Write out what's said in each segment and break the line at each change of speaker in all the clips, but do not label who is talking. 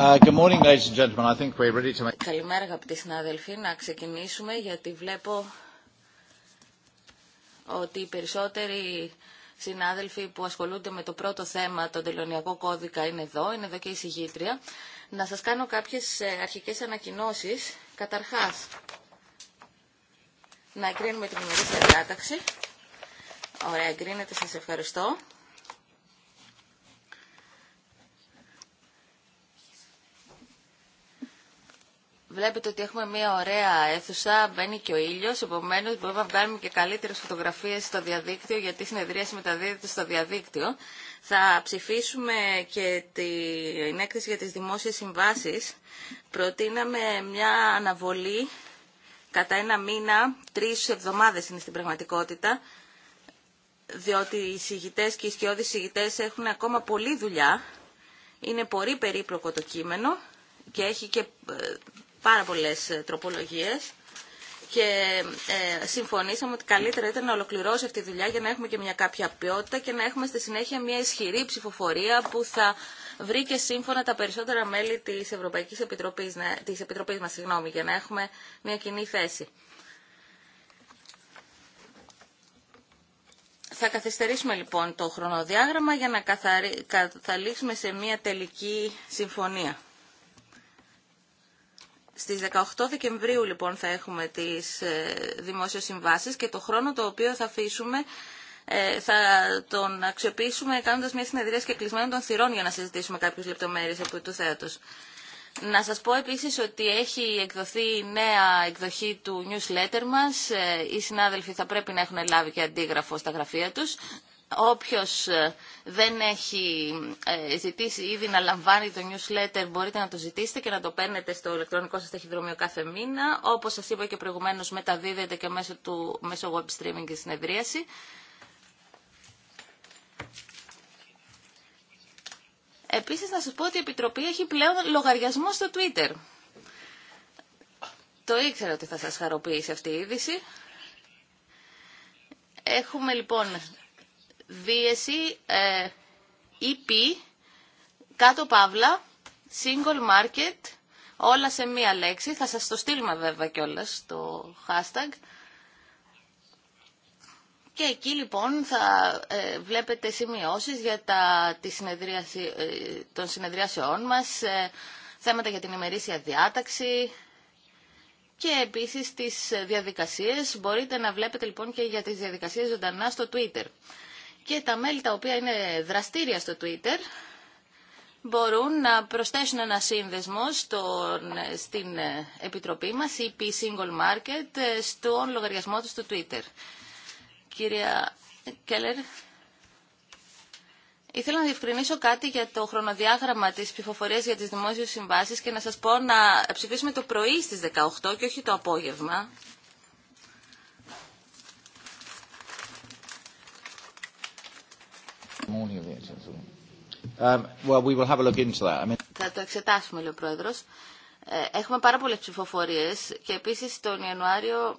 Καλημέρα
αγαπητοί συνάδελφοι, να ξεκινήσουμε γιατί βλέπω ότι οι περισσότεροι συνάδελφοι που ασχολούνται με το πρώτο θέμα, τον τελωνιακό κώδικα, είναι εδώ, είναι εδώ και η συγγήτρια. Να σας κάνω κάποιες ε, αρχικές ανακοινώσεις. Καταρχάς, να εγκρίνουμε την ημερήσια διάταξη. Ωραία, εγκρίνεται, σας ευχαριστώ. Βλέπετε ότι έχουμε μια ωραία αίθουσα, μπαίνει και ο ήλιο. Επομένω, μπορούμε να βγάλουμε και καλύτερε φωτογραφίε στο διαδίκτυο, γιατί η συνεδρία μεταδίδεται στο διαδίκτυο. Θα ψηφίσουμε και την έκθεση για τι δημόσιε συμβάσει. Προτείναμε μια αναβολή κατά ένα μήνα, τρει εβδομάδε είναι στην πραγματικότητα, διότι οι συγητές και οι σκιώδει συγητές έχουν ακόμα πολλή δουλειά. Είναι πολύ περίπλοκο το κείμενο και έχει και ε, πάρα πολλές ε, τροπολογίες και ε, συμφωνήσαμε ότι καλύτερα ήταν να ολοκληρώσει αυτή τη δουλειά για να έχουμε και μια κάποια ποιότητα και να έχουμε στη συνέχεια μια ισχυρή ψηφοφορία που θα βρει και σύμφωνα τα περισσότερα μέλη της Ευρωπαϊκής Επιτροπής, της Επιτροπής μας συγγνώμη, για να έχουμε μια κοινή θέση. Θα καθυστερήσουμε λοιπόν το χρονοδιάγραμμα για να καταλήξουμε σε μια τελική συμφωνία. Στις 18 Δεκεμβρίου λοιπόν θα έχουμε τις ε, δημόσιες συμβάσεις και το χρόνο το οποίο θα αφήσουμε ε, θα τον αξιοποιήσουμε κάνοντας μια συνεδρία και κλεισμένων των θυρών για να συζητήσουμε κάποιες λεπτομέρειες από του θέατος. Να σας πω επίσης ότι έχει εκδοθεί η νέα εκδοχή του newsletter μας. Ε, οι συνάδελφοι θα πρέπει να έχουν λάβει και αντίγραφο στα γραφεία τους. Όποιος ε, δεν έχει ε, ζητήσει ήδη να λαμβάνει το newsletter μπορείτε να το ζητήσετε και να το παίρνετε στο ηλεκτρονικό σας ταχυδρομείο κάθε μήνα. Όπως σας είπα και προηγουμένως μεταδίδεται και μέσω, του, μέσω web streaming και συνεδρίαση. Επίσης να σας πω ότι η Επιτροπή έχει πλέον λογαριασμό στο Twitter. Το ήξερα ότι θα σας χαροποιήσει αυτή η είδηση. Έχουμε λοιπόν δίαιση ε, EP κάτω παύλα single market όλα σε μία λέξη. Θα σας το στείλουμε βέβαια κιόλα το hashtag. Και εκεί λοιπόν θα ε, βλέπετε σημειώσεις για τα, τη συνεδρίαση, ε, των συνεδριάσεών μας, ε, θέματα για την ημερήσια διάταξη και επίσης τις διαδικασίες. Μπορείτε να βλέπετε λοιπόν και για τις διαδικασίες ζωντανά στο Twitter και τα μέλη τα οποία είναι δραστήρια στο Twitter μπορούν να προσθέσουν ένα σύνδεσμο στον, στην ε, επιτροπή μας, η EP Single Market, ε, στον λογαριασμό τους στο Twitter. Κυρία Κέλλερ, ήθελα να διευκρινίσω κάτι για το χρονοδιάγραμμα της ψηφοφορίας για τις δημόσιες συμβάσεις και να σας πω να ψηφίσουμε το πρωί στις 18 και όχι το απόγευμα, Θα το εξετάσουμε, λέει ο Πρόεδρος. Ε, έχουμε πάρα πολλές ψηφοφορίες και επίσης τον Ιανουάριο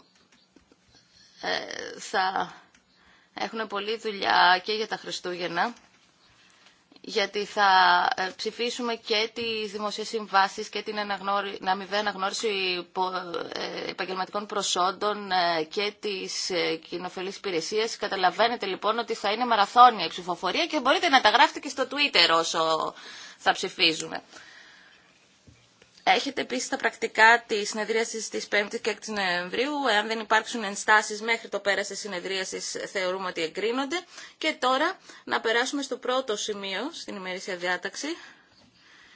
ε, θα έχουν πολλή δουλειά και για τα Χριστούγεννα γιατί θα ε, ψηφίσουμε και τις δημοσίες συμβάσεις και την αναγνώρι... αμοιβαία αναγνώριση ε, επαγγελματικών προσόντων ε, και τις κοινοφελείς υπηρεσίε. Καταλαβαίνετε λοιπόν ότι θα είναι μαραθώνια η ψηφοφορία και μπορείτε να τα γράφετε και στο Twitter όσο θα ψηφίζουμε. Έχετε επίση τα πρακτικά τη συνεδρίαση τη 5η και 6η Νοεμβρίου. Εάν δεν υπάρξουν ενστάσει μέχρι το πέρα τη συνεδρίαση, θεωρούμε ότι εγκρίνονται. Και τώρα να περάσουμε στο πρώτο σημείο στην ημερήσια διάταξη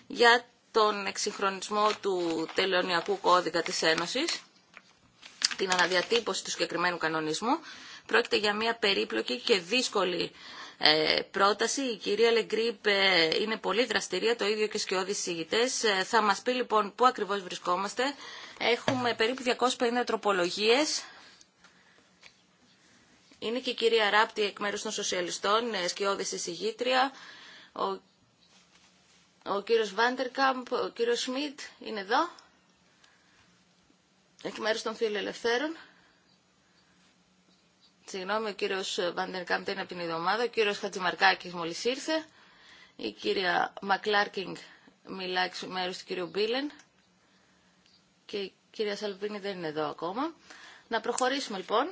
για τον εξυγχρονισμό του τελωνιακού κώδικα της Ένωσης, την αναδιατύπωση του συγκεκριμένου κανονισμού. Πρόκειται για μια περίπλοκη και δύσκολη ε, πρόταση. Η κυρία Λεγκρίπ ε, είναι πολύ δραστηρία, το ίδιο και σκιώδης συγητές. Ε, θα μας πει λοιπόν πού ακριβώς βρισκόμαστε. Έχουμε περίπου 250 τροπολογίες. Είναι και η κυρία Ράπτη εκ μέρους των σοσιαλιστών, σκιώδης συγητρία. Ο, ο κύριος Βάντερκαμπ, ο κύριος Σμιτ είναι εδώ, εκ μέρους των φιλελευθέρων. Συγγνώμη, ο κύριος Βαντερκάμπ είναι από την εβδομάδα, ο κύριος Χατζημαρκάκης μόλις ήρθε, η κυρία Μακλάρκινγκ μιλάει εξ μέρους του κύριου Μπίλεν και η κυρία Σαλβίνη δεν είναι εδώ ακόμα. Να προχωρήσουμε λοιπόν.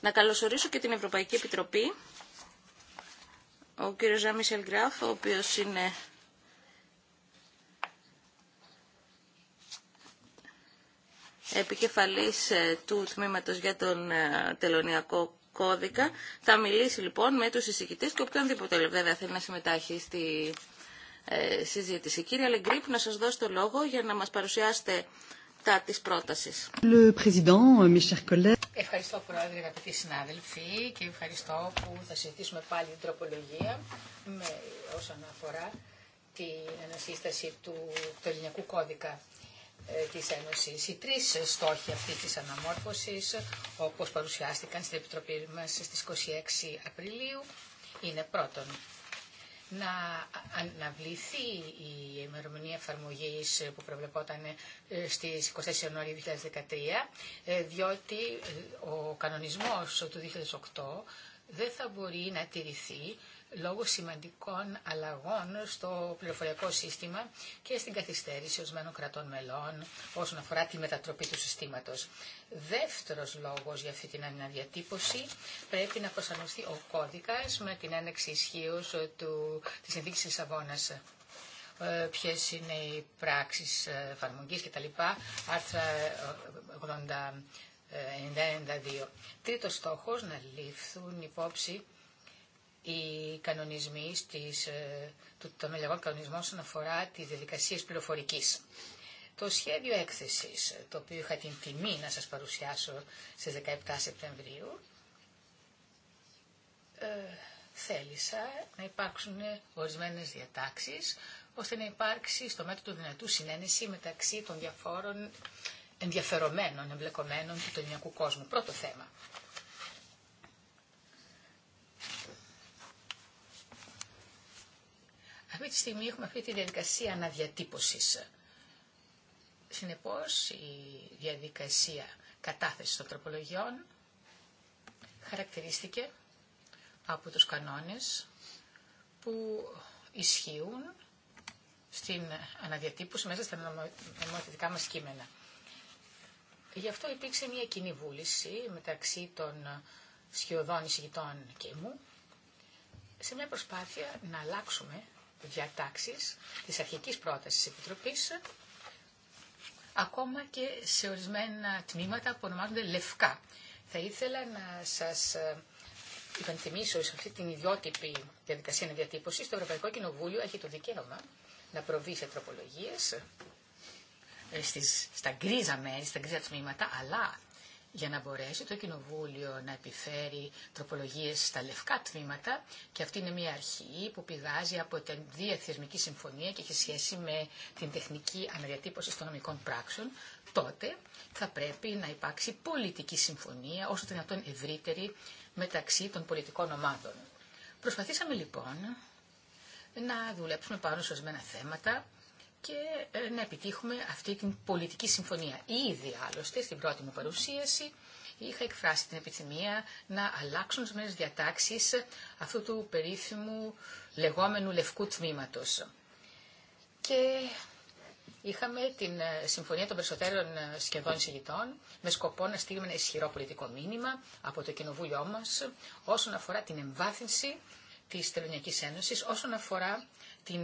Να καλωσορίσω και την Ευρωπαϊκή Επιτροπή. Ο κύριος Ζαμισελ Γκράφ, ο οποίος είναι επικεφαλής ε, του τμήματος για τον ε, τελωνιακό κώδικα. Θα μιλήσει λοιπόν με τους εισηγητές και οποιονδήποτε βέβαια θέλει να συμμετάχει στη ε, συζήτηση. Κύριε Λεγκρίπ, να σας δώσω το λόγο για να μας παρουσιάσετε τα της πρότασης. Ευχαριστώ Πρόεδρε, αγαπητοί συνάδελφοι
και ευχαριστώ που θα συζητήσουμε πάλι την τροπολογία με, όσον αφορά την ανασύσταση του ελληνικού κώδικα. Ε, της Ένωσης. Οι τρεις στόχοι αυτή της αναμόρφωσης, όπως παρουσιάστηκαν στην Επιτροπή μας στις 26 Απριλίου, είναι πρώτον να αναβληθεί η ημερομηνία εφαρμογή που προβλεπόταν ε, στις 24 Ιανουαρίου 2013, ε, διότι ο κανονισμός του 2008 δεν θα μπορεί να τηρηθεί λόγω σημαντικών αλλαγών στο πληροφοριακό σύστημα και στην καθυστέρηση ορισμένων κρατών μελών όσον αφορά τη μετατροπή του συστήματος. Δεύτερος λόγος για αυτή την αναδιατύπωση πρέπει να προσαρμοστεί ο κώδικας με την έναξη ισχύω της συνθήκης αβώνα, ε, ποιε είναι οι πράξει ε, εφαρμογή κτλ. Ε, 92. Τρίτος στόχος, να ληφθούν υπόψη οι κανονισμοί στις, ε, του τομελεγών κανονισμών όσον αφορά τις διαδικασίες πληροφορικής. Το σχέδιο έκθεσης, το οποίο είχα την τιμή να σας παρουσιάσω στις 17 Σεπτεμβρίου, ε, θέλησα να υπάρξουν ορισμένες διατάξεις, ώστε να υπάρξει στο μέτρο του δυνατού συνένεση μεταξύ των διαφόρων ενδιαφερομένων, εμπλεκομένων του τελεινιακού κόσμου. Πρώτο θέμα. Αυτή τη στιγμή έχουμε αυτή τη διαδικασία αναδιατύπωσης. Συνεπώς, η διαδικασία κατάθεσης των τροπολογιών χαρακτηρίστηκε από τους κανόνες που ισχύουν στην αναδιατύπωση μέσα στα νομοθετικά μας κείμενα. Γι' αυτό υπήρξε μια κοινή βούληση μεταξύ των σχεδόν εισηγητών και μου σε μια προσπάθεια να αλλάξουμε διατάξεις της αρχικής πρότασης Επιτροπής ακόμα και σε ορισμένα τμήματα που ονομάζονται λευκά. Θα ήθελα να σας ε, υπενθυμίσω σε αυτή την ιδιότυπη διαδικασία διατύπωση το Ευρωπαϊκό Κοινοβούλιο έχει το δικαίωμα να προβεί σε τροπολογίες ε, στις, στα γκρίζα μέρη, στα γκρίζα τμήματα, αλλά για να μπορέσει το Κοινοβούλιο να επιφέρει τροπολογίες στα λευκά τμήματα και αυτή είναι μια αρχή που πηγάζει από την Διεθνική Συμφωνία και έχει σχέση με την τεχνική αναδιατύπωση των νομικών πράξεων, τότε θα πρέπει να υπάρξει πολιτική συμφωνία, όσο το δυνατόν ευρύτερη, μεταξύ των πολιτικών ομάδων. Προσπαθήσαμε λοιπόν να δουλέψουμε πάνω σε ορισμένα θέματα και ε, να επιτύχουμε αυτή την πολιτική συμφωνία. Ήδη άλλωστε στην πρώτη μου παρουσίαση είχα εκφράσει την επιθυμία να αλλάξουν τις μέρες διατάξεις αυτού του περίφημου λεγόμενου λευκού τμήματος. Και είχαμε την ε, συμφωνία των περισσότερων ε, σχεδόν συγητών με σκοπό να στείλουμε ένα ισχυρό πολιτικό μήνυμα από το κοινοβούλιο μας όσον αφορά την εμβάθυνση της Τελωνιακής Ένωσης, όσον αφορά την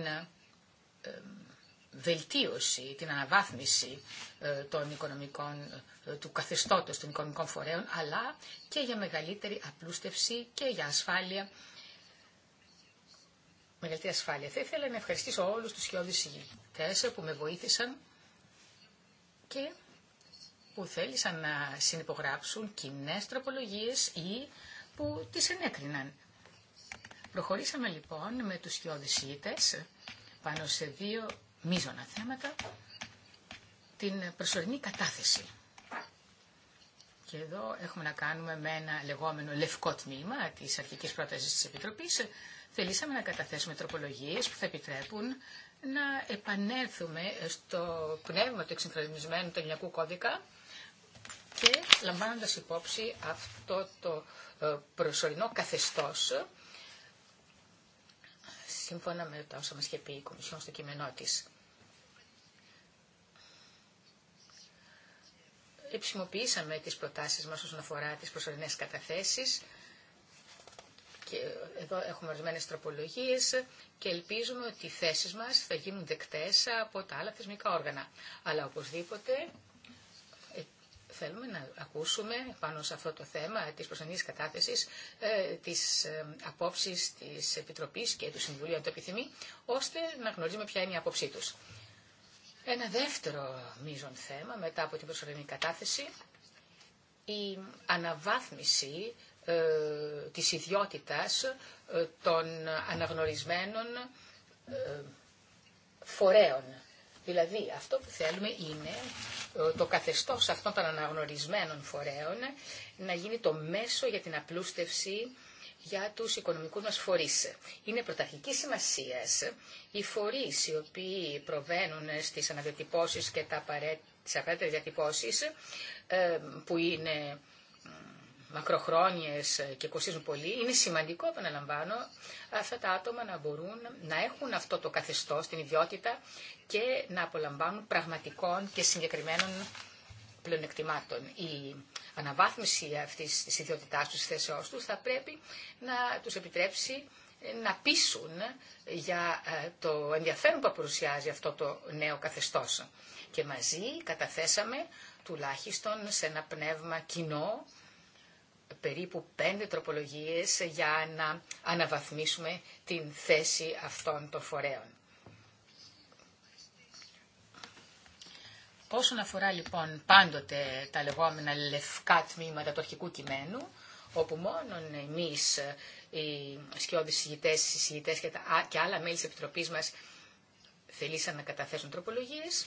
βελτίωση, την αναβάθμιση ε, των οικονομικών, ε, του καθεστώτος των οικονομικών φορέων, αλλά και για μεγαλύτερη απλούστευση και για ασφάλεια, μεγαλύτερη ασφάλεια. Θα ήθελα να ευχαριστήσω όλους τους χιώδεις που με βοήθησαν και που θέλησαν να συνυπογράψουν κοινέ τροπολογίες ή που τις ενέκριναν. Προχωρήσαμε λοιπόν με τους χιώδεις πάνω σε δύο μείζωνα θέματα την προσωρινή κατάθεση. Και εδώ έχουμε να κάνουμε με ένα λεγόμενο λευκό τμήμα της αρχικής πρότασης της Επιτροπής. Θελήσαμε να καταθέσουμε τροπολογίες που θα επιτρέπουν να επανέλθουμε στο πνεύμα του εξυγχρονισμένου Ελληνικού κώδικα και λαμβάνοντας υπόψη αυτό το ε, προσωρινό καθεστώς σύμφωνα με τα όσα μας είχε πει η Κομισιόν στο κείμενό της. Επισημοποιήσαμε τις προτάσεις μας όσον αφορά τις προσωρινές καταθέσεις και εδώ έχουμε ορισμένε τροπολογίε και ελπίζουμε ότι οι θέσει μα θα γίνουν δεκτές από τα άλλα θεσμικά όργανα. Αλλά οπωσδήποτε ε, θέλουμε να ακούσουμε πάνω σε αυτό το θέμα της προσωρινής κατάθεσης ε, της ε, επιτροπή της Επιτροπής και του Συμβουλίου, αν το επιθυμεί, ώστε να γνωρίζουμε ποια είναι η απόψή τους. Ένα δεύτερο μείζον θέμα μετά από την προσωρινή κατάθεση, η αναβάθμιση ε, της ιδιότητας ε, των αναγνωρισμένων ε, φορέων. Δηλαδή αυτό που θέλουμε είναι το καθεστώς αυτών των αναγνωρισμένων φορέων να γίνει το μέσο για την απλούστευση για τους οικονομικούς μας φορείς. Είναι πρωταρχική σημασία οι φορείς οι οποίοι προβαίνουν στις αναδιατυπώσεις και τα τις απαραίτητες διατυπώσεις ε, που είναι μακροχρόνιες και κοστίζουν πολύ, είναι σημαντικό, επαναλαμβάνω, αυτά τα άτομα να μπορούν να έχουν αυτό το καθεστώς, την ιδιότητα και να απολαμβάνουν πραγματικών και συγκεκριμένων πλεονεκτημάτων. Η αναβάθμιση αυτής της του, τους, θέσεώ τους, θα πρέπει να τους επιτρέψει να πείσουν για ε, το ενδιαφέρον που παρουσιάζει αυτό το νέο καθεστώς. Και μαζί καταθέσαμε τουλάχιστον σε ένα πνεύμα κοινό περίπου πέντε τροπολογίες για να αναβαθμίσουμε την θέση αυτών των φορέων. Όσον αφορά λοιπόν πάντοτε τα λεγόμενα λευκά τμήματα του αρχικού κειμένου, όπου μόνον εμείς οι σκιώδει συγητέ, οι και, και άλλα μέλη τη Επιτροπής μας θελήσαν να καταθέσουν τροπολογίες,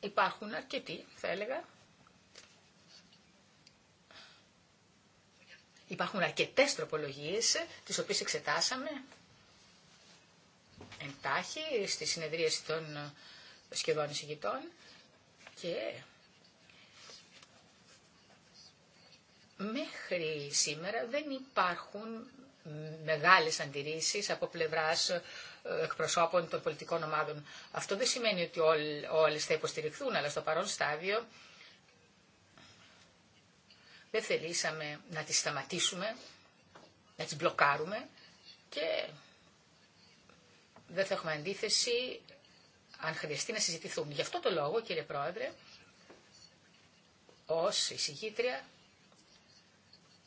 υπάρχουν αρκετοί, θα έλεγα, Υπάρχουν αρκετές τροπολογίες, τις οποίες εξετάσαμε εντάχει στη συνεδρίαση των σχεδόν εισηγητών και μέχρι σήμερα δεν υπάρχουν μεγάλες αντιρρήσεις από πλευράς ε, εκπροσώπων των πολιτικών ομάδων. Αυτό δεν σημαίνει ότι όλες θα υποστηριχθούν, αλλά στο παρόν στάδιο δεν θελήσαμε να τις σταματήσουμε, να τις μπλοκάρουμε και δεν θα έχουμε αντίθεση αν χρειαστεί να συζητηθούν. Γι' αυτό το λόγο, κύριε Πρόεδρε, ως εισηγήτρια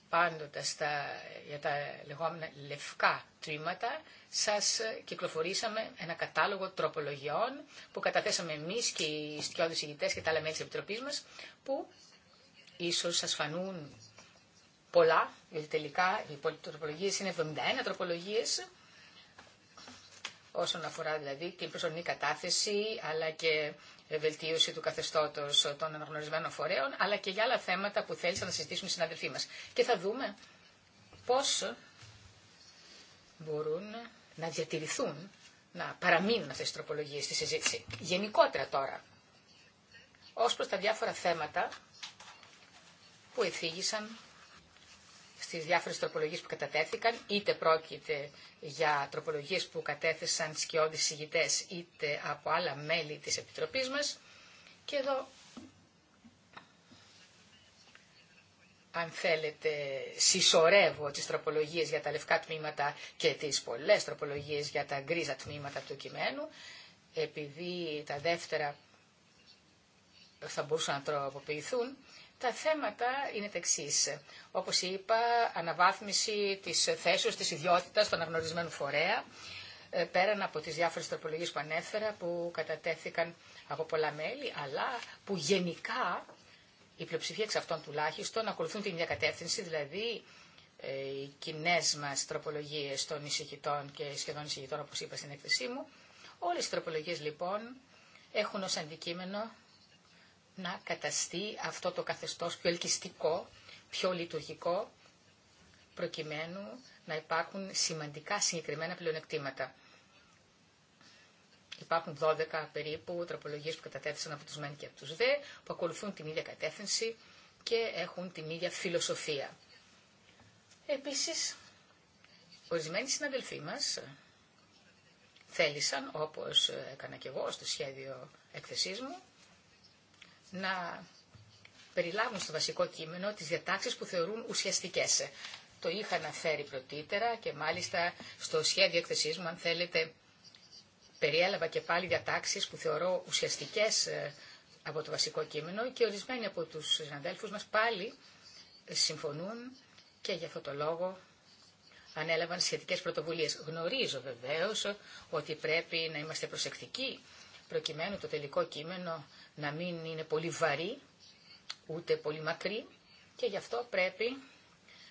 πάντοτε στα, για τα λεγόμενα λευκά τμήματα, σας κυκλοφορήσαμε ένα κατάλογο τροπολογιών που καταθέσαμε εμείς και οι στιώδεις ηγητές και τα άλλα μέλη της Επιτροπής μας, που ίσως σας φανούν πολλά, γιατί τελικά οι τροπολογίες είναι 71 τροπολογίες, όσον αφορά δηλαδή την προσωρινή κατάθεση, αλλά και βελτίωση του καθεστώτος των αναγνωρισμένων φορέων, αλλά και για άλλα θέματα που θέλησαν να συζητήσουν οι συναδελφοί μας. Και θα δούμε πώς μπορούν να διατηρηθούν, να παραμείνουν αυτές οι τροπολογίες στη συζήτηση. Γενικότερα τώρα, ως προς τα διάφορα θέματα που εφήγησαν στις διάφορες τροπολογίες που κατατέθηκαν, είτε πρόκειται για τροπολογίες που κατέθεσαν σκιώδεις συγητές, είτε από άλλα μέλη της Επιτροπής μας. Και εδώ, αν θέλετε, συσσωρεύω τις τροπολογίες για τα λευκά τμήματα και τις πολλές τροπολογίες για τα γκρίζα τμήματα του κειμένου, επειδή τα δεύτερα θα μπορούσαν να τροποποιηθούν, τα θέματα είναι τα εξής όπως είπα, αναβάθμιση της θέσεως, της ιδιότητας των αναγνωρισμένων φορέα, ε, πέραν από τις διάφορες τροπολογίες που ανέφερα, που κατατέθηκαν από πολλά μέλη, αλλά που γενικά η πλειοψηφία εξ αυτών τουλάχιστον ακολουθούν την ίδια κατεύθυνση, δηλαδή ε, οι κοινέ μα τροπολογίε των εισηγητών και σχεδόν εισηγητών, όπω είπα στην έκθεσή μου. Όλε οι τροπολογίε λοιπόν έχουν ω αντικείμενο να καταστεί αυτό το καθεστώ πιο ελκυστικό πιο λειτουργικό προκειμένου να υπάρχουν σημαντικά συγκεκριμένα πλεονεκτήματα. Υπάρχουν 12 περίπου τροπολογίε που κατατέθησαν από του μεν και από του δε, που ακολουθούν την ίδια κατεύθυνση και έχουν την ίδια φιλοσοφία. Επίσης, ορισμένοι συναδελφοί μα θέλησαν, όπως έκανα και εγώ στο σχέδιο έκθεσή μου, να περιλάβουν στο βασικό κείμενο τις διατάξεις που θεωρούν ουσιαστικές. Το είχα αναφέρει πρωτήτερα και μάλιστα στο σχέδιο εκθεσή μου, αν θέλετε, περιέλαβα και πάλι διατάξεις που θεωρώ ουσιαστικές ε, από το βασικό κείμενο και ορισμένοι από τους συναδέλφους μας πάλι ε, συμφωνούν και για αυτό το λόγο ανέλαβαν σχετικές πρωτοβουλίες. Γνωρίζω βεβαίως ότι πρέπει να είμαστε προσεκτικοί προκειμένου το τελικό κείμενο να μην είναι πολύ βαρύ ούτε πολύ μακρύ και γι' αυτό πρέπει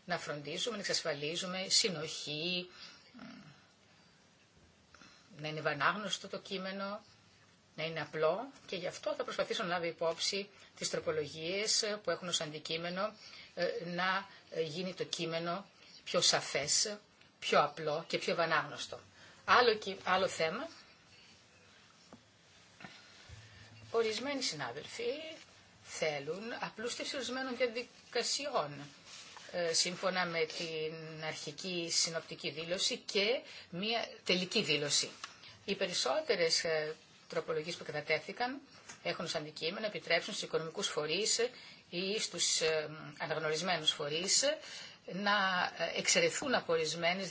να φροντίζουμε, να εξασφαλίζουμε συνοχή, να είναι βανάγνωστο το κείμενο, να είναι απλό και γι' αυτό θα προσπαθήσω να λάβω υπόψη τις τροπολογίες που έχουν ως αντικείμενο ε, να ε, γίνει το κείμενο πιο σαφές, πιο απλό και πιο βανάγνωστο. Άλλο, άλλο θέμα, ορισμένοι συνάδελφοι θέλουν απλούστευση ορισμένων διαδικασιών ε, σύμφωνα με την αρχική συνοπτική δήλωση και μια τελική δήλωση. Οι περισσότερες ε, τροπολογίες που κατατέθηκαν έχουν σαν αντικείμενο επιτρέψουν στους οικονομικούς φορείς ή στους ε, αναγνωρισμένους φορείς να εξαιρεθούν από ορισμένε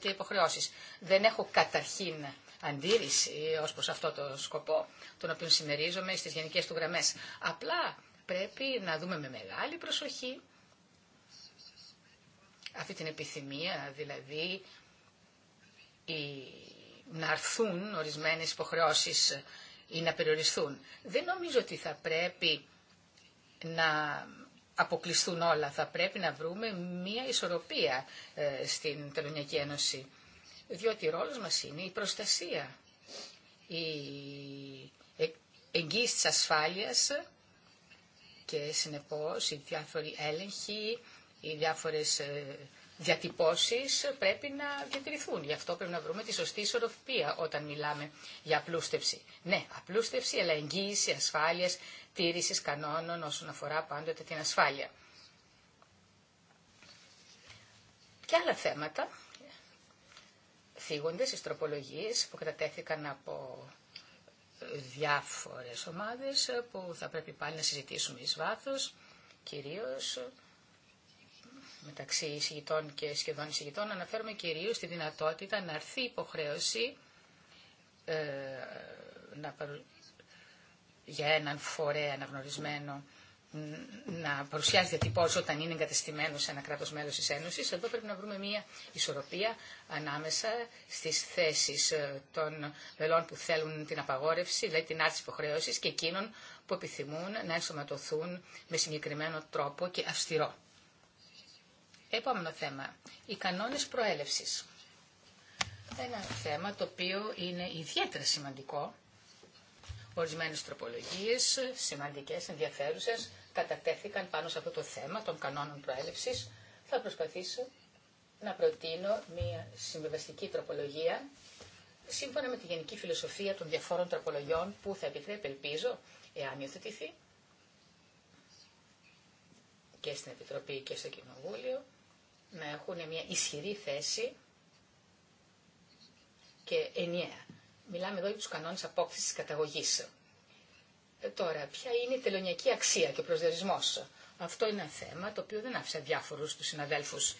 και υποχρεώσεις. Δεν έχω καταρχήν αντίρρηση ως προς αυτό το σκοπό, τον οποίο συμμερίζομαι στις γενικές του γραμμές. Απλά πρέπει να δούμε με μεγάλη προσοχή αυτή την επιθυμία, δηλαδή η... να αρθούν ορισμένες υποχρεώσεις ή να περιοριστούν. Δεν νομίζω ότι θα πρέπει να αποκλειστούν όλα. Θα πρέπει να βρούμε μία ισορροπία ε, στην Τελωνιακή Ένωση διότι ρόλος μας είναι η προστασία, η εγγύηση της ασφάλειας και συνεπώς οι διάφοροι έλεγχοι, οι διάφορες ε, διατυπώσεις πρέπει να διατηρηθούν. Γι' αυτό πρέπει να βρούμε τη σωστή ισορροπία όταν μιλάμε για απλούστευση. Ναι, απλούστευση, αλλά εγγύηση ασφάλειας, τήρησης κανόνων όσον αφορά πάντοτε την ασφάλεια. Και άλλα θέματα θίγονται στις τροπολογίες που κατατέθηκαν από διάφορες ομάδες που θα πρέπει πάλι να συζητήσουμε εις βάθος, κυρίως μεταξύ εισηγητών και σχεδόν εισηγητών, αναφέρουμε κυρίως τη δυνατότητα να έρθει υποχρέωση ε, για έναν φορέα αναγνωρισμένο να παρουσιάζει διατυπώ όταν είναι εγκατεστημένο σε ένα κράτο μέλο τη Ένωση. Εδώ πρέπει να βρούμε μια ισορροπία ανάμεσα στι θέσει ε, των μελών που θέλουν την απαγόρευση, δηλαδή την άρση υποχρέωση, και εκείνων που επιθυμούν να ενσωματωθούν με συγκεκριμένο τρόπο και αυστηρό. Επόμενο θέμα. Οι κανόνε προέλευση. Ένα θέμα το οποίο είναι ιδιαίτερα σημαντικό. Ορισμένε τροπολογίε, σημαντικέ, ενδιαφέρουσε κατατέθηκαν πάνω σε αυτό το θέμα των κανόνων προέλευσης, θα προσπαθήσω να προτείνω μια συμβιβαστική τροπολογία σύμφωνα με τη γενική φιλοσοφία των διαφόρων τροπολογιών που θα επιτρέπει, ελπίζω, εάν υιοθετηθεί και στην Επιτροπή και στο Κοινοβούλιο, να έχουν μια ισχυρή θέση και ενιαία. Μιλάμε εδώ για τους κανόνες απόκτησης καταγωγής ε, τώρα, ποια είναι η τελωνιακή αξία και ο προσδιορισμός. Αυτό είναι ένα θέμα το οποίο δεν άφησε διάφορους του συναδέλφους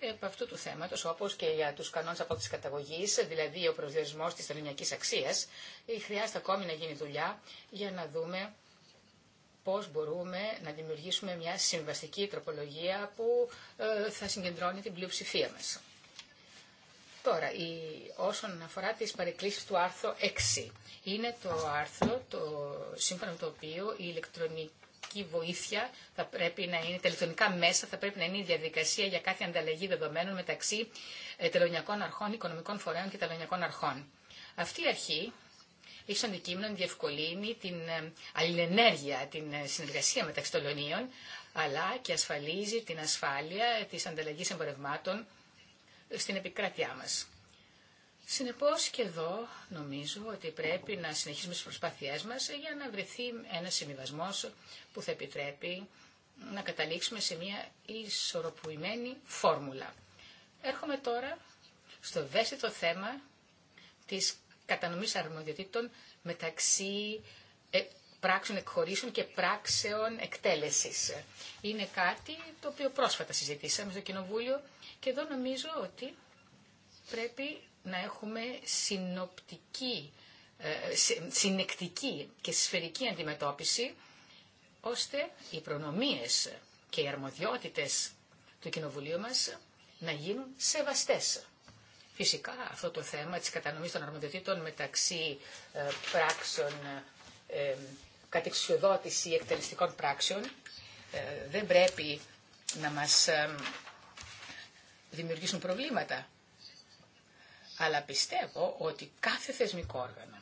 επ' αυτού του θέματος, όπως και για τους κανόνες από τις καταγωγής, δηλαδή ο προσδιορισμός της τελωνιακής αξίας, ε, χρειάζεται ακόμη να γίνει δουλειά για να δούμε πώς μπορούμε να δημιουργήσουμε μια συμβαστική τροπολογία που ε, θα συγκεντρώνει την πλειοψηφία μας. Τώρα, η, όσον αφορά τις παρεκκλήσεις του άρθρου 6, είναι το άρθρο το, σύμφωνα με το οποίο η ηλεκτρονική βοήθεια θα πρέπει να είναι, τα ηλεκτρονικά μέσα θα πρέπει να είναι η διαδικασία για κάθε ανταλλαγή δεδομένων μεταξύ ε, τελωνιακών αρχών, οικονομικών φορέων και τελωνιακών αρχών. Αυτή η αρχή έχει σαν αντικείμενο διευκολύνει την ε, αλληλενέργεια, την ε, συνεργασία μεταξύ των αλλά και ασφαλίζει την ασφάλεια της ανταλλαγής εμπορευμάτων στην επικράτειά μας. Συνεπώς και εδώ νομίζω ότι πρέπει να συνεχίσουμε τις προσπάθειές μας για να βρεθεί ένας συμβιβασμό που θα επιτρέπει να καταλήξουμε σε μια ισορροπημένη φόρμουλα. Έρχομαι τώρα στο ευαίσθητο θέμα της κατανομής αρμοδιοτήτων μεταξύ ε, πράξεων εκχωρήσεων και πράξεων εκτέλεσης. Είναι κάτι το οποίο πρόσφατα συζητήσαμε στο Κοινοβούλιο και εδώ νομίζω ότι πρέπει να έχουμε συνοπτική, ε, συνεκτική και σφαιρική αντιμετώπιση, ώστε οι προνομίες και οι αρμοδιότητες του Κοινοβουλίου μας να γίνουν σεβαστές. Φυσικά αυτό το θέμα της κατανομής των αρμοδιοτήτων μεταξύ ε, πράξεων ε, κατεξιοδότηση εκτελεστικών πράξεων δεν πρέπει να μας δημιουργήσουν προβλήματα. Αλλά πιστεύω ότι κάθε θεσμικό όργανο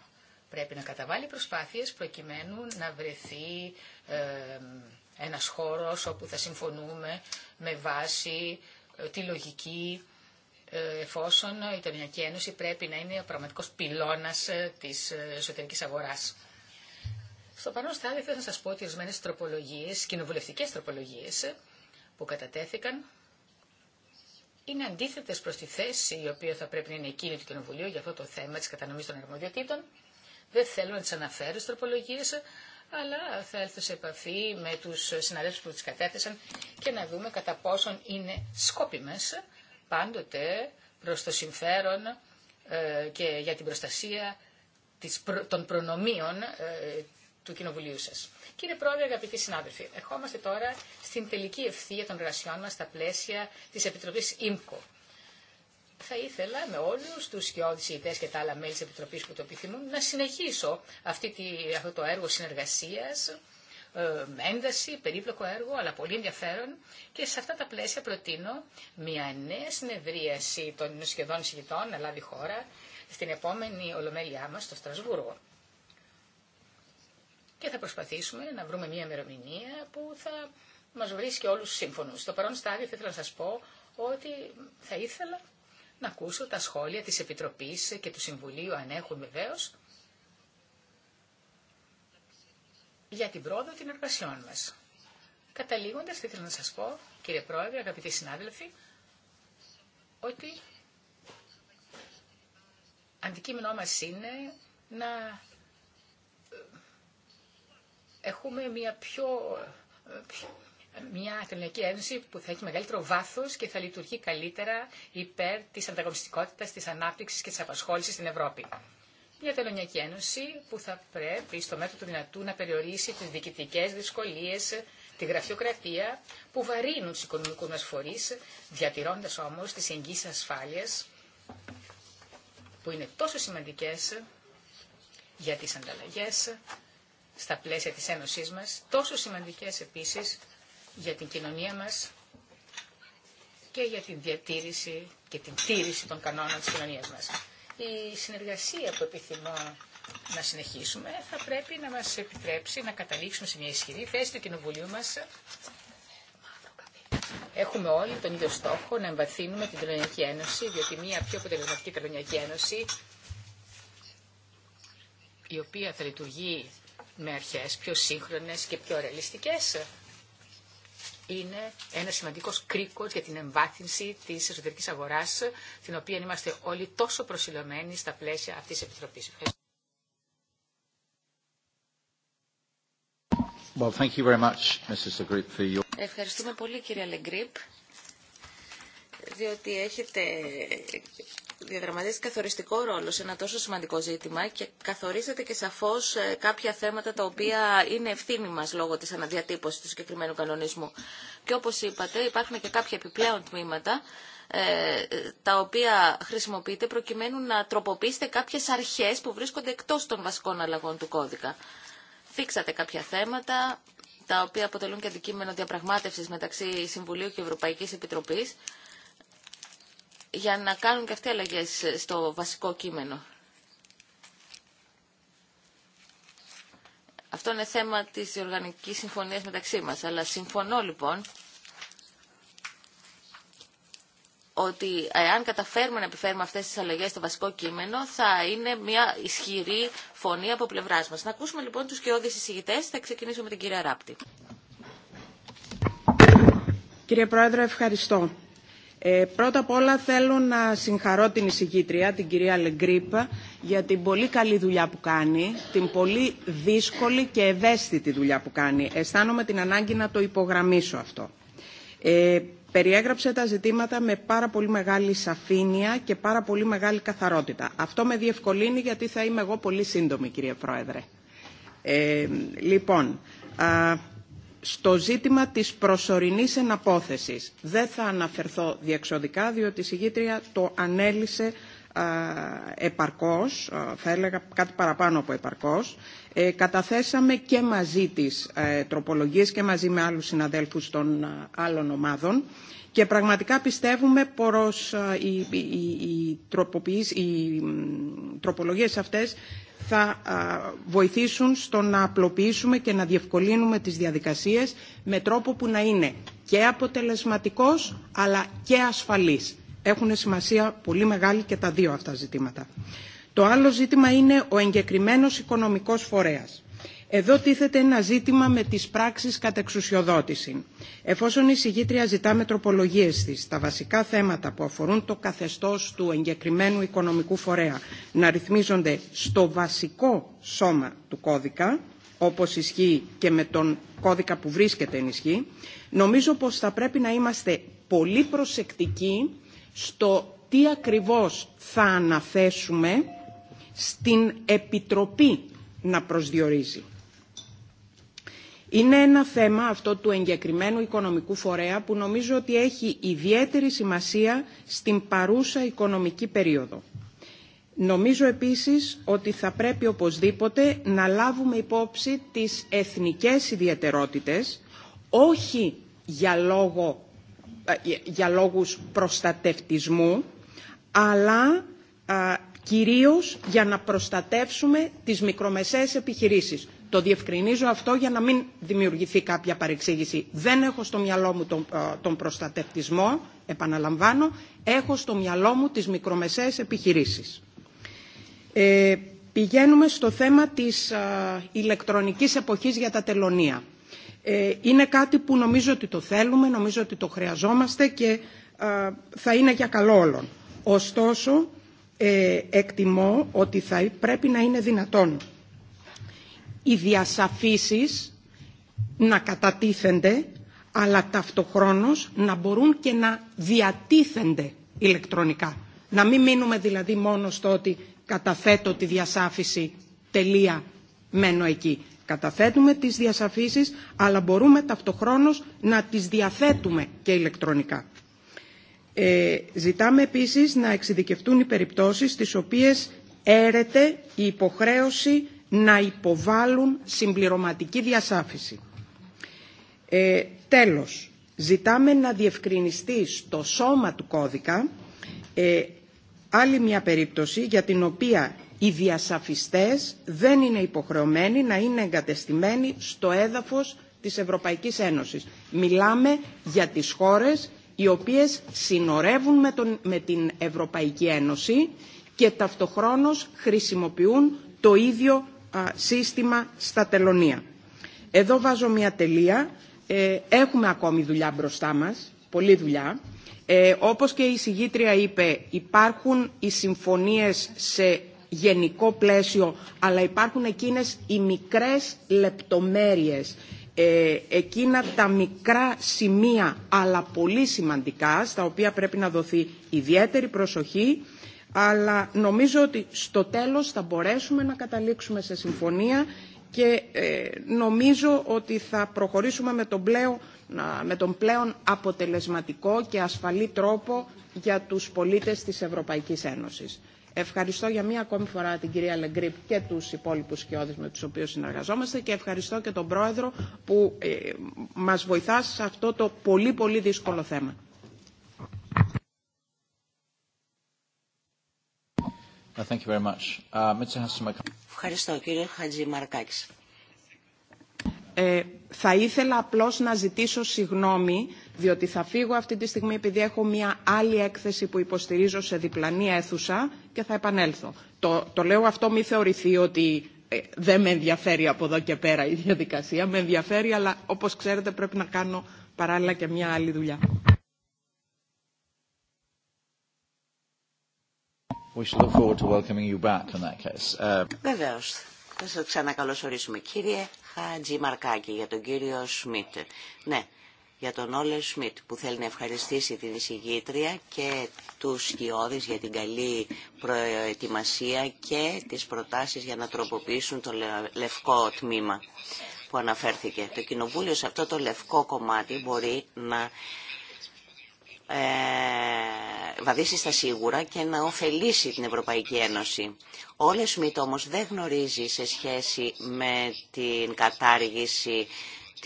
πρέπει να καταβάλει προσπάθειες προκειμένου να βρεθεί ε, ένας χώρος όπου θα συμφωνούμε με βάση ε, τη λογική ε, εφόσον η Τελωνιακή Ένωση πρέπει να είναι ο πραγματικός πυλώνας ε, της εσωτερικής αγοράς. Στο παρόν στάδιο θέλω να σας πω ότι ορισμένε τροπολογίες, κοινοβουλευτικές τροπολογίες που κατατέθηκαν είναι αντίθετες προς τη θέση η οποία θα πρέπει να είναι εκείνη του Κοινοβουλίου για αυτό το θέμα της κατανομής των αρμοδιοτήτων. Δεν θέλω να τις αναφέρω στις τροπολογίες, αλλά θα έλθω σε επαφή με τους συναδέλφους που τις κατέθεσαν και να δούμε κατά πόσον είναι σκόπιμες πάντοτε προς το συμφέρον ε, και για την προστασία των προνομίων ε, του Κοινοβουλίου σα. Κύριε Πρόεδρε, αγαπητοί συνάδελφοι, ερχόμαστε τώρα στην τελική ευθεία των εργασιών μα στα πλαίσια τη Επιτροπής ΙΜΚΟ. Θα ήθελα με όλου του σκιώδη ηγητέ και τα άλλα μέλη τη Επιτροπή που το επιθυμούν να συνεχίσω αυτή τη, αυτό το έργο συνεργασία, ε, με ένταση, περίπλοκο έργο, αλλά πολύ ενδιαφέρον. Και σε αυτά τα πλαίσια προτείνω μια νέα συνεδρίαση των σχεδόν συγκητών να λάβει χώρα στην επόμενη ολομέλειά μας στο Στρασβούργο και θα προσπαθήσουμε να βρούμε μια ημερομηνία που θα μας βρίσκει όλους σύμφωνους. Στο παρόν στάδιο θα ήθελα να σας πω ότι θα ήθελα να ακούσω τα σχόλια της Επιτροπής και του Συμβουλίου, αν έχουν βεβαίω για την πρόοδο των εργασιών μας. Καταλήγοντας, θα ήθελα να σας πω, κύριε Πρόεδρε, αγαπητοί συνάδελφοι, ότι αντικείμενό μας είναι να έχουμε μια πιο, ε, μια τελωνιακή ένωση που θα έχει μεγαλύτερο βάθο και θα λειτουργεί καλύτερα υπέρ τη ανταγωνιστικότητα, τη ανάπτυξη και τη απασχόληση στην Ευρώπη. Μια τελωνιακή ένωση που θα πρέπει στο μέτρο του δυνατού να περιορίσει τι διοικητικέ δυσκολίε, τη γραφειοκρατία που βαρύνουν του οικονομικού μα φορεί, διατηρώντα όμω τι εγγύσει ασφάλεια που είναι τόσο σημαντικέ για τις ανταλλαγέ στα πλαίσια της Ένωσής μας, τόσο σημαντικές επίσης για την κοινωνία μας και για την διατήρηση και την τήρηση των κανόνων της κοινωνίας μας. Η συνεργασία που επιθυμώ να συνεχίσουμε θα πρέπει να μας επιτρέψει να καταλήξουμε σε μια ισχυρή θέση του Κοινοβουλίου μας. Έχουμε όλοι τον ίδιο στόχο να εμβαθύνουμε την Τελωνιακή Ένωση, διότι μια πιο αποτελεσματική Τελωνιακή Ένωση, η οποία θα λειτουργεί με αρχές πιο σύγχρονες και πιο ρεαλιστικές είναι ένα σημαντικό κρίκο για την εμβάθυνση τη εσωτερική αγορά, την οποία είμαστε όλοι τόσο προσιλωμένοι στα πλαίσια αυτή τη Επιτροπή.
Well, thank you very much, Mrs. Legrip, for your...
Ευχαριστούμε πολύ, κύριε Λεγκρίπ, διότι έχετε διαδραματίζεται καθοριστικό ρόλο σε ένα τόσο σημαντικό ζήτημα και καθορίζεται και σαφώ ε, κάποια θέματα τα οποία είναι ευθύνη μα λόγω τη αναδιατύπωσης του συγκεκριμένου κανονισμού. Και όπω είπατε υπάρχουν και κάποια επιπλέον τμήματα ε, τα οποία χρησιμοποιείτε προκειμένου να τροποποιήσετε κάποιε αρχέ που βρίσκονται εκτό των βασικών αλλαγών του κώδικα. Θίξατε κάποια θέματα τα οποία αποτελούν και αντικείμενο διαπραγμάτευσης μεταξύ Συμβουλίου και Ευρωπαϊκής Επιτροπής για να κάνουν και αυτοί αλλαγέ στο βασικό κείμενο. Αυτό είναι θέμα της οργανικής συμφωνίας μεταξύ μας. Αλλά συμφωνώ λοιπόν ότι εάν καταφέρουμε να επιφέρουμε αυτές τις αλλαγές στο βασικό κείμενο θα είναι μια ισχυρή φωνή από πλευράς μας. Να ακούσουμε λοιπόν τους κοιόδης εισηγητές. Θα ξεκινήσω με την κυρία Ράπτη.
Κύριε Πρόεδρε, ευχαριστώ. Ε, πρώτα απ' όλα θέλω να συγχαρώ την εισηγήτρια, την κυρία Λεγκρίπ, για την πολύ καλή δουλειά που κάνει, την πολύ δύσκολη και ευαίσθητη δουλειά που κάνει. Αισθάνομαι την ανάγκη να το υπογραμμίσω αυτό. Ε, περιέγραψε τα ζητήματα με πάρα πολύ μεγάλη σαφήνεια και πάρα πολύ μεγάλη καθαρότητα. Αυτό με διευκολύνει γιατί θα είμαι εγώ πολύ σύντομη, κύριε Πρόεδρε. Ε, λοιπόν, στο ζήτημα της προσωρινής εναπόθεσης. Δεν θα αναφερθώ διεξοδικά, διότι η το ανέλησε επαρκώς, θα έλεγα κάτι παραπάνω από επαρκώς. Ε, καταθέσαμε και μαζί της ε, τροπολογίες και μαζί με άλλους συναδέλφους των άλλων ομάδων και πραγματικά πιστεύουμε πως οι, οι, οι, οι τροπολογίες αυτές θα βοηθήσουν στο να απλοποιήσουμε και να διευκολύνουμε τις διαδικασίες με τρόπο που να είναι και αποτελεσματικός αλλά και ασφαλής έχουν σημασία πολύ μεγάλη και τα δύο αυτά ζητήματα. Το άλλο ζήτημα είναι ο εγκεκριμένος οικονομικός φορέας. Εδώ τίθεται ένα ζήτημα με τις πράξεις εξουσιοδότηση. Εφόσον η συγγήτρια ζητά με τροπολογίες της τα βασικά θέματα που αφορούν το καθεστώς του εγκεκριμένου οικονομικού φορέα να ρυθμίζονται στο βασικό σώμα του κώδικα, όπως ισχύει και με τον κώδικα που βρίσκεται εν ισχύ, νομίζω πως θα πρέπει να είμαστε πολύ προσεκτικοί στο τι ακριβώς θα αναθέσουμε στην Επιτροπή να προσδιορίζει. Είναι ένα θέμα αυτό του εγκεκριμένου οικονομικού φορέα που νομίζω ότι έχει ιδιαίτερη σημασία στην παρούσα οικονομική περίοδο. Νομίζω επίσης ότι θα πρέπει οπωσδήποτε να λάβουμε υπόψη τις εθνικές ιδιαιτερότητες, όχι για λόγο ε, για λόγους προστατευτισμού, αλλά κυρίως για να προστατεύσουμε τις μικρομεσαίες επιχειρήσεις. Το διευκρινίζω αυτό για να μην δημιουργηθεί κάποια παρεξήγηση. Δεν έχω στο μυαλό μου τον, ε, τον προστατευτισμό, επαναλαμβάνω, έχω στο μυαλό μου τις μικρομεσαίες επιχειρήσεις. Ε, πηγαίνουμε στο θέμα της α, ηλεκτρονικής εποχής για τα τελωνία. Ε, είναι κάτι που νομίζω ότι το θέλουμε, νομίζω ότι το χρειαζόμαστε και θα είναι για καλό όλων. Ωστόσο, ε, εκτιμώ ότι θα πρέπει να είναι δυνατόν οι διασαφήσεις να κατατίθενται, αλλά ταυτοχρόνως να μπορούν και να διατίθενται ηλεκτρονικά. Να μην μείνουμε δηλαδή μόνο στο ότι καταθέτω τη διασάφηση, τελεία, μένω εκεί. Καταθέτουμε τις διασαφίσεις αλλά μπορούμε ταυτοχρόνως να τις διαθέτουμε και ηλεκτρονικά. Ε, ζητάμε επίσης να εξειδικευτούν οι περιπτώσεις στις οποίες έρεται η υποχρέωση να υποβάλουν συμπληρωματική διασάφιση. Ε, τέλος, ζητάμε να διευκρινιστεί στο σώμα του κώδικα ε, άλλη μια περίπτωση για την οποία οι διασαφιστές δεν είναι υποχρεωμένοι να είναι εγκατεστημένοι στο έδαφος της Ευρωπαϊκής Ένωσης. Μιλάμε για τις χώρες οι οποίες συνορεύουν με, τον, με την Ευρωπαϊκή Ένωση και ταυτοχρόνως χρησιμοποιούν το ίδιο σύστημα στα τελωνία. Εδώ βάζω μια τελεία. Ε, έχουμε ακόμη δουλειά μπροστά μας, πολλή δουλειά. Ε, όπως και η συγγήτρια είπε, υπάρχουν οι συμφωνίες σε γενικό πλαίσιο, αλλά υπάρχουν εκείνες οι μικρές λεπτομέρειες, ε, εκείνα τα μικρά σημεία, αλλά πολύ σημαντικά, στα οποία πρέπει να δοθεί ιδιαίτερη προσοχή, αλλά νομίζω ότι στο τέλος θα μπορέσουμε να καταλήξουμε σε συμφωνία και ε, νομίζω ότι θα προχωρήσουμε με τον, πλέον, με τον πλέον αποτελεσματικό και ασφαλή τρόπο για τους πολίτες της Ευρωπαϊκής Ένωσης. Ευχαριστώ για μία ακόμη φορά την κυρία Λεγκρίπ και τους υπόλοιπου σκιώδη με τους οποίους συνεργαζόμαστε και ευχαριστώ και τον Πρόεδρο που ε, μας βοηθά σε αυτό το πολύ πολύ δύσκολο θέμα.
Uh,
ευχαριστώ κύριε Χατζη
Ε, θα ήθελα απλώς να ζητήσω συγγνώμη, διότι θα φύγω αυτή τη στιγμή επειδή έχω μία άλλη έκθεση που υποστηρίζω σε διπλανή αίθουσα και θα επανέλθω. Το, το λέω αυτό μη θεωρηθεί ότι ε, δεν με ενδιαφέρει από εδώ και πέρα η διαδικασία. Με ενδιαφέρει, αλλά όπως ξέρετε πρέπει να κάνω παράλληλα και μια άλλη δουλειά.
Uh,
Βεβαίως. Θα σας ξανακαλωσορίσουμε. Κύριε Μαρκάκη για τον κύριο Σμίτ. Ναι, για τον Όλε Σμιτ που θέλει να ευχαριστήσει την εισηγήτρια και τους σκιώδης για την καλή προετοιμασία και τις προτάσεις για να τροποποιήσουν το λευκό τμήμα που αναφέρθηκε. Το Κοινοβούλιο σε αυτό το λευκό κομμάτι μπορεί να ε, βαδίσει στα σίγουρα και να ωφελήσει την Ευρωπαϊκή Ένωση. Όλε Σμιτ όμως δεν γνωρίζει σε σχέση με την κατάργηση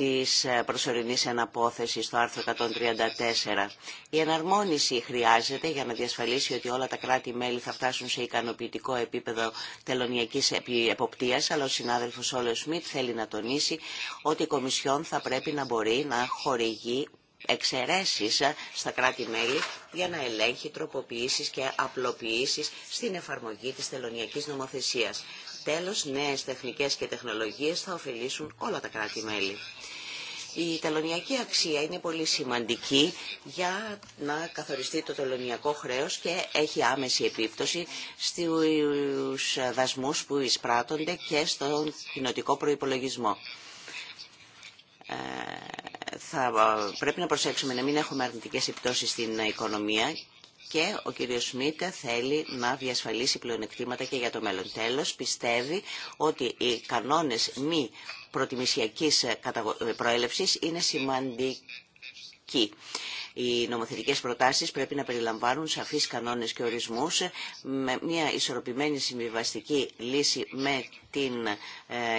της ε, προσωρινής αναπόθεση στο άρθρο 134. Η εναρμόνιση χρειάζεται για να διασφαλίσει ότι όλα τα κράτη-μέλη θα φτάσουν σε ικανοποιητικό επίπεδο τελωνιακής εποπτείας, αλλά ο συνάδελφος Όλεο Σμιτ θέλει να τονίσει ότι η Κομισιόν θα πρέπει να μπορεί να χορηγεί εξαιρέσεις ε, στα κράτη-μέλη για να ελέγχει τροποποιήσεις και απλοποιήσεις στην εφαρμογή της τελωνιακής νομοθεσίας. Τέλος, νέες τεχνικές και τεχνολογίες θα ωφελήσουν όλα τα κράτη-μέλη. Η τελωνιακή αξία είναι πολύ σημαντική για να καθοριστεί το τελωνιακό χρέος και έχει άμεση επίπτωση στους δασμούς που εισπράττονται και στον κοινοτικό προϋπολογισμό. Ε, θα πρέπει να προσέξουμε να μην έχουμε αρνητικές επιπτώσεις στην οικονομία και ο κύριος Σμίτα θέλει να διασφαλίσει πλεονεκτήματα και για το μέλλον. Τέλος, πιστεύει ότι οι κανόνες μη προτιμησιακής ε, προέλευσης είναι σημαντικοί. Οι νομοθετικές προτάσεις πρέπει να περιλαμβάνουν σαφείς κανόνες και ορισμούς με μια ισορροπημένη συμβιβαστική λύση με την ε,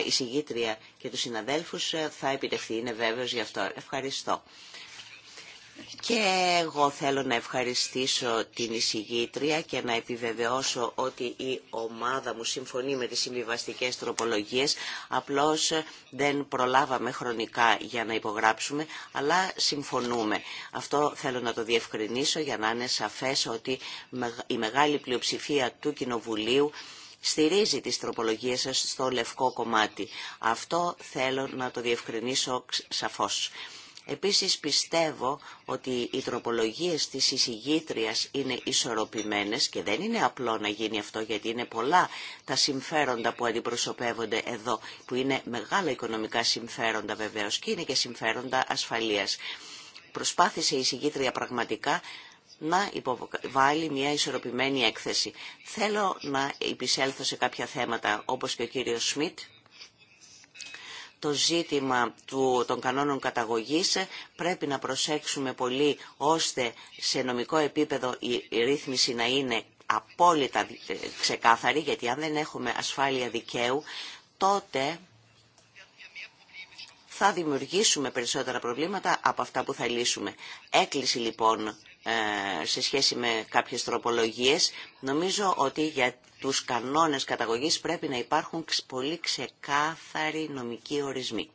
εισηγήτρια και του συναδέλφου ε, θα επιτευχθεί. Είναι βέβαιος γι' αυτό. Ευχαριστώ. Και εγώ θέλω να ευχαριστήσω την εισηγήτρια και να επιβεβαιώσω ότι η ομάδα μου συμφωνεί με τις συμβιβαστικές τροπολογίες. Απλώς δεν προλάβαμε χρονικά για να υπογράψουμε, αλλά συμφωνούμε. Αυτό θέλω να το διευκρινίσω για να είναι σαφές ότι η μεγάλη πλειοψηφία του Κοινοβουλίου στηρίζει τις τροπολογίες σας στο λευκό κομμάτι. Αυτό θέλω να το διευκρινίσω σαφώς. Επίσης πιστεύω ότι οι τροπολογίες της εισηγήτριας είναι ισορροπημένες και δεν είναι απλό να γίνει αυτό γιατί είναι πολλά τα συμφέροντα που αντιπροσωπεύονται εδώ που είναι μεγάλα οικονομικά συμφέροντα βεβαίως και είναι και συμφέροντα ασφαλείας. Προσπάθησε η εισηγήτρια πραγματικά να υποβάλει μια ισορροπημένη έκθεση. Θέλω να υπησέλθω σε κάποια θέματα όπως και ο κύριος Σμιτ το ζήτημα του, των κανόνων καταγωγής ε, πρέπει να προσέξουμε πολύ ώστε σε νομικό επίπεδο η ρύθμιση να είναι απόλυτα ε, ξεκάθαρη γιατί αν δεν έχουμε ασφάλεια δικαίου τότε θα δημιουργήσουμε περισσότερα προβλήματα από αυτά που θα λύσουμε. Έκλειση λοιπόν ε, σε σχέση με κάποιες τροπολογίες. Νομίζω ότι για τους κανόνες καταγωγής πρέπει να υπάρχουν πολύ ξεκάθαροι νομικοί ορισμοί.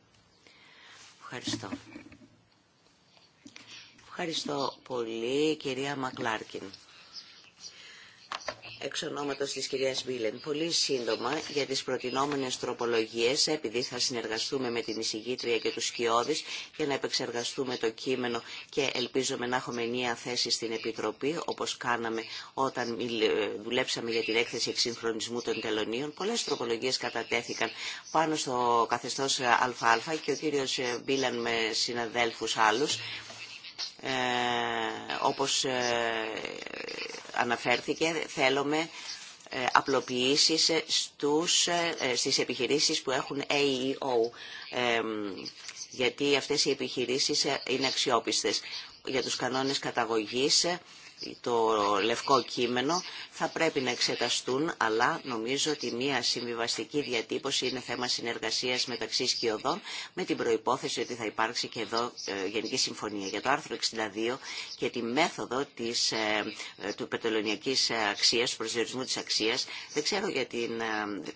Ευχαριστώ. Ευχαριστώ πολύ κυρία Μακλάρκιν. Εξ ονόματος της κυρίας Μπίλεν, πολύ σύντομα για τις προτινόμενες τροπολογίες, επειδή θα συνεργαστούμε με την εισηγήτρια και τους σκιώδεις για να επεξεργαστούμε το κείμενο και ελπίζουμε να έχουμε μια θέση στην Επιτροπή, όπως κάναμε όταν δουλέψαμε για την έκθεση εξυγχρονισμού των τελωνίων. Πολλές τροπολογίες κατατέθηκαν πάνω στο καθεστώς ΑΑ και ο κύριος Μπίλεν με συναδέλφους άλλους ε, όπως ε, αναφέρθηκε, θέλουμε ε, απλοποιήσεις στους, στις επιχειρήσεις που έχουν AEO, γιατί αυτές οι επιχειρήσεις είναι αξιόπιστες. Για τους κανόνες καταγωγής το λευκό κείμενο θα πρέπει να εξεταστούν, αλλά νομίζω ότι μια συμβιβαστική διατύπωση είναι θέμα συνεργασίας μεταξύ σκιωδών, με την προϋπόθεση ότι θα υπάρξει και εδώ ε, Γενική Συμφωνία για το άρθρο 62 και τη μέθοδο της, ε, του πετρελονιακής αξίας, του προσδιορισμού της αξίας. Δεν ξέρω για την, ε,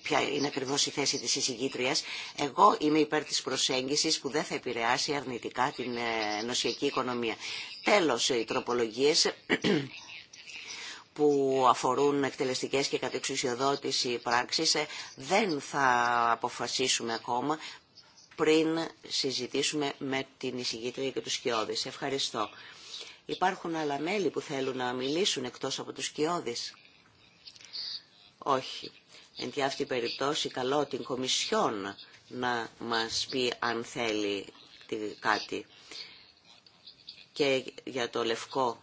ποια είναι ακριβώς η θέση της εισηγήτριας. Εγώ είμαι υπέρ της προσέγγισης που δεν θα επηρεάσει αρνητικά την νοσιακή οικονομία. Τέλος, οι τροπολογίες που αφορούν εκτελεστικές και κατεξουσιοδότηση πράξεις ε, δεν θα αποφασίσουμε ακόμα πριν συζητήσουμε με την εισηγήτρια και τους σκιώδεις. Ευχαριστώ. Υπάρχουν άλλα μέλη που θέλουν να μιλήσουν εκτός από τους σκιώδεις. Όχι. Εν τη αυτή περιπτώσει καλώ την Κομισιόν να μας πει αν θέλει κάτι και για το λευκό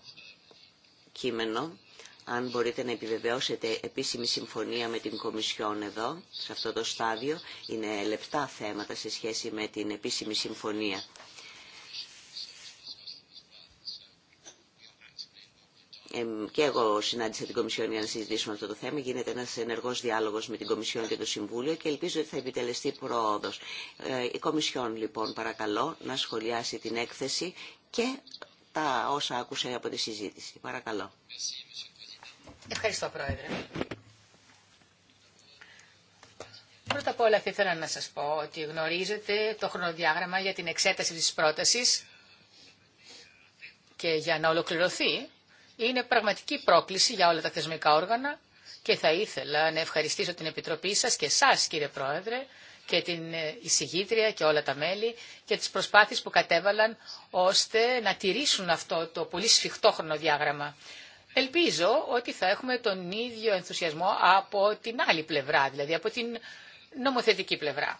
κείμενο, αν μπορείτε να επιβεβαιώσετε επίσημη συμφωνία με την Κομισιόν εδώ, σε αυτό το στάδιο, είναι λεπτά θέματα σε σχέση με την επίσημη συμφωνία. και εγώ συνάντησα την Κομισιόν για να συζητήσουμε αυτό το θέμα. Γίνεται ένα ενεργό διάλογο με την Κομισιόν και το Συμβούλιο και ελπίζω ότι θα επιτελεστεί πρόοδο. Ε, η Κομισιόν, λοιπόν, παρακαλώ να σχολιάσει την έκθεση και τα όσα άκουσε από τη συζήτηση. Παρακαλώ.
Ευχαριστώ, Πρόεδρε. Πρώτα απ' όλα θα ήθελα να σας πω ότι γνωρίζετε το χρονοδιάγραμμα για την εξέταση της πρότασης και για να ολοκληρωθεί είναι πραγματική πρόκληση για όλα τα θεσμικά όργανα και θα ήθελα να ευχαριστήσω την Επιτροπή σας και εσάς κύριε Πρόεδρε και την ε, εισηγήτρια και όλα τα μέλη και τις προσπάθειες που κατέβαλαν ώστε να τηρήσουν αυτό το πολύ σφιχτό χρονοδιάγραμμα. Ελπίζω ότι θα έχουμε τον ίδιο ενθουσιασμό από την άλλη πλευρά, δηλαδή από την νομοθετική πλευρά.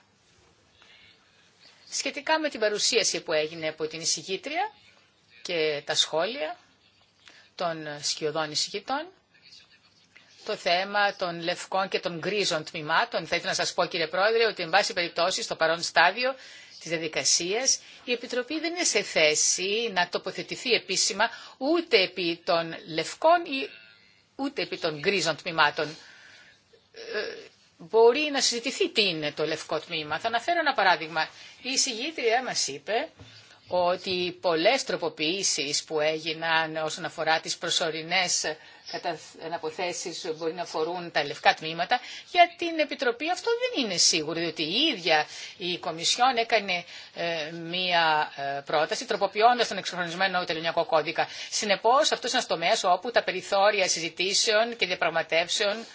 Σχετικά με την παρουσίαση που έγινε από την εισηγήτρια και τα σχόλια των σκιωδών εισηγητών, το θέμα των λευκών και των γκρίζων τμήματων. Θα ήθελα να σας πω κύριε Πρόεδρε ότι εν πάση περιπτώσει στο παρόν στάδιο της διαδικασίας η Επιτροπή δεν είναι σε θέση να τοποθετηθεί επίσημα ούτε επί των λευκών ή ούτε επί των γκρίζων τμήματων. Ε, μπορεί να συζητηθεί τι είναι το λευκό τμήμα. Θα αναφέρω ένα παράδειγμα. Η συγγήτρια μας είπε ότι πολλές τροποποιήσεις που έγιναν όσον αφορά τις προσωρινές Κατά αναποθέσεις μπορεί να αφορούν τα λευκά τμήματα. Για την Επιτροπή αυτό δεν είναι σίγουρο, διότι η ίδια η Κομισιόν έκανε ε, μία ε, πρόταση τροποποιώντα τον εξοχρονισμένο τελωνιακό κώδικα. Συνεπώ αυτό είναι ένα τομέας όπου τα περιθώρια συζητήσεων και διαπραγματεύσεων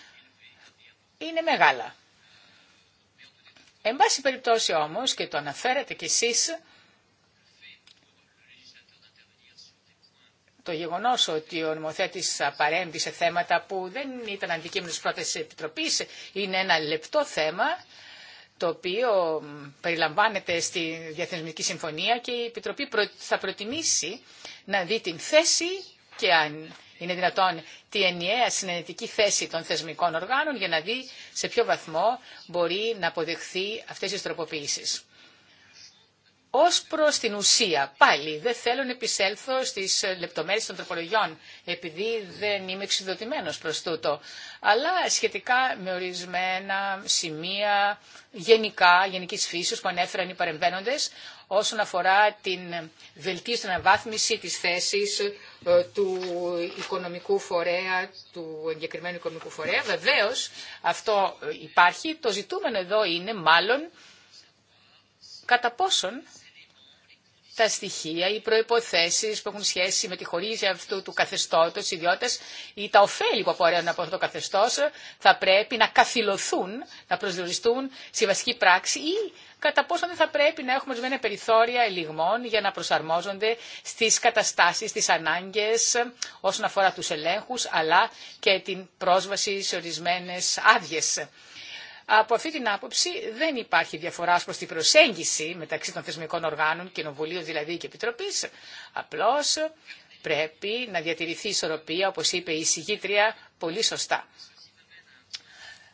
είναι μεγάλα. Εν πάση περιπτώσει όμως, και το αναφέρατε κι εσείς, το γεγονός ότι ο νομοθέτης παρέμβει σε θέματα που δεν ήταν αντικείμενο της πρόταση επιτροπή Επιτροπής είναι ένα λεπτό θέμα το οποίο περιλαμβάνεται στη Διαθεσμική Συμφωνία και η Επιτροπή θα προτιμήσει να δει την θέση και αν είναι δυνατόν τη ενιαία συνενετική θέση των θεσμικών οργάνων για να δει σε ποιο βαθμό μπορεί να αποδεχθεί αυτές τις τροποποιήσεις. Ω προ την ουσία, πάλι δεν θέλω να επισέλθω στις ε, λεπτομέρειες των τροπολογιών, επειδή δεν είμαι εξειδοτημένο προ τούτο, αλλά σχετικά με ορισμένα σημεία γενικά, γενικής φύσης που ανέφεραν οι παρεμβαίνοντε, όσον αφορά την βελτίωση, την αναβάθμιση της θέσης ε, του οικονομικού φορέα, του εγκεκριμένου οικονομικού φορέα. Βεβαίω, αυτό ε, υπάρχει. Το ζητούμενο εδώ είναι μάλλον κατά πόσον τα στοιχεία, οι προϋποθέσεις που έχουν σχέση με τη χορήγηση αυτού του καθεστώτος, ιδιώτες ή τα ωφέλη που απορρέουν από αυτό το καθεστώς θα πρέπει να καθυλωθούν, να προσδιοριστούν στη βασική πράξη ή κατά πόσο δεν θα πρέπει να έχουμε ορισμένα περιθώρια ελιγμών για να προσαρμόζονται στις καταστάσεις, στις ανάγκες όσον αφορά τους ελέγχους αλλά και την πρόσβαση σε ορισμένες άδειες. Από αυτή την άποψη δεν υπάρχει διαφορά προς την προσέγγιση μεταξύ των θεσμικών οργάνων, κοινοβουλίου δηλαδή και επιτροπής. Απλώς πρέπει να διατηρηθεί η ισορροπία, όπως είπε η συγγήτρια πολύ σωστά.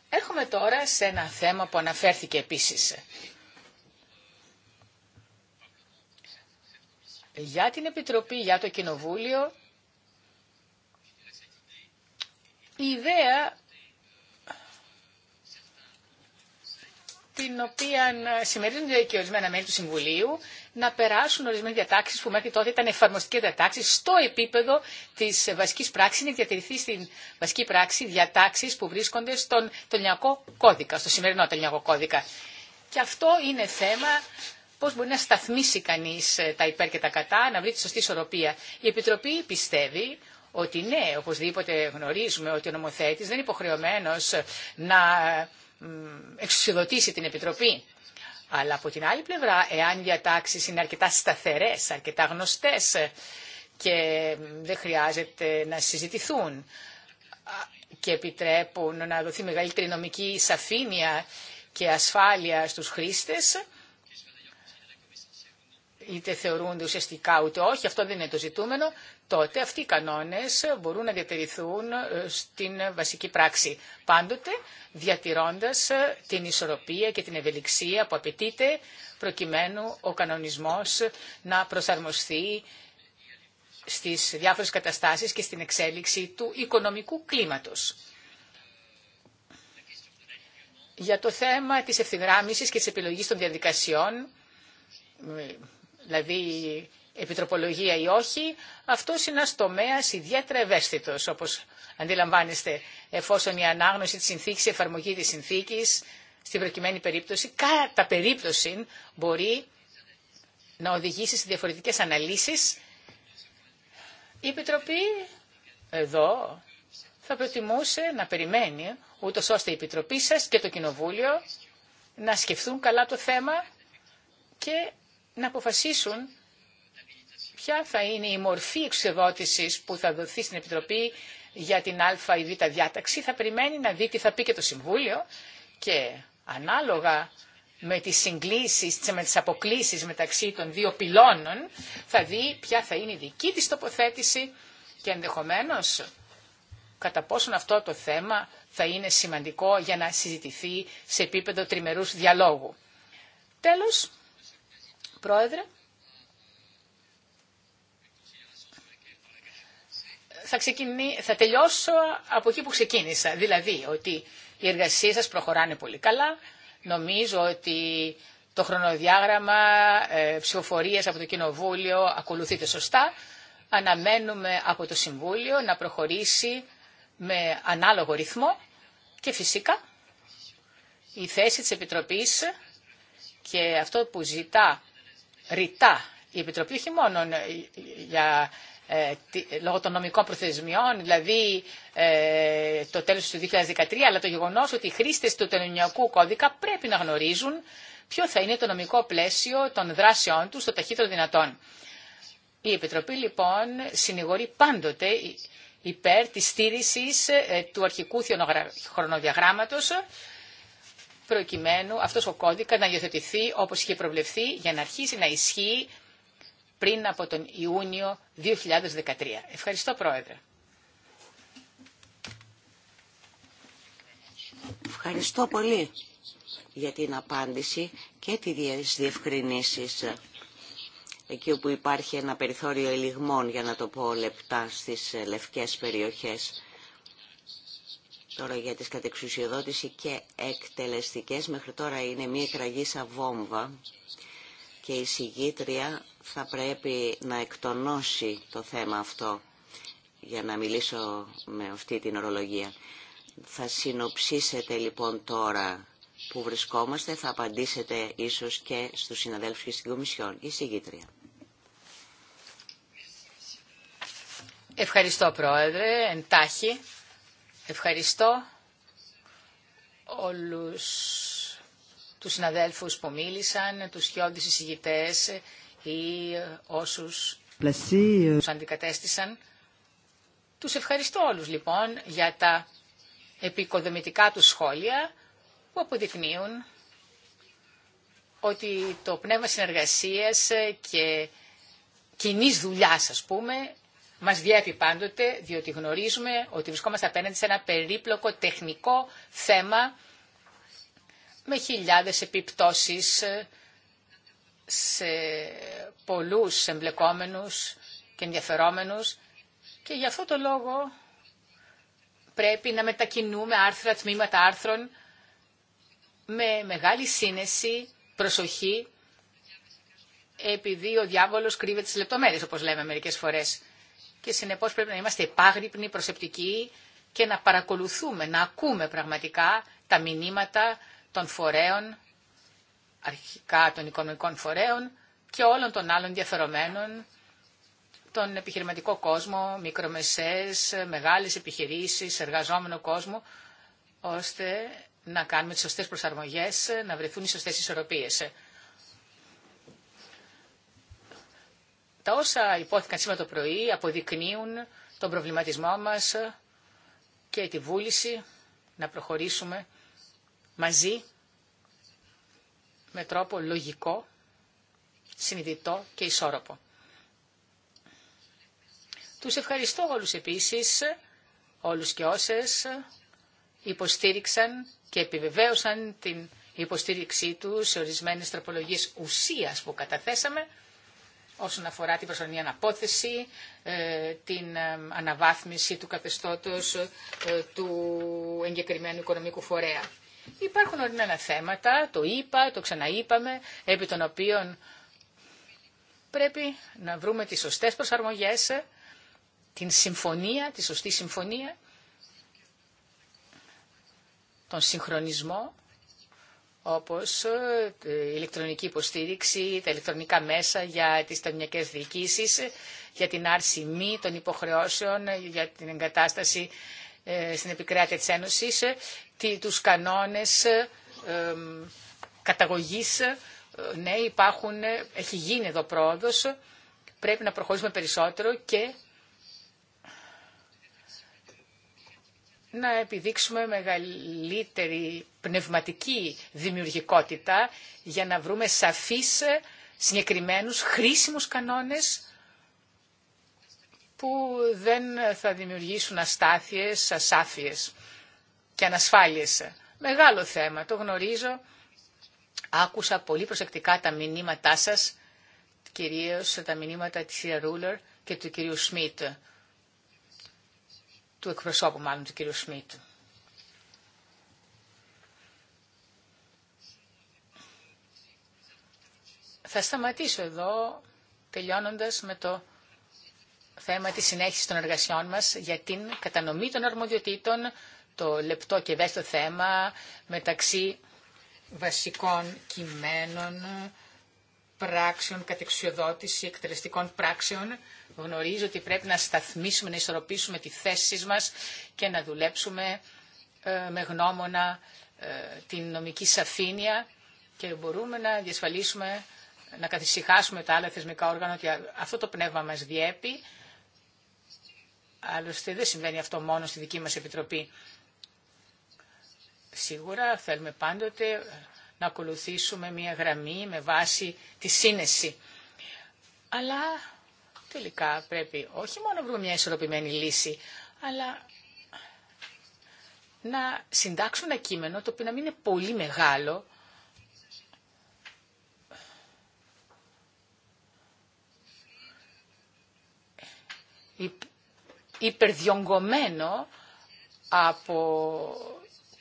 Έρχομαι τώρα σε ένα θέμα που αναφέρθηκε επίσης. Για την Επιτροπή, για το Κοινοβούλιο, η ιδέα την οποία ε, συμμερίζονται και ορισμένα μέλη του Συμβουλίου να περάσουν ορισμένε διατάξει που μέχρι τότε ήταν εφαρμοστικέ διατάξει στο επίπεδο τη ε, βασική πράξη, να διατηρηθεί στην βασική πράξη διατάξει που βρίσκονται στον τελειακό κώδικα, στο σημερινό τελειακό κώδικα. Και αυτό είναι θέμα πώς μπορεί να σταθμίσει κανείς ε, τα υπέρ και τα κατά, να βρει τη σωστή ισορροπία. Η Επιτροπή πιστεύει ότι ναι, οπωσδήποτε γνωρίζουμε ότι ο νομοθέτης δεν είναι υποχρεωμένος να εξουσιοδοτήσει την Επιτροπή. Αλλά από την άλλη πλευρά, εάν οι διατάξει είναι αρκετά σταθερές, αρκετά γνωστές και δεν χρειάζεται να συζητηθούν και επιτρέπουν να δοθεί μεγαλύτερη νομική σαφήνεια και ασφάλεια στους χρήστες, είτε θεωρούνται ουσιαστικά ούτε όχι, αυτό δεν είναι το ζητούμενο, τότε αυτοί οι κανόνες μπορούν να διατηρηθούν ε, στην βασική πράξη. Πάντοτε διατηρώντας ε, την ισορροπία και την ευελιξία που απαιτείται προκειμένου ο κανονισμός να προσαρμοστεί στις διάφορες καταστάσεις και στην εξέλιξη του οικονομικού κλίματος. Για το θέμα της ευθυγράμμισης και της επιλογής των διαδικασιών, ε, δηλαδή επιτροπολογία ή όχι, αυτό είναι ένα τομέα ιδιαίτερα ευαίσθητο, όπω αντιλαμβάνεστε, εφόσον η ανάγνωση τη συνθήκη, η εφαρμογή τη συνθήκη, στην προκειμένη περίπτωση, κατά περίπτωση μπορεί να οδηγήσει σε διαφορετικές αναλύσεις. Η Επιτροπή εδώ θα προτιμούσε να περιμένει, ούτω ώστε η Επιτροπή σα και το Κοινοβούλιο να σκεφτούν καλά το θέμα και να αποφασίσουν ποια θα είναι η μορφή εξοδότηση που θα δοθεί στην Επιτροπή για την α ή β διάταξη. Θα περιμένει να δει τι θα πει και το Συμβούλιο και ανάλογα με τις συγκλήσεις, με τις αποκλήσεις μεταξύ των δύο πυλώνων, θα δει ποια θα είναι η δική της τοποθέτηση και ενδεχομένως κατά πόσον αυτό το θέμα θα είναι σημαντικό για να συζητηθεί σε επίπεδο τριμερούς διαλόγου. Τέλος, Πρόεδρε, θα, θα τελειώσω από εκεί που ξεκίνησα. Δηλαδή ότι οι εργασία σας προχωράνε πολύ καλά. Νομίζω ότι το χρονοδιάγραμμα ε, από το Κοινοβούλιο ακολουθείται σωστά. Αναμένουμε από το Συμβούλιο να προχωρήσει με ανάλογο ρυθμό και φυσικά η θέση της Επιτροπής και αυτό που ζητά ρητά η Επιτροπή όχι μόνο για ε, λόγω των νομικών προθεσμιών, δηλαδή ε, το τέλος του 2013, αλλά το γεγονός ότι οι χρήστες του τελωνιακού κώδικα πρέπει να γνωρίζουν ποιο θα είναι το νομικό πλαίσιο των δράσεών τους στο ταχύτερο δυνατόν. Η Επιτροπή λοιπόν συνηγορεί πάντοτε υπέρ της στήρησης ε, του αρχικού χρονοδιαγράμματος προκειμένου αυτός ο κώδικα να υιοθετηθεί όπως είχε προβλεφθεί για να αρχίσει να ισχύει πριν από τον Ιούνιο 2013. Ευχαριστώ
Πρόεδρε. Ευχαριστώ πολύ για την απάντηση και τις διευκρινήσεις εκεί όπου υπάρχει ένα περιθώριο ελιγμών, για να το πω λεπτά, στις ε, λευκές περιοχές. Τώρα για τις κατεξουσιοδότηση και εκτελεστικές, μέχρι τώρα είναι μία κραγίσα βόμβα και η συγγήτρια θα πρέπει να εκτονώσει το θέμα αυτό για να μιλήσω με αυτή την ορολογία. Θα συνοψίσετε λοιπόν τώρα που βρισκόμαστε, θα απαντήσετε ίσως και στους συναδέλφους και στην Κομισιόν. Η συγγήτρια.
Ευχαριστώ Πρόεδρε, εντάχει. Ευχαριστώ όλους τους συναδέλφους που μίλησαν, τους χιόντις εισηγητές ή όσους
ε, τους
αντικατέστησαν. Τους ευχαριστώ όλους λοιπόν για τα επικοδομητικά τους σχόλια που αποδεικνύουν ότι το πνεύμα συνεργασίας και κοινή δουλειά, α πούμε, μας διέπει πάντοτε, διότι γνωρίζουμε ότι βρισκόμαστε απέναντι σε ένα περίπλοκο τεχνικό θέμα με χιλιάδες επιπτώσεις ε, σε πολλούς εμπλεκόμενους και ενδιαφερόμενους και γι' αυτό το λόγο πρέπει να μετακινούμε άρθρα, τμήματα άρθρων με μεγάλη σύνεση, προσοχή, επειδή ο διάβολος κρύβεται τις λεπτομέρειες, όπως λέμε μερικές φορές. Και συνεπώς πρέπει να είμαστε επάγρυπνοι, προσεπτικοί και να παρακολουθούμε, να ακούμε πραγματικά τα μηνύματα των φορέων, αρχικά των οικονομικών φορέων και όλων των άλλων διαφερομένων, τον επιχειρηματικό κόσμο, μικρομεσαίες, μεγάλες επιχειρήσεις, εργαζόμενο κόσμο, ώστε να κάνουμε τις σωστές προσαρμογές, να βρεθούν οι σωστές ισορροπίες. Τα όσα υπόθηκαν σήμερα το πρωί αποδεικνύουν τον προβληματισμό μας και τη βούληση να προχωρήσουμε μαζί με τρόπο λογικό, συνειδητό και ισόρροπο. Τους ευχαριστώ όλους επίσης, όλους και όσες υποστήριξαν και επιβεβαίωσαν την υποστήριξή του σε ορισμένες τροπολογίες ουσίας που καταθέσαμε όσον αφορά την προσωρινή αναπόθεση, ε, την ε, αναβάθμιση του καθεστώτος ε, του εγκεκριμένου οικονομικού φορέα. Υπάρχουν ορισμένα θέματα, το είπα, το ξαναείπαμε, επί των οποίων πρέπει να βρούμε τις σωστές προσαρμογές, την συμφωνία, τη σωστή συμφωνία, τον συγχρονισμό, όπως ε, η ηλεκτρονική υποστήριξη, τα ηλεκτρονικά μέσα για τις ταμιακές διοικήσεις, για την άρση μη των υποχρεώσεων, για την εγκατάσταση ε, στην επικράτεια της Ένωσης τους κανόνες ε, καταγωγής. Ε, ναι, υπάρχουν, ε, έχει γίνει εδώ πρόοδος, πρέπει να προχωρήσουμε περισσότερο και να επιδείξουμε μεγαλύτερη πνευματική δημιουργικότητα για να βρούμε σαφείς, συγκεκριμένους, χρήσιμους κανόνες που δεν θα δημιουργήσουν αστάθειες, ασάφειες και ανασφάλειες. Μεγάλο θέμα, το γνωρίζω. Άκουσα πολύ προσεκτικά τα μηνύματά σας, κυρίως τα μηνύματα της κυρία Ρούλερ και του κυρίου Σμιτ, του εκπροσώπου μάλλον του κυρίου Σμιτ. Θα σταματήσω εδώ, τελειώνοντας με το θέμα της συνέχισης των εργασιών μας για την κατανομή των αρμοδιοτήτων το λεπτό και ευαίσθητο θέμα μεταξύ βασικών κειμένων, πράξεων, κατεξιοδότηση, εκτελεστικών πράξεων. Γνωρίζω ότι πρέπει να σταθμίσουμε, να ισορροπήσουμε τη θέση μας και να δουλέψουμε ε, με γνώμονα ε, την νομική σαφήνεια και μπορούμε να διασφαλίσουμε, να καθησυχάσουμε τα άλλα θεσμικά όργανα ότι αυτό το πνεύμα μας διέπει. Άλλωστε δεν συμβαίνει αυτό μόνο στη δική μας Επιτροπή. Σίγουρα θέλουμε πάντοτε να ακολουθήσουμε μια γραμμή με βάση τη σύνεση. Αλλά τελικά πρέπει όχι μόνο να βρούμε μια ισορροπημένη λύση, αλλά να συντάξουμε ένα κείμενο το οποίο να μην είναι πολύ μεγάλο, υπερδιογκωμένο από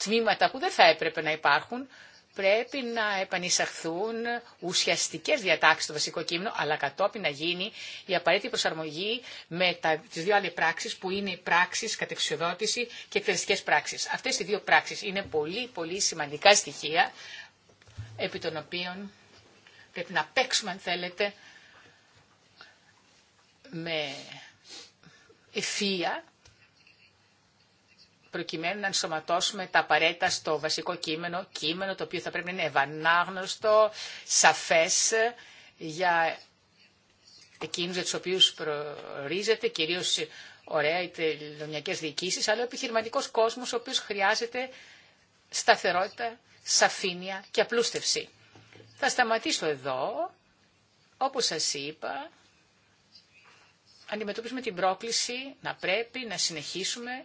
τμήματα που δεν θα έπρεπε να υπάρχουν, πρέπει να επανεισαχθούν ουσιαστικέ διατάξει στο βασικό κείμενο, αλλά κατόπιν να γίνει η απαραίτητη προσαρμογή με τι δύο άλλες πράξει που είναι οι πράξει κατεξιοδότηση και εκτελεστικέ πράξει. Αυτέ οι δύο πράξει είναι πολύ πολύ σημαντικά στοιχεία επί των οποίων πρέπει να παίξουμε αν θέλετε με ευθεία προκειμένου να ενσωματώσουμε τα απαραίτητα στο βασικό κείμενο, κείμενο το οποίο θα πρέπει να είναι ευανάγνωστο, σαφές για εκείνους για τους οποίους προορίζεται, κυρίως ωραία οι τελωνιακές διοικήσεις, αλλά ο επιχειρηματικός κόσμος ο οποίος χρειάζεται σταθερότητα, σαφήνεια και απλούστευση. Θα σταματήσω εδώ. Όπως σας είπα, αντιμετωπίζουμε την πρόκληση να πρέπει να συνεχίσουμε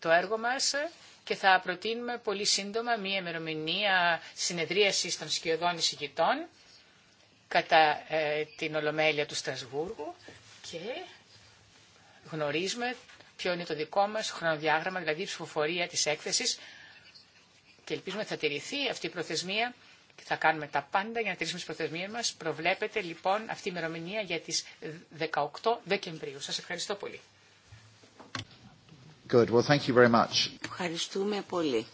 το έργο μας και θα προτείνουμε πολύ σύντομα μία ημερομηνία συνεδρίασης των σκιωδών εισηγητών κατά ε, την Ολομέλεια του Στρασβούργου και γνωρίζουμε ποιο είναι το δικό μας χρονοδιάγραμμα, δηλαδή η ψηφοφορία της έκθεσης και ελπίζουμε θα τηρηθεί αυτή η προθεσμία και θα κάνουμε τα πάντα για να τηρήσουμε τις προθεσμίες μας. Προβλέπετε λοιπόν αυτή η ημερομηνία για τις 18 Δεκεμβρίου. Σας ευχαριστώ πολύ.
Good.
Ευχαριστούμε πολύ.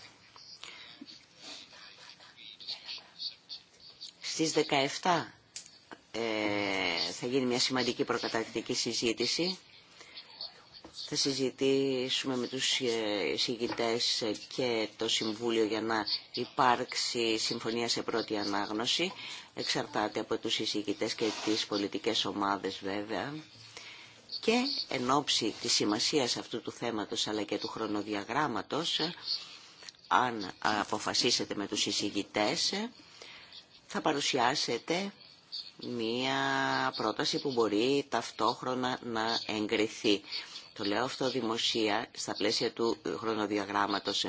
Στις 17 ε, θα γίνει μια σημαντική προκαταρκτική συζήτηση. Θα συζητήσουμε με τους ε, συγητές και το Συμβούλιο για να υπάρξει συμφωνία σε πρώτη ανάγνωση. Εξαρτάται από τους συζητητές και τις πολιτικές ομάδες βέβαια και εν ώψη της σημασίας αυτού του θέματος αλλά και του χρονοδιαγράμματος αν αποφασίσετε με τους εισηγητές θα παρουσιάσετε μία πρόταση που μπορεί ταυτόχρονα να εγκριθεί. Το λέω αυτό δημοσία στα πλαίσια του χρονοδιαγράμματος,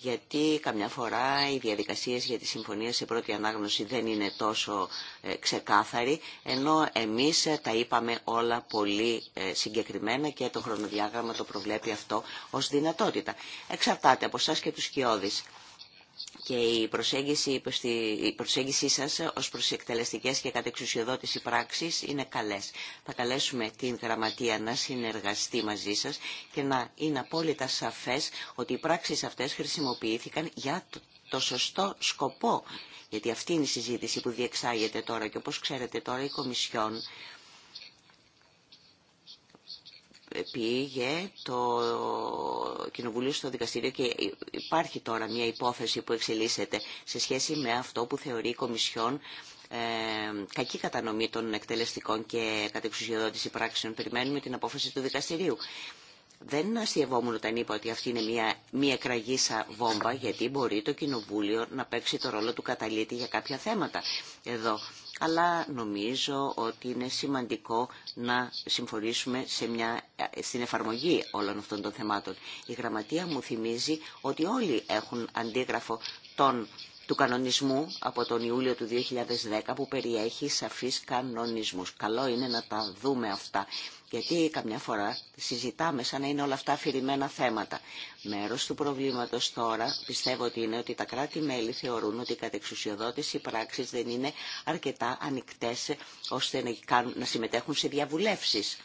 γιατί καμιά φορά οι διαδικασίες για τη συμφωνία σε πρώτη ανάγνωση δεν είναι τόσο ε, ξεκάθαροι, ενώ εμείς ε, τα είπαμε όλα πολύ ε, συγκεκριμένα και το χρονοδιάγραμμα το προβλέπει αυτό ως δυνατότητα. Εξαρτάται από εσά και τους κοιόδης και η προσέγγιση, η προσέγγιση σας ως προς και κατεξουσιοδότηση πράξης είναι καλές. Θα καλέσουμε την Γραμματεία να συνεργαστεί μαζί σας και να είναι απόλυτα σαφές ότι οι πράξεις αυτές χρησιμοποιήθηκαν για το σωστό σκοπό. Γιατί αυτή είναι η συζήτηση που διεξάγεται τώρα και όπως ξέρετε τώρα η Κομισιόν πήγε το Κοινοβούλιο στο δικαστήριο και υπάρχει τώρα μια υπόθεση που εξελίσσεται σε σχέση με αυτό που θεωρεί η Κομισιόν ε, κακή κατανομή των εκτελεστικών και κατεξουσιοδότηση πράξεων. Περιμένουμε την απόφαση του δικαστηρίου. Δεν αστειευόμουν όταν είπα ότι αυτή είναι μια, μια κραγίσα βόμβα, γιατί μπορεί το Κοινοβούλιο να παίξει το ρόλο του καταλήτη για κάποια θέματα εδώ. Αλλά νομίζω ότι είναι σημαντικό να συμφωνήσουμε σε μια, στην εφαρμογή όλων αυτών των θεμάτων. Η γραμματεία μου θυμίζει ότι όλοι έχουν αντίγραφο των του κανονισμού από τον Ιούλιο του 2010 που περιέχει σαφείς κανονισμούς. Καλό είναι να τα δούμε αυτά, γιατί καμιά φορά συζητάμε σαν να είναι όλα αυτά αφηρημένα θέματα. Μέρος του προβλήματος τώρα πιστεύω ότι είναι ότι τα κράτη-μέλη θεωρούν ότι η κατεξουσιοδότηση πράξεις δεν είναι αρκετά ανοιχτές ώστε να συμμετέχουν σε διαβουλεύσεις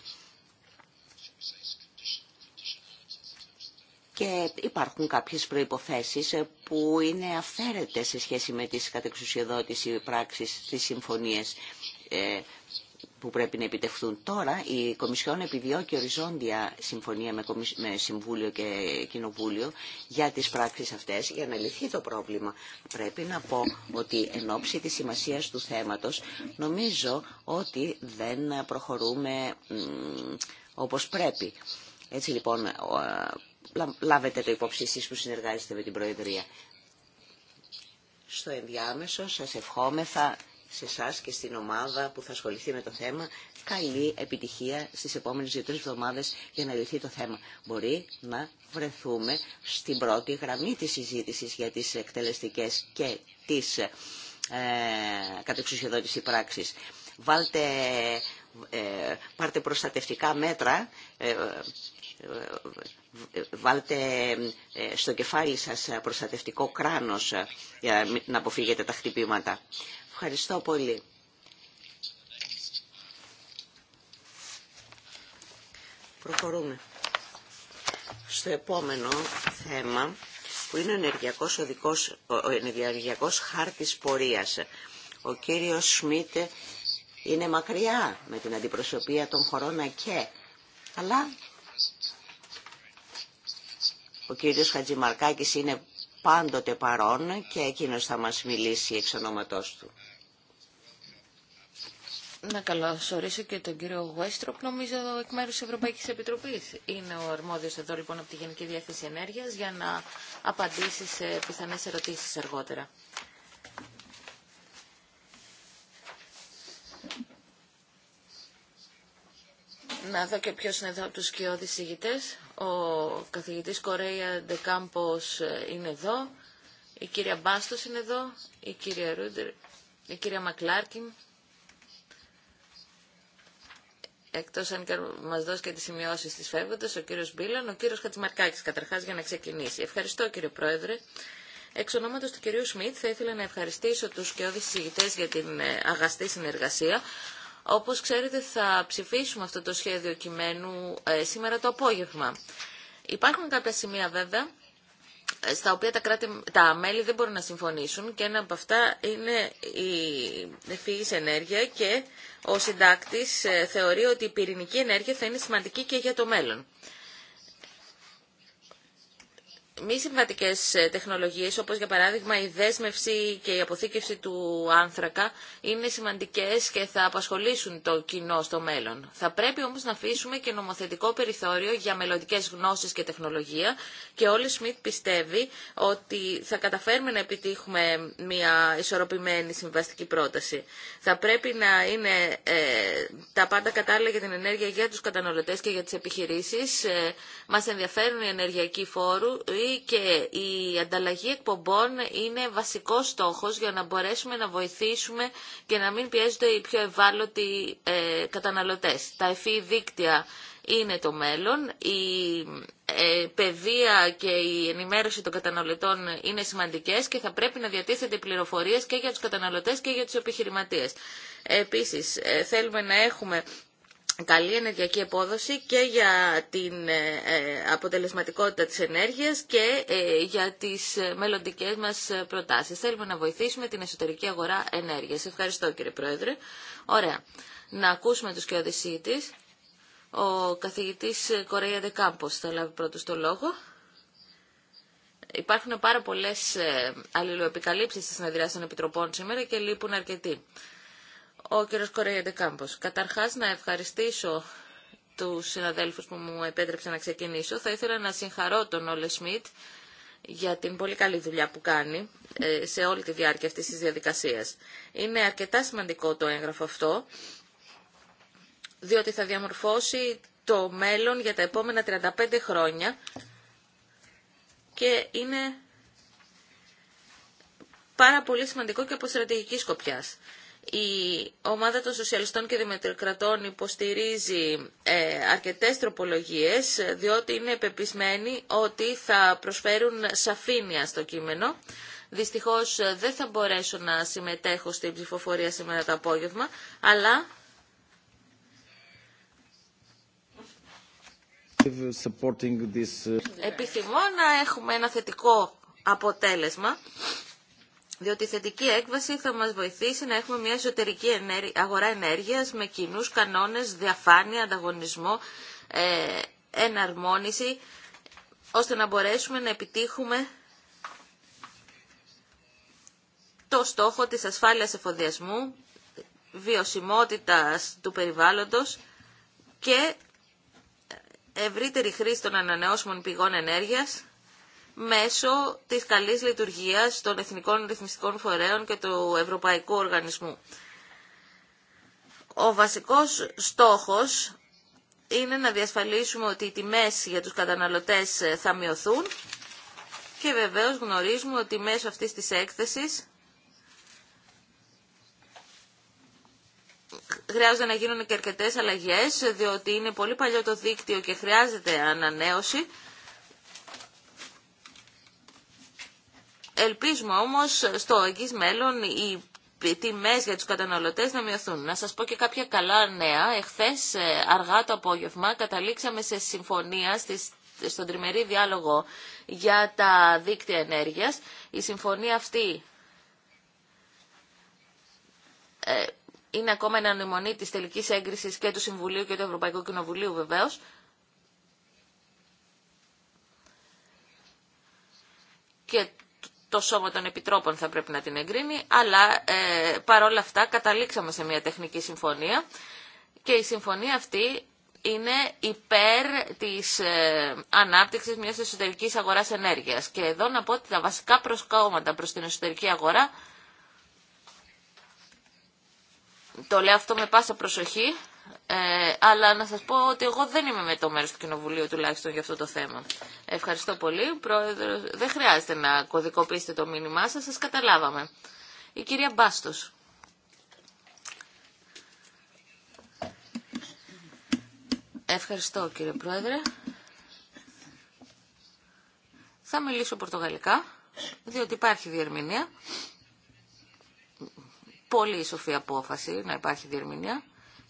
Και υπάρχουν κάποιες προϋποθέσεις ε, που είναι αφέρεται σε σχέση με τις κατεξουσιοδότηση πράξεις, τις συμφωνίες ε, που πρέπει να επιτευχθούν. Τώρα η Κομισιόν επιδιώκει οριζόντια συμφωνία με Συμβούλιο και Κοινοβούλιο για τις πράξεις αυτές για να λυθεί το πρόβλημα. Πρέπει να πω ότι εν ώψη της σημασίας του θέματος νομίζω ότι δεν προχωρούμε όπως πρέπει. Έτσι λοιπόν λάβετε το υπόψη εσείς που συνεργάζεστε με την Προεδρία. Στο ενδιάμεσο σας ευχόμεθα σε εσά και στην ομάδα που θα ασχοληθεί με το θέμα καλή επιτυχία στις επόμενες δύο-τρεις εβδομάδες για να λυθεί το θέμα. Μπορεί να βρεθούμε στην πρώτη γραμμή της συζήτησης για τις εκτελεστικές και τις ε, κατεξουσιοδότηση πράξης. Βάλτε, ε, πάρτε προστατευτικά μέτρα, ε, βάλτε ε, στο κεφάλι σας προστατευτικό κράνος ε, για να αποφύγετε τα χτυπήματα. Ευχαριστώ πολύ. Προχωρούμε στο επόμενο θέμα που είναι ο ενεργειακός, οδικός, ο ενεργειακός χάρτης πορείας. Ο κύριος Σμιτ είναι μακριά με την αντιπροσωπεία των χωρών ΑΚΕ, αλλά ο κύριος Χατζημαρκάκης είναι πάντοτε παρόν και εκείνος θα μας μιλήσει εξ ονόματός του.
Να καλωσορίσω και τον κύριο Γουέστροπ, νομίζω, εκ μέρους της Ευρωπαϊκής Επιτροπής. Είναι ο αρμόδιος εδώ, λοιπόν, από τη Γενική Διεύθυνση Ενέργειας για να απαντήσει σε πιθανές ερωτήσεις αργότερα. Να δω και ποιος είναι εδώ από του κοιόδη ηγητέ. Ο καθηγητής Κορέια Ντεκάμπος ε, είναι εδώ. Η κυρία Μπάστος είναι εδώ. Η κυρία Ρούντερ. Η κυρία Μακλάρκιν. Εκτός αν και μας δώσει και τις σημειώσεις της φεύγοντας, ο κύριος Μπίλαν, ο κύριος Χατσμαρκάκης καταρχάς για να ξεκινήσει. Ευχαριστώ κύριε Πρόεδρε. Εξ ονόματος του κυρίου Σμιτ θα ήθελα να ευχαριστήσω τους και όδης για την ε, αγαστή συνεργασία, όπως ξέρετε θα ψηφίσουμε αυτό το σχέδιο κειμένου ε, σήμερα το απόγευμα. Υπάρχουν κάποια σημεία βέβαια ε, στα οποία τα, κράτη, τα μέλη δεν μπορούν να συμφωνήσουν και ένα από αυτά είναι η φύγης ενέργεια και ο συντάκτης ε, θεωρεί ότι η πυρηνική ενέργεια θα είναι σημαντική και για το μέλλον μη συμβατικέ ε, τεχνολογίε, όπω για παράδειγμα η δέσμευση και η αποθήκευση του άνθρακα, είναι σημαντικέ και θα απασχολήσουν το κοινό στο μέλλον. Θα πρέπει όμω να αφήσουμε και νομοθετικό περιθώριο για μελλοντικέ γνώσει και τεχνολογία και όλοι Σμιτ πιστεύει ότι θα καταφέρουμε να επιτύχουμε μια ισορροπημένη συμβαστική πρόταση. Θα πρέπει να είναι ε, τα πάντα κατάλληλα για την ενέργεια για του καταναλωτέ και για τι επιχειρήσει. Ε, ενδιαφέρουν οι ενεργειακοί φόρου, και η ανταλλαγή εκπομπών είναι βασικός στόχος για να μπορέσουμε να βοηθήσουμε και να μην πιέζονται οι πιο ευάλωτοι ε, καταναλωτές. Τα εφή δίκτυα είναι το μέλλον. Η ε, παιδεία και η ενημέρωση των καταναλωτών είναι σημαντικές και θα πρέπει να διατίθεται πληροφορίες και για τους καταναλωτές και για τους επιχειρηματίες. Επίσης, ε, θέλουμε να έχουμε καλή ενεργειακή απόδοση και για την ε, ε, αποτελεσματικότητα της ενέργειας και ε, για τις μελλοντικές μας προτάσεις. Θέλουμε να βοηθήσουμε την εσωτερική αγορά ενέργειας. Ευχαριστώ κύριε Πρόεδρε. Ωραία. Να ακούσουμε τους και οδησίτης. Ο καθηγητής Κορέα Δεκάμπος θα λάβει πρώτος το λόγο. Υπάρχουν πάρα πολλές αλληλοεπικαλύψεις στις συνεδριάσεις των Επιτροπών σήμερα και λείπουν αρκετοί. Ο κύριος Κάμπος. Καταρχάς να ευχαριστήσω τους συναδέλφους που μου επέτρεψαν να ξεκινήσω. Θα ήθελα να συγχαρώ τον Όλε Σμιτ για την πολύ καλή δουλειά που κάνει ε, σε όλη τη διάρκεια αυτής της διαδικασίας. Είναι αρκετά σημαντικό το έγγραφο αυτό, διότι θα διαμορφώσει το μέλλον για τα επόμενα 35 χρόνια και είναι πάρα πολύ σημαντικό και από στρατηγική σκοπιάς. Η ομάδα των Σοσιαλιστών και Δημοκρατών υποστηρίζει ε, αρκετές τροπολογίες, διότι είναι επεπισμένη ότι θα προσφέρουν σαφήνεια στο κείμενο. Δυστυχώς ε, δεν θα μπορέσω να συμμετέχω στην ψηφοφορία σήμερα το απόγευμα, αλλά... Ε, επιθυμώ να έχουμε ένα θετικό αποτέλεσμα διότι η θετική έκβαση θα μας βοηθήσει να έχουμε μια εσωτερική αγορά ενέργειας με κοινούς κανόνες, διαφάνεια, ανταγωνισμό, ε, εναρμόνιση, ώστε να μπορέσουμε να επιτύχουμε το στόχο της ασφάλειας εφοδιασμού, βιωσιμότητας του περιβάλλοντος και ευρύτερη χρήση των ανανεώσιμων πηγών ενέργειας, μέσω της καλής λειτουργίας των Εθνικών Ρυθμιστικών Φορέων και του Ευρωπαϊκού Οργανισμού. Ο βασικός στόχος είναι να διασφαλίσουμε ότι οι τιμές για τους καταναλωτές θα μειωθούν και βεβαίως γνωρίζουμε ότι μέσω αυτής της έκθεσης χρειάζεται να γίνουν και αρκετές αλλαγές, διότι είναι πολύ παλιό το δίκτυο και χρειάζεται ανανέωση. Ελπίζουμε όμως στο εγγύς μέλλον οι τιμέ για τους καταναλωτές να μειωθούν. Να σας πω και κάποια καλά νέα. Εχθές ε, αργά το απόγευμα καταλήξαμε σε συμφωνία στις στον τριμερή διάλογο για τα δίκτυα ενέργειας. Η συμφωνία αυτή ε, είναι ακόμα ένα ανεμονή της τελικής έγκρισης και του Συμβουλίου και του Ευρωπαϊκού Κοινοβουλίου βεβαίως. Και το Σώμα των Επιτρόπων θα πρέπει να την εγκρίνει, αλλά ε, παρόλα αυτά καταλήξαμε σε μια τεχνική συμφωνία και η συμφωνία αυτή είναι υπέρ της ε, ανάπτυξης μιας εσωτερικής αγοράς ενέργειας. Και εδώ να πω ότι τα βασικά προσκόμματα προς την εσωτερική αγορά, το λέω αυτό με πάσα προσοχή, ε, αλλά να σας πω ότι εγώ δεν είμαι με το μέρος του Κοινοβουλίου τουλάχιστον για αυτό το θέμα. Ευχαριστώ πολύ. Πρόεδρο, δεν χρειάζεται να κωδικοποιήσετε το μήνυμά σας, σας καταλάβαμε. Η κυρία Μπάστος. Ευχαριστώ κύριε Πρόεδρε. Θα μιλήσω πορτογαλικά, διότι υπάρχει διερμηνία. Πολύ σοφή απόφαση να υπάρχει διερμηνία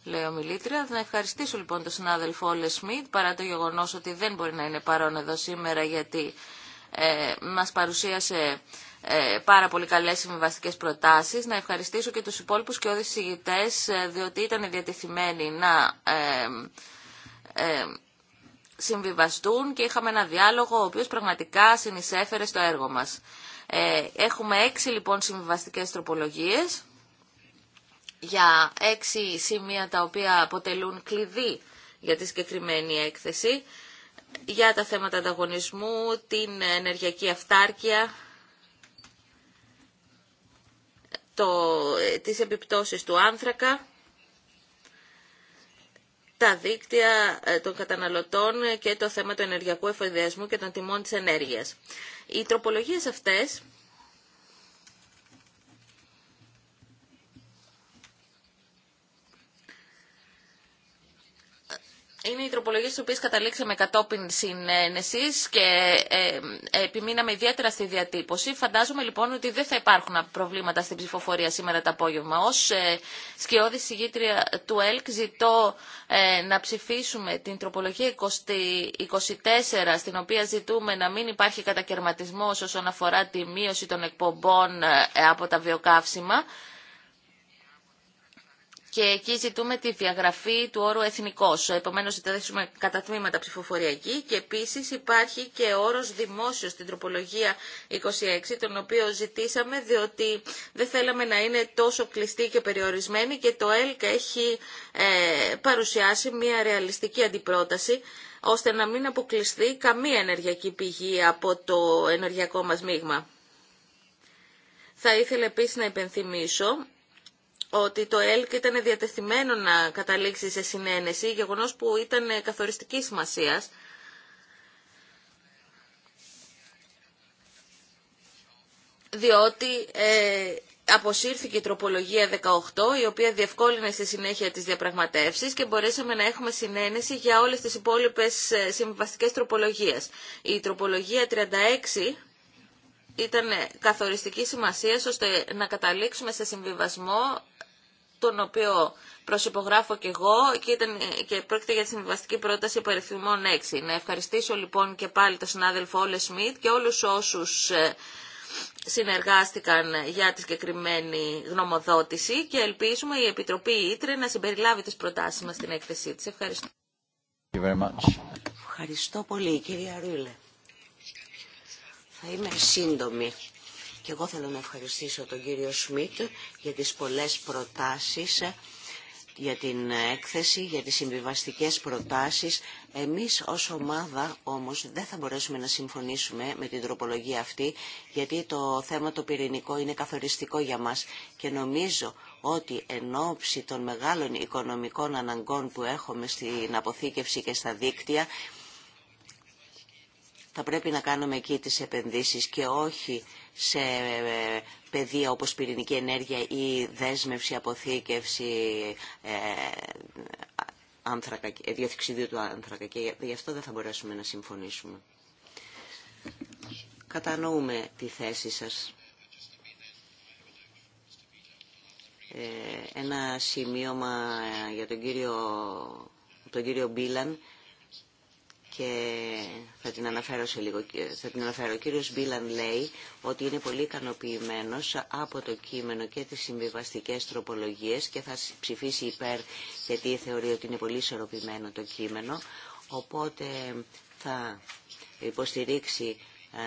λέει ο Μιλήτρια. Να ευχαριστήσω λοιπόν τον συνάδελφο Όλε Σμιτ, παρά το γεγονό ότι δεν μπορεί να είναι παρόν εδώ σήμερα, γιατί ε, μας παρουσίασε ε, πάρα πολύ καλέ συμβιβαστικέ προτάσει. Να ευχαριστήσω και του υπόλοιπου και όδης ε, διότι ήταν διατεθειμένοι να... Ε, ε, συμβιβαστούν και είχαμε ένα διάλογο ο οποίος πραγματικά συνεισέφερε στο έργο μας. έχουμε έξι λοιπόν συμβιβαστικές τροπολογίες για έξι σημεία τα οποία αποτελούν κλειδί για τη συγκεκριμένη έκθεση, για τα θέματα ανταγωνισμού, την ενεργειακή αυτάρκεια, το, ε, τις επιπτώσεις του άνθρακα, τα δίκτυα ε, των καταναλωτών και το θέμα του ενεργειακού εφοδιασμού και των τιμών της ενέργειας. Οι τροπολογίες αυτές είναι οι τροπολογίε τι οποίε καταλήξαμε κατόπιν συνένεση και ε, ε, επιμείναμε ιδιαίτερα στη διατύπωση. Φαντάζομαι λοιπόν ότι δεν θα υπάρχουν προβλήματα στην ψηφοφορία σήμερα το απόγευμα. Ω ε, σκιώδη συγγήτρια του ΕΛΚ ζητώ ε, να ψηφίσουμε την τροπολογία 24 στην οποία ζητούμε να μην υπάρχει κατακαιρματισμό όσον αφορά τη μείωση των εκπομπών ε, από τα βιοκαύσιμα και εκεί ζητούμε τη διαγραφή του όρου εθνικός. Επομένως, ζητήσουμε κατά τμήματα ψηφοφορία και επίσης υπάρχει και όρος δημόσιο στην τροπολογία 26, τον οποίο ζητήσαμε διότι δεν θέλαμε να είναι τόσο κλειστή και περιορισμένη και το ΕΛΚ έχει ε, παρουσιάσει μια ρεαλιστική αντιπρόταση ώστε να μην αποκλειστεί καμία ενεργειακή πηγή από το ενεργειακό μας μείγμα. Θα ήθελα επίσης να υπενθυμίσω ότι το ΕΛΚ ήταν διατεθειμένο να καταλήξει σε συνένεση, γεγονός που ήταν καθοριστική σημασίας. διότι ε, αποσύρθηκε η τροπολογία 18, η οποία διευκόλυνε στη συνέχεια τις διαπραγματεύσεις και μπορέσαμε να έχουμε συνένεση για όλες τις υπόλοιπες ε, συμβαστικές τροπολογίες. Η τροπολογία 36 ήταν καθοριστική σημασία ώστε να καταλήξουμε σε συμβιβασμό τον οποίο προσυπογράφω και εγώ και, ήταν, και πρόκειται για τη συμβιβαστική πρόταση υπεριθμών 6. Να ευχαριστήσω λοιπόν και πάλι τον συνάδελφο Όλε Σμιτ και όλους όσους ε, συνεργάστηκαν για τη συγκεκριμένη γνωμοδότηση και ελπίζουμε η Επιτροπή Ήτρε να συμπεριλάβει τις προτάσεις μας στην έκθεσή της. Ευχαριστώ. Ευχαριστώ πολύ
κυρία Ρούλε. Θα είμαι σύντομη. Και εγώ θέλω να ευχαριστήσω τον κύριο Σμιτ για τις πολλές προτάσεις για την έκθεση, για τις συμβιβαστικές προτάσεις. Εμείς ως ομάδα όμως δεν θα μπορέσουμε να συμφωνήσουμε με την τροπολογία αυτή, γιατί το θέμα το πυρηνικό είναι καθοριστικό για μας και νομίζω ότι εν ώψη των μεγάλων οικονομικών αναγκών που έχουμε στην αποθήκευση και στα δίκτυα, θα πρέπει να κάνουμε εκεί τις επενδύσεις και όχι σε ε, πεδία όπως πυρηνική ενέργεια ή δέσμευση, αποθήκευση ε, άνθρακα, ε, του άνθρακα και γι' αυτό δεν θα μπορέσουμε να συμφωνήσουμε. Κατανοούμε τη θέση σας. Ε, ένα σημείωμα ε, για τον κύριο, τον κύριο Μπίλαν και θα την αναφέρω σε λίγο. Θα την αναφέρω. Ο κύριος Μπίλαν λέει ότι είναι πολύ ικανοποιημένο από το κείμενο και τις συμβιβαστικές τροπολογίες και θα ψηφίσει υπέρ γιατί θεωρεί ότι είναι πολύ ισορροπημένο το κείμενο. Οπότε θα υποστηρίξει ε,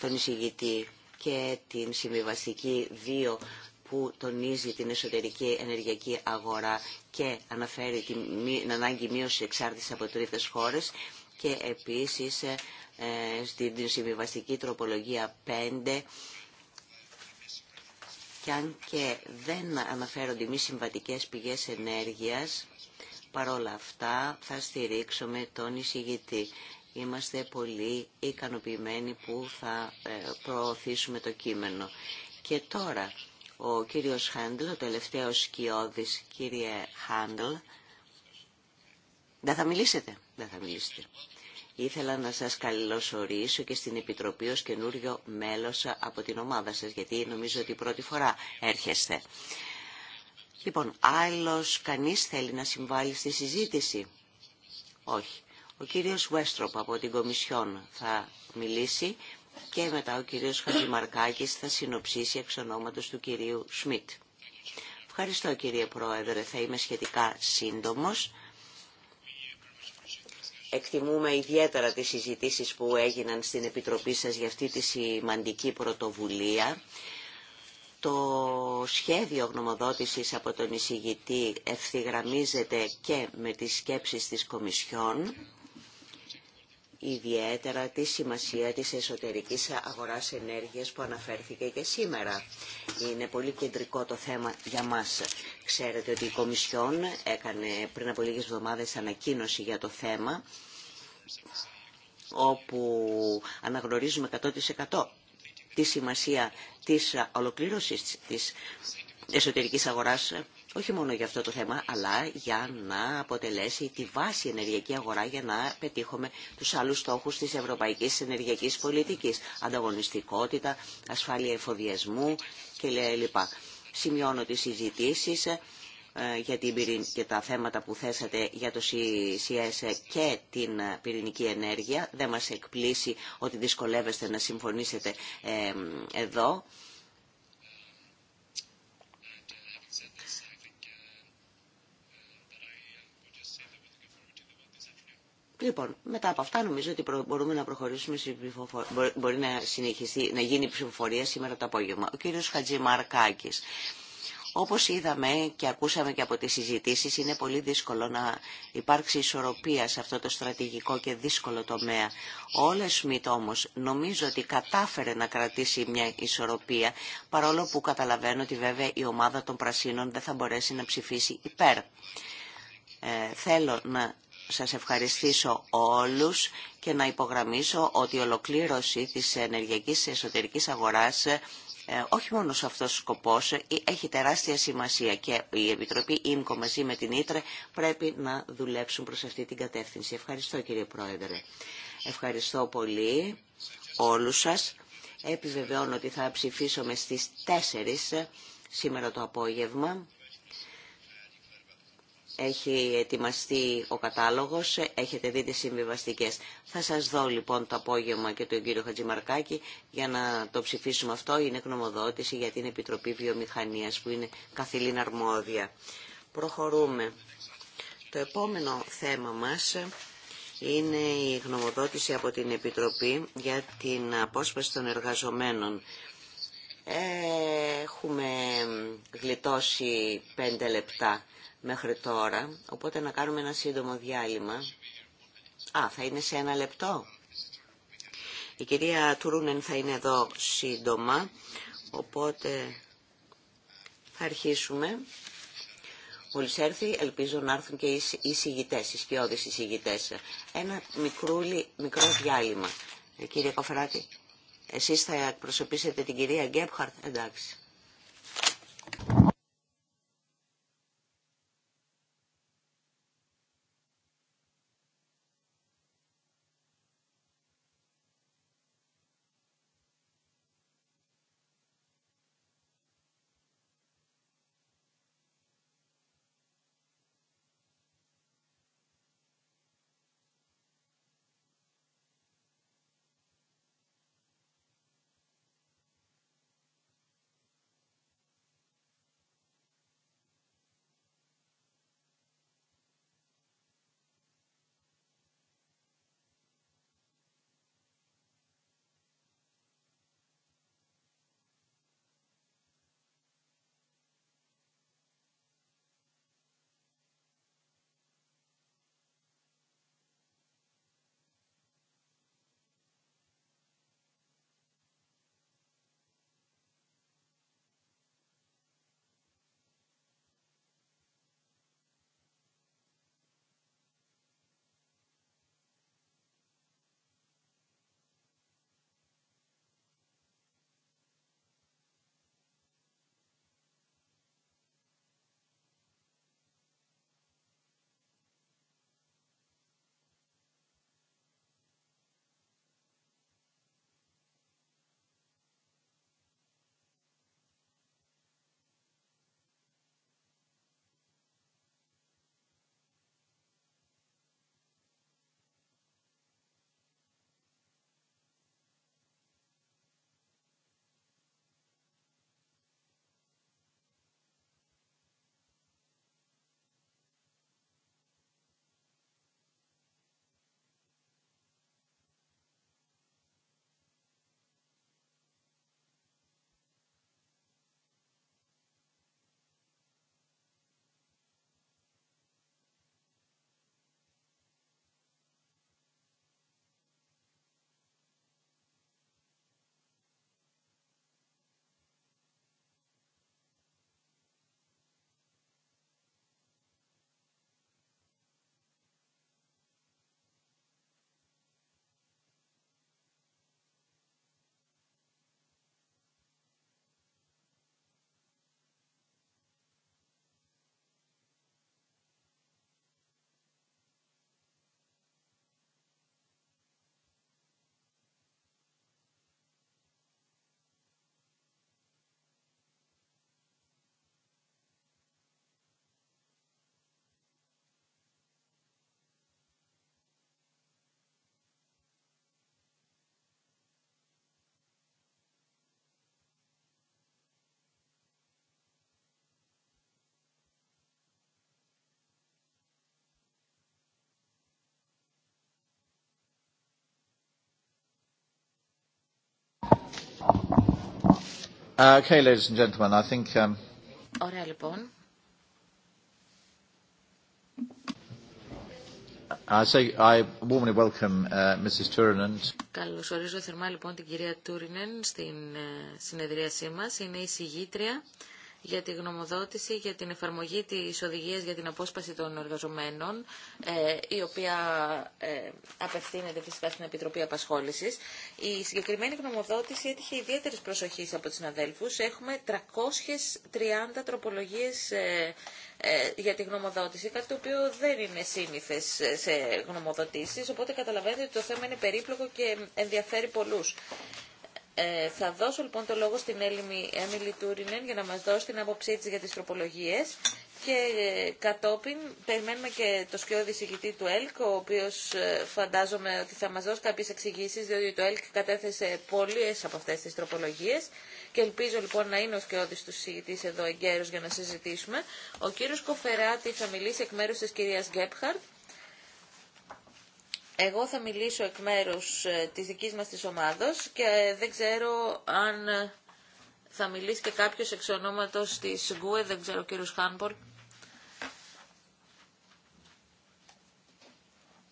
τον εισηγητή και την συμβιβαστική δύο που τονίζει την εσωτερική ενεργειακή αγορά και αναφέρει την ανάγκη μείωση εξάρτηση από τρίτες χώρες και επίσης ε, ε, στην συμβιβαστική τροπολογία 5 και αν και δεν αναφέρονται μη συμβατικές πηγές ενέργειας, παρόλα αυτά θα στηρίξουμε τον εισηγητή. Είμαστε πολύ ικανοποιημένοι που θα ε, προωθήσουμε το κείμενο. Και τώρα ο κύριος Χάντλ, ο τελευταίος σκιώδης, κύριε Χάντλ, δεν θα μιλήσετε θα μιλήσετε. Ήθελα να σας καλωσορίσω και στην Επιτροπή ως καινούριο μέλος από την ομάδα σας, γιατί νομίζω ότι πρώτη φορά έρχεστε. Λοιπόν, άλλος κανείς θέλει να συμβάλλει στη συζήτηση. Όχι. Ο κύριος Βέστροπ από την Κομισιόν θα μιλήσει και μετά ο κύριος Χατζημαρκάκης θα συνοψίσει εξ ονόματος του κυρίου Σμιτ. Ευχαριστώ κύριε Πρόεδρε, θα είμαι σχετικά σύντομος. Εκτιμούμε ιδιαίτερα τις συζητήσεις που έγιναν στην Επιτροπή σας για αυτή τη σημαντική πρωτοβουλία. Το σχέδιο γνωμοδότησης από τον εισηγητή ευθυγραμμίζεται και με τις σκέψεις της Κομισιόν ιδιαίτερα τη σημασία της εσωτερικής αγοράς ενέργειας που αναφέρθηκε και σήμερα. Είναι πολύ κεντρικό το θέμα για μας. Ξέρετε ότι η Κομισιόν έκανε πριν από λίγες εβδομάδες ανακοίνωση για το θέμα όπου αναγνωρίζουμε 100% τη σημασία της ολοκλήρωσης της εσωτερικής αγοράς όχι μόνο για αυτό το θέμα, αλλά για να αποτελέσει τη βάση ενεργειακή αγορά για να πετύχουμε τους άλλους στόχους της ευρωπαϊκής ενεργειακής πολιτικής, ανταγωνιστικότητα, ασφάλεια εφοδιασμού κλπ. Σημειώνω τις συζητήσεις ε, για, τα θέματα που θέσατε για το CCS και την πυρηνική ενέργεια. Δεν μας εκπλήσει ότι δυσκολεύεστε να συμφωνήσετε ε, εδώ. Λοιπόν, μετά από αυτά νομίζω ότι μπορούμε να προχωρήσουμε μπορεί να συνεχιστεί, να γίνει ψηφοφορία σήμερα το απόγευμα. Ο κύριος Μαρκάκης. Όπως είδαμε και ακούσαμε και από τις συζητήσεις, είναι πολύ δύσκολο να υπάρξει ισορροπία σε αυτό το στρατηγικό και δύσκολο τομέα. Όλες Σμιτ όμως νομίζω ότι κατάφερε να κρατήσει μια ισορροπία, παρόλο που καταλαβαίνω ότι βέβαια η ομάδα των Πρασίνων δεν θα μπορέσει να ψηφίσει υπέρ. Ε, να σας ευχαριστήσω όλους και να υπογραμμίσω ότι η ολοκλήρωση της ενεργειακής εσωτερικής αγοράς ε, όχι μόνο σε αυτός ο σκοπός, ε, έχει τεράστια σημασία και η Επιτροπή ΙΜΚΟ μαζί με την Ήτρε πρέπει να δουλέψουν προς αυτή την κατεύθυνση. Ευχαριστώ κύριε Πρόεδρε. Ευχαριστώ πολύ όλους σας. Επιβεβαιώνω ότι θα ψηφίσουμε στις 4 ε, σήμερα το απόγευμα έχει ετοιμαστεί ο κατάλογος, έχετε δει τις συμβιβαστικές. Θα σας δω λοιπόν το απόγευμα και τον κύριο Χατζημαρκάκη για να το ψηφίσουμε αυτό. Είναι γνωμοδότηση για την Επιτροπή Βιομηχανίας που είναι καθηλήν αρμόδια. Προχωρούμε. Το επόμενο θέμα μας είναι η γνωμοδότηση από την Επιτροπή για την απόσπαση των εργαζομένων. Έχουμε γλιτώσει πέντε λεπτά μέχρι τώρα, οπότε να κάνουμε ένα σύντομο διάλειμμα. Α, θα είναι σε ένα λεπτό. Η κυρία Τουρούνεν θα είναι εδώ σύντομα, οπότε θα αρχίσουμε. Μόλις έρθει, ελπίζω να έρθουν και οι συγητές, οι σκιώδεις συγητές. Ένα μικρούλι, μικρό διάλειμμα. Ε, κύριε Κοφράτη, εσείς θα εκπροσωπήσετε την κυρία Γκέπχαρτ, εντάξει.
Uh, okay, ladies and gentlemen, I think, um...
Ωραία, λοιπόν.
I say I warmly welcome uh, Mrs. Turinen.
Καλωσορίζω θερμά λοιπόν την κυρία Τούρινεν στην ε, συνεδρίασή μας. Είναι η συγγήτρια για τη γνωμοδότηση για την εφαρμογή της οδηγίας για την απόσπαση των εργαζομένων, ε, η οποία ε, απευθύνεται φυσικά στην Επιτροπή Απασχόλησης. Η συγκεκριμένη γνωμοδότηση έτυχε ιδιαίτερη προσοχή από τους συναδέλφους. Έχουμε 330 τροπολογίες ε, για τη γνωμοδότηση, κάτι το οποίο δεν είναι σύνηθε σε γνωμοδοτήσει, οπότε καταλαβαίνετε ότι το θέμα είναι περίπλοκο και ενδιαφέρει πολλού. Ε, θα δώσω λοιπόν το λόγο στην Έμιλη Τούρινεν για να μας δώσει την άποψή της για τις τροπολογίες και ε, κατόπιν περιμένουμε και το σκιώδη συγκητή του ΕΛΚ, ο οποίος ε, φαντάζομαι ότι θα μας δώσει κάποιες εξηγήσεις, διότι το ΕΛΚ κατέθεσε πολλές από αυτές τις τροπολογίες και ελπίζω λοιπόν να είναι ο σκιώδης του συγκητής εδώ εγκαίρος για να συζητήσουμε. Ο κύριος Κοφεράτη θα μιλήσει εκ μέρους της κυρίας Γκέπχαρτ εγώ θα μιλήσω εκ μέρους ε, της δικής μας της ομάδος και δεν ξέρω αν ε, θα μιλήσει και κάποιος εξ ονόματος της ΓΚΟΕ, δεν ξέρω κύριος Χάνπορ.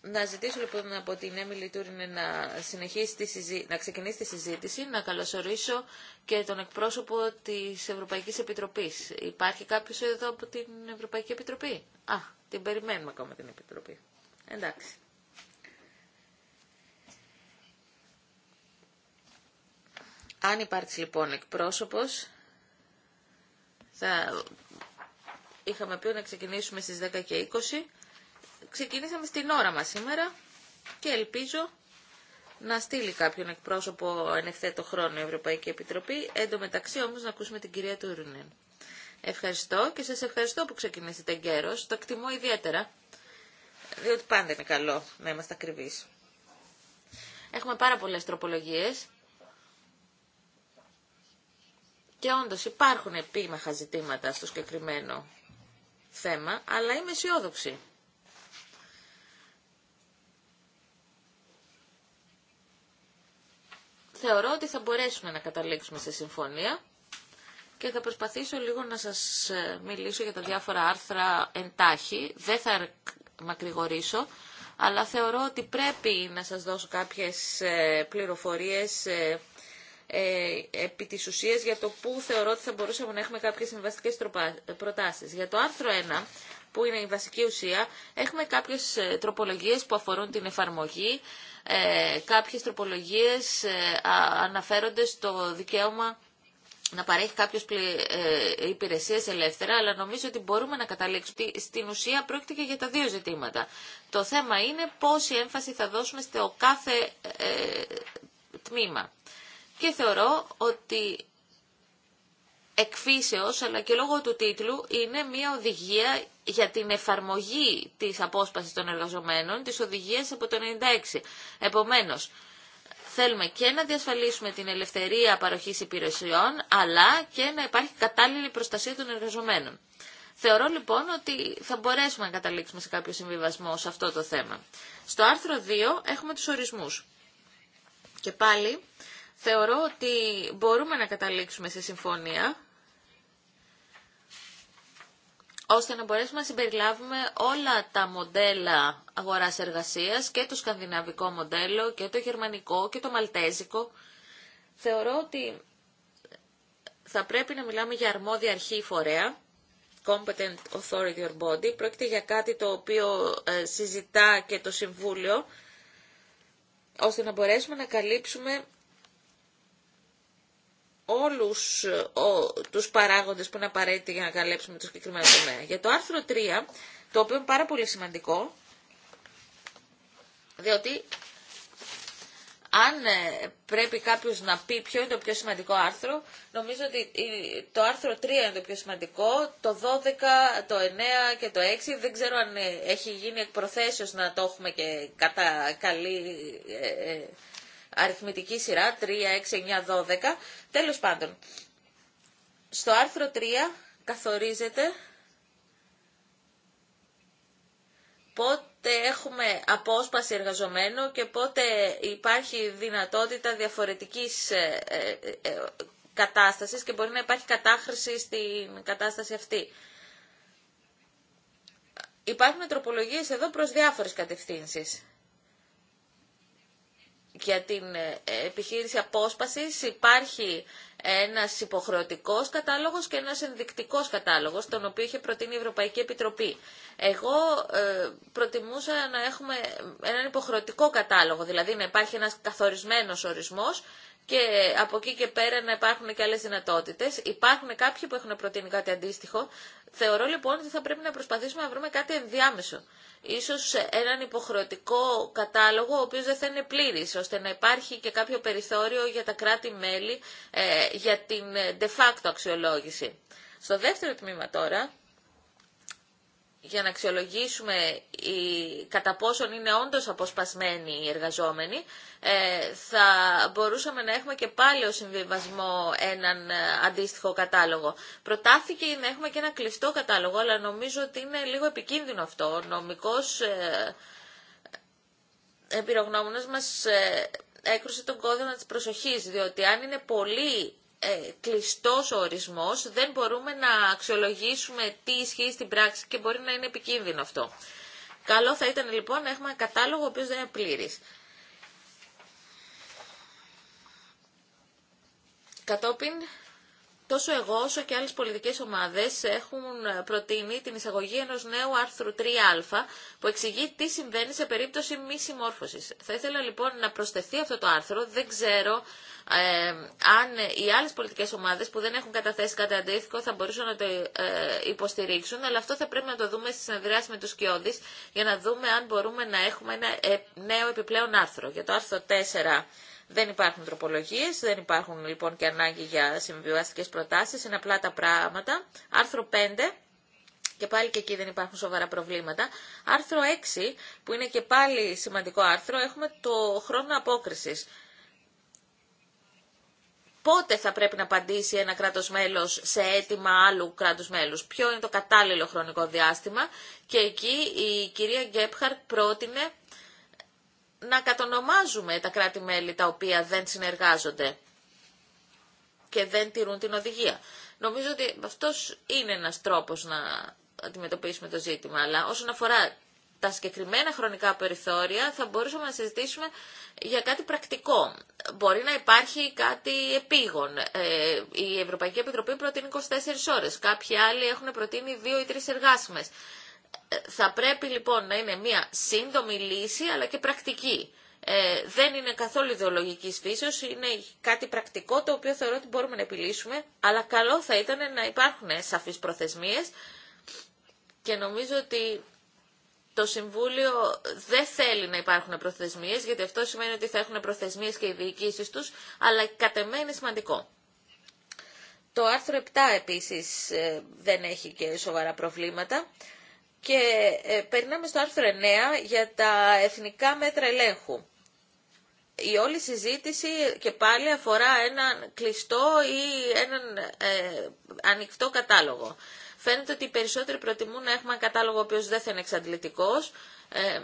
Να ζητήσω λοιπόν από την Έμιλη Τούρινε να, συνεχίσει τη συζή... να ξεκινήσει τη συζήτηση, να καλωσορίσω και τον εκπρόσωπο της Ευρωπαϊκής Επιτροπής. Υπάρχει κάποιος εδώ από την Ευρωπαϊκή Επιτροπή. Α, την περιμένουμε ακόμα την Επιτροπή. Εντάξει. Αν υπάρξει λοιπόν εκπρόσωπος, θα είχαμε πει να ξεκινήσουμε στις 10 και 20. Ξεκινήσαμε στην ώρα μας σήμερα και ελπίζω να στείλει κάποιον εκπρόσωπο εν ευθέτω χρόνο η Ευρωπαϊκή Επιτροπή. Εν τω μεταξύ όμως να ακούσουμε την κυρία Τουρνέν. Ευχαριστώ και σας ευχαριστώ που ξεκινήσετε γέρος. Το εκτιμώ ιδιαίτερα, διότι πάντα είναι καλό να είμαστε ακριβείς. Έχουμε πάρα πολλές τροπολογίες. Και όντως υπάρχουν επίμαχα ζητήματα στο συγκεκριμένο θέμα, αλλά είμαι αισιόδοξη. Θεωρώ ότι θα μπορέσουμε να καταλήξουμε σε συμφωνία και θα προσπαθήσω λίγο να σας ε, μιλήσω για τα διάφορα άρθρα εντάχει. Δεν θα μακρηγορήσω, αλλά θεωρώ ότι πρέπει να σας δώσω κάποιες ε, πληροφορίες ε, ε, επί της ουσίας για το που θεωρώ ότι θα μπορούσαμε να έχουμε κάποιες συμβαστικές προτάσεις. Για το άρθρο 1 που είναι η βασική ουσία, έχουμε κάποιες ε, τροπολογίες που αφορούν την εφαρμογή, ε, κάποιες τροπολογίες αναφέρονται στο δικαίωμα να παρέχει κάποιες υπηρεσίες ελεύθερα, αλλά νομίζω ότι μπορούμε να καταλήξουμε ότι στην ουσία πρόκειται και για τα δύο ζητήματα. Το θέμα είναι πόση έμφαση θα δώσουμε στο κάθε τμήμα και θεωρώ ότι εκφύσεως αλλά και λόγω του τίτλου είναι μια οδηγία για την εφαρμογή της απόσπασης των εργαζομένων, της οδηγίας από το 96. Επομένως, θέλουμε και να διασφαλίσουμε την ελευθερία παροχής υπηρεσιών, αλλά και να υπάρχει κατάλληλη προστασία των εργαζομένων. Θεωρώ λοιπόν ότι θα μπορέσουμε να καταλήξουμε σε κάποιο συμβιβασμό σε αυτό το θέμα. Στο άρθρο 2 έχουμε τους ορισμούς. Και πάλι Θεωρώ ότι μπορούμε να καταλήξουμε σε συμφωνία ώστε να μπορέσουμε να συμπεριλάβουμε όλα τα μοντέλα αγοράς εργασίας και το σκανδιναβικό μοντέλο και το γερμανικό και το μαλτέζικο. Θεωρώ ότι θα πρέπει να μιλάμε για αρμόδια αρχή φορέα, competent authority or body. Πρόκειται για κάτι το οποίο ε, συζητά και το Συμβούλιο, ώστε να μπορέσουμε να καλύψουμε όλους ε, ο, τους παράγοντες που είναι απαραίτητοι για να καλέψουμε το συγκεκριμένο τομέα. Για το άρθρο 3, το οποίο είναι πάρα πολύ σημαντικό, διότι αν ε, πρέπει κάποιος να πει ποιο είναι το πιο σημαντικό άρθρο, νομίζω ότι το άρθρο 3 είναι το πιο σημαντικό, το 12, το 9 και το 6. Δεν ξέρω αν ε, έχει γίνει εκ να το έχουμε και κατά καλή αριθμητική σειρά 3, 6, 9, 12. Τέλος πάντων, στο άρθρο 3 καθορίζεται πότε έχουμε απόσπαση εργαζομένου και πότε υπάρχει δυνατότητα διαφορετικής ε, ε, ε, κατάστασης και μπορεί να υπάρχει κατάχρηση στην κατάσταση αυτή. Υπάρχουν τροπολογίες εδώ προς διάφορες κατευθύνσεις για την ε, επιχείρηση απόσπασης υπάρχει ένας υποχρεωτικός κατάλογος και ένας ενδεικτικός κατάλογος, τον οποίο είχε προτείνει η Ευρωπαϊκή Επιτροπή. Εγώ ε, προτιμούσα να έχουμε έναν υποχρεωτικό κατάλογο, δηλαδή να υπάρχει ένας καθορισμένος ορισμός και από εκεί και πέρα να υπάρχουν και άλλες δυνατότητες. Υπάρχουν κάποιοι που έχουν προτείνει κάτι αντίστοιχο. Θεωρώ λοιπόν ότι θα πρέπει να προσπαθήσουμε να βρούμε κάτι ενδιάμεσο ίσως έναν υποχρεωτικό κατάλογο ο οποίος δεν θα είναι πλήρης, ώστε να υπάρχει και κάποιο περιθώριο για τα κράτη-μέλη ε, για την ε, de facto αξιολόγηση. Στο δεύτερο τμήμα τώρα για να αξιολογήσουμε κατά πόσον είναι όντως αποσπασμένοι οι εργαζόμενοι, ε, θα μπορούσαμε να έχουμε και πάλι ως συμβιβασμό έναν ε, αντίστοιχο κατάλογο. Προτάθηκε να έχουμε και ένα κλειστό κατάλογο, αλλά νομίζω ότι είναι λίγο επικίνδυνο αυτό. Ο νομικός επιρρογνώμονας μας ε, έκρουσε τον κώδικα της προσοχής, διότι αν είναι πολύ ε, κλειστός ο ορισμός, δεν μπορούμε να αξιολογήσουμε τι ισχύει στην πράξη και μπορεί να είναι επικίνδυνο αυτό. Καλό θα ήταν λοιπόν να έχουμε ένα κατάλογο ο οποίος δεν είναι πλήρης. Κατόπιν Τόσο εγώ όσο και άλλες πολιτικές ομάδες έχουν προτείνει την εισαγωγή ενός νέου άρθρου 3α που εξηγεί τι συμβαίνει σε περίπτωση μη συμμόρφωσης. Θα ήθελα λοιπόν να προσθεθεί αυτό το άρθρο. Δεν ξέρω ε, αν οι άλλες πολιτικές ομάδες που δεν έχουν καταθέσει κάτι αντίθετο θα μπορούσαν να το ε, υποστηρίξουν, αλλά αυτό θα πρέπει να το δούμε στη συνεδριάση με τους Κιώδης για να δούμε αν μπορούμε να έχουμε ένα ε, νέο επιπλέον άρθρο. Για το άρθρο 4 δεν υπάρχουν τροπολογίες, δεν υπάρχουν λοιπόν και ανάγκη για συμβιβαστικές προτάσεις, είναι απλά τα πράγματα. Άρθρο 5. Και πάλι και εκεί δεν υπάρχουν σοβαρά προβλήματα. Άρθρο 6, που είναι και πάλι σημαντικό άρθρο, έχουμε το χρόνο απόκρισης πότε θα πρέπει να απαντήσει ένα κράτος μέλος σε αίτημα άλλου κράτους μέλους, ποιο είναι το κατάλληλο χρονικό διάστημα και εκεί η κυρία Γκέπχαρτ πρότεινε να κατονομάζουμε τα κράτη-μέλη τα οποία δεν συνεργάζονται και δεν τηρούν την οδηγία. Νομίζω ότι αυτός είναι ένας τρόπος να αντιμετωπίσουμε το ζήτημα, αλλά όσον αφορά τα συγκεκριμένα χρονικά περιθώρια θα μπορούσαμε να συζητήσουμε για κάτι πρακτικό. Μπορεί να υπάρχει κάτι επίγον. Ε, η Ευρωπαϊκή Επιτροπή προτείνει 24 ώρες. Κάποιοι άλλοι έχουν προτείνει 2 ή 3 εργάσιμες. Θα πρέπει λοιπόν να είναι μια σύντομη λύση αλλά και πρακτική. Ε, δεν είναι καθόλου ιδεολογικής φύσεως, είναι κάτι πρακτικό το οποίο θεωρώ ότι μπορούμε να επιλύσουμε, αλλά καλό θα ήταν να υπάρχουν σαφείς προθεσμίες και νομίζω ότι το Συμβούλιο δεν θέλει να υπάρχουν προθεσμίες, γιατί αυτό σημαίνει ότι θα έχουν προθεσμίες και οι διοικήσεις τους, αλλά κατ' εμέ είναι σημαντικό. Το άρθρο 7 επίσης ε, δεν έχει και σοβαρά προβλήματα. Και ε, περνάμε στο άρθρο 9 για τα εθνικά μέτρα ελέγχου. Η όλη συζήτηση και πάλι αφορά έναν κλειστό ή έναν ε, ανοιχτό κατάλογο. Φαίνεται ότι οι περισσότεροι προτιμούν να έχουμε ένα κατάλογο ο οποίος δεν θα είναι εξαντλητικός. Ε,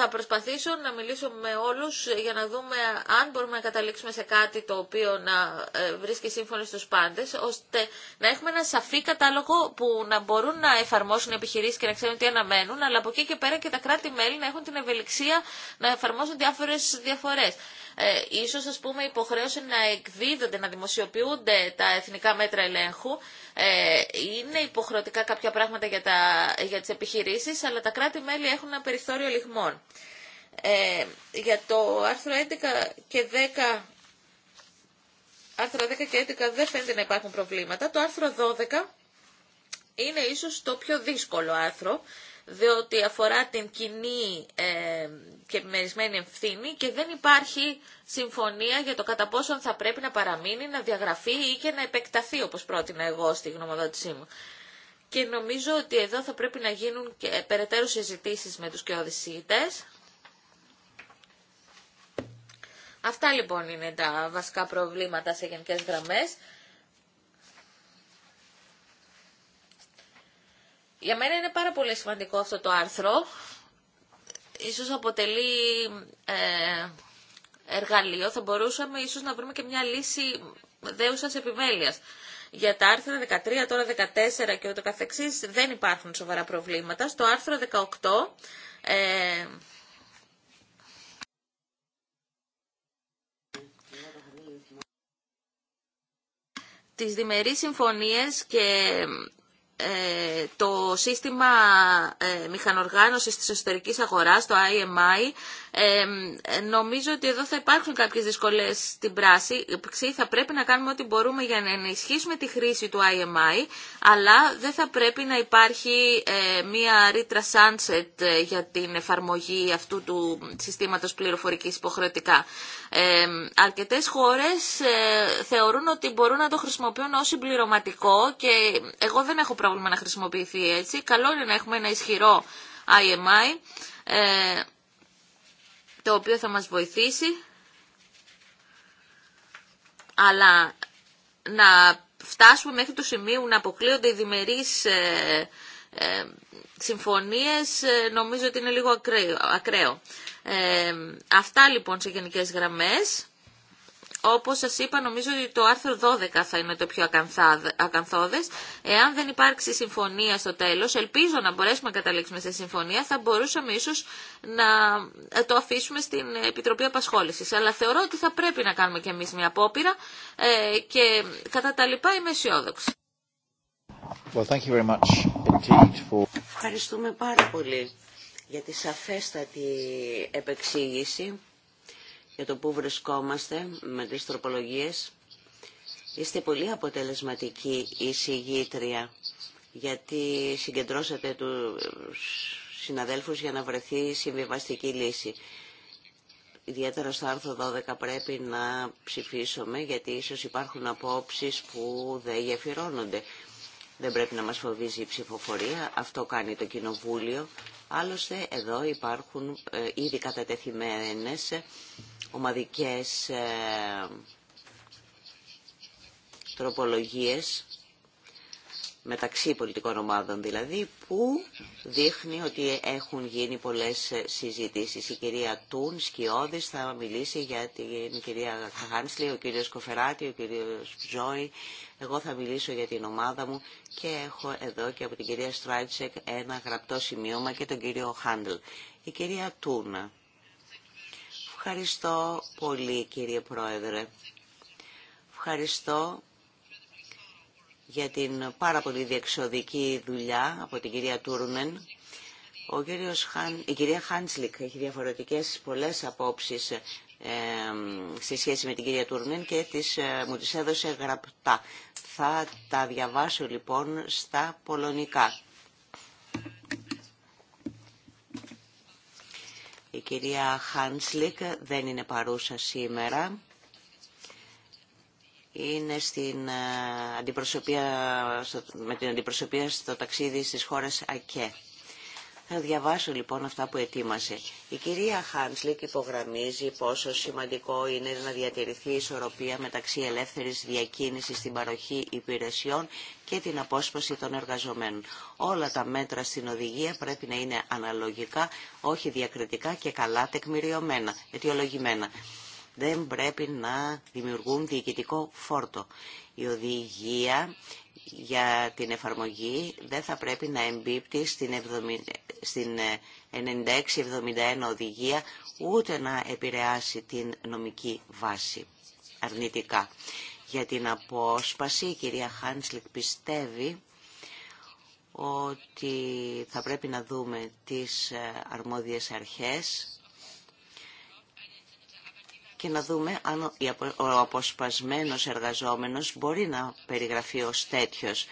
θα προσπαθήσω να μιλήσω με όλους για να δούμε αν μπορούμε να καταλήξουμε σε κάτι το οποίο να ε, βρίσκει σύμφωνο στους πάντες, ώστε να έχουμε ένα σαφή κατάλογο που να μπορούν να εφαρμόσουν επιχειρήσεις και να ξέρουν τι αναμένουν, αλλά από εκεί και πέρα και τα κράτη-μέλη να έχουν την ευελιξία να εφαρμόσουν διάφορες διαφορές ε, ίσως ας πούμε υποχρέωση να εκδίδονται, να δημοσιοποιούνται τα εθνικά μέτρα ελέγχου. Ε, είναι υποχρεωτικά κάποια πράγματα για, τα, για τις επιχειρήσεις, αλλά τα κράτη-μέλη έχουν ένα περιθώριο λιγμών. Ε, για το άρθρο 11 και 10... Άρθρα 10 και 11 δεν φαίνεται να υπάρχουν προβλήματα. Το άρθρο 12 είναι ίσως το πιο δύσκολο άρθρο διότι αφορά την κοινή ε, και μερισμένη ευθύνη και δεν υπάρχει συμφωνία για το κατά πόσον θα πρέπει να παραμείνει, να διαγραφεί ή και να επεκταθεί, όπως πρότεινα εγώ στη γνωμοδότησή μου. Και νομίζω ότι εδώ θα πρέπει να γίνουν και περαιτέρω συζητήσει με τους κοιόδησίτες. Αυτά λοιπόν είναι τα βασικά προβλήματα σε γενικές γραμμές. Για μένα είναι πάρα πολύ σημαντικό αυτό το άρθρο. Ίσως αποτελεί ε, εργαλείο. Θα μπορούσαμε ίσως να βρούμε και μια λύση δέουσας επιμέλειας. Για τα άρθρα 13, τώρα 14 και ούτω καθεξής δεν υπάρχουν σοβαρά προβλήματα. Στο άρθρο 18... Ε, τις διμερείς συμφωνίες και ε, το σύστημα ε, μηχανοργάνωσης της εσωτερικής αγοράς, το IMI, ε, νομίζω ότι εδώ θα υπάρχουν κάποιες δυσκολίες στην πράση. Θα πρέπει να κάνουμε ό,τι μπορούμε για να ενισχύσουμε τη χρήση του IMI, αλλά δεν θα πρέπει να υπάρχει ε, μία ρήτρα sunset ε, για την εφαρμογή αυτού του συστήματος πληροφορικής υποχρεωτικά. Ε, αρκετές χώρες ε, θεωρούν ότι μπορούν να το χρησιμοποιούν ως συμπληρωματικό και εγώ δεν έχω πρόβλημα να χρησιμοποιηθεί έτσι. Καλό είναι να έχουμε ένα ισχυρό IMI. Ε, το οποίο θα μας βοηθήσει, αλλά να φτάσουμε μέχρι το σημείο να αποκλείονται οι διμερείς ε, ε συμφωνίες ε, νομίζω ότι είναι λίγο ακραίο. Ε, αυτά λοιπόν σε γενικές γραμμές όπως σας είπα νομίζω ότι το άρθρο 12 θα είναι το πιο ακαθόδες. Εάν δεν υπάρξει συμφωνία στο τέλος, ελπίζω να μπορέσουμε να καταλήξουμε σε συμφωνία, θα μπορούσαμε ίσως να ε, το αφήσουμε στην Επιτροπή Απασχόλησης. Αλλά θεωρώ ότι θα πρέπει να κάνουμε κι εμείς μια απόπειρα ε, και κατά τα λοιπά είμαι αισιόδοξη.
Well, thank you very much for...
Ευχαριστούμε πάρα πολύ για τη σαφέστατη επεξήγηση για το πού βρισκόμαστε με τις τροπολογίες. Είστε πολύ αποτελεσματικοί η γιατί συγκεντρώσατε του συναδέλφους για να βρεθεί συμβιβαστική λύση. Ιδιαίτερα στο άρθρο 12 πρέπει να ψηφίσουμε, γιατί ίσως υπάρχουν απόψεις που δεν γεφυρώνονται. Δεν πρέπει να μας φοβίζει η ψηφοφορία. Αυτό κάνει το Κοινοβούλιο. Άλλωστε εδώ υπάρχουν ε, ήδη κατατεθειμένες ε, ομαδικές ε, τροπολογίες μεταξύ πολιτικών ομάδων δηλαδή, που δείχνει ότι έχουν γίνει πολλές συζητήσεις. Η κυρία Τούν Σκιώδης θα μιλήσει για την κυρία Χάνσλη, ο κύριος Κοφεράτη, ο κύριος Τζόι. Εγώ θα μιλήσω για την ομάδα μου και έχω εδώ και από την κυρία Στράιτσεκ ένα γραπτό σημείωμα και τον κύριο Χάντλ. Η κυρία Τούν. Ευχαριστώ πολύ κύριε Πρόεδρε. Ευχαριστώ για την πάρα πολύ διεξοδική δουλειά από την κυρία Τούρνεν. Ο κύριος Χαν, η κυρία Χάντσλικ έχει διαφορετικές πολλές απόψεις ε, σε σχέση με την κυρία Τούρνεν και τις, ε, μου τις έδωσε γραπτά. Θα τα διαβάσω λοιπόν στα πολωνικά. Η κυρία Χάντσλικ δεν είναι παρούσα σήμερα είναι στην ε, αντιπροσωπεία, με την αντιπροσωπεία στο ταξίδι στις χώρες ΑΚΕ. Θα διαβάσω λοιπόν αυτά που ετοίμασε. Η κυρία Χάνσλικ υπογραμμίζει πόσο σημαντικό είναι να διατηρηθεί η ισορροπία μεταξύ ελεύθερης διακίνησης στην παροχή υπηρεσιών και την απόσπαση των εργαζομένων. Όλα τα μέτρα στην οδηγία πρέπει να είναι αναλογικά, όχι διακριτικά και καλά τεκμηριωμένα, αιτιολογημένα δεν πρέπει να δημιουργούν διοικητικό φόρτο. Η οδηγία για την εφαρμογή δεν θα πρέπει να εμπίπτει στην 96-71 ε, οδηγία ούτε να επηρεάσει την νομική βάση αρνητικά. Για την απόσπαση η κυρία Χάνσλικ πιστεύει ότι θα πρέπει να δούμε τις ε, αρμόδιες αρχές και να δούμε αν ο αποσπασμένος εργαζόμενος μπορεί να περιγραφεί ως τέτοιος.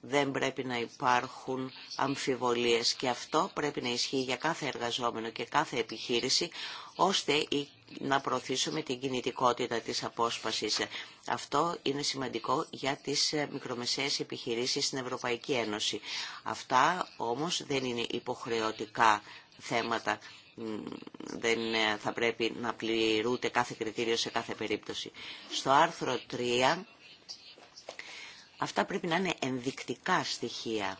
Δεν πρέπει να υπάρχουν αμφιβολίες και αυτό πρέπει να ισχύει για κάθε εργαζόμενο και κάθε επιχείρηση ώστε να προωθήσουμε την κινητικότητα της απόσπασης. Αυτό είναι σημαντικό για τις ε, μικρομεσαίες επιχειρήσεις στην Ευρωπαϊκή Ένωση. Αυτά όμως δεν είναι υποχρεωτικά θέματα δεν ε, θα πρέπει να πληρούνται κάθε κριτήριο σε κάθε περίπτωση. Στο άρθρο 3, αυτά πρέπει να είναι ενδεικτικά στοιχεία,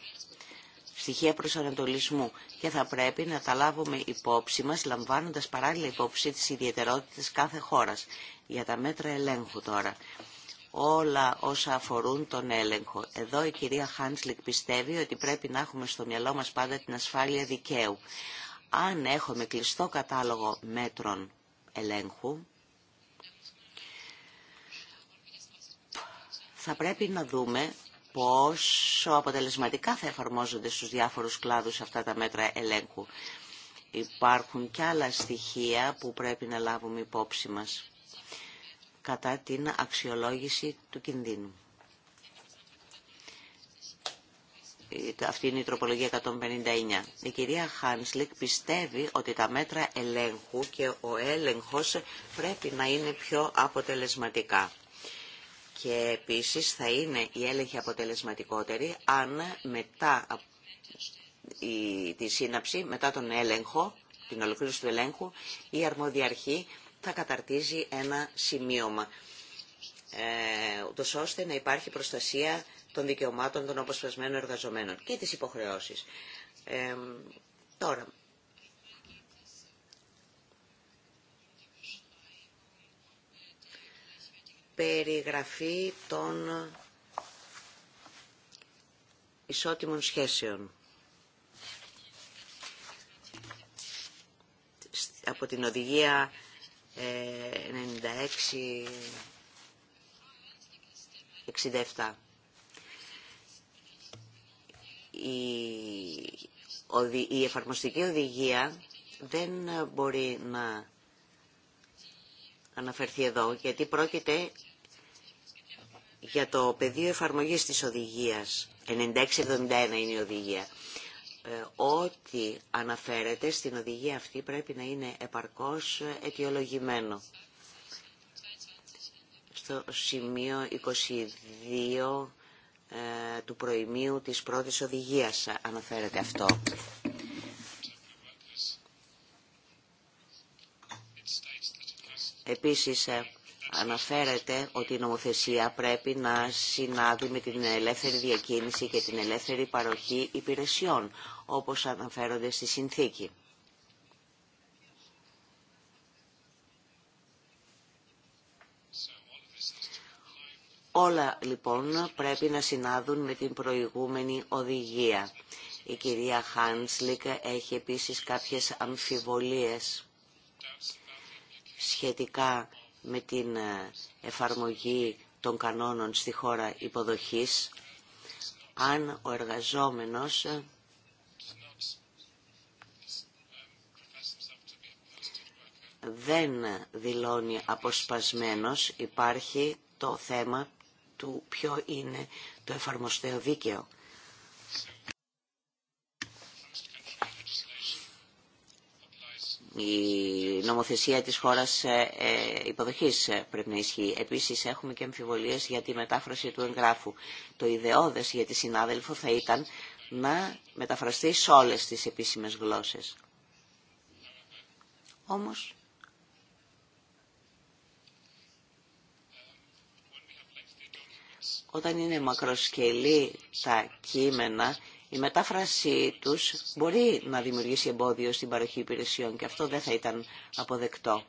στοιχεία ανατολισμού και θα πρέπει να τα λάβουμε υπόψη μας, λαμβάνοντας παράλληλα υπόψη τις ιδιαιτερότητες κάθε χώρας. Για τα μέτρα ελέγχου τώρα όλα όσα αφορούν τον έλεγχο. Εδώ η κυρία Χάνσλικ πιστεύει ότι πρέπει να έχουμε στο μυαλό μας πάντα την ασφάλεια δικαίου αν έχουμε κλειστό κατάλογο μέτρων ελέγχου, θα πρέπει να δούμε πόσο αποτελεσματικά θα εφαρμόζονται στους διάφορους κλάδους αυτά τα μέτρα ελέγχου. Υπάρχουν και άλλα στοιχεία που πρέπει να λάβουμε υπόψη μας κατά την αξιολόγηση του κινδύνου. Ε, αυτή είναι η τροπολογία 159. Η κυρία Χάνσλικ πιστεύει ότι τα μέτρα ελέγχου και ο έλεγχος πρέπει να είναι πιο αποτελεσματικά. Και επίσης θα είναι η έλεγχη αποτελεσματικότερη αν μετά τη σύναψη, μετά τον έλεγχο, την ολοκλήρωση του ελέγχου, η αρμοδιαρχή θα καταρτίζει ένα σημείωμα, ε, ούτως ώστε να υπάρχει προστασία των δικαιωμάτων των αποσπασμένων εργαζομένων και τις υποχρεώσεις. Ε, τώρα, περιγραφή των ισότιμων σχέσεων. Από την οδηγία 96-67. Ε, η εφαρμοστική οδηγία δεν μπορεί να αναφερθεί εδώ, γιατί πρόκειται για το πεδίο εφαρμογής της οδηγίας. 96-71 είναι η οδηγία. Ε, ό,τι αναφέρεται στην οδηγία αυτή πρέπει να είναι επαρκώς αιτιολογημένο. Στο σημείο 22 ε, του προημίου της πρώτης οδηγίας αναφέρεται αυτό. Επίσης ε, αναφέρεται ότι η νομοθεσία πρέπει να συνάδει με την ελεύθερη διακίνηση και την ελεύθερη παροχή υπηρεσιών, όπως αναφέρονται στη συνθήκη. Όλα λοιπόν πρέπει να συνάδουν με την προηγούμενη οδηγία. Η κυρία Χάνσλικ έχει επίσης κάποιες αμφιβολίες σχετικά με την ε, εφαρμογή των κανόνων στη χώρα υποδοχής αν ο εργαζόμενος ε, δεν δηλώνει αποσπασμένος υπάρχει το θέμα του ποιο είναι το εφαρμοστέο δίκαιο. Η νομοθεσία της χώρας ε, ε, υποδοχής ε, πρέπει να ισχύει. Επίσης έχουμε και αμφιβολίες για τη μετάφραση του εγγράφου. Το ιδεώδες για τη συνάδελφο θα ήταν να μεταφραστεί σε όλες τις επίσημες γλώσσες. Όμως όταν είναι μακροσκελή τα κείμενα, η μετάφρασή τους μπορεί να δημιουργήσει εμπόδιο στην παροχή υπηρεσιών και αυτό δεν θα ήταν αποδεκτό.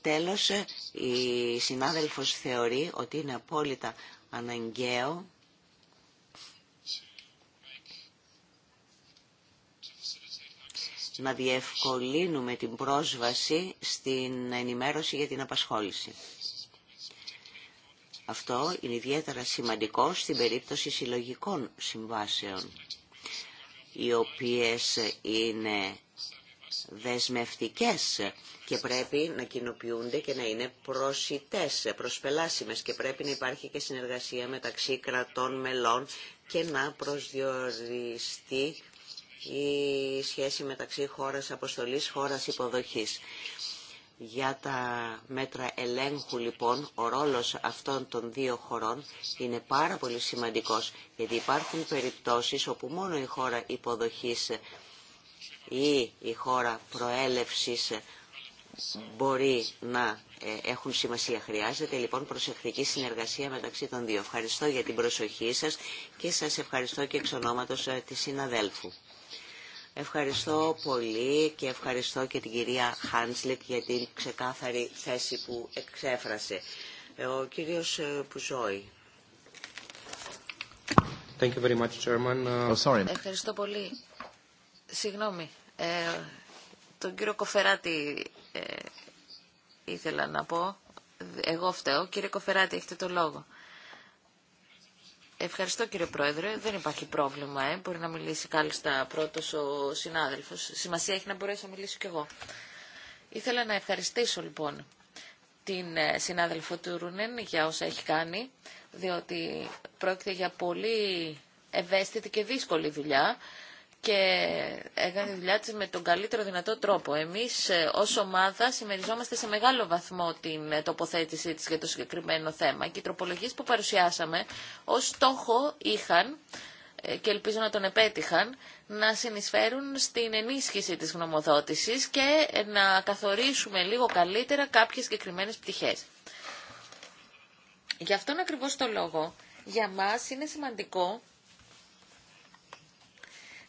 Τέλος, η συνάδελφος θεωρεί ότι είναι απόλυτα αναγκαίο να διευκολύνουμε την πρόσβαση στην ενημέρωση για την απασχόληση. Αυτό είναι ιδιαίτερα σημαντικό στην περίπτωση συλλογικών συμβάσεων, οι οποίες είναι δεσμευτικές και πρέπει να κοινοποιούνται και να είναι προσιτές, προσπελάσιμες και πρέπει να υπάρχει και συνεργασία μεταξύ κρατών μελών και να προσδιοριστεί η σχέση μεταξύ χώρας αποστολής, χώρας υποδοχής. Για τα μέτρα ελέγχου λοιπόν, ο ρόλος αυτών των δύο χωρών είναι πάρα πολύ σημαντικός, γιατί υπάρχουν περιπτώσεις όπου μόνο η χώρα υποδοχής ή η χώρα προέλευσης μπορεί να ε, έχουν σημασία. Χρειάζεται λοιπόν προσεκτική συνεργασία μεταξύ των δύο. Ευχαριστώ για την προσοχή σας και σας ευχαριστώ και εξ ονόματος ε, της συναδέλφου. Ευχαριστώ πολύ και ευχαριστώ και την κυρία Χάνσλετ για την ξεκάθαρη θέση που εξέφρασε. Ε, ο κύριος ε,
Πουζόη. Thank you very much, Chairman. Oh, uh, sorry.
Ευχαριστώ πολύ. Συγγνώμη. Ε, τον κύριο Κοφεράτη ήθελα να πω. Εγώ φταίω. Κύριε Κοφεράτη, έχετε το λόγο. Ευχαριστώ κύριε Πρόεδρε. Δεν υπάρχει πρόβλημα. Ε. Μπορεί να μιλήσει κάλλιστα πρώτος ο συνάδελφος. Σημασία έχει να μπορέσω να μιλήσω κι εγώ. Ήθελα να ευχαριστήσω λοιπόν την ε, συνάδελφο του Ρούνεν για όσα έχει κάνει, διότι πρόκειται για πολύ ευαίσθητη και δύσκολη δουλειά και έκανε τη δουλειά τη με τον καλύτερο δυνατό τρόπο. Εμεί ε, ω ομάδα συμμεριζόμαστε σε μεγάλο βαθμό την ε, τοποθέτησή της για το συγκεκριμένο θέμα και οι τροπολογίε που παρουσιάσαμε ω στόχο είχαν ε, και ελπίζω να τον επέτυχαν, να συνεισφέρουν στην ενίσχυση της γνωμοδότησης και να καθορίσουμε λίγο καλύτερα κάποιες συγκεκριμένε πτυχές. Γι' αυτόν ακριβώς το λόγο, για μας είναι σημαντικό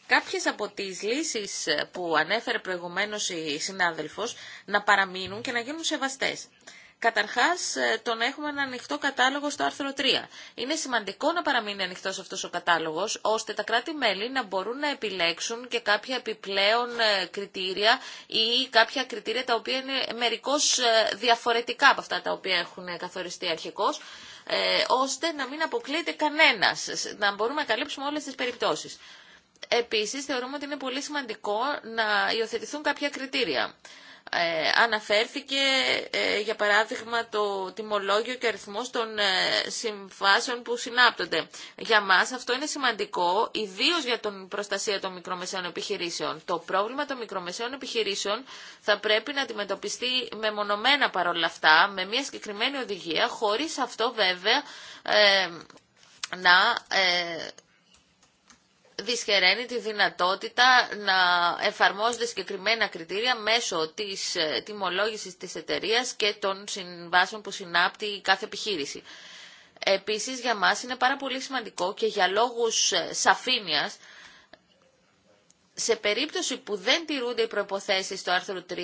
κάποιες από τις λύσεις ε, που ανέφερε προηγουμένως η συνάδελφος να παραμείνουν και να γίνουν σεβαστές. Καταρχάς, ε, το να έχουμε ένα ανοιχτό κατάλογο στο άρθρο 3. Είναι σημαντικό να παραμείνει ανοιχτός αυτός ο κατάλογος, ώστε τα κράτη-μέλη να μπορούν να επιλέξουν και κάποια επιπλέον ε, κριτήρια ή κάποια κριτήρια τα οποία είναι μερικώς διαφορετικά από αυτά τα οποία έχουν καθοριστεί αρχικώς, ώστε να μην αποκλείεται κανένας, να μπορούμε να καλύψουμε όλες τις περιπτώσεις. Επίσης, θεωρούμε ότι είναι πολύ σημαντικό να υιοθετηθούν κάποια κριτήρια. Ε, αναφέρθηκε, ε, για παράδειγμα, το τιμολόγιο και αριθμός των ε, συμβάσεων που συνάπτονται. Για μας αυτό είναι σημαντικό, ιδίως για την προστασία των μικρομεσαίων επιχειρήσεων. Το πρόβλημα των μικρομεσαίων επιχειρήσεων θα πρέπει να αντιμετωπιστεί μεμονωμένα παρόλα αυτά, με μια συγκεκριμένη οδηγία, χωρίς αυτό βέβαια ε, να δυσχεραίνει τη δυνατότητα να εφαρμόζονται συγκεκριμένα κριτήρια μέσω της ε, τιμολόγησης της εταιρείας και των συμβάσεων που συνάπτει κάθε επιχείρηση. Επίσης για μας είναι πάρα πολύ σημαντικό και για λόγους ε, σαφήνειας σε περίπτωση που δεν τηρούνται οι προϋποθέσεις του άρθρου 3,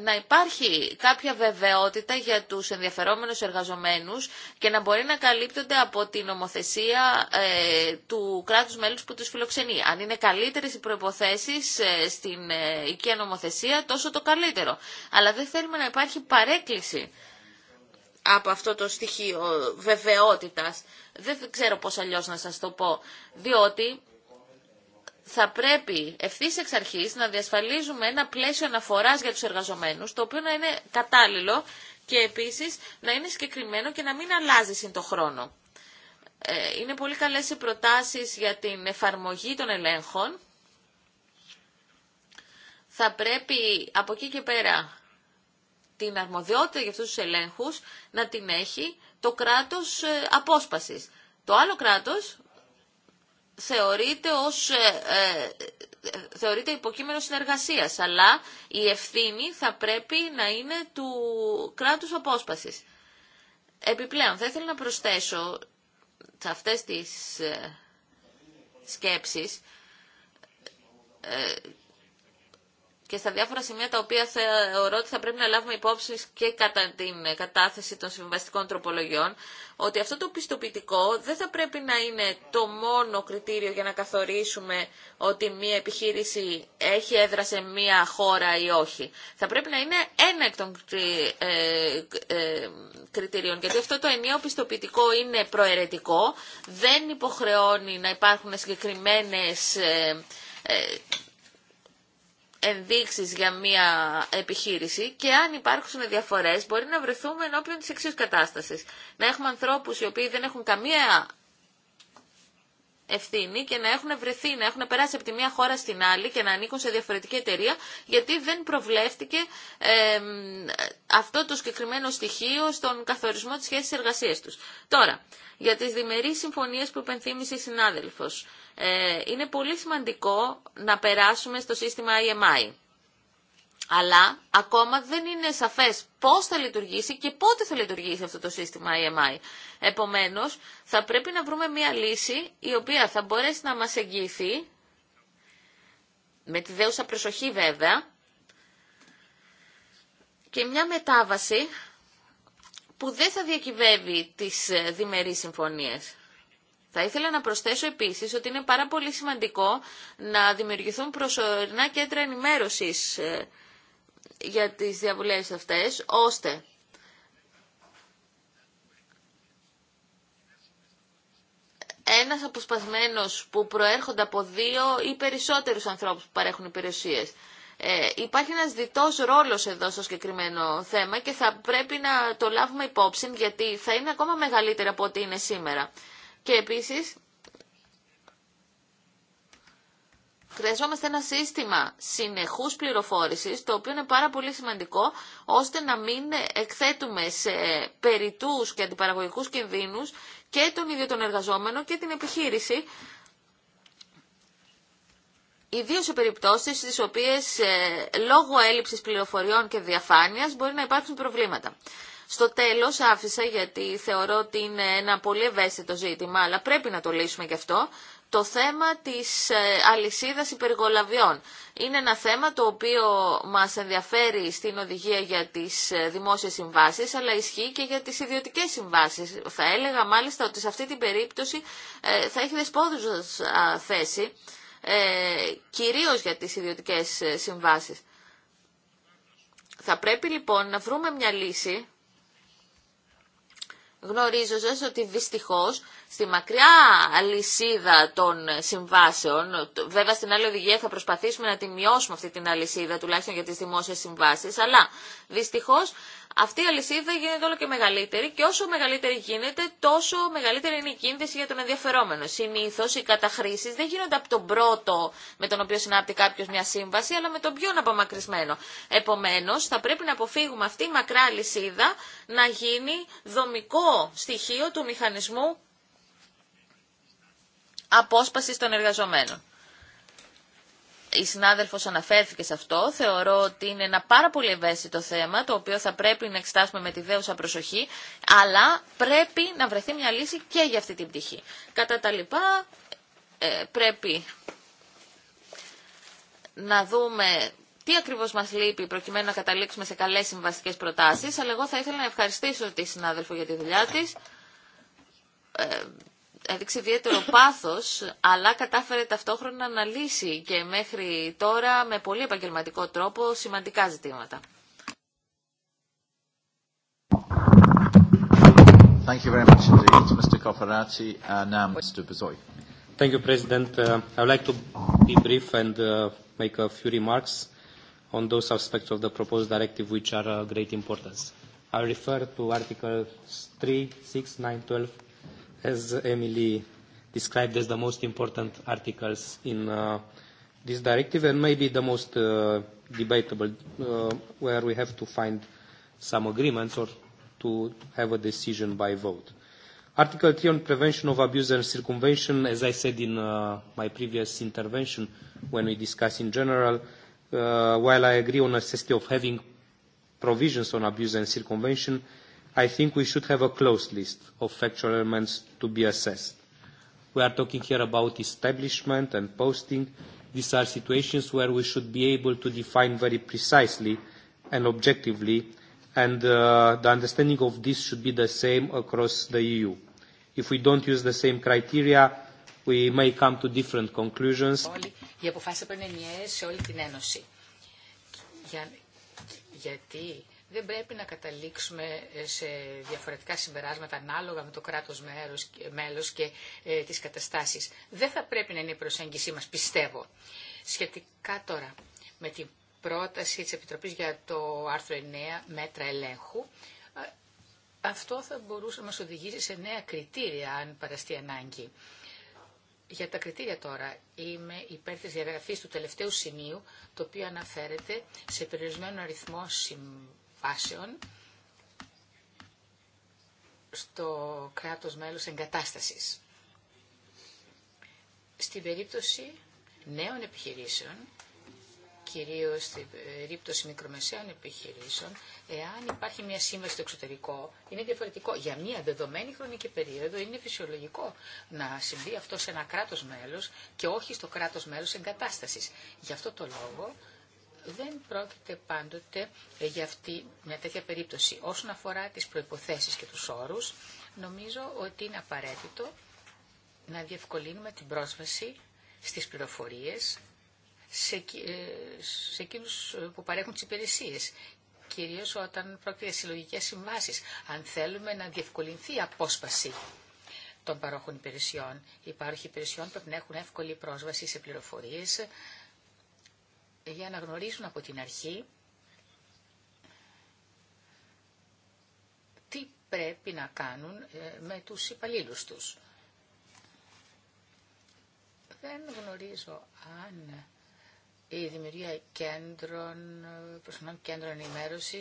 να υπάρχει κάποια βεβαιότητα για τους ενδιαφερόμενους εργαζομένους και να μπορεί να καλύπτονται από την νομοθεσία ε, του κράτους μέλους που τους φιλοξενεί. Αν είναι καλύτερες οι προϋποθέσεις ε, στην ε, οικία νομοθεσία, τόσο το καλύτερο. Αλλά δεν θέλουμε να υπάρχει παρέκκληση από αυτό το στοιχείο βεβαιότητας. Δεν ξέρω πώς αλλιώς να σας το πω, διότι θα πρέπει ευθύ εξ αρχή να διασφαλίζουμε ένα πλαίσιο αναφορά για του εργαζομένου, το οποίο να είναι κατάλληλο και επίση να είναι συγκεκριμένο και να μην αλλάζει συν το χρόνο. Ε, είναι πολύ καλέ οι προτάσει για την εφαρμογή των ελέγχων. Θα πρέπει από εκεί και πέρα την αρμοδιότητα για αυτούς τους ελέγχους να την έχει το κράτος ε, απόσπασης. Το άλλο κράτος θεωρείται ως ε, ε, θεωρείται υποκείμενο συνεργασίας, αλλά η ευθύνη θα πρέπει να είναι του κράτους απόσπασης. Επιπλέον, θα ήθελα να προσθέσω σε αυτές τις ε, σκέψεις και στα διάφορα σημεία τα οποία θεωρώ ότι θα πρέπει να λάβουμε υπόψη και κατά την κατάθεση των συμβαστικών τροπολογιών, ότι αυτό το πιστοποιητικό δεν θα πρέπει να είναι το μόνο κριτήριο για να καθορίσουμε ότι μία επιχείρηση έχει έδρα σε μία χώρα ή όχι. Θα πρέπει να είναι ένα εκ των ε, ε, κριτηρίων, γιατί αυτό το ενιαίο πιστοποιητικό είναι προαιρετικό, δεν υποχρεώνει να υπάρχουν συγκεκριμένες ε, ενδείξει για μια επιχείρηση και αν υπάρχουν διαφορέ μπορεί να βρεθούμε ενώπιον τη εξή κατάσταση. Να έχουμε ανθρώπου οι οποίοι δεν έχουν καμία ευθύνη και να έχουν βρεθεί, να έχουν περάσει από τη μία χώρα στην άλλη και να ανήκουν σε διαφορετική εταιρεία, γιατί δεν προβλέφτηκε αυτό το συγκεκριμένο στοιχείο στον καθορισμό της σχέση εργασία του. Τώρα, για τι διμερείς συμφωνίε που υπενθύμησε η συνάδελφο. Ε, είναι πολύ σημαντικό να περάσουμε στο σύστημα IMI. E Αλλά ακόμα δεν είναι σαφές πώς θα λειτουργήσει και πότε θα λειτουργήσει αυτό το σύστημα IMI. E Επομένως, θα πρέπει να βρούμε μια λύση η οποία θα μπορέσει να μας εγγυηθεί, με τη δέουσα προσοχή βέβαια, και μια μετάβαση που δεν θα διακυβεύει τις διμερείς συμφωνίες. Θα ήθελα να προσθέσω επίσης ότι είναι πάρα πολύ σημαντικό να δημιουργηθούν προσωρινά κέντρα ενημέρωσης ε, για τις διαβουλεύσεις αυτές, ώστε ένας αποσπασμένος που προέρχονται από δύο ή περισσότερους ανθρώπους που παρέχουν υπηρεσίες. Ε, υπάρχει ένας διτός ρόλος εδώ στο συγκεκριμένο θέμα και θα πρέπει να το λάβουμε υπόψη γιατί θα είναι ακόμα μεγαλύτερο από ό,τι είναι σήμερα. Και επίση, Χρειαζόμαστε ένα σύστημα συνεχούς πληροφόρηση, το οποίο είναι πάρα πολύ σημαντικό, ώστε να μην εκθέτουμε σε περιτούς και αντιπαραγωγικού κινδύνους και τον ίδιο τον εργαζόμενο και την επιχείρηση, ιδίως σε περιπτώσεις στις οποίες ε, λόγω έλλειψης πληροφοριών και διαφάνειας μπορεί να υπάρξουν προβλήματα. Στο τέλος άφησα γιατί θεωρώ ότι είναι ένα πολύ ευαίσθητο ζήτημα, αλλά πρέπει να το λύσουμε και αυτό, το θέμα της ε, αλυσίδας υπεργολαβιών. Είναι ένα θέμα το οποίο μας ενδιαφέρει στην οδηγία για τις ε, δημόσιες συμβάσεις, αλλά ισχύει και για τις ιδιωτικές συμβάσεις. Θα έλεγα μάλιστα ότι σε αυτή την περίπτωση ε, θα έχει δεσπόδουσα θέση, κυρίως για τις ιδιωτικές συμβάσεις. Θα πρέπει λοιπόν να βρούμε μια λύση γνωρίζοντας ότι δυστυχώς στη μακριά αλυσίδα των συμβάσεων, βέβαια στην άλλη οδηγία θα προσπαθήσουμε να τη μειώσουμε αυτή την αλυσίδα, τουλάχιστον για τις δημόσιες συμβάσεις, αλλά δυστυχώς αυτή η αλυσίδα γίνεται όλο και μεγαλύτερη και όσο μεγαλύτερη γίνεται, τόσο μεγαλύτερη είναι η κίνδυση για τον ενδιαφερόμενο. Συνήθω οι καταχρήσει δεν γίνονται από τον πρώτο με τον οποίο συνάπτει κάποιο μια σύμβαση, αλλά με τον πιο απομακρυσμένο. Επομένω, θα πρέπει να αποφύγουμε αυτή η μακρά αλυσίδα να γίνει δομικό στοιχείο του μηχανισμού απόσπασης των εργαζομένων η συνάδελφος αναφέρθηκε σε αυτό. Θεωρώ ότι είναι ένα πάρα πολύ ευαίσθητο θέμα, το οποίο θα πρέπει να εξετάσουμε με τη δέουσα προσοχή, αλλά πρέπει να βρεθεί μια λύση και για αυτή την πτυχή. Κατά τα λοιπά, ε, πρέπει να δούμε τι ακριβώ μα λείπει προκειμένου να καταλήξουμε σε καλέ συμβαστικέ προτάσει. Αλλά εγώ θα ήθελα να ευχαριστήσω τη συνάδελφο για τη δουλειά τη. Ε, έδειξε ιδιαίτερο πάθος, αλλά κατάφερε ταυτόχρονα να λύσει και μέχρι τώρα με πολύ επαγγελματικό τρόπο σημαντικά ζητήματα.
Thank you very much indeed, Mr. Kofarati. Uh, now, Mr. Bezoy. Thank you, President. Uh, I would like to be brief and uh, make a few remarks on those aspects of the proposed directive which are of great importance. I refer to Articles 3, 6, 9, 12, as Emily described as the most important articles in this directive and maybe the most debatable where we have to find some agreements or to have a decision by vote. Article 3 on prevention of abuse and circumvention, as I said in my previous intervention when we discussed in general, while I agree on the necessity of having provisions on abuse and circumvention, I think we should have a closed list of factual elements to be assessed. We are talking here about establishment and posting. These are situations where we should be able to define very precisely and objectively, and the understanding of this should be the same across the EU. If we don't use the same criteria, we may come to different conclusions
δεν πρέπει να καταλήξουμε ε, σε διαφορετικά συμπεράσματα ανάλογα με το κράτος μέλος και ε, τις καταστάσεις. Δεν θα πρέπει να είναι η προσέγγιση μας, πιστεύω. Σχετικά τώρα με την πρόταση της Επιτροπής για το άρθρο 9, μέτρα ελέγχου, ε, αυτό θα μπορούσε να μας οδηγήσει σε νέα κριτήρια, αν παραστεί ανάγκη. Για τα κριτήρια τώρα, είμαι υπέρ της διαγραφής του τελευταίου σημείου, το οποίο αναφέρεται σε περιορισμένο αριθμό fashion στο κράτος μέλος εγκατάστασης. Στην περίπτωση νέων επιχειρήσεων, κυρίως στην περίπτωση μικρομεσαίων επιχειρήσεων, εάν υπάρχει μια σύμβαση στο εξωτερικό, είναι διαφορετικό. Για μια δεδομένη χρονική περίοδο είναι φυσιολογικό να συμβεί αυτό σε ένα κράτος μέλος και όχι στο κράτος μέλος εγκατάστασης. Γι' αυτό το λόγο δεν πρόκειται πάντοτε για αυτή μια τέτοια περίπτωση. Όσον αφορά τις προϋποθέσεις και τους όρους, νομίζω ότι είναι απαραίτητο να διευκολύνουμε την πρόσβαση στις πληροφορίες σε, ε, σε εκείνους ε, που παρέχουν τις υπηρεσίες κυρίως όταν πρόκειται για συλλογικές συμβάσεις, αν θέλουμε να διευκολυνθεί η απόσπαση των παρόχων υπηρεσιών. Οι παρόχοι υπηρεσιών πρέπει να έχουν εύκολη πρόσβαση σε πληροφορίες για να γνωρίζουν από την αρχή τι πρέπει να κάνουν ε, με τους υπαλλήλους τους. Δεν γνωρίζω αν η δημιουργία κέντρων, προσωπικών κέντρων ενημέρωση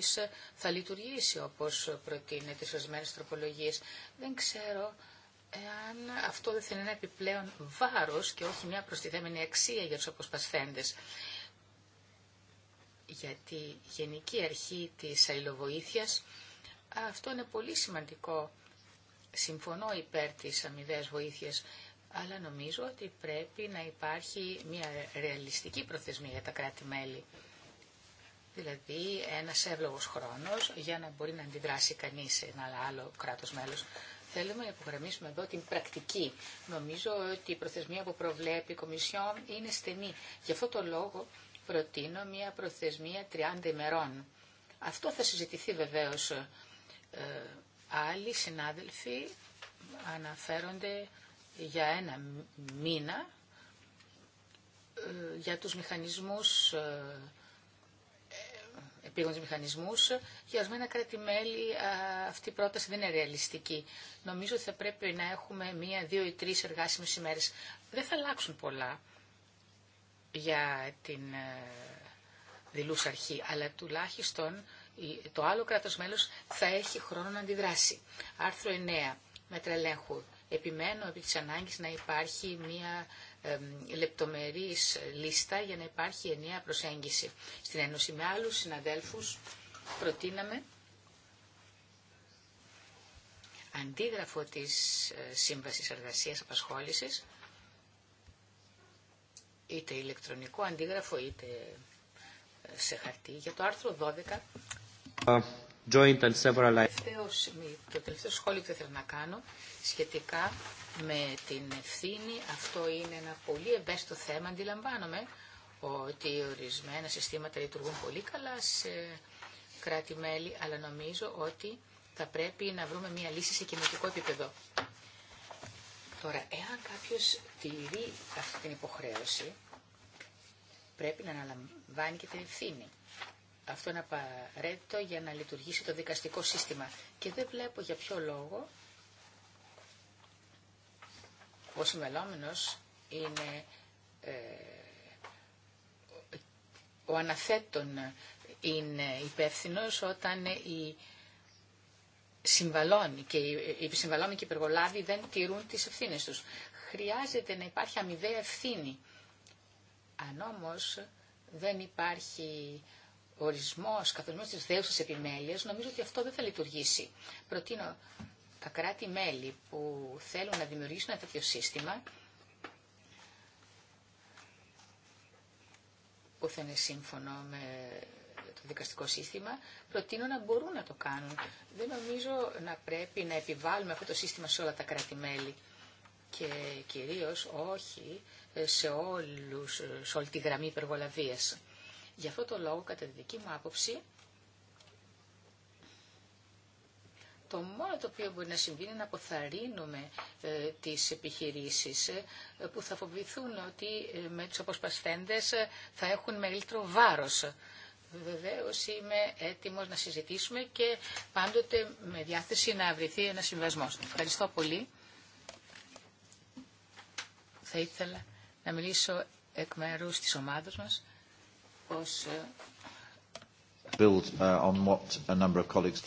θα λειτουργήσει όπως προτείνεται τις ορισμένε τροπολογίες. Δεν ξέρω αν αυτό δεν θα είναι ένα επιπλέον βάρος και όχι μια προστιθέμενη αξία για τους αποσπασθέντες για τη Γενική Αρχή της Αλληλοβοήθειας αυτό είναι πολύ σημαντικό. Συμφωνώ υπέρ της αμοιβαίας βοήθειας, αλλά νομίζω ότι πρέπει να υπάρχει μια ρεαλιστική προθεσμία για τα κράτη-μέλη. Δηλαδή ένας εύλογος χρόνος για να μπορεί να αντιδράσει κανείς σε ένα άλλο κράτος μέλος. Θέλουμε να υπογραμμίσουμε εδώ την πρακτική. Νομίζω ότι η προθεσμία που προβλέπει η Κομισιόν είναι στενή. Γι' αυτό το λόγο προτείνω μια προθεσμία 30 ημερών. Αυτό θα συζητηθεί βεβαίως. Ε, άλλοι συνάδελφοι αναφέρονται για ένα μήνα ε, για τους μηχανισμούς ε, ε, επίγοντες μηχανισμούς. Για ορισμένα κράτη-μέλη αυτή η πρόταση δεν είναι ρεαλιστική. Νομίζω ότι θα πρέπει να έχουμε μία, δύο ή τρεις εργάσιμες ημέρες. Δεν θα αλλάξουν πολλά για την ε, δηλούς αρχή, αλλά τουλάχιστον το άλλο κράτος μέλος θα έχει χρόνο να αντιδράσει. Άρθρο 9. Μέτρα ελέγχου. Επιμένω επί της ανάγκης να υπάρχει μια ε, λεπτομερής λίστα για να υπάρχει ενιαία προσέγγιση. Στην Ένωση με άλλους συναδέλφους προτείναμε αντίγραφο της ε, Σύμβασης Εργασίας Απασχόλησης είτε ηλεκτρονικό αντίγραφο είτε ε, σε χαρτί για το άρθρο 12.
Uh, το τελευταίο
σχόλιο που θέλω να κάνω σχετικά με την ευθύνη, αυτό είναι ένα πολύ ευαίσθητο θέμα, αντιλαμβάνομαι ότι ορισμένα συστήματα λειτουργούν πολύ καλά σε κράτη-μέλη, αλλά νομίζω ότι θα πρέπει να βρούμε μια λύση σε κοινωτικό επίπεδο. Τώρα, εάν κάποιος τηρεί αυτή την υποχρέωση, πρέπει να αναλαμβάνει και την ευθύνη. Αυτό είναι απαραίτητο για να λειτουργήσει το δικαστικό σύστημα. Και δεν βλέπω για ποιο λόγο ο συμμελόμενος είναι ε, ο αναθέτων είναι υπεύθυνο όταν η συμβαλώνει και οι συμβαλώνει και οι υπεργολάβοι δεν τηρούν τις ευθύνες τους. Χρειάζεται να υπάρχει αμοιβαία ευθύνη. Αν όμως δεν υπάρχει ορισμός, καθορισμός της δέουσας επιμέλειας, νομίζω ότι αυτό δεν θα λειτουργήσει. Προτείνω τα κράτη-μέλη που θέλουν να δημιουργήσουν ένα τέτοιο σύστημα, που θα είναι σύμφωνο με το δικαστικό σύστημα, προτείνω να μπορούν να το κάνουν. Δεν νομίζω να πρέπει να επιβάλλουμε αυτό το σύστημα σε όλα τα κράτη-μέλη και κυρίως όχι ε, σε, όλους, ε, σε όλη τη γραμμή υπεργολαβίας. Γι' αυτό το λόγο, κατά τη δική μου άποψη, το μόνο το οποίο μπορεί να συμβεί είναι να αποθαρρύνουμε ε, τις επιχειρήσεις ε, που θα φοβηθούν ότι με τους αποσπασθέντες θα έχουν μεγαλύτερο βάρος. Βεβαίω είμαι έτοιμο να συζητήσουμε και πάντοτε με διάθεση να βρεθεί ένα συμβασμό. Ευχαριστώ πολύ. Θα ήθελα να μιλήσω εκ μέρου τη
ομάδα μας ως... Ε,
Build, uh, on what a number of colleagues...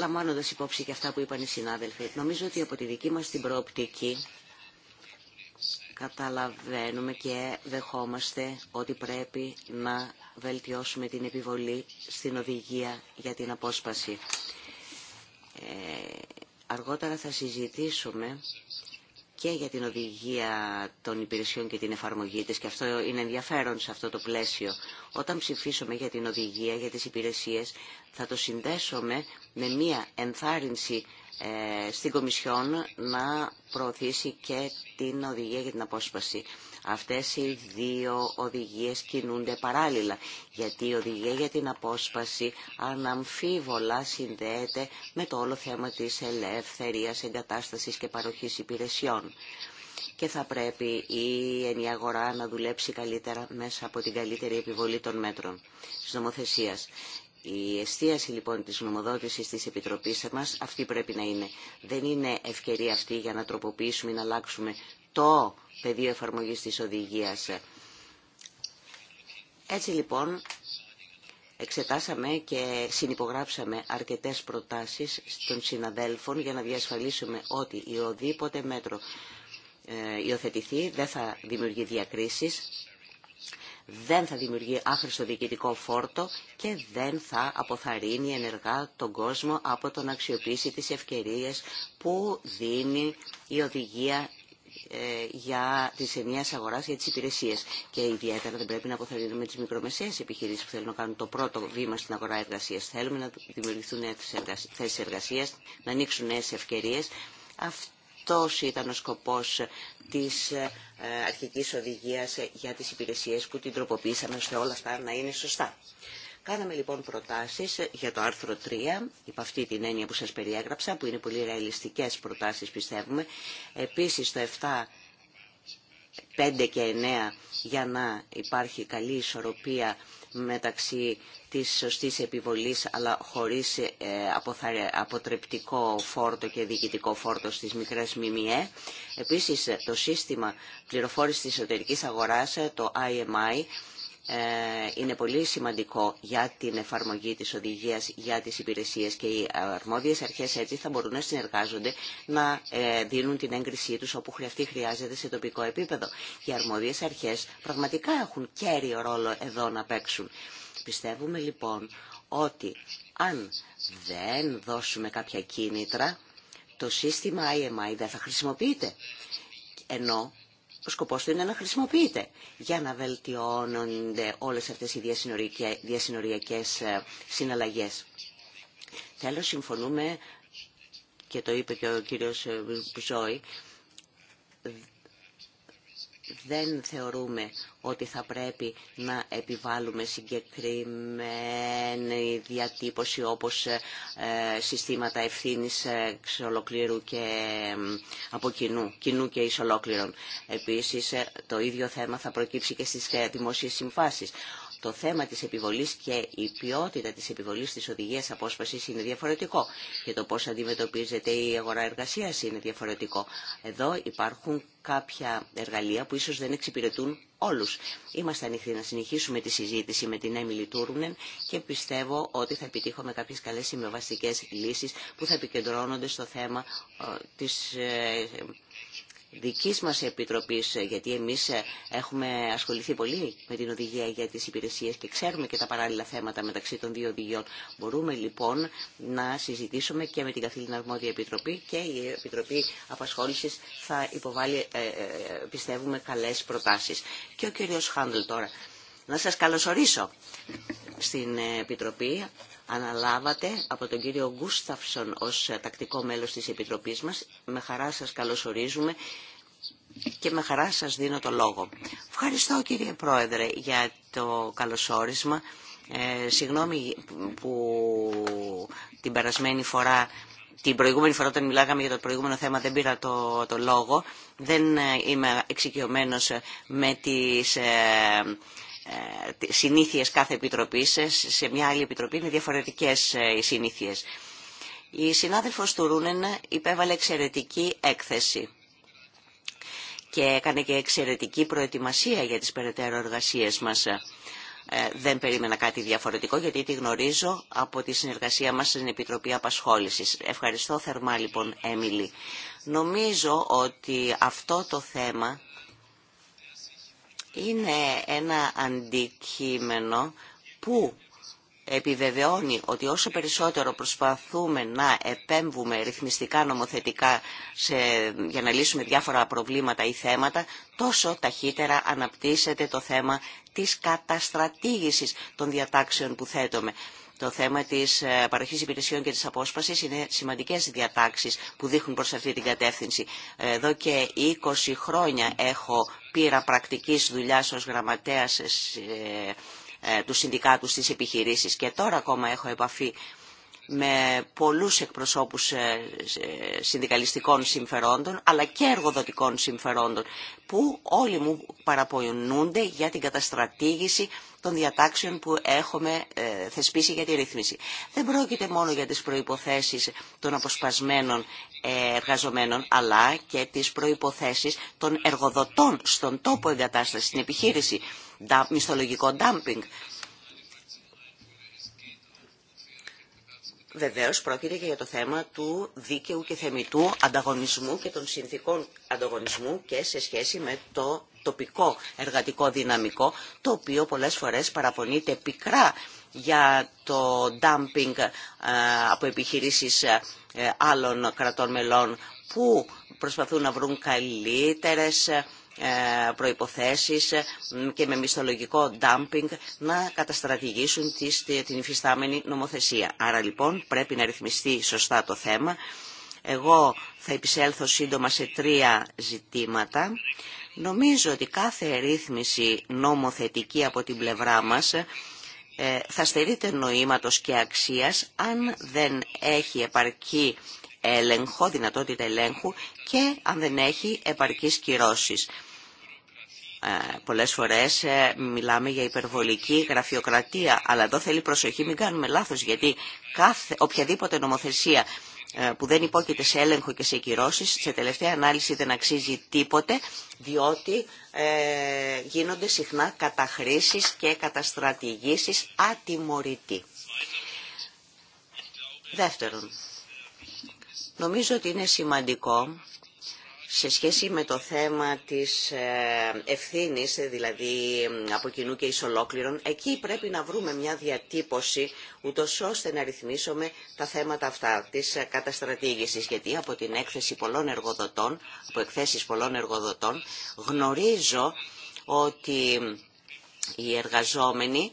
Ε, υπόψη και αυτά που είπαν οι συνάδελφοι, νομίζω ότι από τη δική μα την προοπτική Καταλαβαίνουμε και δεχόμαστε ότι πρέπει να βελτιώσουμε την επιβολή στην οδηγία για την απόσπαση. Ε, αργότερα θα συζητήσουμε και για την οδηγία των υπηρεσιών και την εφαρμογή της και αυτό είναι ενδιαφέρον σε αυτό το πλαίσιο. Όταν ψηφίσουμε για την οδηγία για τις υπηρεσίες θα το συνδέσουμε με μία ενθάρρυνση ε, στην Κομισιόν να προωθήσει και την οδηγία για την απόσπαση. Αυτές οι δύο οδηγίες κινούνται παράλληλα, γιατί η οδηγία για την απόσπαση αναμφίβολα συνδέεται με το όλο θέμα της ελευθερίας εγκατάστασης και παροχής υπηρεσιών. Και θα πρέπει η ενιαγορά να δουλέψει καλύτερα μέσα από την καλύτερη επιβολή των μέτρων της νομοθεσίας. Η εστίαση λοιπόν της νομοδότησης της Επιτροπής μας αυτή πρέπει να είναι. Δεν είναι ευκαιρία αυτή για να τροποποιήσουμε ή να αλλάξουμε το πεδίο εφαρμογής της οδηγίας. Έτσι λοιπόν εξετάσαμε και συνυπογράψαμε αρκετές προτάσεις των συναδέλφων για να διασφαλίσουμε ότι η οδήποτε μέτρο ε, υιοθετηθεί δεν θα δημιουργεί διακρίσεις δεν θα δημιουργεί άχρηστο διοικητικό φόρτο και δεν θα αποθαρρύνει ενεργά τον κόσμο από το να αξιοποιήσει τις ευκαιρίες που δίνει η οδηγία ε, για τι ενιαία αγορά για τι υπηρεσίε. Και ιδιαίτερα δεν πρέπει να αποθαρρύνουμε τι μικρομεσαίε επιχειρήσει που θέλουν να κάνουν το πρώτο βήμα στην αγορά εργασία. Θέλουμε να δημιουργηθούν θέσει εργασία, να ανοίξουν νέε ευκαιρίε αυτός ήταν ο σκοπός της ε, αρχικής οδηγίας για τις υπηρεσίες που την τροποποίησαμε ώστε όλα αυτά να είναι σωστά. Κάναμε λοιπόν προτάσεις για το άρθρο 3, υπ' αυτή την έννοια που σας περιέγραψα, που είναι πολύ ρεαλιστικές προτάσεις πιστεύουμε. Επίσης το 7, 5 και 9 για να υπάρχει καλή ισορροπία μεταξύ της σωστής επιβολής αλλά χωρίς ε, αποτρεπτικό φόρτο και διοικητικό φόρτο στις μικρές ΜΜΕ. Επίσης το σύστημα πληροφόρησης της εσωτερικής αγοράς, ε, το IMI, ε, είναι πολύ σημαντικό για την εφαρμογή της οδηγίας για τις υπηρεσίες και οι αρμόδιες αρχές έτσι θα μπορούν να συνεργάζονται να ε, δίνουν την έγκρισή τους όπου αυτή χρειάζεται σε τοπικό επίπεδο. Οι αρμόδιες αρχές πραγματικά έχουν κέριο ρόλο εδώ να παίξουν. Πιστεύουμε λοιπόν ότι αν δεν δώσουμε κάποια κίνητρα το σύστημα IMI δεν θα χρησιμοποιείται. Ενώ ο σκοπό του είναι να χρησιμοποιείται για να βελτιώνονται όλες αυτέ οι διασυνοριακές ε, συναλλαγές. Τέλο, συμφωνούμε, και το είπε και ο κύριος ε, Μπουζόη, δεν θεωρούμε ότι θα πρέπει να επιβάλλουμε συγκεκριμένη διατύπωση όπως ε, συστήματα ευθύνης ε, εξ και από κοινού, κοινού και εις ολόκληρων. Επίσης, ε, το ίδιο θέμα θα προκύψει και στις δημόσιες συμφάσεις το θέμα της επιβολής και η ποιότητα της επιβολής της οδηγίας απόσπασης είναι διαφορετικό και το πώς αντιμετωπίζεται η αγορά εργασίας είναι διαφορετικό. Εδώ υπάρχουν κάποια εργαλεία που ίσως δεν εξυπηρετούν όλους. Είμαστε ανοιχτοί να συνεχίσουμε τη συζήτηση με την Έμιλη Τούρουνεν και πιστεύω ότι θα επιτύχουμε κάποιες καλές συμβαστικές λύσεις που θα επικεντρώνονται στο θέμα ε, της ε, δικής μας επιτροπής, ε, γιατί εμείς ε, έχουμε ασχοληθεί πολύ με την οδηγία για τις υπηρεσίες και ξέρουμε και τα παράλληλα θέματα μεταξύ των δύο οδηγιών. Μπορούμε λοιπόν να συζητήσουμε και με την Καθήλυνα Αρμόδια Επιτροπή και η Επιτροπή Απασχόλησης θα υποβάλει, ε, πιστεύουμε, καλές προτάσεις. Και ο κύριος Χάντλ τώρα. Να σας καλωσορίσω στην Επιτροπή αναλάβατε από τον κύριο Γκούσταυσον ως ε, τακτικό μέλος της Επιτροπής μας. Με χαρά σας καλωσορίζουμε και με χαρά σας δίνω το λόγο. Ευχαριστώ κύριε Πρόεδρε για το καλωσόρισμα. Ε, συγγνώμη που την περασμένη φορά την προηγούμενη φορά όταν μιλάγαμε για το προηγούμενο θέμα δεν πήρα το, το λόγο. Δεν ε, είμαι εξοικειωμένος με τις ε, συνήθειες κάθε επιτροπής, σε μια άλλη επιτροπή είναι διαφορετικές ε, οι συνήθειες. Η συνάδελφος του Ρούνεν υπέβαλε εξαιρετική έκθεση και έκανε και εξαιρετική προετοιμασία για τις περαιτέρω εργασίες μας. Ε, δεν περίμενα κάτι διαφορετικό γιατί τη γνωρίζω από τη συνεργασία μας στην Επιτροπή Απασχόλησης. Ευχαριστώ θερμά λοιπόν Έμιλη. Νομίζω ότι αυτό το θέμα είναι ένα αντικείμενο που επιβεβαιώνει ότι όσο περισσότερο προσπαθούμε να επέμβουμε ρυθμιστικά νομοθετικά σε, για να λύσουμε διάφορα προβλήματα ή θέματα, τόσο ταχύτερα αναπτύσσεται το θέμα της καταστρατήγησης των διατάξεων που θέτουμε το θέμα της ε, παροχής υπηρεσιών και της απόσπασης είναι σημαντικές διατάξεις που δείχνουν προς αυτή την κατεύθυνση. Εδώ και 20 χρόνια έχω πείρα πρακτικής δουλειάς ως γραμματέας ε, ε, του συνδικάτου στις επιχειρήσεις και τώρα ακόμα έχω επαφή με πολλούς εκπροσώπους συνδικαλιστικών συμφερόντων αλλά και εργοδοτικών συμφερόντων που όλοι μου παραπονούνται για την καταστρατήγηση των διατάξεων που έχουμε ε, θεσπίσει για τη ρύθμιση. Δεν πρόκειται μόνο για τις προϋποθέσεις των αποσπασμένων ε, εργαζομένων, αλλά και τις προϋποθέσεις των εργοδοτών στον τόπο εγκατάσταση, στην επιχείρηση, μισθολογικό ντάμπινγκ. Βεβαίως πρόκειται και για το θέμα του δίκαιου και θεμητού ανταγωνισμού και των συνθήκων ανταγωνισμού και σε σχέση με το τοπικό εργατικό δυναμικό, το οποίο πολλές φορές παραπονείται πικρά για το dumping ε, από επιχειρήσεις ε, άλλων κρατών μελών που προσπαθούν να βρουν καλύτερες ε, ε, προϋποθέσεις ε, και με μισθολογικό dumping να καταστρατηγήσουν την υφιστάμενη νομοθεσία. Άρα λοιπόν πρέπει να ρυθμιστεί σωστά το θέμα. Εγώ θα επισέλθω σύντομα σε τρία ζητήματα. Νομίζω ότι κάθε ρύθμιση νομοθετική από την πλευρά μας ε, θα στερείται νοήματος και αξίας αν δεν έχει επαρκή έλεγχο, δυνατότητα ελέγχου και αν δεν έχει επαρκείς κυρώσεις. Ε, πολλές φορές ε, μιλάμε για υπερβολική γραφειοκρατία, αλλά εδώ θέλει προσοχή, μην κάνουμε λάθος, γιατί οποιαδήποτε νομοθεσία ε, που δεν υπόκειται σε έλεγχο και σε κυρώσεις, σε τελευταία ανάλυση δεν αξίζει τίποτε, διότι ε, γίνονται συχνά καταχρήσεις και καταστρατηγήσεις ατιμωρητοί. Δεύτερον, Νομίζω ότι είναι σημαντικό σε σχέση με το θέμα της ε, ευθύνης, ε, δηλαδή ε, από κοινού και ισολόκληρων, εκεί πρέπει να βρούμε μια διατύπωση, ούτω ώστε να ρυθμίσουμε τα θέματα αυτά της καταστρατήγησης, γιατί από την έκθεση πολλών εργοδοτών, από εκθέσεις πολλών εργοδοτών, γνωρίζω ότι οι εργαζόμενοι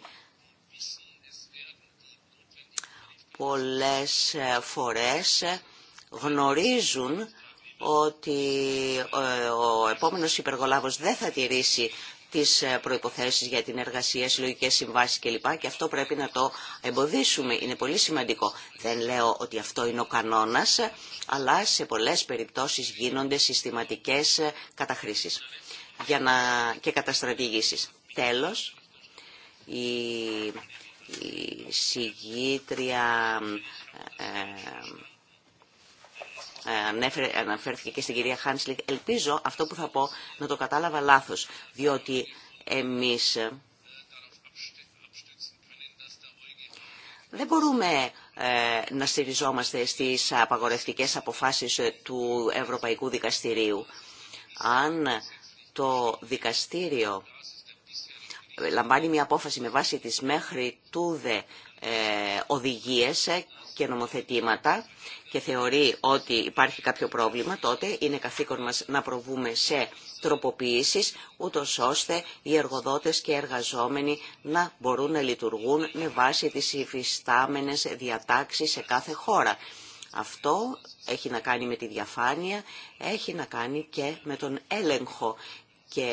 πολλές φορές γνωρίζουν ότι ε, ο επόμενος υπεργολάβος δεν θα τηρήσει τις ε, προϋποθέσεις για την εργασία, συλλογικές συμβάσεις κλπ. Και αυτό πρέπει να το εμποδίσουμε. Είναι πολύ σημαντικό. Δεν λέω ότι αυτό είναι ο κανόνας, αλλά σε πολλές περιπτώσεις γίνονται συστηματικές ε, καταχρήσεις για να... και καταστρατηγήσεις. Τέλος, η, η συγγήτρια αναφέρθηκε και στην κυρία Χάνσλιγκ. ελπίζω αυτό που θα πω να το κατάλαβα λάθος, διότι εμείς ε, δεν μπορούμε ε, να στηριζόμαστε στις απαγορευτικές αποφάσεις ε, του Ευρωπαϊκού Δικαστηρίου. Αν το δικαστήριο λαμβάνει μια απόφαση με βάση τις μέχρι τούδε ε, οδηγίες ε, και νομοθετήματα και θεωρεί ότι υπάρχει κάποιο πρόβλημα, τότε είναι καθήκον μας να προβούμε σε τροποποιήσεις, ούτω ώστε οι εργοδότες και οι εργαζόμενοι να μπορούν να λειτουργούν με βάση τις υφιστάμενες διατάξεις σε κάθε χώρα. Αυτό έχει να κάνει με τη διαφάνεια, έχει να κάνει και με τον έλεγχο και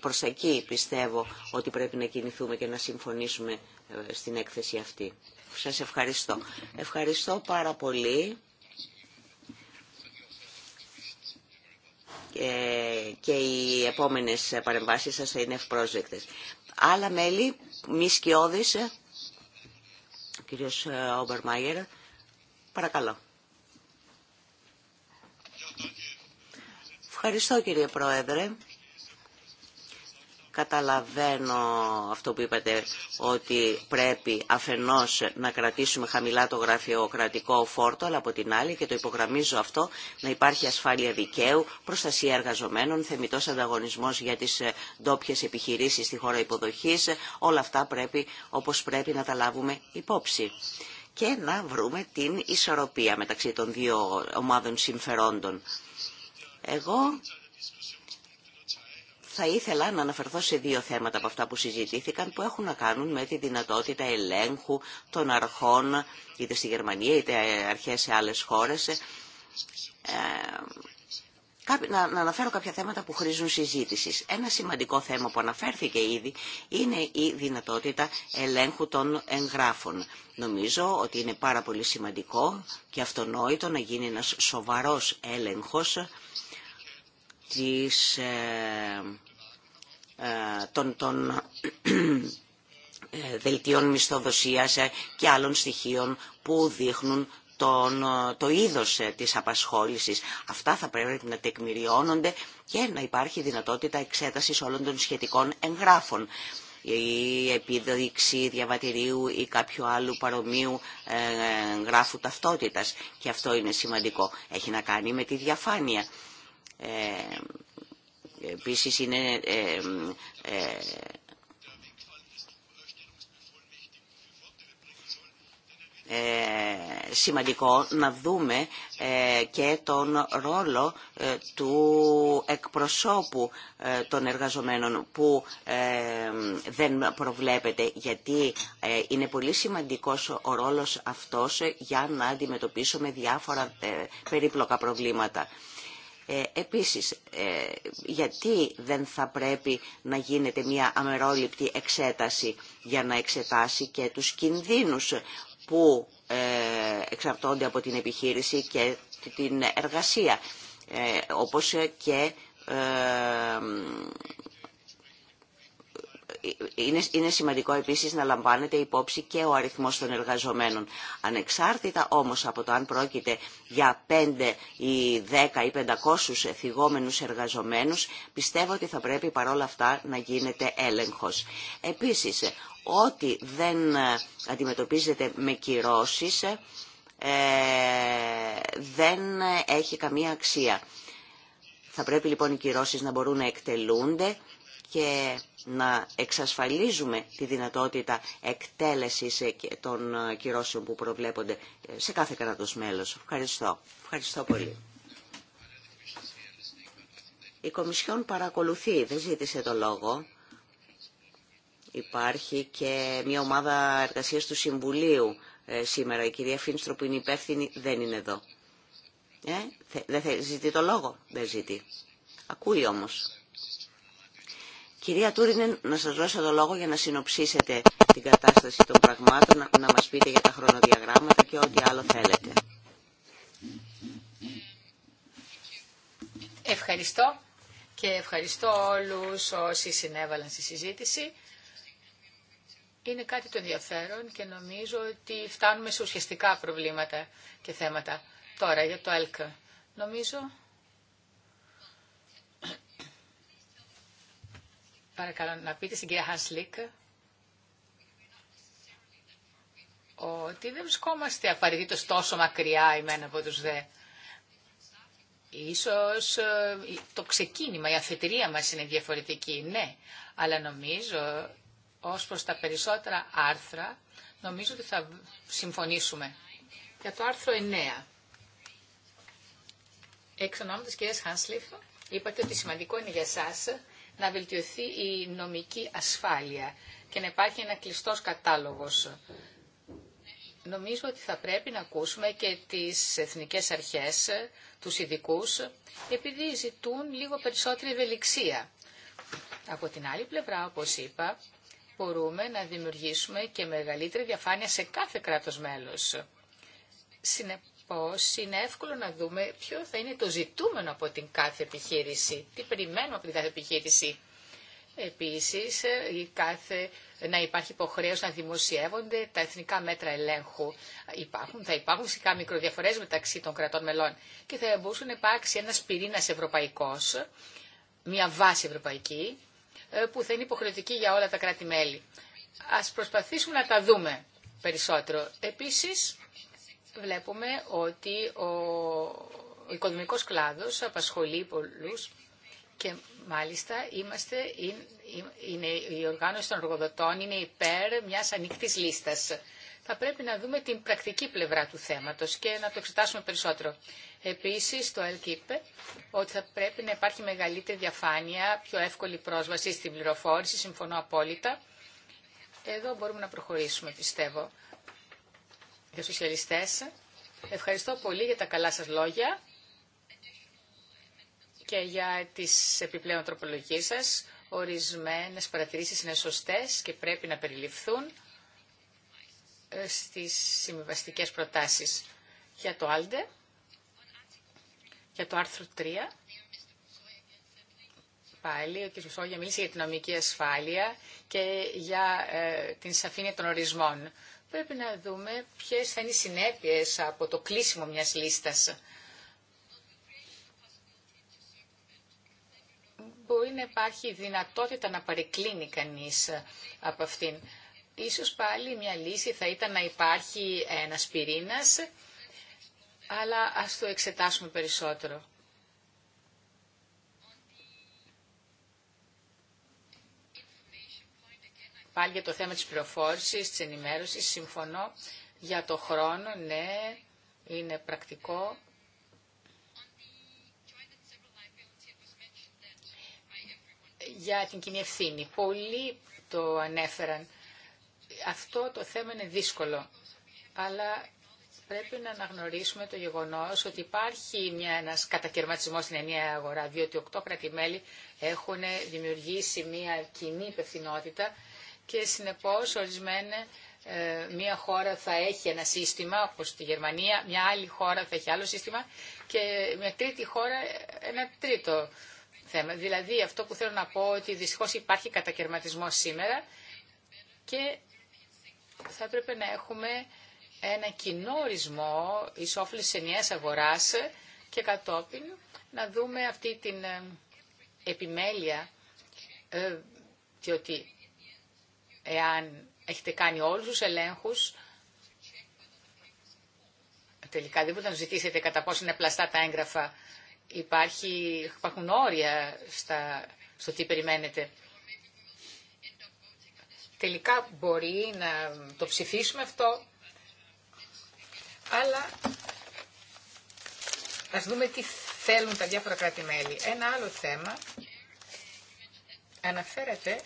προς εκεί πιστεύω ότι πρέπει να κινηθούμε και να συμφωνήσουμε στην έκθεση αυτή. Σας ευχαριστώ. Ευχαριστώ πάρα πολύ. Ε, και οι επόμενες παρεμβάσεις σας θα είναι ευπρόσδεκτες. Άλλα μέλη, μη σκιώδης, ο κύριος Ομπερμάγερ, παρακαλώ. Ευχαριστώ κύριε Πρόεδρε. Καταλαβαίνω αυτό που είπατε ότι πρέπει αφενός να κρατήσουμε χαμηλά το γραφειοκρατικό φόρτο αλλά από την άλλη και το υπογραμμίζω αυτό να υπάρχει ασφάλεια δικαίου, προστασία εργαζομένων, θεμητός ανταγωνισμός για τις ε, ντόπιε επιχειρήσεις στη χώρα υποδοχής. Όλα αυτά πρέπει όπως πρέπει να τα λάβουμε υπόψη και να βρούμε την ισορροπία μεταξύ των δύο ομάδων συμφερόντων. Εγώ θα ήθελα να αναφερθώ σε δύο θέματα από αυτά που συζητήθηκαν που έχουν να κάνουν με τη δυνατότητα ελέγχου των αρχών είτε στη Γερμανία είτε αρχές σε άλλες χώρες. Ε, να αναφέρω κάποια θέματα που χρήζουν συζήτηση. Ένα σημαντικό θέμα που αναφέρθηκε ήδη είναι η δυνατότητα ελέγχου των εγγράφων. Νομίζω ότι είναι πάρα πολύ σημαντικό και αυτονόητο να γίνει ένας σοβαρός έλεγχος της, ε, ε, των, των ε, δελτίων μισθοδοσίας και άλλων στοιχείων που δείχνουν τον, το είδος της απασχόλησης. Αυτά θα πρέπει να τεκμηριώνονται και να υπάρχει δυνατότητα εξέτασης όλων των σχετικών εγγράφων. Η επίδοξη διαβατηρίου ή κάποιου άλλου παρομοίου γράφου ταυτότητας. Και αυτό είναι σημαντικό. Έχει να κάνει με τη διαφάνεια. Ε, επίσης είναι ε, ε, σημαντικό να δούμε και τον ρόλο του εκπροσώπου των εργαζομένων που δεν προβλέπεται γιατί είναι πολύ σημαντικός ο ρόλος αυτός για να αντιμετωπίσουμε διάφορα περίπλοκα προβλήματα. Ε, επίσης, ε, γιατί δεν θα πρέπει να γίνεται μια αμερόληπτη εξέταση για να εξετάσει και τους κινδύνους που ε, εξαρτώνται από την επιχείρηση και την εργασία, ε, όπως και είναι, είναι σημαντικό επίσης να λαμβάνεται υπόψη και ο αριθμός των εργαζομένων. Ανεξάρτητα όμως από το αν πρόκειται για 5 ή 10 ή 500 θυγόμενους εργαζομένους, πιστεύω ότι θα πρέπει παρόλα αυτά να γίνεται έλεγχος. Επίσης, ό,τι δεν ε, αντιμετωπίζεται με κυρώσεις ε, δεν έχει καμία αξία. Θα πρέπει λοιπόν οι κυρώσεις να μπορούν να εκτελούνται και να εξασφαλίζουμε τη δυνατότητα εκτέλεσης των ε, κυρώσεων που προβλέπονται σε κάθε κράτος μέλος. Ευχαριστώ. Ευχαριστώ πολύ. Η Κομισιόν παρακολουθεί, δεν ζήτησε το λόγο. Υπάρχει και μια ομάδα εργασίας του Συμβουλίου ε, σήμερα. Η κυρία Φίνστρο που είναι υπεύθυνη δεν είναι εδώ. Ε, δεν ζητεί το λόγο. Δεν ζητεί. Ακούει όμως. Κυρία Τούρινεν, να σας δώσω το λόγο για να συνοψίσετε την κατάσταση των πραγμάτων, να μας πείτε για τα χρονοδιαγράμματα και ό,τι άλλο θέλετε.
Ευχαριστώ και ευχαριστώ όλους όσοι συνέβαλαν στη συζήτηση. Είναι κάτι το ενδιαφέρον και νομίζω ότι φτάνουμε σε ουσιαστικά προβλήματα και θέματα. Τώρα για το ΕΛΚ. Νομίζω Παρακαλώ να πείτε στην κυρία Χανσλίκ ότι δεν βρισκόμαστε απαραίτητο τόσο μακριά ημένα από τους δε. Ίσως ε, το ξεκίνημα, η αφετηρία μας είναι διαφορετική, ναι. Αλλά νομίζω, ως προς τα περισσότερα άρθρα, νομίζω ότι θα συμφωνήσουμε. Για το άρθρο 9. Εξ ονόματος κυρία Χάνσλιφ, είπατε ότι σημαντικό είναι για εσά να βελτιωθεί η νομική ασφάλεια και να υπάρχει ένα κλειστός κατάλογος. Νομίζω ότι θα πρέπει να ακούσουμε και τις εθνικές αρχές, τους ειδικού, επειδή ζητούν λίγο περισσότερη ευελιξία. Από την άλλη πλευρά, όπως είπα, μπορούμε να δημιουργήσουμε και μεγαλύτερη διαφάνεια σε κάθε κράτος μέλος πως είναι εύκολο να δούμε ποιο θα είναι το ζητούμενο από την κάθε επιχείρηση, τι περιμένουμε από την κάθε επιχείρηση. Επίσης, ε, η κάθε, να υπάρχει υποχρέωση να δημοσιεύονται τα εθνικά μέτρα ελέγχου. Υπάρχουν, θα υπάρχουν φυσικά μικροδιαφορές μεταξύ των κρατών μελών και θα μπορούσε να υπάρξει ένας πυρήνας ευρωπαϊκός, μια βάση ευρωπαϊκή, ε, που θα είναι υποχρεωτική για όλα τα κράτη-μέλη. Ας προσπαθήσουμε να τα δούμε περισσότερο. Επίσης, βλέπουμε ότι ο οικονομικός κλάδος απασχολεί πολλούς και μάλιστα είμαστε, είναι, η οργάνωση των εργοδοτών είναι υπέρ μιας ανοιχτής λίστας. Θα πρέπει να δούμε την πρακτική πλευρά του θέματος και να το εξετάσουμε περισσότερο. Επίσης, το ΕΛΚ ότι θα πρέπει να υπάρχει μεγαλύτερη διαφάνεια, πιο εύκολη πρόσβαση στην πληροφόρηση, συμφωνώ απόλυτα. Εδώ μπορούμε να προχωρήσουμε, πιστεύω και σοσιαλιστές. Ευχαριστώ πολύ για τα καλά σας λόγια και για τις επιπλέον τροπολογίες σας. Ορισμένες παρατηρήσεις είναι σωστές και πρέπει να περιληφθούν ε, στις συμβαστικές προτάσεις. Για το Άλντε, για το άρθρο 3, πάλι ο κ. Σόγια μίλησε για την νομική ασφάλεια και για ε, την σαφήνεια των ορισμών πρέπει να δούμε ποιες θα είναι οι συνέπειες από το κλείσιμο μιας λίστας. Μπορεί να υπάρχει δυνατότητα να παρεκκλίνει κανείς από αυτήν. Ίσως πάλι μια λύση θα ήταν να υπάρχει ένας πυρήνας, αλλά ας το εξετάσουμε περισσότερο. Πάλι για το θέμα της πληροφόρησης, της ενημέρωσης, συμφωνώ για το χρόνο, ναι, είναι πρακτικό. Για την κοινή ευθύνη. Πολλοί το ανέφεραν. Αυτό το θέμα είναι δύσκολο, αλλά πρέπει να αναγνωρίσουμε το γεγονός ότι υπάρχει μια, ένας κατακαιρματισμός στην ενιαία αγορά, διότι οκτώ μέλη έχουν δημιουργήσει μια κοινή υπευθυνότητα και συνεπώς ορισμένα ε, μία χώρα θα έχει ένα σύστημα, όπως τη Γερμανία, μια άλλη χώρα θα έχει άλλο σύστημα και μια τρίτη χώρα ένα τρίτο θέμα. Δηλαδή αυτό που θέλω να πω ότι δυστυχώς υπάρχει κατακαιρματισμός σήμερα και θα έπρεπε να έχουμε ένα κοινό ορισμό εισόφλησης ενιαίας αγοράς και κατόπιν να δούμε αυτή την ε, επιμέλεια ε, διότι εάν έχετε κάνει όλους τους ελέγχους, τελικά δεν μπορείτε να ζητήσετε κατά πόσο είναι πλαστά τα έγγραφα. Υπάρχει, υπάρχουν όρια στα, στο τι περιμένετε. Τελικά μπορεί να το ψηφίσουμε αυτό, αλλά ας δούμε τι θέλουν τα διάφορα κράτη-μέλη. Ένα άλλο θέμα αναφέρεται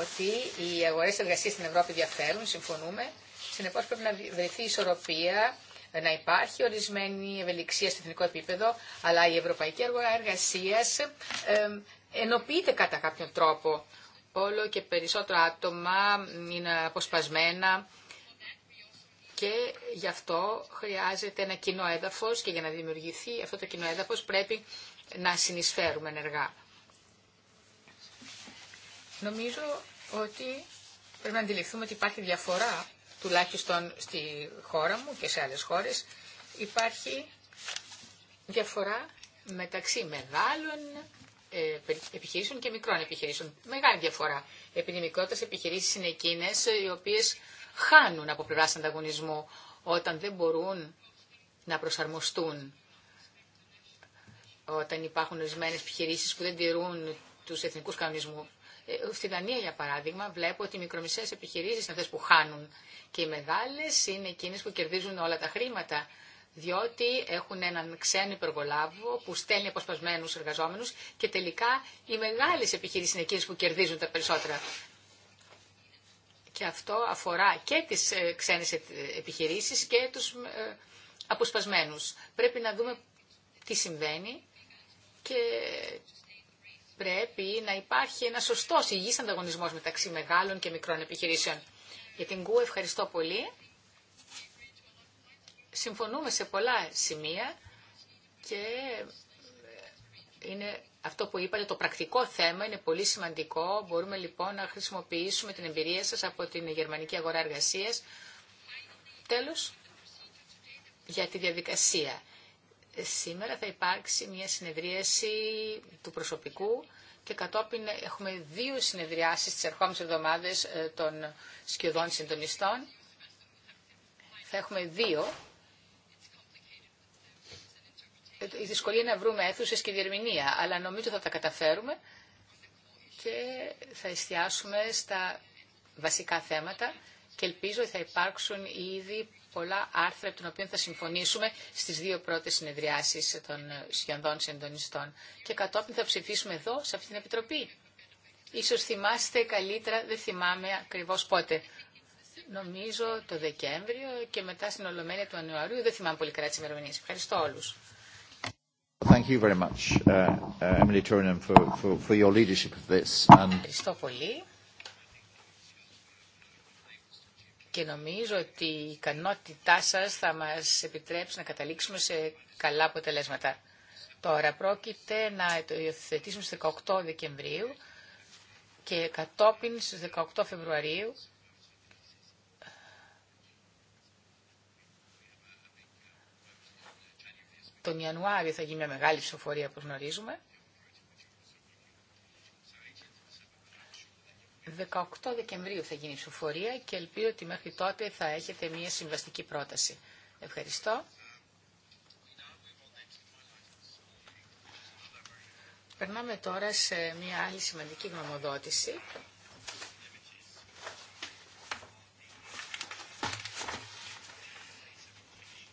ότι οι αγορέ εργασία στην Ευρώπη διαφέρουν, συμφωνούμε. Συνεπώ πρέπει να βρεθεί ισορροπία, να υπάρχει ορισμένη ευελιξία στο εθνικό επίπεδο, αλλά η ευρωπαϊκή αγορά εργασία ενοποιείται κατά κάποιον τρόπο. Όλο και περισσότερα άτομα είναι αποσπασμένα και γι' αυτό χρειάζεται ένα κοινό έδαφος και για να δημιουργηθεί αυτό το κοινό έδαφος πρέπει να συνεισφέρουμε ενεργά. Νομίζω ότι πρέπει να αντιληφθούμε ότι υπάρχει διαφορά, τουλάχιστον στη χώρα μου και σε άλλες χώρες, υπάρχει διαφορά μεταξύ μεγάλων ε, επιχειρήσεων και μικρών επιχειρήσεων. Μεγάλη διαφορά. Επειδή οι μικρότερες επιχειρήσεις είναι εκείνες ε, οι οποίες χάνουν από πλευράς ανταγωνισμού όταν δεν μπορούν να προσαρμοστούν. Όταν υπάρχουν ορισμένε επιχειρήσεις που δεν τηρούν τους εθνικούς κανονισμούς ε, Στη Δανία, για παράδειγμα, βλέπω ότι οι μικρομεσαίες επιχειρήσεις είναι αυτές που χάνουν και οι μεγάλες είναι εκείνες που κερδίζουν όλα τα χρήματα διότι έχουν έναν ξένο υπεργολάβο που στέλνει αποσπασμένου εργαζόμενου και τελικά οι μεγάλε επιχειρήσει είναι εκείνε που κερδίζουν τα περισσότερα. Και αυτό αφορά και τι ε, ξένε επιχειρήσει και του ε, αποσπασμένου. Πρέπει να δούμε τι συμβαίνει και πρέπει να υπάρχει ένα σωστό υγιή ανταγωνισμό μεταξύ μεγάλων και μικρών επιχειρήσεων. Για την ΚΟΥ ευχαριστώ πολύ. Συμφωνούμε σε πολλά σημεία και είναι αυτό που είπατε, το πρακτικό θέμα είναι πολύ σημαντικό. Μπορούμε λοιπόν να χρησιμοποιήσουμε την εμπειρία σας από την γερμανική αγορά εργασίας. Τέλος, για τη διαδικασία. Σήμερα θα υπάρξει μια συνεδρίαση του προσωπικού και κατόπιν έχουμε δύο συνεδριάσεις τις ερχόμενες εβδομάδες ε, των σκιωδών συντονιστών. Θα έχουμε δύο. Ε, η δυσκολία είναι να βρούμε αίθουσες και διερμηνία, αλλά νομίζω θα τα καταφέρουμε και θα εστιάσουμε στα βασικά θέματα και ελπίζω ότι θα υπάρξουν ήδη πολλά άρθρα από την οποία θα συμφωνήσουμε στις δύο πρώτες συνεδριάσεις των σχεδόν συντονιστών και κατόπιν θα ψηφίσουμε εδώ σε αυτή την Επιτροπή. Ίσως θυμάστε καλύτερα, δεν θυμάμαι ακριβώς πότε. Νομίζω το Δεκέμβριο και μετά στην Ολομέλεια του Ιανουαρίου. Δεν θυμάμαι πολύ καλά τις ημερομηνίες. Ευχαριστώ
όλους. Ευχαριστώ
πολύ. και νομίζω ότι η ικανότητά σας θα μας επιτρέψει να καταλήξουμε σε καλά αποτελέσματα. Τώρα πρόκειται να το υιοθετήσουμε στις 18 Δεκεμβρίου και κατόπιν στις 18 Φεβρουαρίου τον Ιανουάριο θα γίνει μια μεγάλη ψηφοφορία που γνωρίζουμε 18 Δεκεμβρίου θα γίνει η ψηφοφορία και ελπίζω ότι μέχρι τότε θα έχετε μια συμβαστική πρόταση. Ευχαριστώ. Περνάμε τώρα σε μια άλλη σημαντική γνωμοδότηση.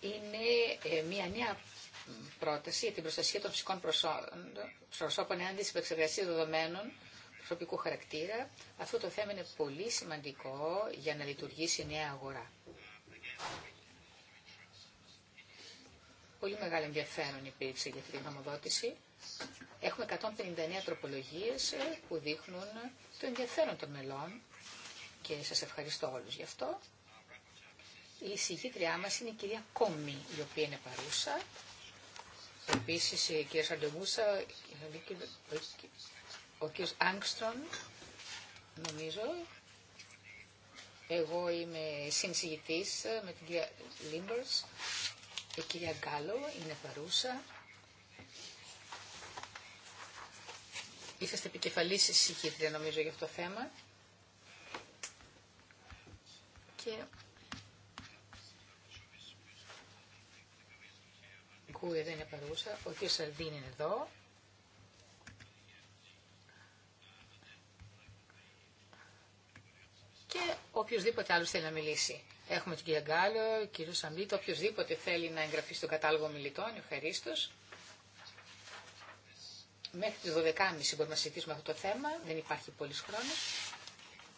Είναι ε, μια νέα πρόταση για την προστασία των φυσικών προσώπων ενάντια της επεξεργασία δεδομένων προσωπικού χαρακτήρα. Αυτό το θέμα είναι πολύ σημαντικό για να λειτουργήσει η νέα αγορά. Πολύ μεγάλο ενδιαφέρον υπήρξε για αυτή τη γνωμοδότηση. Έχουμε 159 τροπολογίες ε, που δείχνουν το ενδιαφέρον των μελών και σας ευχαριστώ όλους γι' αυτό. Η συγγήτριά μας είναι η κυρία Κόμη, η οποία είναι παρούσα. Επίσης, η κυρία Σαντεμούσα, ο κ. Άγκστρον, νομίζω, εγώ είμαι συνσηγητής ε, με την κυρία Λίμπερς, η κυρία Γκάλο είναι παρούσα. Είσαστε επικεφαλής συσυχήτρια, νομίζω για αυτό το θέμα. Και... δεν είναι παρούσα, ο κ. Σαρδίν είναι εδώ. και οποιοδήποτε άλλο θέλει να μιλήσει. Έχουμε τον κύριο Γκάλο, κύριο Σαμπίτ, οποιοδήποτε θέλει να εγγραφεί στον κατάλογο μιλητών, ευχαρίστω. Μέχρι τι 12.30 μπορούμε να συζητήσουμε αυτό το θέμα, δεν υπάρχει πολύ χρόνο.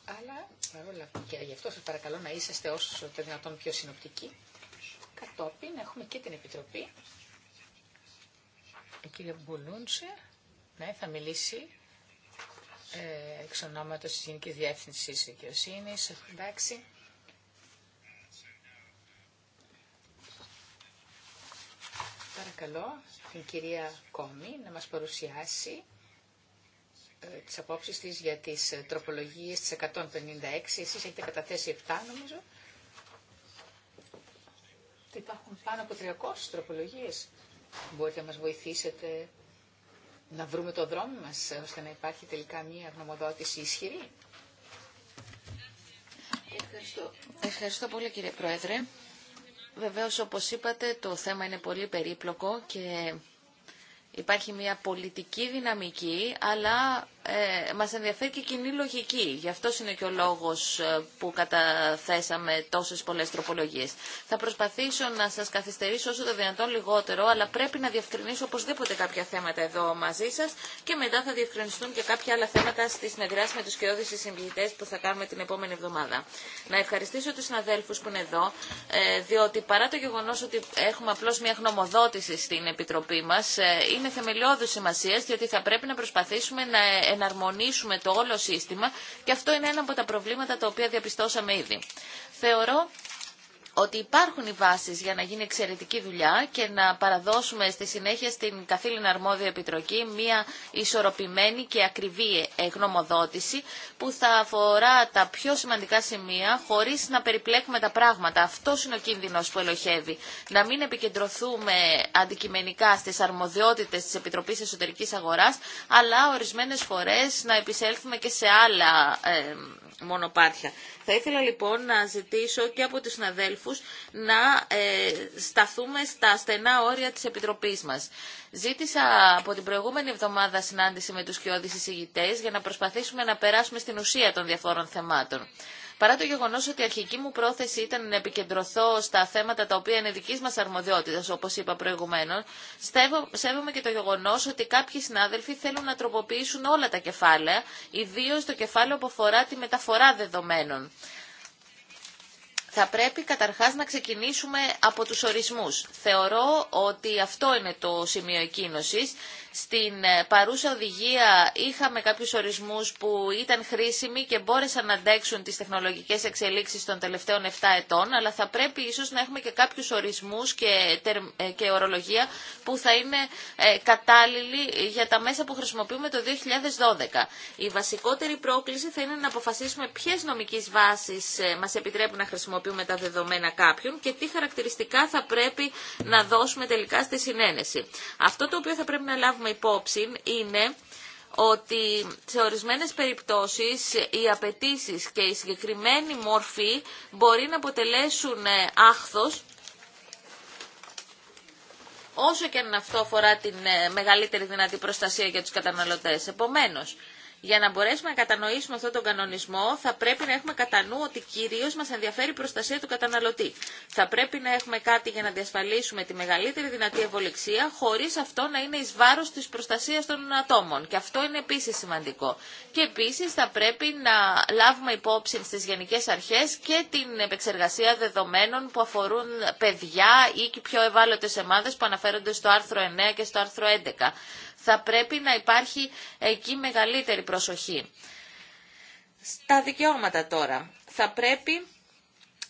Αλλά παρόλα και γι' αυτό σα παρακαλώ να είσαστε όσο το δυνατόν πιο συνοπτικοί. Κατόπιν έχουμε και την Επιτροπή. Η κυρία Μπουλούντσε ναι, θα μιλήσει ε, εξ ονόματος της Γενικής Διεύθυνσης Δικαιοσύνης. Εντάξει. Παρακαλώ την κυρία Κόμη να μας παρουσιάσει ε, τις απόψεις της για τις ε, τροπολογίες της 156. Εσείς έχετε καταθέσει 7 νομίζω. Υπάρχουν πάνω από 300 τροπολογίες. Μπορείτε να μας βοηθήσετε να βρούμε το δρόμο μας ώστε να υπάρχει
τελικά μία γνωμοδότηση ισχυρή. Ευχαριστώ. Ευχαριστώ πολύ κύριε Πρόεδρε. Βεβαίως όπως είπατε το θέμα είναι πολύ περίπλοκο και Υπάρχει μια πολιτική δυναμική, αλλά ε, μας ενδιαφέρει και κοινή λογική. Γι' αυτό είναι και ο λόγος ε, που καταθέσαμε τόσες πολλές τροπολογίες. Θα προσπαθήσω να σας καθυστερήσω όσο το δυνατόν λιγότερο, αλλά πρέπει να διευκρινίσω οπωσδήποτε κάποια θέματα εδώ μαζί σας και μετά θα διευκρινιστούν και κάποια άλλα θέματα στη συνεδράση με τους κοιόδης συμπληκτές που θα κάνουμε την επόμενη εβδομάδα. Να ευχαριστήσω τους συναδέλφους που είναι εδώ, ε, διότι παρά το γεγονός ότι έχουμε απλώς μια γνωμοδότηση στην Επιτροπή μας, ε, είναι θεμελιώδους σημασία, διότι θα πρέπει να προσπαθήσουμε να εναρμονίσουμε το όλο σύστημα και αυτό είναι ένα από τα προβλήματα τα οποία διαπιστώσαμε ήδη. Θεωρώ ότι υπάρχουν οι βάσεις για να γίνει εξαιρετική δουλειά και να παραδώσουμε στη συνέχεια στην καθήλυνα αρμόδια επιτροπή μια ισορροπημένη και ακριβή γνωμοδότηση που θα αφορά τα πιο σημαντικά σημεία χωρίς να περιπλέκουμε τα πράγματα. Αυτό είναι ο κίνδυνος που ελοχεύει. Να μην επικεντρωθούμε αντικειμενικά στις αρμοδιότητες της Επιτροπής Εσωτερικής Αγοράς, αλλά ορισμένες φορές να επισέλθουμε και σε άλλα ε, μονοπάτια. Θα ήθελα λοιπόν να ζητήσω και από τους συναδέλφους να ε, σταθούμε στα στενά όρια της Επιτροπής μας. Ζήτησα από την προηγούμενη εβδομάδα συνάντηση με τους κοιόδης εισηγητές για να προσπαθήσουμε να περάσουμε στην ουσία των διαφόρων θεμάτων παρά το γεγονό ότι η αρχική μου πρόθεση ήταν να επικεντρωθώ στα θέματα τα οποία είναι δική μα αρμοδιότητα, όπω είπα προηγουμένω, σέβομαι και το γεγονό ότι κάποιοι συνάδελφοι θέλουν να τροποποιήσουν όλα τα κεφάλαια, ιδίω το κεφάλαιο που αφορά τη μεταφορά δεδομένων. Θα πρέπει καταρχάς να ξεκινήσουμε από τους ορισμούς. Θεωρώ ότι αυτό είναι το σημείο εκκίνωσης στην ε, παρούσα οδηγία είχαμε κάποιους ορισμούς που ήταν χρήσιμοι και μπόρεσαν να αντέξουν τις τεχνολογικές εξελίξεις των τελευταίων 7 ετών, αλλά θα πρέπει ίσως να έχουμε και κάποιους ορισμούς και, ε, και ορολογία που θα είναι ε, κατάλληλοι για τα μέσα που χρησιμοποιούμε το 2012. Η βασικότερη πρόκληση θα είναι να αποφασίσουμε ποιες νομικές βάσεις μας επιτρέπουν να χρησιμοποιούμε τα δεδομένα κάποιων και τι χαρακτηριστικά θα πρέπει να δώσουμε τελικά στη συνένεση. Αυτό το οποίο θα πρέπει να λάβουμε λάβουμε υπόψη είναι ότι σε ορισμένες περιπτώσεις οι απαιτήσει και η συγκεκριμένη μορφή μπορεί να αποτελέσουν ε, άχθος όσο και αν αυτό αφορά την ε, μεγαλύτερη δυνατή προστασία για τους καταναλωτές. Επομένως, για να μπορέσουμε να κατανοήσουμε αυτόν τον κανονισμό, θα πρέπει να έχουμε κατά νου ότι κυρίω μα ενδιαφέρει η προστασία του καταναλωτή. Θα πρέπει να έχουμε κάτι για να διασφαλίσουμε τη μεγαλύτερη δυνατή ευολεξία, χωρί αυτό να είναι ει βάρο τη προστασία των ατόμων. Και αυτό είναι επίση σημαντικό. Και επίση θα πρέπει να λάβουμε υπόψη στι γενικέ αρχέ και την επεξεργασία δεδομένων που αφορούν παιδιά ή και πιο ευάλωτε ομάδε που αναφέρονται στο άρθρο 9 και στο άρθρο 11 θα πρέπει να υπάρχει εκεί μεγαλύτερη προσοχή. Στα δικαιώματα τώρα. Θα πρέπει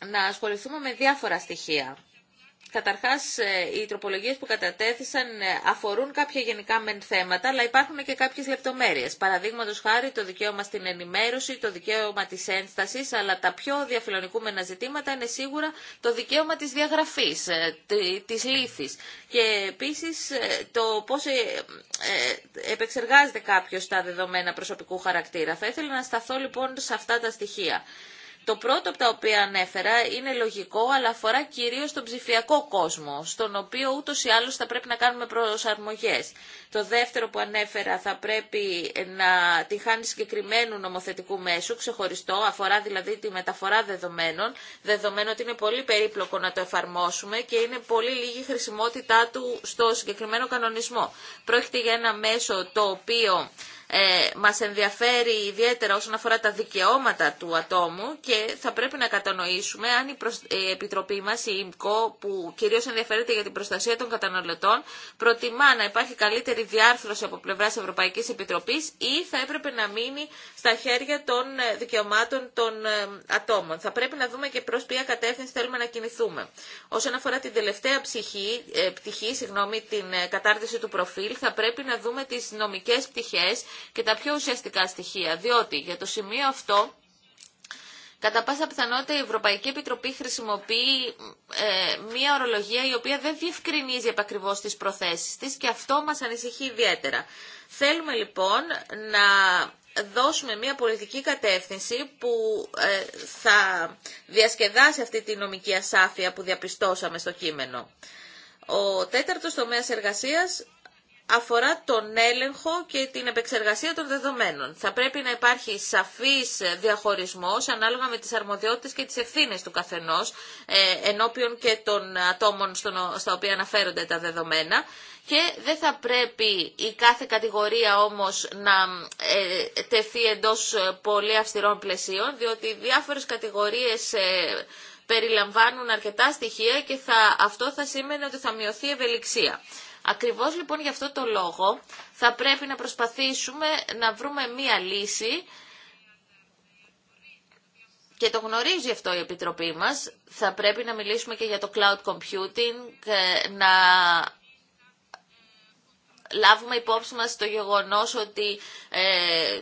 να ασχοληθούμε με διάφορα στοιχεία. Καταρχάς, ε, οι τροπολογίες που κατατέθησαν ε, αφορούν κάποια γενικά μεν θέματα, αλλά υπάρχουν και κάποιες λεπτομέρειες. Παραδείγματος χάρη το δικαίωμα στην ενημέρωση, το δικαίωμα της ένστασης, αλλά τα πιο διαφιλονικούμενα ζητήματα είναι σίγουρα το δικαίωμα της διαγραφής, ε, της λήθης. Και επίσης το πώς επεξεργάζεται κάποιος τα δεδομένα προσωπικού χαρακτήρα. Θα ήθελα να σταθώ λοιπόν σε αυτά τα στοιχεία. Το πρώτο από τα οποία ανέφερα είναι λογικό, αλλά αφορά κυρίως τον ψηφιακό κόσμο, στον οποίο ούτως ή άλλως θα πρέπει να κάνουμε προσαρμογές. Το δεύτερο που ανέφερα θα πρέπει να τη χάνει συγκεκριμένου νομοθετικού μέσου, ξεχωριστό, αφορά δηλαδή τη μεταφορά δεδομένων, δεδομένου ότι είναι πολύ περίπλοκο να το εφαρμόσουμε και είναι πολύ λίγη χρησιμότητά του στο συγκεκριμένο κανονισμό. Πρόκειται για ένα μέσο το οποίο ε, μας ενδιαφέρει ιδιαίτερα όσον αφορά τα δικαιώματα του ατόμου και θα πρέπει να κατανοήσουμε αν η Επιτροπή μα, η ΙΜΚΟ, που κυρίω ενδιαφέρεται για την προστασία των καταναλωτών, προτιμά να υπάρχει καλύτερη διάρθρωση από πλευρά Ευρωπαϊκή Επιτροπής ή θα έπρεπε να μείνει στα χέρια των ε, δικαιωμάτων των ε, ατόμων. Θα πρέπει να δούμε και προ ποια κατεύθυνση θέλουμε να κινηθούμε. Όσον αφορά την τελευταία ψυχή, ε, πτυχή, συγγνώμη, την κατάρτιση του προφίλ, θα πρέπει να δούμε τι νομικέ πτυχέ και τα πιο ουσιαστικά στοιχεία, διότι για το σημείο αυτό Κατά πάσα πιθανότητα η Ευρωπαϊκή Επιτροπή χρησιμοποιεί ε, μία ορολογία η οποία δεν διευκρινίζει επακριβώς τις προθέσεις της και αυτό μας ανησυχεί ιδιαίτερα. Θέλουμε λοιπόν να δώσουμε μια πολιτική κατεύθυνση που ε, θα διασκεδάσει αυτή τη νομική ασάφεια που διαπιστώσαμε στο κείμενο. Ο τέταρτος τομέας εργασίας αφορά τον έλεγχο και την επεξεργασία των δεδομένων. Θα πρέπει να υπάρχει σαφής διαχωρισμός ανάλογα με τις αρμοδιότητες και τις ευθύνες του καθενός ε, ενώπιον και των ατόμων στα οποία αναφέρονται τα δεδομένα και δεν θα πρέπει η κάθε κατηγορία όμως να ε, τεθεί εντός ε, πολύ αυστηρών πλαισίων διότι διάφορες κατηγορίες περιλαμβάνουν αρκετά στοιχεία και θα, αυτό θα σημαίνει ότι θα μειωθεί ευελιξία. Ακριβώς λοιπόν για αυτό το λόγο θα πρέπει να προσπαθήσουμε να βρούμε μία λύση και το γνωρίζει αυτό η Επιτροπή μας. Θα πρέπει να μιλήσουμε και για το cloud computing, ε, να λάβουμε υπόψη μας το γεγονός ότι ε,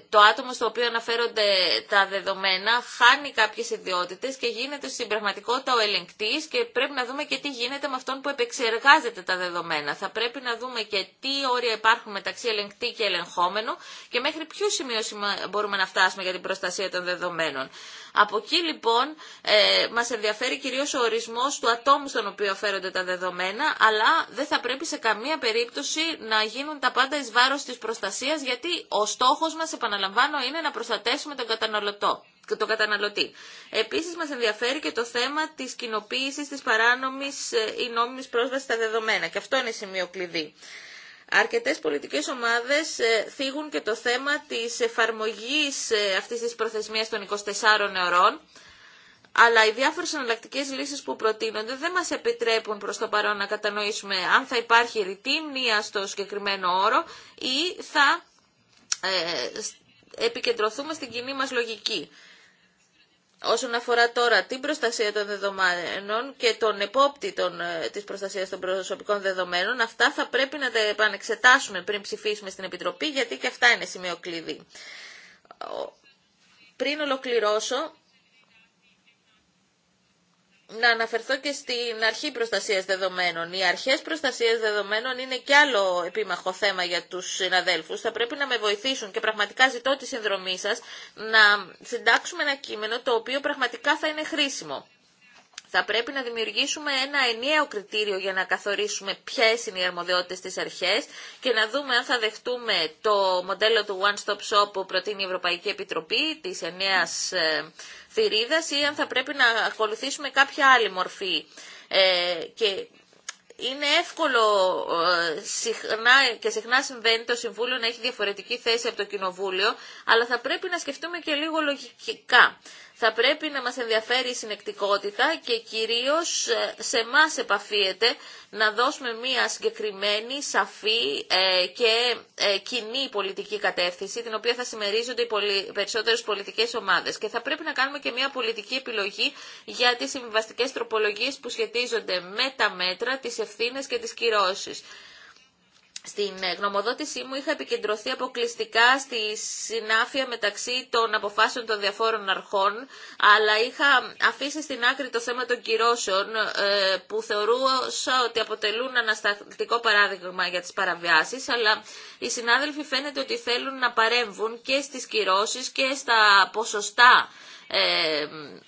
το άτομο στο οποίο αναφέρονται τα δεδομένα χάνει κάποιες ιδιότητες και γίνεται στην πραγματικότητα ο ελεγκτής και πρέπει να δούμε και τι γίνεται με αυτόν που επεξεργάζεται τα δεδομένα. Θα πρέπει να δούμε και τι όρια υπάρχουν μεταξύ ελεγκτή και ελεγχόμενου και μέχρι ποιο σημείο μπορούμε να φτάσουμε για την προστασία των δεδομένων. Από εκεί λοιπόν ε, μας ενδιαφέρει κυρίως ο ορισμός του ατόμου στον οποίο φέρονται τα δεδομένα, αλλά δεν θα πρέπει σε καμία περίπτωση να γίνουν τα πάντα εις βάρος της προστασίας, γιατί ο στόχος μας, επαναλαμβάνω, είναι να προστατεύσουμε τον καταναλωτό τον καταναλωτή. Επίσης μας ενδιαφέρει και το θέμα της κοινοποίησης της παράνομης ε, ή νόμιμης πρόσβασης στα δεδομένα και αυτό είναι σημείο κλειδί. Αρκετές πολιτικές ομάδες ε, θίγουν και το θέμα της εφαρμογής ε, αυτής της προθεσμίας των 24 ωρών, αλλά οι διάφορες εναλλακτικές λύσεις που προτείνονται δεν μας επιτρέπουν προς το παρόν να κατανοήσουμε αν θα υπάρχει ρητή μνήα στο συγκεκριμένο όρο ή θα ε, επικεντρωθούμε στην κοινή μας λογική. Όσον αφορά τώρα την προστασία των δεδομένων και τον επόπτη ε, της προστασίας των προσωπικών δεδομένων, αυτά θα πρέπει να τα επανεξετάσουμε πριν ψηφίσουμε στην Επιτροπή, γιατί και αυτά είναι σημείο κλειδί. Πριν ολοκληρώσω, να αναφερθώ και στην αρχή προστασίας δεδομένων. Οι αρχές προστασίας δεδομένων είναι κι άλλο επίμαχο θέμα για τους συναδέλφους. Θα πρέπει να με βοηθήσουν και πραγματικά ζητώ τη συνδρομή σας να συντάξουμε ένα κείμενο το οποίο πραγματικά θα είναι χρήσιμο. Θα πρέπει να δημιουργήσουμε ένα ενιαίο κριτήριο για να καθορίσουμε ποιε είναι οι αρμοδιότητε τη αρχέ και να δούμε αν θα δεχτούμε το μοντέλο του One Stop Shop που προτείνει η Ευρωπαϊκή Επιτροπή, τη ενιαία ε, θηρίδας ή αν θα πρέπει να ακολουθήσουμε κάποια άλλη μορφή. Ε, και είναι εύκολο ε, συχνά και συχνά συμβαίνει το Συμβούλιο να έχει διαφορετική θέση από το Κοινοβούλιο, αλλά θα πρέπει να σκεφτούμε και λίγο λογικά. Θα πρέπει να μας ενδιαφέρει η συνεκτικότητα και κυρίως ε, σε εμά επαφίεται να δώσουμε μία συγκεκριμένη, σαφή ε, και ε, κοινή πολιτική κατεύθυνση, την οποία θα συμμερίζονται οι περισσότερες πολιτικές ομάδες. Και θα πρέπει να κάνουμε και μία πολιτική επιλογή για τις συμβιβαστικές τροπολογίες που σχετίζονται με τα μέτρα, τις ευθύνες και τις κυρώσεις στην ε, γνωμοδότησή μου είχα επικεντρωθεί αποκλειστικά στη συνάφεια μεταξύ των αποφάσεων των διαφόρων αρχών, αλλά είχα αφήσει στην άκρη το θέμα των κυρώσεων, ε, που θεωρούσα ότι αποτελούν αναστατικό παράδειγμα για τις παραβιάσεις, αλλά οι συνάδελφοι φαίνεται ότι θέλουν να παρέμβουν και στις κυρώσεις και στα ποσοστά ε,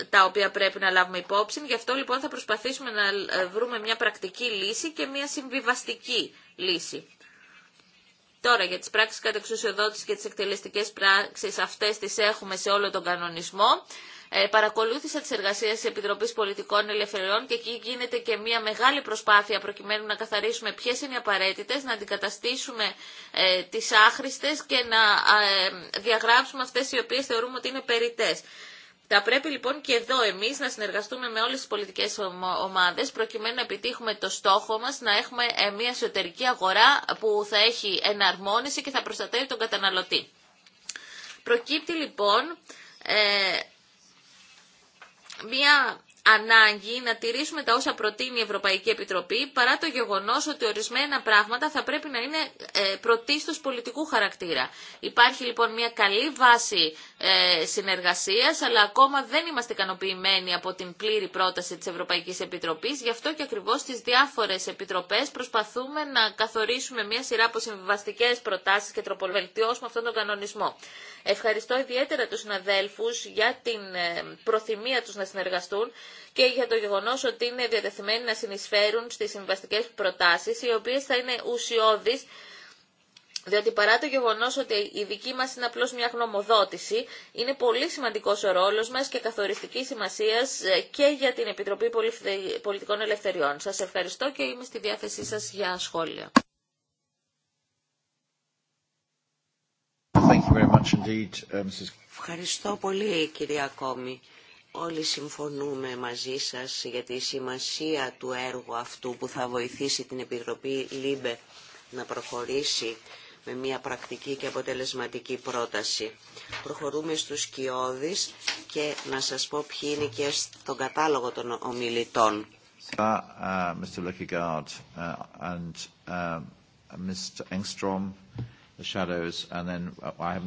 τα οποία πρέπει να λάβουμε υπόψη. Γι' αυτό λοιπόν θα προσπαθήσουμε να βρούμε μια πρακτική λύση και μια συμβιβαστική λύση. Τώρα για τις πράξεις κατεξουσιοδότηση και τις εκτελεστικές πράξεις αυτές τις έχουμε σε όλο τον κανονισμό. Ε, παρακολούθησα τις εργασίες της Επιτροπής Πολιτικών Ελευθεριών και εκεί γίνεται και μια μεγάλη προσπάθεια προκειμένου να καθαρίσουμε ποιες είναι οι απαραίτητες, να αντικαταστήσουμε ε, τις άχρηστες και να ε, διαγράψουμε αυτές οι οποίες θεωρούμε ότι είναι περιτές. Θα πρέπει λοιπόν και εδώ εμείς να συνεργαστούμε με όλες τις πολιτικές ομάδες προκειμένου να επιτύχουμε το στόχο μας να έχουμε ε, μια εσωτερική αγορά που θα έχει εναρμόνιση και θα προστατεύει τον καταναλωτή. Προκύπτει λοιπόν ε, μια ανάγκη να τηρήσουμε τα όσα προτείνει η Ευρωπαϊκή Επιτροπή παρά το γεγονός ότι ορισμένα πράγματα θα πρέπει να είναι ε, πρωτίστως πολιτικού χαρακτήρα. Υπάρχει λοιπόν μια καλή βάση ε, συνεργασίας αλλά ακόμα δεν είμαστε ικανοποιημένοι από την πλήρη πρόταση της Ευρωπαϊκής Επιτροπής γι' αυτό και ακριβώς στις διάφορες επιτροπές προσπαθούμε να καθορίσουμε μια σειρά από συμβιβαστικές προτάσεις και τροποβελτιώσουμε αυτόν τον κανονισμό. Ευχαριστώ ιδιαίτερα τους συναδέλφους για την ε, προθυμία τους να συνεργαστούν και για το γεγονός ότι είναι διατεθειμένοι να συνεισφέρουν στις συμβαστικές προτάσεις, οι οποίες θα είναι ουσιώδεις διότι παρά το γεγονό ότι η δική μα είναι απλώ μια γνωμοδότηση, είναι πολύ σημαντικό ο ρόλο μα και καθοριστική σημασία ε, και για την Επιτροπή Πολιτικών Ελευθεριών. Σα ευχαριστώ και είμαι στη διάθεσή σα για σχόλια.
Uh,
Ευχαριστώ πολύ κυρία Κόμη. Όλοι συμφωνούμε μαζί σας για τη σημασία του έργου αυτού που θα βοηθήσει την Επιτροπή ΛΥΜΠΕ να προχωρήσει με μια πρακτική και αποτελεσματική πρόταση. Προχωρούμε στους κοιόδης και να σας πω ποιοι είναι και στον κατάλογο των ομιλητών.
Uh,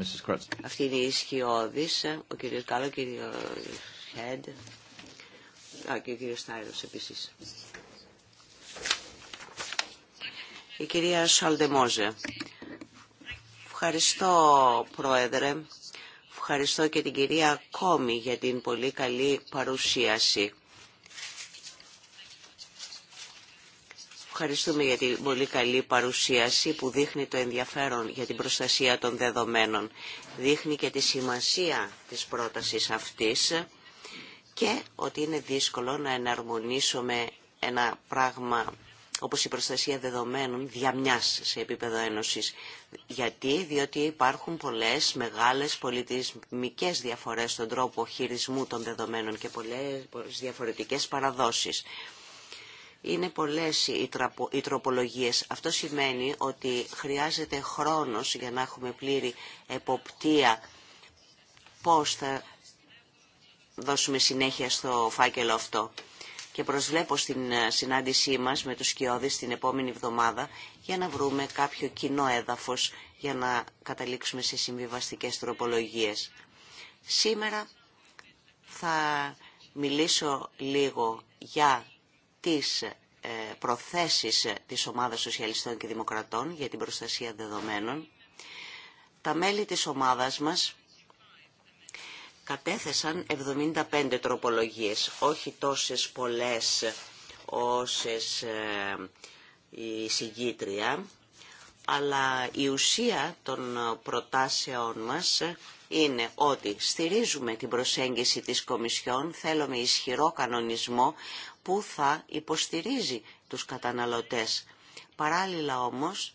Αυτή είναι η ισχυώδης, ε, ο κύριος Κάλλο, ο κύριος Χέντ, και ο κύριος Στάιλος επίσης. Η κυρία Σαλδεμόζε. Ευχαριστώ, Πρόεδρε. Ευχαριστώ και την κυρία Κόμη για την πολύ καλή παρουσίαση. Ευχαριστούμε για την πολύ καλή παρουσίαση που δείχνει το ενδιαφέρον για την προστασία των δεδομένων. Δείχνει και τη σημασία της πρότασης αυτής και ότι είναι δύσκολο να εναρμονίσουμε ένα πράγμα όπως η προστασία δεδομένων διαμιάς σε επίπεδο ένωσης. Γιατί, διότι υπάρχουν πολλές μεγάλες πολιτισμικές διαφορές στον τρόπο χειρισμού των δεδομένων και πολλές διαφορετικές παραδόσεις. Είναι πολλές οι τροπολογίες. Αυτό σημαίνει ότι χρειάζεται χρόνος για να έχουμε πλήρη εποπτεία πώς θα δώσουμε συνέχεια στο φάκελο αυτό. Και προσβλέπω στην ε, συνάντησή μας με τους Σκιώδης την επόμενη εβδομάδα για να βρούμε κάποιο κοινό έδαφος για να καταλήξουμε σε συμβιβαστικές τροπολογίες. Σήμερα θα μιλήσω λίγο για τις ε, προθέσεις της Ομάδας Σοσιαλιστών και Δημοκρατών για την προστασία δεδομένων, τα μέλη της ομάδας μας κατέθεσαν 75 τροπολογίες, όχι τόσες πολλές όσες ε, η συγκήτρια, αλλά η ουσία των προτάσεων μας είναι ότι στηρίζουμε την προσέγγιση της Κομισιόν, θέλουμε ισχυρό κανονισμό που θα υποστηρίζει τους καταναλωτές. Παράλληλα όμως,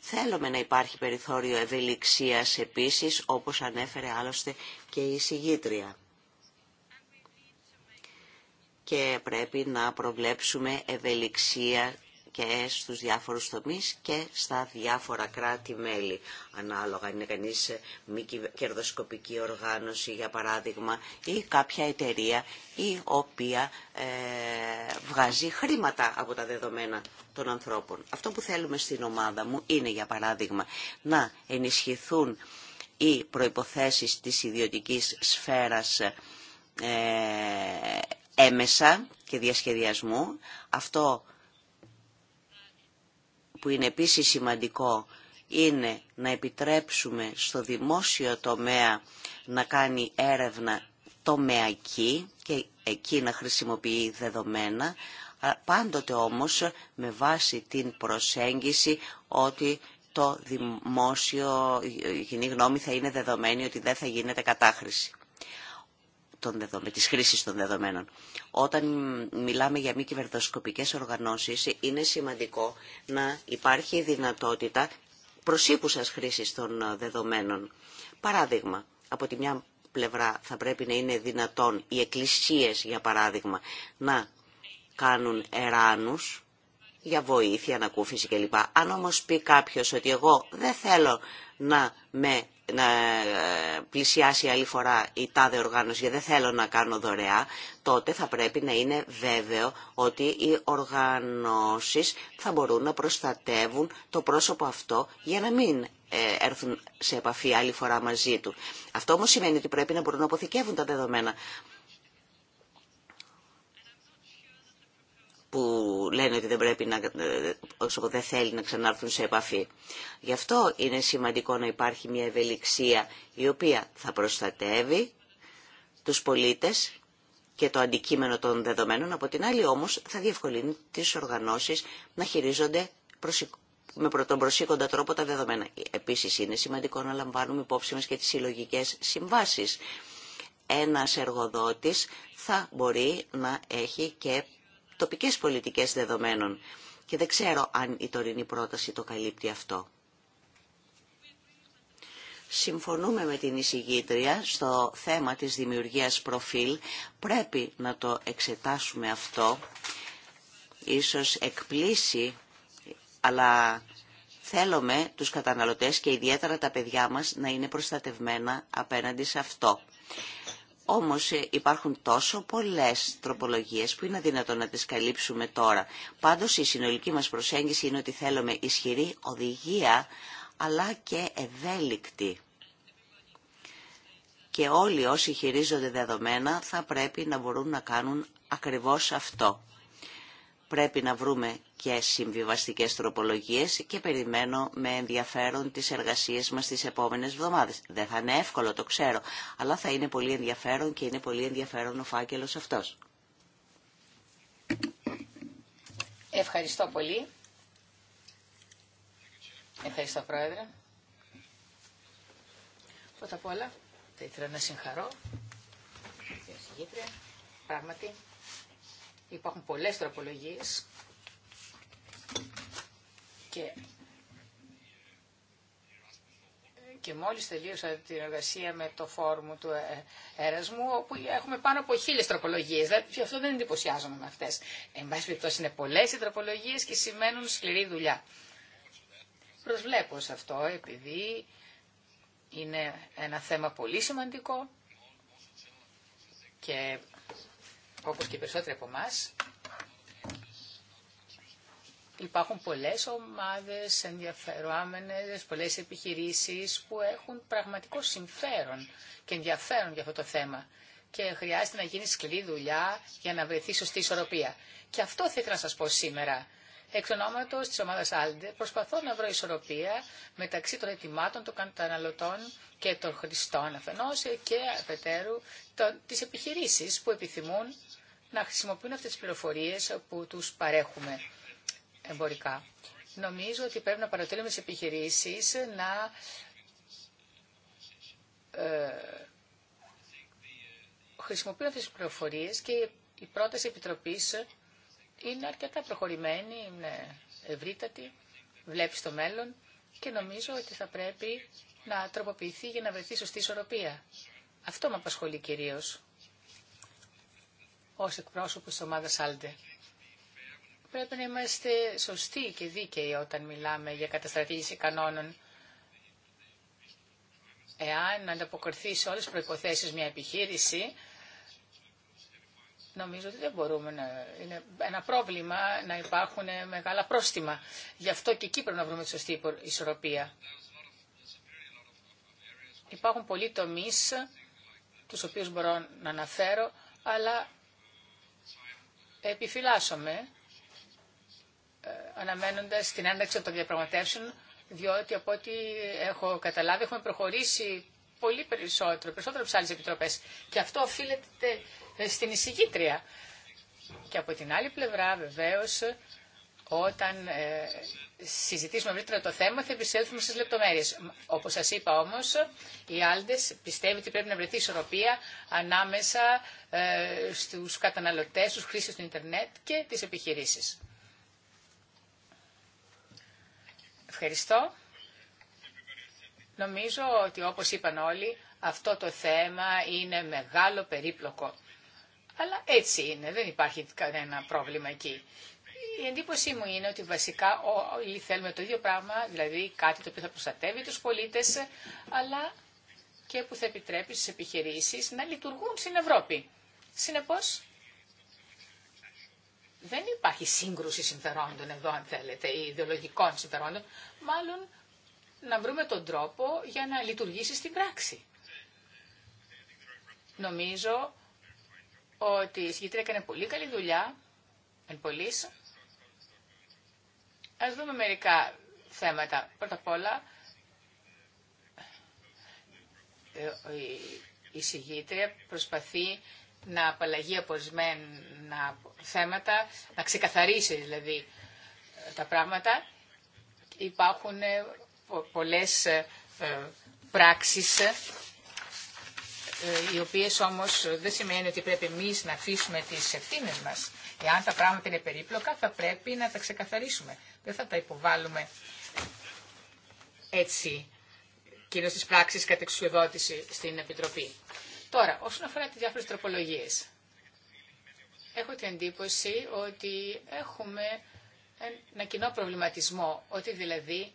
θέλουμε να υπάρχει περιθώριο ευελιξίας επίσης, όπως ανέφερε άλλωστε και η συγγήτρια. Και πρέπει να προβλέψουμε ευελιξία και στους διάφορους τομείς και στα διάφορα κράτη-μέλη. Ανάλογα είναι κανείς μη κερδοσκοπική οργάνωση, για παράδειγμα, ή κάποια εταιρεία η οποία ε, βγάζει χρήματα από τα δεδομένα των ανθρώπων. Αυτό που θέλουμε στην ομάδα μου είναι, για παράδειγμα, να ενισχυθούν οι προϋποθέσεις της ιδιωτικής σφαίρας ε, έμεσα και διασχεδιασμού. Αυτό που είναι επίσης σημαντικό είναι να επιτρέψουμε στο δημόσιο τομέα να κάνει έρευνα τομεακή και εκεί να χρησιμοποιεί δεδομένα, πάντοτε όμως με βάση την προσέγγιση ότι το δημόσιο, η κοινή γνώμη θα είναι δεδομένη ότι δεν θα γίνεται κατάχρηση των δεδομένων, της χρήσης των δεδομένων. Όταν μιλάμε για μη κυβερδοσκοπικές οργανώσεις, είναι σημαντικό να υπάρχει δυνατότητα προσήπουσας χρήσης των δεδομένων. Παράδειγμα, από τη μια πλευρά θα πρέπει να είναι δυνατόν οι εκκλησίες, για παράδειγμα, να κάνουν εράνους για βοήθεια, ανακούφιση κλπ. Αν όμως πει κάποιος ότι εγώ δεν θέλω να με να ε, πλησιάσει άλλη φορά η τάδε οργάνωση γιατί δεν θέλω να κάνω δωρεά, τότε θα πρέπει να είναι βέβαιο ότι οι οργανώσεις θα μπορούν να προστατεύουν το πρόσωπο αυτό για να μην ε, έρθουν σε επαφή άλλη φορά μαζί του. Αυτό όμως σημαίνει ότι πρέπει να μπορούν να αποθηκεύουν τα δεδομένα που λένε ότι δεν πρέπει να, ε, όσο θέλει να ξανάρθουν σε επαφή. Γι' αυτό είναι σημαντικό να υπάρχει μια ευελιξία η οποία θα προστατεύει τους πολίτες και το αντικείμενο των δεδομένων, από την άλλη όμως θα διευκολύνει τις οργανώσεις να χειρίζονται με τον προσήκοντα τρόπο τα δεδομένα. Επίσης είναι σημαντικό να λαμβάνουμε υπόψη μας και τις συλλογικέ συμβάσεις. Ένας εργοδότης θα μπορεί να έχει και τοπικές πολιτικές δεδομένων και δεν ξέρω αν η τωρινή πρόταση το καλύπτει αυτό. Συμφωνούμε με την εισηγήτρια στο θέμα της δημιουργίας προφίλ. Πρέπει να το εξετάσουμε αυτό. Ίσως εκπλήσει, αλλά θέλουμε τους καταναλωτές και ιδιαίτερα τα παιδιά μας να είναι προστατευμένα απέναντι σε αυτό. Όμως ε, υπάρχουν τόσο πολλές τροπολογίες που είναι αδύνατο να τις καλύψουμε τώρα. Πάντως η συνολική μας προσέγγιση είναι ότι θέλουμε ισχυρή οδηγία αλλά και ευέλικτη. Και όλοι όσοι χειρίζονται δεδομένα θα πρέπει να μπορούν να κάνουν ακριβώς αυτό πρέπει να βρούμε και συμβιβαστικές τροπολογίες και περιμένω με ενδιαφέρον τις εργασίες μας τις επόμενες εβδομάδες. Δεν θα είναι εύκολο, το ξέρω, αλλά θα είναι πολύ ενδιαφέρον και είναι πολύ ενδιαφέρον ο φάκελος αυτός.
Ευχαριστώ πολύ. Ευχαριστώ, Πρόεδρε. Πρώτα απ' όλα, θα ήθελα να συγχαρώ Υπάρχουν πολλές τροπολογίες και, και μόλις τελείωσα την εργασία με το φόρουμ του ε, Έρασμου, όπου έχουμε πάνω από χίλιες τροπολογίες, δηλαδή αυτό δεν εντυπωσιάζομαι με αυτές. Εν πάση περιπτώσει είναι πολλές οι τροπολογίες και σημαίνουν σκληρή δουλειά. Προσβλέπω σε αυτό επειδή είναι ένα θέμα πολύ σημαντικό και όπως και οι περισσότεροι από εμά, υπάρχουν πολλές ομάδες ενδιαφερόμενες, πολλές επιχειρήσεις που έχουν πραγματικό συμφέρον και ενδιαφέρον για αυτό το θέμα και χρειάζεται να γίνει σκληρή δουλειά για να βρεθεί σωστή ισορροπία. Και αυτό θα ήθελα να σας πω σήμερα. Εξ ονόματο τη ομάδα ALDE προσπαθώ να βρω ισορροπία μεταξύ των ετοιμάτων των καταναλωτών και των χρηστών αφενό και αφετέρου τη επιχειρήσει που επιθυμούν να χρησιμοποιούν αυτές τις πληροφορίες που τους παρέχουμε εμπορικά. Νομίζω ότι πρέπει να παρατηρούμε τις επιχειρήσεις να ε, χρησιμοποιούν αυτές τις πληροφορίες και η πρόταση επιτροπής είναι αρκετά προχωρημένη, είναι ευρύτατη, βλέπει στο μέλλον και νομίζω ότι θα πρέπει να τροποποιηθεί για να βρεθεί σωστή ισορροπία. Αυτό με απασχολεί κυρίως. Ω εκπρόσωπος της ομάδα Άλντε. Πρέπει να είμαστε σωστοί και δίκαιοι όταν μιλάμε για καταστρατήγηση κανόνων. Εάν ανταποκριθεί σε όλες τις προϋποθέσεις μια επιχείρηση, νομίζω ότι δεν μπορούμε να... Είναι ένα πρόβλημα να υπάρχουν μεγάλα πρόστιμα. Γι' αυτό και εκεί πρέπει να βρούμε τη σωστή ισορροπία. Υπάρχουν πολλοί τομεί τους οποίου μπορώ να αναφέρω, αλλά επιφυλάσσομαι ε, αναμένοντας την ένταξη των διαπραγματεύσεων, διότι από ό,τι έχω καταλάβει έχουμε προχωρήσει πολύ περισσότερο, περισσότερο από τι άλλε επιτροπέ. Και αυτό οφείλεται ε, στην εισηγήτρια. Και από την άλλη πλευρά, βεβαίω, όταν ε, συζητήσουμε ευρύτερα το θέμα θα επιστρέψουμε στι λεπτομέρειες. Όπως σας είπα όμως, οι Άλντε πιστεύει ότι πρέπει να βρεθεί ισορροπία ανάμεσα ε, στους καταναλωτές, στους χρήστες του ίντερνετ και τι επιχειρήσεις. Ευχαριστώ. Νομίζω ότι όπως είπαν όλοι, αυτό το θέμα είναι μεγάλο περίπλοκο. Αλλά έτσι είναι, δεν υπάρχει κανένα πρόβλημα εκεί η εντύπωσή μου είναι ότι βασικά όλοι θέλουμε το ίδιο πράγμα, δηλαδή κάτι το οποίο θα προστατεύει τους πολίτες, αλλά και που θα επιτρέπει στις επιχειρήσεις να λειτουργούν στην Ευρώπη. Συνεπώς, δεν υπάρχει σύγκρουση συμφερόντων εδώ, αν θέλετε, ή ιδεολογικών συμφερόντων, μάλλον να βρούμε τον τρόπο για να λειτουργήσει στην πράξη. Νομίζω ότι η συγκεκριά έκανε πολύ καλή δουλειά, εν πωλής, Ας δούμε μερικά θέματα. Πρώτα απ' όλα, ε, η συγγήτρια προσπαθεί να απαλλαγεί από θέματα, να ξεκαθαρίσει δηλαδή τα πράγματα. Υπάρχουν ε, πολλές ε, πράξεις οι οποίες όμως δεν σημαίνει ότι πρέπει εμείς να αφήσουμε τις ευθύνες μας Εάν τα πράγματα είναι περίπλοκα, θα πρέπει να τα ξεκαθαρίσουμε. Δεν θα τα υποβάλουμε έτσι κυρίω τη πράξη κατεξουδότηση στην Επιτροπή. Τώρα, όσον αφορά τι διάφορε τροπολογίε, έχω την εντύπωση ότι έχουμε ένα κοινό προβληματισμό, ότι δηλαδή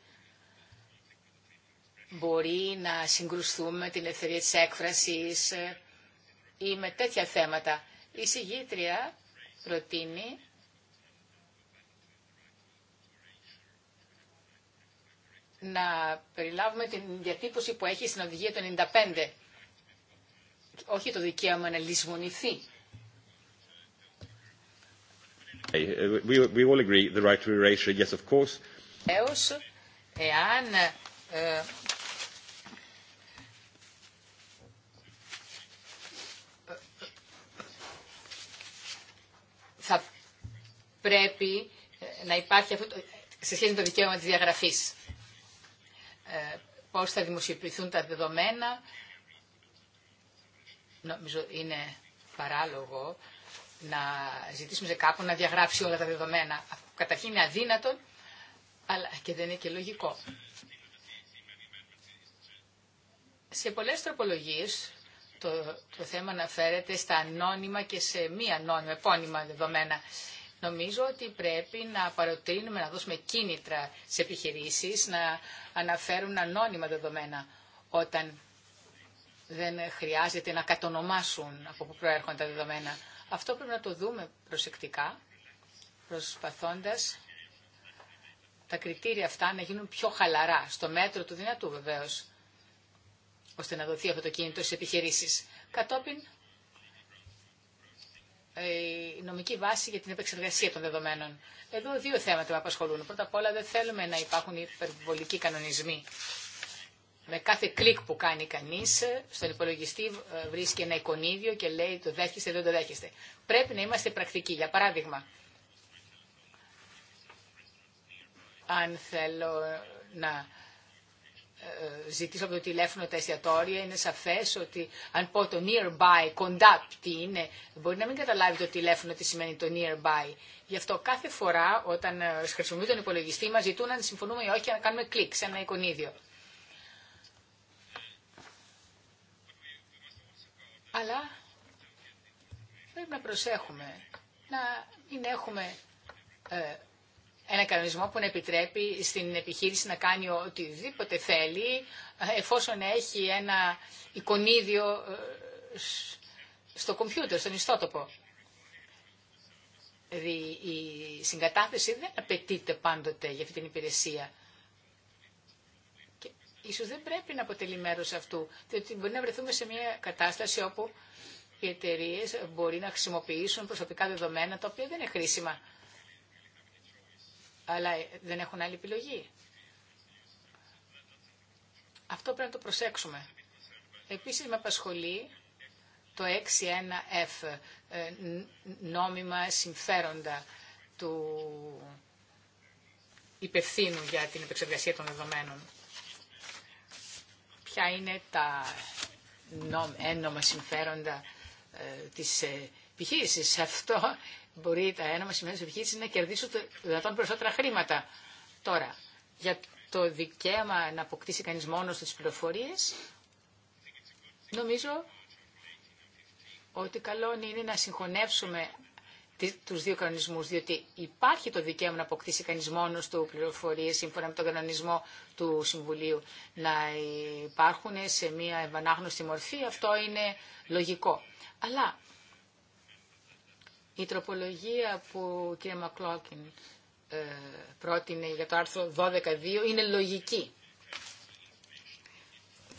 μπορεί να συγκρουστούμε την ελευθερία της έκφρασης ή με τέτοια θέματα. Η συγγήτρια προτείνει να περιλάβουμε την διατύπωση που έχει στην οδηγία του 95. Όχι το δικαίωμα να λησμονηθεί. εάν πρέπει ε, να υπάρχει αυτό σε σχέση με το δικαίωμα της διαγραφής. Ε, πώς θα δημοσιοποιηθούν τα δεδομένα. Νομίζω είναι παράλογο να ζητήσουμε σε κάπου να διαγράψει όλα τα δεδομένα. Καταρχήν είναι αδύνατο, αλλά και δεν είναι και λογικό. Σε πολλές τροπολογίες το, το θέμα αναφέρεται στα ανώνυμα και σε μη ανώνυμα, επώνυμα δεδομένα. Νομίζω ότι πρέπει να παροτρύνουμε, να δώσουμε κίνητρα σε επιχειρήσεις να αναφέρουν ανώνυμα δεδομένα όταν δεν χρειάζεται να κατονομάσουν από πού προέρχονται τα δεδομένα. Αυτό πρέπει να το δούμε προσεκτικά, προσπαθώντας τα κριτήρια αυτά να γίνουν πιο χαλαρά, στο μέτρο του δυνατού βεβαίως, ώστε να δοθεί αυτό το κίνητο στις επιχειρήσεις. Κατόπιν ε, η νομική βάση για την επεξεργασία των δεδομένων. Εδώ δύο θέματα με απασχολούν. Πρώτα απ' όλα δεν θέλουμε να υπάρχουν υπερβολικοί κανονισμοί. Με κάθε κλικ που κάνει κανεί ε, στον υπολογιστή ε, βρίσκει ένα εικονίδιο και λέει το δέχεστε δεν το δέχεστε. Πρέπει να είμαστε πρακτικοί. Για παράδειγμα, αν θέλω να ε, ζητήσω από το τηλέφωνο τα εστιατόρια, είναι σαφές ότι αν πω το nearby, κοντά τι είναι, μπορεί να μην καταλάβει το τηλέφωνο τι σημαίνει το nearby. Γι' αυτό κάθε φορά όταν ε, χρησιμοποιεί τον υπολογιστή μας ζητούν αν συμφωνούμε ή όχι να κάνουμε κλικ σε ένα εικονίδιο. Αλλά πρέπει να προσέχουμε να μην έχουμε ε, ένα κανονισμό που να επιτρέπει στην επιχείρηση να κάνει οτιδήποτε θέλει εφόσον έχει ένα εικονίδιο ε, στο κομπιούτερ, στον ιστότοπο. Δηλαδή η συγκατάθεση δεν απαιτείται πάντοτε για αυτή την υπηρεσία. Και ίσως δεν πρέπει να αποτελεί μέρος αυτού, διότι μπορεί να βρεθούμε σε μια κατάσταση όπου οι εταιρείε μπορεί να χρησιμοποιήσουν προσωπικά δεδομένα τα οποία δεν είναι χρήσιμα αλλά ε, δεν έχουν άλλη επιλογή. Αυτό πρέπει να το προσέξουμε. Επίσης με απασχολεί το 6.1.F, f ε, νόμιμα συμφέροντα του υπευθύνου για την επεξεργασία των δεδομένων. Ποια είναι τα έννομα συμφέροντα ε, της επιχείρησης. Αυτό μπορεί τα ένα μας σημαίνει της να κερδίσω το δυνατόν περισσότερα χρήματα. Τώρα, για το δικαίωμα να αποκτήσει κανείς μόνο του τις πληροφορίες, νομίζω ότι καλό είναι να συγχωνεύσουμε τους δύο κανονισμούς, διότι υπάρχει το δικαίωμα να αποκτήσει κανείς μόνο του πληροφορίες σύμφωνα με τον κανονισμό του Συμβουλίου να υπάρχουν σε μια ευανάγνωστη μορφή, αυτό είναι λογικό. Αλλά η τροπολογία που κ. Μακλόκιν ε, πρότεινε για το άρθρο 12.2 είναι λογική.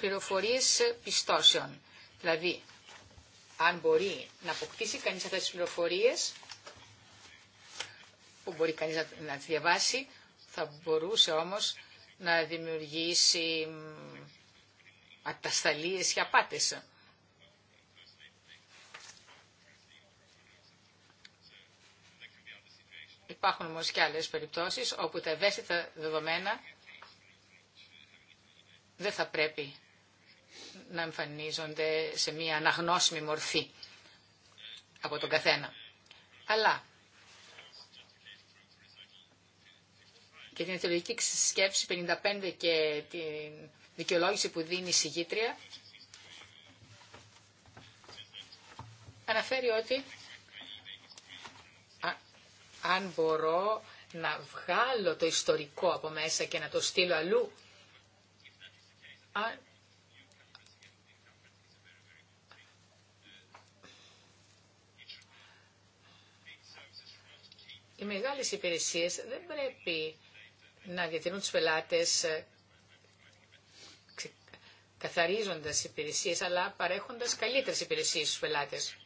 Πληροφορίες πιστώσεων. Δηλαδή, αν μπορεί να αποκτήσει κανείς αυτές τις πληροφορίες, που μπορεί κανείς να τις διαβάσει, θα μπορούσε όμως να δημιουργήσει ατασταλίες και απάτες. Υπάρχουν όμως και άλλες περιπτώσεις όπου τα ευαίσθητα δεδομένα δεν θα πρέπει να εμφανίζονται σε μία αναγνώσιμη μορφή από τον καθένα. Αλλά και την αιτιολογική σκέψη 55 και την δικαιολόγηση που δίνει η συγγήτρια αναφέρει ότι αν μπορώ να βγάλω το ιστορικό από μέσα και να το στείλω αλλού. Οι μεγάλες υπηρεσίες δεν πρέπει να διατηρούν τους πελάτες ε, καθαρίζοντας υπηρεσίες, αλλά παρέχοντας καλύτερες υπηρεσίες στους πελάτες.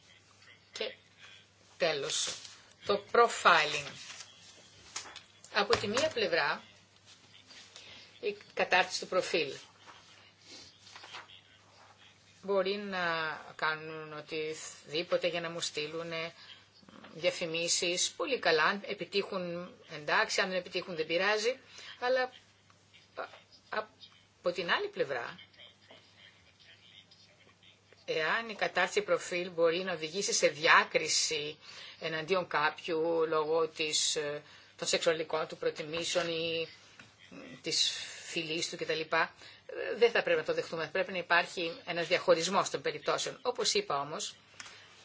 Και τέλος το profiling. Από τη μία πλευρά, η κατάρτιση του προφίλ. Μπορεί να κάνουν οτιδήποτε για να μου στείλουν ε, διαφημίσεις. Πολύ καλά, αν επιτύχουν εντάξει, αν δεν επιτύχουν δεν πειράζει. Αλλά από την άλλη πλευρά, Εάν η κατάρτιση προφίλ μπορεί να οδηγήσει σε διάκριση εναντίον κάποιου λόγω της, ε, των σεξουαλικών του προτιμήσεων ή της φιλής του κτλ. Ε, δεν θα πρέπει να το δεχτούμε. Πρέπει να υπάρχει ένας διαχωρισμός των περιπτώσεων. Όπως είπα όμως,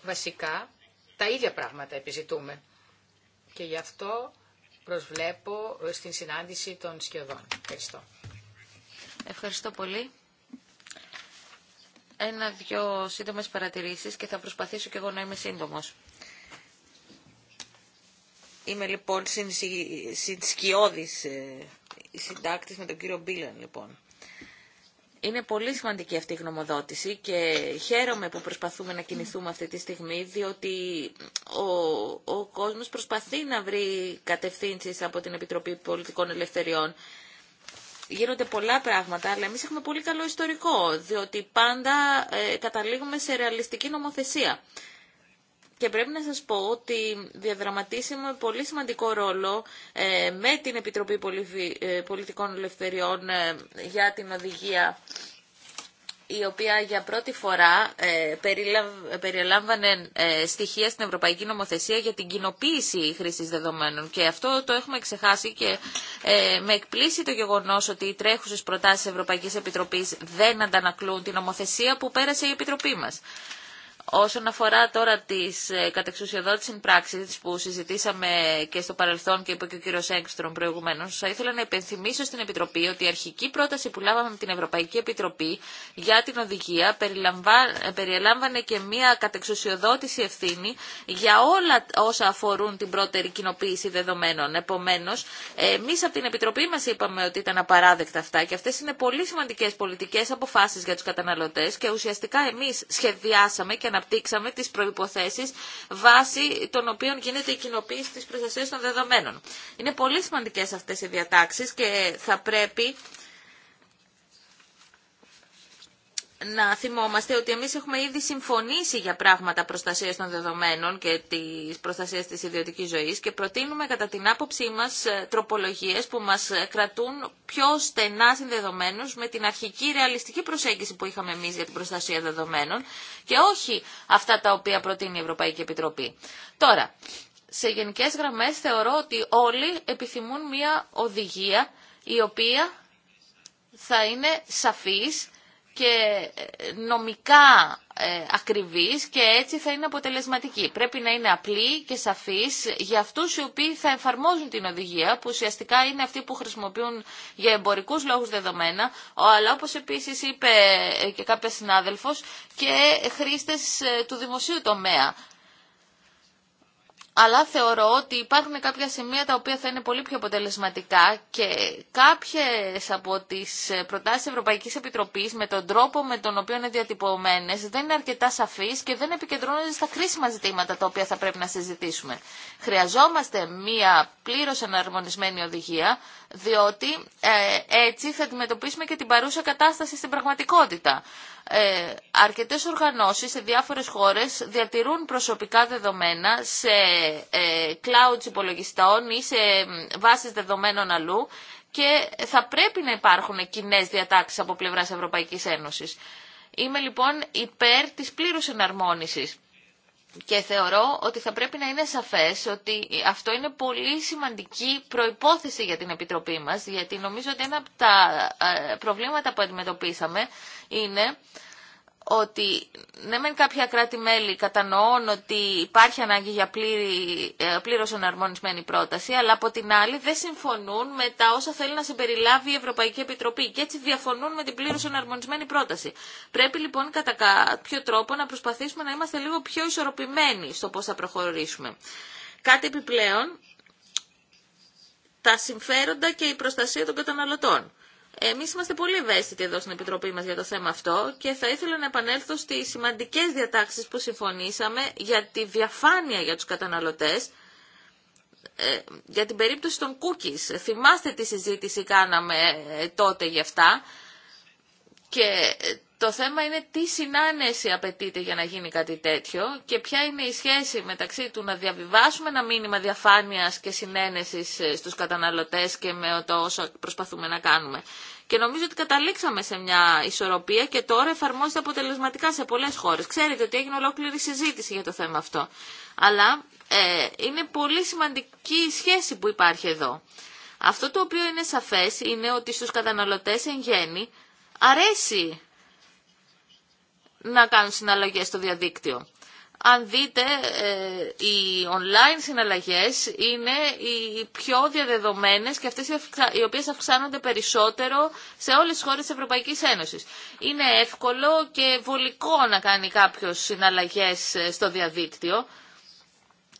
βασικά τα ίδια πράγματα επιζητούμε. Και γι' αυτό προσβλέπω
στην συνάντηση των σκιωδών. Ευχαριστώ. Ευχαριστώ πολύ ένα-δυο σύντομες παρατηρήσεις και θα προσπαθήσω και εγώ να είμαι σύντομος. Είμαι λοιπόν συνσκιώδης ε, συντάκτης με τον κύριο Μπίλεν λοιπόν. Είναι πολύ σημαντική αυτή η γνωμοδότηση και χαίρομαι που προσπαθούμε να κινηθούμε αυτή τη στιγμή διότι ο, ο κόσμος προσπαθεί να βρει κατευθύνσεις από την Επιτροπή Πολιτικών Ελευθεριών γίνονται πολλά πράγματα, αλλά εμείς έχουμε πολύ καλό ιστορικό, διότι πάντα ε, καταλήγουμε σε ρεαλιστική νομοθεσία. Και πρέπει να σας πω ότι διαδραματίσαμε πολύ σημαντικό ρόλο ε, με την Επιτροπή ε, Πολιτικών Ελευθεριών για την οδηγία η οποία για πρώτη φορά ε, περιλάμβανε ε, στοιχεία στην Ευρωπαϊκή Νομοθεσία για την κοινοποίηση χρήση δεδομένων. Και αυτό το έχουμε ξεχάσει και ε, με εκπλήσει το γεγονό ότι οι τρέχουσε προτάσει Ευρωπαϊκή Επιτροπής δεν αντανακλούν την νομοθεσία που πέρασε η Επιτροπή μα. Όσον αφορά τώρα τις ε, κατεξουσιοδότησης πράξεις που συζητήσαμε και στο παρελθόν και είπε και ο κύριος Έγκστρομ προηγουμένως, θα ήθελα να υπενθυμίσω στην Επιτροπή ότι η αρχική πρόταση που λάβαμε από την Ευρωπαϊκή Επιτροπή για την οδηγία περιέλαμβανε ε, και μία κατεξουσιοδότηση ευθύνη για όλα όσα αφορούν την πρώτερη κοινοποίηση δεδομένων. Επομένως, εμείς από την Επιτροπή μας είπαμε ότι ήταν απαράδεκτα αυτά και αυτές είναι πολύ σημαντικέ πολιτικές αποφάσεις για τους καταναλωτές και ουσιαστικά εμείς σχεδιάσαμε και αναπτύξαμε τις προϋποθέσεις βάσει των οποίων γίνεται η κοινοποίηση της προστασία των δεδομένων. Είναι πολύ σημαντικές αυτές οι διατάξεις και θα πρέπει να θυμόμαστε ότι εμείς έχουμε ήδη συμφωνήσει για πράγματα προστασίας των δεδομένων και της προστασίας της ιδιωτικής ζωής και προτείνουμε κατά την άποψή μας ε, τροπολογίες που μας ε, κρατούν πιο στενά συνδεδομένους με την αρχική ρεαλιστική προσέγγιση που είχαμε εμείς για την προστασία δεδομένων και όχι αυτά τα οποία προτείνει η Ευρωπαϊκή Επιτροπή. Τώρα, σε γενικές γραμμές θεωρώ ότι όλοι επιθυμούν μια οδηγία η οποία θα είναι σαφής και ε, νομικά ε, ακριβής και έτσι θα είναι αποτελεσματική. Πρέπει να είναι απλή και σαφής για αυτούς οι οποίοι θα εφαρμόζουν την οδηγία, που ουσιαστικά είναι αυτοί που χρησιμοποιούν για εμπορικούς λόγους δεδομένα, αλλά όπως επίσης είπε ε, και κάποια συνάδελφος, και χρήστες του δημοσίου τομέα, αλλά θεωρώ ότι υπάρχουν κάποια σημεία τα οποία θα είναι πολύ πιο αποτελεσματικά και κάποιες από τις προτάσεις Ευρωπαϊκής Επιτροπής με τον τρόπο με τον οποίο είναι διατυπωμένες δεν είναι αρκετά σαφείς και δεν επικεντρώνονται στα κρίσιμα ζητήματα τα οποία θα πρέπει να συζητήσουμε. Χρειαζόμαστε μία πλήρως εναρμονισμένη οδηγία διότι ε, έτσι θα αντιμετωπίσουμε και την παρούσα κατάσταση στην πραγματικότητα. Ε, αρκετές οργανώσεις σε διάφορες χώρες διατηρούν προσωπικά δεδομένα σε ε, Cloud υπολογιστών ή σε βάσεις δεδομένων αλλού και θα πρέπει να υπάρχουν κοινέ διατάξεις από πλευράς Ευρωπαϊκής Ένωσης. Είμαι λοιπόν υπέρ της πλήρους εναρμόνισης. Και θεωρώ ότι θα πρέπει να είναι σαφές ότι αυτό είναι πολύ σημαντική προϋπόθεση για την Επιτροπή μας, γιατί νομίζω ότι ένα από τα ε, προβλήματα που αντιμετωπίσαμε είναι ότι ναι μεν κάποια κράτη-μέλη κατανοούν ότι υπάρχει ανάγκη για πλήρη, ε, πλήρως εναρμονισμένη πρόταση, αλλά από την άλλη δεν συμφωνούν με τα όσα θέλει να συμπεριλάβει η Ευρωπαϊκή Επιτροπή και έτσι διαφωνούν με την πλήρως εναρμονισμένη πρόταση. Πρέπει λοιπόν κατά κάποιο τρόπο να προσπαθήσουμε να είμαστε λίγο πιο ισορροπημένοι στο πώς θα προχωρήσουμε. Κάτι επιπλέον, τα συμφέροντα και η προστασία των καταναλωτών. Εμείς είμαστε πολύ ευαίσθητοι εδώ στην Επιτροπή μας για το θέμα αυτό και θα ήθελα να επανέλθω στις σημαντικές διατάξεις που συμφωνήσαμε για τη διαφάνεια για τους καταναλωτές, ε, για την περίπτωση των cookies. Θυμάστε τη συζήτηση κάναμε ε, τότε γι' αυτά και ε, το θέμα είναι τι συνάνεση απαιτείται για να γίνει κάτι τέτοιο και ποια είναι η σχέση μεταξύ του να διαβιβάσουμε ένα μήνυμα διαφάνειας και συνένεσης ε, στους καταναλωτές και με το όσο προσπαθούμε να κάνουμε. Και νομίζω ότι καταλήξαμε σε μια ισορροπία και τώρα εφαρμόζεται αποτελεσματικά σε πολλές χώρες. Ξέρετε ότι έγινε ολόκληρη συζήτηση για το θέμα αυτό. Αλλά ε, είναι πολύ σημαντική η σχέση που υπάρχει εδώ. Αυτό το οποίο είναι σαφές είναι ότι στους καταναλωτές εν γέννη αρέσει να κάνουν συναλλαγές στο διαδίκτυο. Αν δείτε, ε, οι online συναλλαγές είναι οι πιο διαδεδομένες και αυτές οι οποίες αυξάνονται περισσότερο σε όλες τις χώρες της Ευρωπαϊκής Ένωσης. Είναι εύκολο και βολικό να κάνει κάποιος συναλλαγές ε, στο διαδίκτυο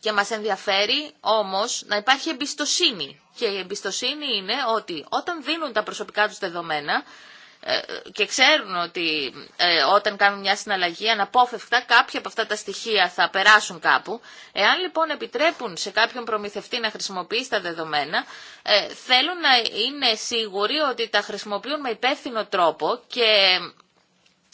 και μας ενδιαφέρει όμως να υπάρχει εμπιστοσύνη. Και η εμπιστοσύνη είναι ότι όταν δίνουν τα προσωπικά τους δεδομένα, ε, και ξέρουν ότι ε, όταν κάνουν μια συναλλαγή αναπόφευκτα κάποια από αυτά τα στοιχεία θα περάσουν κάπου. Εάν λοιπόν επιτρέπουν σε κάποιον προμηθευτή να χρησιμοποιήσει τα δεδομένα, ε, θέλουν να είναι σίγουροι ότι τα χρησιμοποιούν με υπεύθυνο τρόπο και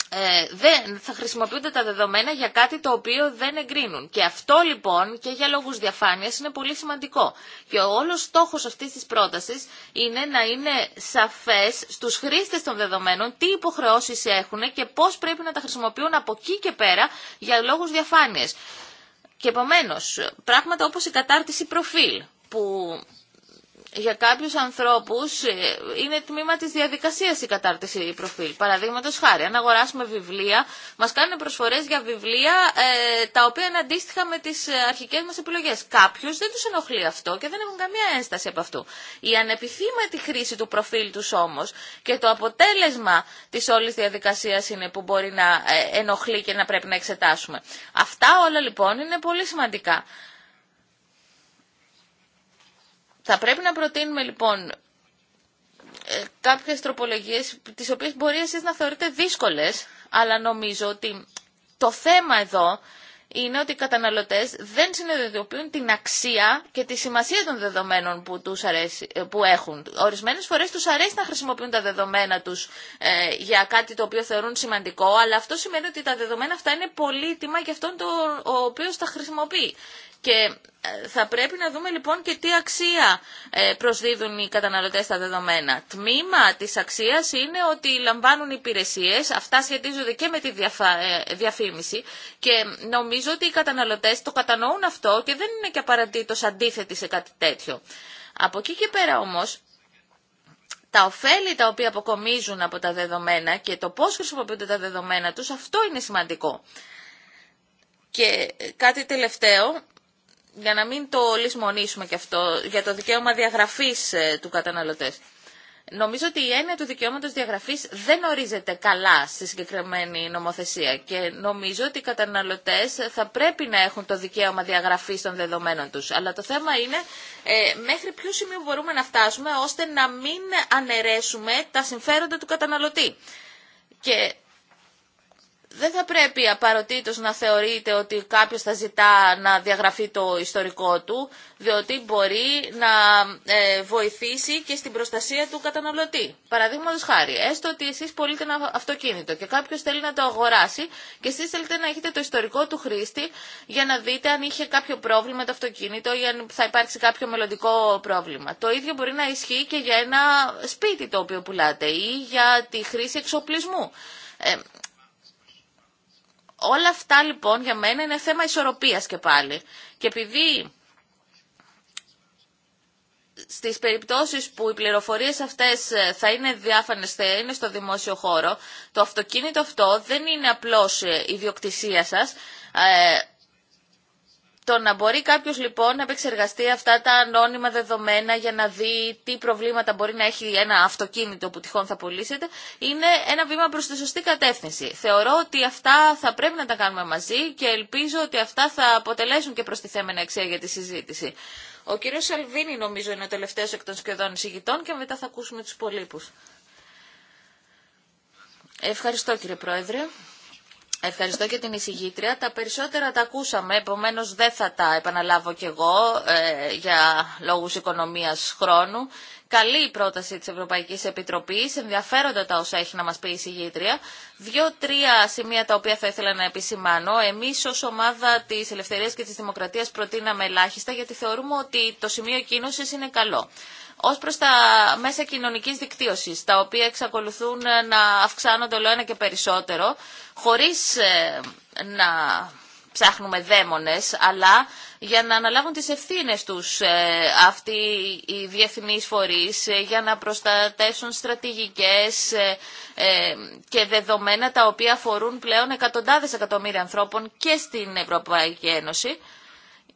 ε, δεν θα χρησιμοποιούνται τα δεδομένα για κάτι το οποίο δεν εγκρίνουν. Και αυτό λοιπόν και για λόγους διαφάνειας είναι πολύ σημαντικό. Και ο όλος στόχος αυτής της πρότασης είναι να είναι σαφές στους χρήστες των δεδομένων τι υποχρεώσεις έχουν και πώς πρέπει να τα χρησιμοποιούν από εκεί και πέρα για λόγους διαφάνειας. Και επομένως, πράγματα όπως η κατάρτιση προφίλ που για κάποιους ανθρώπους ε, είναι τμήμα της διαδικασίας η κατάρτιση προφίλ. Παραδείγματο χάρη, αν αγοράσουμε βιβλία, μας κάνουν προσφορές για βιβλία ε, τα οποία είναι αντίστοιχα με τις ε, αρχικές μας επιλογές. Κάποιους δεν τους ενοχλεί αυτό και δεν έχουν καμία ένσταση από αυτού. Η ανεπιθύμητη χρήση του προφίλ τους όμως και το αποτέλεσμα της όλης διαδικασίας είναι που μπορεί να ενοχλεί και να πρέπει να εξετάσουμε. Αυτά όλα λοιπόν είναι πολύ σημαντικά. Θα πρέπει να προτείνουμε λοιπόν ε, κάποιες τροπολογίες τις οποίες μπορεί εσείς να θεωρείτε δύσκολες, αλλά νομίζω ότι το θέμα εδώ είναι ότι οι καταναλωτές δεν συνειδητοποιούν την αξία και τη σημασία των δεδομένων που, τους αρέσει, ε, που έχουν. Ορισμένες φορές τους αρέσει να χρησιμοποιούν τα δεδομένα τους ε, για κάτι το οποίο θεωρούν σημαντικό, αλλά αυτό σημαίνει ότι τα δεδομένα αυτά είναι πολύτιμα για αυτόν το, ο τα χρησιμοποιεί. Και ε, θα πρέπει να δούμε λοιπόν και τι αξία ε, προσδίδουν οι καταναλωτές στα δεδομένα. Τμήμα της αξίας είναι ότι λαμβάνουν υπηρεσίες, αυτά σχετίζονται και με τη ε, διαφήμιση και νομίζω ότι οι καταναλωτές το κατανοούν αυτό και δεν είναι και απαραίτητο αντίθετοι σε κάτι τέτοιο. Από εκεί και πέρα όμως τα ωφέλη τα οποία αποκομίζουν από τα δεδομένα και το πώς χρησιμοποιούνται τα δεδομένα τους, αυτό είναι σημαντικό. Και κάτι τελευταίο, για να μην το λησμονήσουμε και αυτό, για το δικαίωμα διαγραφής ε, του καταναλωτές. Νομίζω ότι η έννοια του δικαιώματος διαγραφής δεν ορίζεται καλά στη συγκεκριμένη νομοθεσία και νομίζω ότι οι καταναλωτές θα πρέπει να έχουν το δικαίωμα διαγραφής των δεδομένων τους. Αλλά το θέμα είναι ε, μέχρι ποιο σημείο μπορούμε να φτάσουμε ώστε να μην αναιρέσουμε τα συμφέροντα του καταναλωτή. Και δεν θα πρέπει απαροτήτως να θεωρείτε ότι κάποιος θα ζητά να διαγραφεί το ιστορικό του, διότι μπορεί να ε, βοηθήσει και στην προστασία του καταναλωτή. Παραδείγματος χάρη, έστω ότι εσείς πωλείτε ένα αυτοκίνητο και κάποιος θέλει να το αγοράσει και εσείς θέλετε να έχετε το ιστορικό του χρήστη για να δείτε αν είχε κάποιο πρόβλημα το αυτοκίνητο ή αν θα υπάρξει κάποιο μελλοντικό πρόβλημα. Το ίδιο μπορεί να ισχύει και για ένα σπίτι το οποίο πουλάτε ή για τη χρήση εξοπλισμού. Ε, Όλα αυτά λοιπόν για μένα είναι θέμα ισορροπίας και πάλι. Και επειδή στις περιπτώσεις που οι πληροφορίες αυτές ε, θα είναι διάφανες, θα είναι στο δημόσιο χώρο, το αυτοκίνητο αυτό δεν είναι απλώς ε, ιδιοκτησία σας, ε, το να μπορεί κάποιο λοιπόν να επεξεργαστεί αυτά τα ανώνυμα δεδομένα για να δει τι προβλήματα μπορεί να έχει ένα αυτοκίνητο που τυχόν θα πουλήσετε, είναι ένα βήμα προ τη σωστή κατεύθυνση. Θεωρώ ότι αυτά θα πρέπει να τα κάνουμε μαζί και ελπίζω ότι αυτά θα αποτελέσουν και προστιθέμενα αξία για τη συζήτηση. Ο κύριος Σαλβίνη νομίζω είναι ο τελευταίο εκ των σχεδόν εισηγητών και μετά θα ακούσουμε του υπολείπου. Ευχαριστώ κύριε Πρόεδρε. Ευχαριστώ και την εισηγήτρια. Τα περισσότερα τα ακούσαμε, επομένω, δεν θα τα επαναλάβω κι εγώ ε, για λόγους οικονομίας χρόνου Καλή η πρόταση της Ευρωπαϊκής Επιτροπής, ενδιαφέροντα τα όσα έχει να μας πει η συγγήτρια. Δύο-τρία σημεία τα οποία θα ήθελα να επισημάνω. Εμείς ως ομάδα της Ελευθερίας και της Δημοκρατίας προτείναμε ελάχιστα γιατί θεωρούμε ότι το σημείο κίνησης είναι καλό ω προ τα μέσα κοινωνική δικτύωση, τα οποία εξακολουθούν να αυξάνονται όλο ένα και περισσότερο, χωρί ε, να ψάχνουμε δαίμονες, αλλά για να αναλάβουν τις ευθύνες τους ε, αυτοί οι διεθνείς φορείς, ε, για να προστατεύσουν στρατηγικές ε, και δεδομένα τα οποία αφορούν πλέον εκατοντάδες εκατομμύρια ανθρώπων και στην Ευρωπαϊκή Ένωση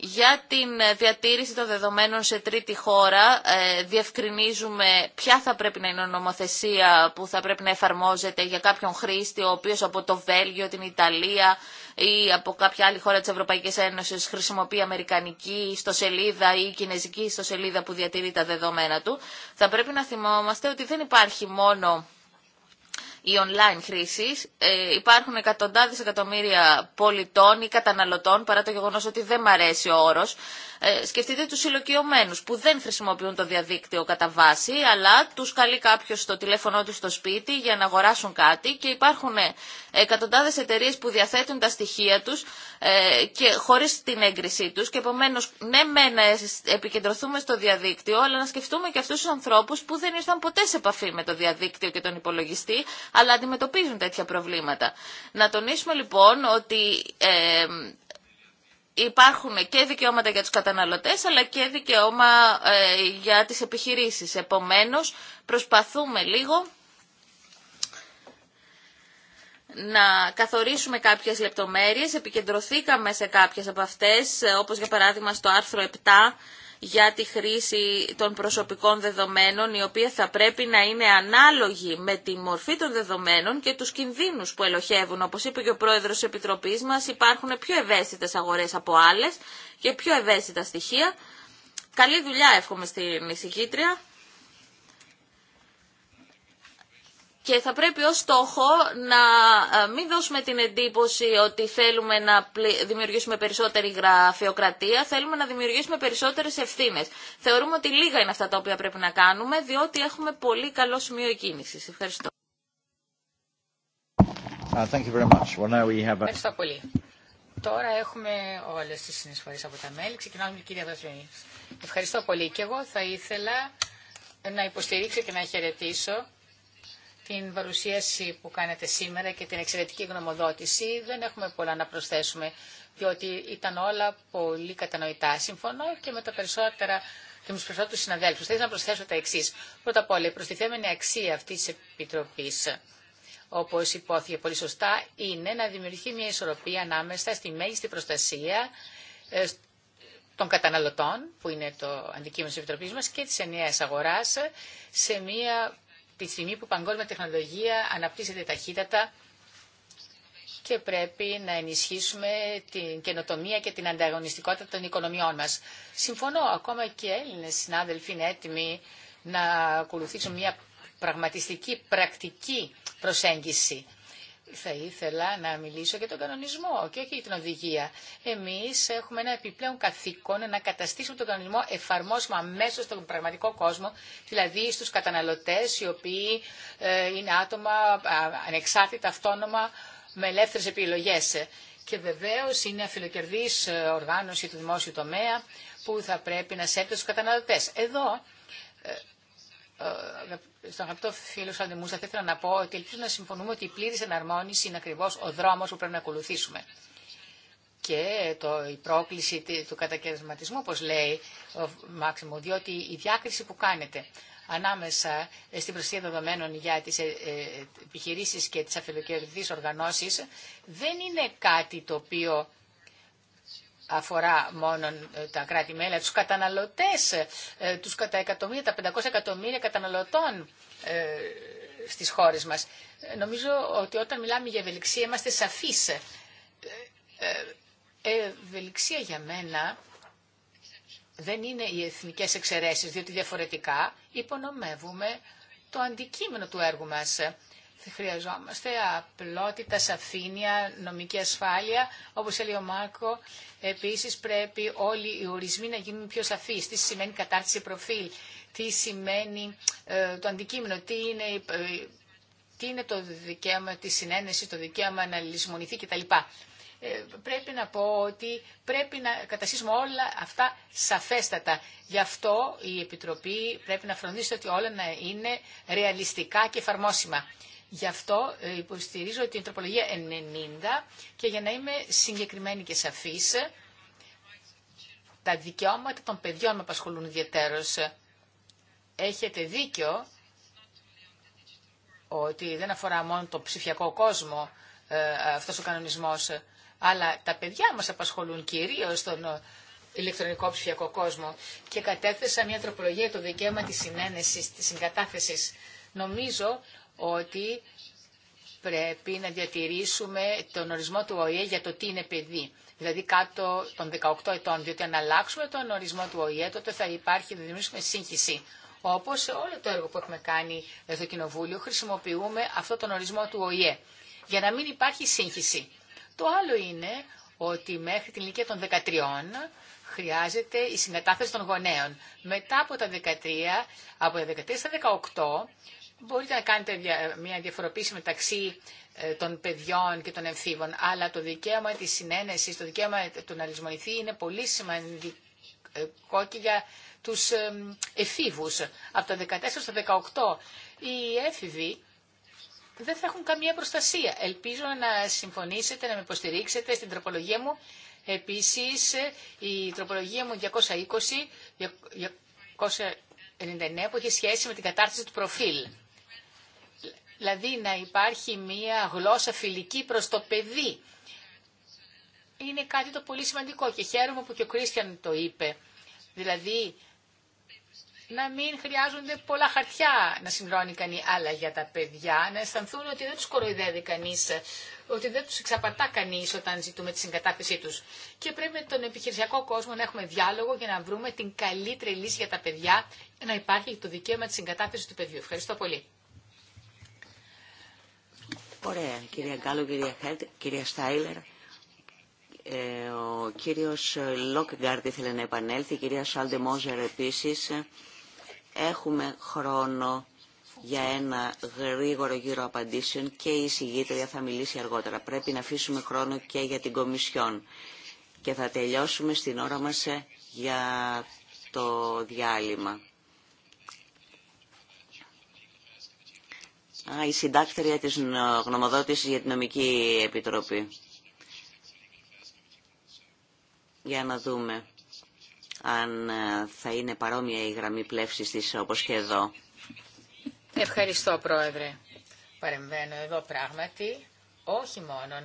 για την διατήρηση των δεδομένων σε τρίτη χώρα διευκρινίζουμε ποια θα πρέπει να είναι η νομοθεσία που θα πρέπει να εφαρμόζεται για κάποιον χρήστη ο οποίος από το Βέλγιο, την Ιταλία ή από κάποια άλλη χώρα της Ευρωπαϊκής Ένωσης χρησιμοποιεί αμερικανική ιστοσελίδα ή κινέζικη ιστοσελίδα που διατηρεί τα δεδομένα του, θα πρέπει να θυμόμαστε ότι δεν υπάρχει μόνο η online χρήση. Ε, υπάρχουν εκατοντάδες εκατομμύρια πολιτών ή καταναλωτών, παρά το γεγονός ότι δεν μ' αρέσει ο όρος. Ε, σκεφτείτε του ηλικιωμένου που δεν χρησιμοποιούν το διαδίκτυο κατά βάση, αλλά του καλεί κάποιο στο τηλέφωνο του στο σπίτι για να αγοράσουν κάτι και υπάρχουν ε, εκατοντάδε εταιρείε που διαθέτουν τα στοιχεία του ε, και χωρίς την έγκρισή του. και επομένω, ναι με να επικεντρωθούμε στο διαδίκτυο, αλλά να σκεφτούμε και αυτού του ανθρώπου που δεν ήρθαν ποτέ σε επαφή με το διαδίκτυο και τον υπολογιστή, αλλά αντιμετωπίζουν τέτοια προβλήματα. Να τονίσουμε λοιπόν ότι ε, υπάρχουν και δικαιώματα για τους καταναλωτές αλλά και δικαιώμα ε, για τις επιχειρήσεις. Επομένως, προσπαθούμε λίγο να καθορίσουμε κάποιες λεπτομέρειες. Επικεντρωθήκαμε σε κάποιες από αυτές, ε, όπως για παράδειγμα στο άρθρο 7 για τη χρήση των προσωπικών δεδομένων, η οποία θα πρέπει να είναι ανάλογη με τη μορφή των δεδομένων και τους κινδύνους που ελοχεύουν. Όπως είπε και ο πρόεδρος της Επιτροπής μας, υπάρχουν πιο ευαίσθητες αγορές από άλλες και πιο ευαίσθητα στοιχεία. Καλή δουλειά εύχομαι στην εισηγήτρια και θα πρέπει ως στόχο να ε, μην δώσουμε την εντύπωση ότι θέλουμε να δημιουργήσουμε περισσότερη γραφειοκρατία, θέλουμε να δημιουργήσουμε περισσότερες ευθύνες. Θεωρούμε ότι λίγα είναι αυτά τα οποία πρέπει να κάνουμε, διότι έχουμε πολύ καλό σημείο κίνησης. Ευχαριστώ. Ευχαριστώ πολύ. Τώρα έχουμε όλε τι συνεισφορέ
από τα μέλη. Ξεκινάμε με την κυρία Δασβενή. Ευχαριστώ πολύ και εγώ θα ήθελα να υποστηρίξω και να χαιρετήσω την παρουσίαση που κάνετε σήμερα και την εξαιρετική γνωμοδότηση δεν έχουμε πολλά να προσθέσουμε, διότι ήταν όλα πολύ κατανοητά. Συμφωνώ και με τα περισσότερα και με του περισσότερου συναδέλφου. Θα ήθελα να προσθέσω τα εξή. Πρώτα απ' όλα, η προστιθέμενη αξία αυτή τη Επιτροπή, όπω υπόθηκε πολύ σωστά, είναι να δημιουργηθεί μια ισορροπία ανάμεσα στη μέγιστη προστασία ε, των καταναλωτών, που είναι το αντικείμενο τη Επιτροπή μα, και τη ενιαία αγορά, σε μια τη στιγμή που παγκόσμια τεχνολογία αναπτύσσεται ταχύτατα και πρέπει να ενισχύσουμε την καινοτομία και την ανταγωνιστικότητα των οικονομιών μας. Συμφωνώ, ακόμα και οι Έλληνες συνάδελφοι είναι έτοιμοι να ακολουθήσουν μια πραγματιστική, πρακτική προσέγγιση θα ήθελα να μιλήσω για τον κανονισμό και όχι για την οδηγία. Εμείς έχουμε ένα επιπλέον καθήκον να καταστήσουμε τον κανονισμό εφαρμόσιμο αμέσω στον πραγματικό κόσμο, δηλαδή στους καταναλωτές οι οποίοι ε, είναι άτομα ανεξάρτητα, αυτόνομα, με ελεύθερε επιλογές. Και βεβαίω είναι αφιλοκερδής ε, οργάνωση του δημόσιου τομέα που θα πρέπει να σέβεται στους καταναλωτέ. Εδώ ε, ε, ε, στον αγαπητό φίλο Μούσα, θα ήθελα να πω ότι ελπίζω να συμφωνούμε ότι η πλήρη εναρμόνιση είναι ακριβώ ο δρόμο που πρέπει να ακολουθήσουμε. Και το, η πρόκληση του κατακαιρματισμού, όπω λέει ο Μάξιμο, διότι η διάκριση που κάνετε ανάμεσα ε, στην προστασία δεδομένων για τι επιχειρήσει και τι αφιλοκαιρετικέ οργανώσει δεν είναι κάτι το οποίο αφορά μόνο ε, τα κράτη-μέλη, τους καταναλωτές, ε, τους κατά εκατομμύρια, τα 500 εκατομμύρια καταναλωτών ε, στις χώρες μας. Νομίζω ότι όταν μιλάμε για ευελιξία είμαστε σαφείς. Ευελιξία για μένα δεν είναι οι εθνικές εξαιρέσεις, διότι διαφορετικά υπονομεύουμε το αντικείμενο του έργου μας χρειαζόμαστε απλότητα, σαφήνεια, νομική ασφάλεια. Όπως έλεγε ο Μάρκο, επίσης πρέπει όλοι οι ορισμοί να γίνουν πιο σαφείς. Τι σημαίνει κατάρτιση προφίλ, τι σημαίνει ε, το αντικείμενο, τι είναι, ε, τι είναι το δικαίωμα της συνένεσης, το δικαίωμα να λησμονηθεί κτλ. Ε, πρέπει να πω ότι πρέπει να κατασύσουμε όλα αυτά σαφέστατα. Γι' αυτό η Επιτροπή πρέπει να φροντίσει ότι όλα να είναι ρεαλιστικά και εφαρμόσιμα. Γι' αυτό ε, υποστηρίζω την τροπολογία 90 και για να είμαι συγκεκριμένη και σαφής, τα δικαιώματα των παιδιών με απασχολούν ιδιαίτερως. Έχετε δίκιο ότι δεν αφορά μόνο το ψηφιακό κόσμο ε, αυτός ο κανονισμός, αλλά τα παιδιά μας απασχολούν κυρίως στον ε, ηλεκτρονικό ψηφιακό κόσμο και κατέθεσα μια τροπολογία για το δικαίωμα της συνένεσης, της συγκατάθεσης. Νομίζω ότι πρέπει να διατηρήσουμε τον ορισμό του ΟΗΕ για το τι είναι παιδί. Δηλαδή κάτω των 18 ετών, διότι αν αλλάξουμε τον ορισμό του ΟΗΕ, τότε θα υπάρχει, θα δημιουργήσουμε σύγχυση. Όπω σε όλο το έργο που έχουμε κάνει στο Κοινοβούλιο, χρησιμοποιούμε αυτόν τον ορισμό του ΟΗΕ. Για να μην υπάρχει σύγχυση. Το άλλο είναι ότι μέχρι την ηλικία των 13 χρειάζεται η συγκατάθεση των γονέων. Μετά από τα 13, από τα 13 στα 18, Μπορείτε να κάνετε μια διαφοροποίηση μεταξύ ε, των παιδιών και των εμφύβων, αλλά το δικαίωμα της συνένεσης, το δικαίωμα του να λησμονηθεί είναι πολύ σημαντικό και για τους εφήβους. Από τα 14 στο 18 οι έφηβοι δεν θα έχουν καμία προστασία. Ελπίζω να συμφωνήσετε, να με υποστηρίξετε στην τροπολογία μου. Επίσης, ε, η τροπολογία μου 220, 299 που έχει σχέση με την κατάρτιση του προφίλ δηλαδή να υπάρχει μία γλώσσα φιλική προς το παιδί. Είναι κάτι το πολύ σημαντικό και χαίρομαι που και ο Κρίστιαν το είπε. Δηλαδή, να μην χρειάζονται πολλά χαρτιά να συμπληρώνει κανεί άλλα για τα παιδιά, να αισθανθούν ότι δεν τους κοροϊδεύει κανείς, ότι δεν τους εξαπατά κανείς όταν ζητούμε τη συγκατάθεσή τους. Και πρέπει με τον επιχειρησιακό κόσμο να έχουμε διάλογο για να βρούμε την καλύτερη λύση για τα παιδιά, να υπάρχει το δικαίωμα της συγκατάθεσης του παιδιού. Ευχαριστώ πολύ.
Ωραία. Κυρία Γκάλο, κυρία κυρία Στάιλερ. Ε, ο κύριος Λόκγκαρντ ήθελε να επανέλθει, η κυρία Σάλντε Μόζερ επίσης. Έχουμε χρόνο για ένα γρήγορο γύρο απαντήσεων και η συγγήτρια θα μιλήσει αργότερα. Πρέπει να αφήσουμε χρόνο και για την Κομισιόν. Και θα τελειώσουμε στην ώρα μας ε, για το διάλειμμα. η συντάκτρια της γνωμοδότησης για την νομική επιτροπή. Για να δούμε αν ε, θα είναι παρόμοια η γραμμή πλεύσης της όπως και εδώ.
Ευχαριστώ Πρόεδρε. Παρεμβαίνω εδώ πράγματι όχι μόνο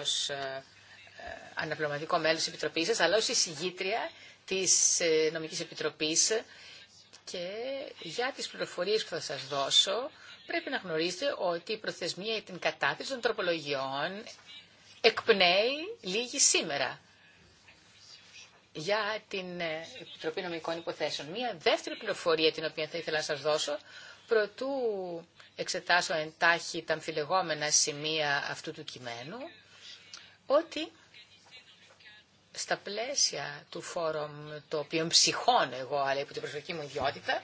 ως ε, ε, αναπληρωματικό μέλος της Επιτροπής σας, αλλά ως εισηγήτρια της Νομικής Επιτροπής και για τις πληροφορίες που θα σας δώσω πρέπει να γνωρίζετε ότι η προθεσμία για την κατάθεση των τροπολογιών εκπνέει λίγη σήμερα για την ε, Επιτροπή Νομικών Υποθέσεων. Μία δεύτερη πληροφορία την οποία θα ήθελα να σας δώσω, προτού εξετάσω εντάχει τα αμφιλεγόμενα σημεία αυτού του κειμένου, ότι στα πλαίσια του φόρουμ, το οποίο ψυχώνω εγώ, αλλά υπό την προσωπική μου ιδιότητα,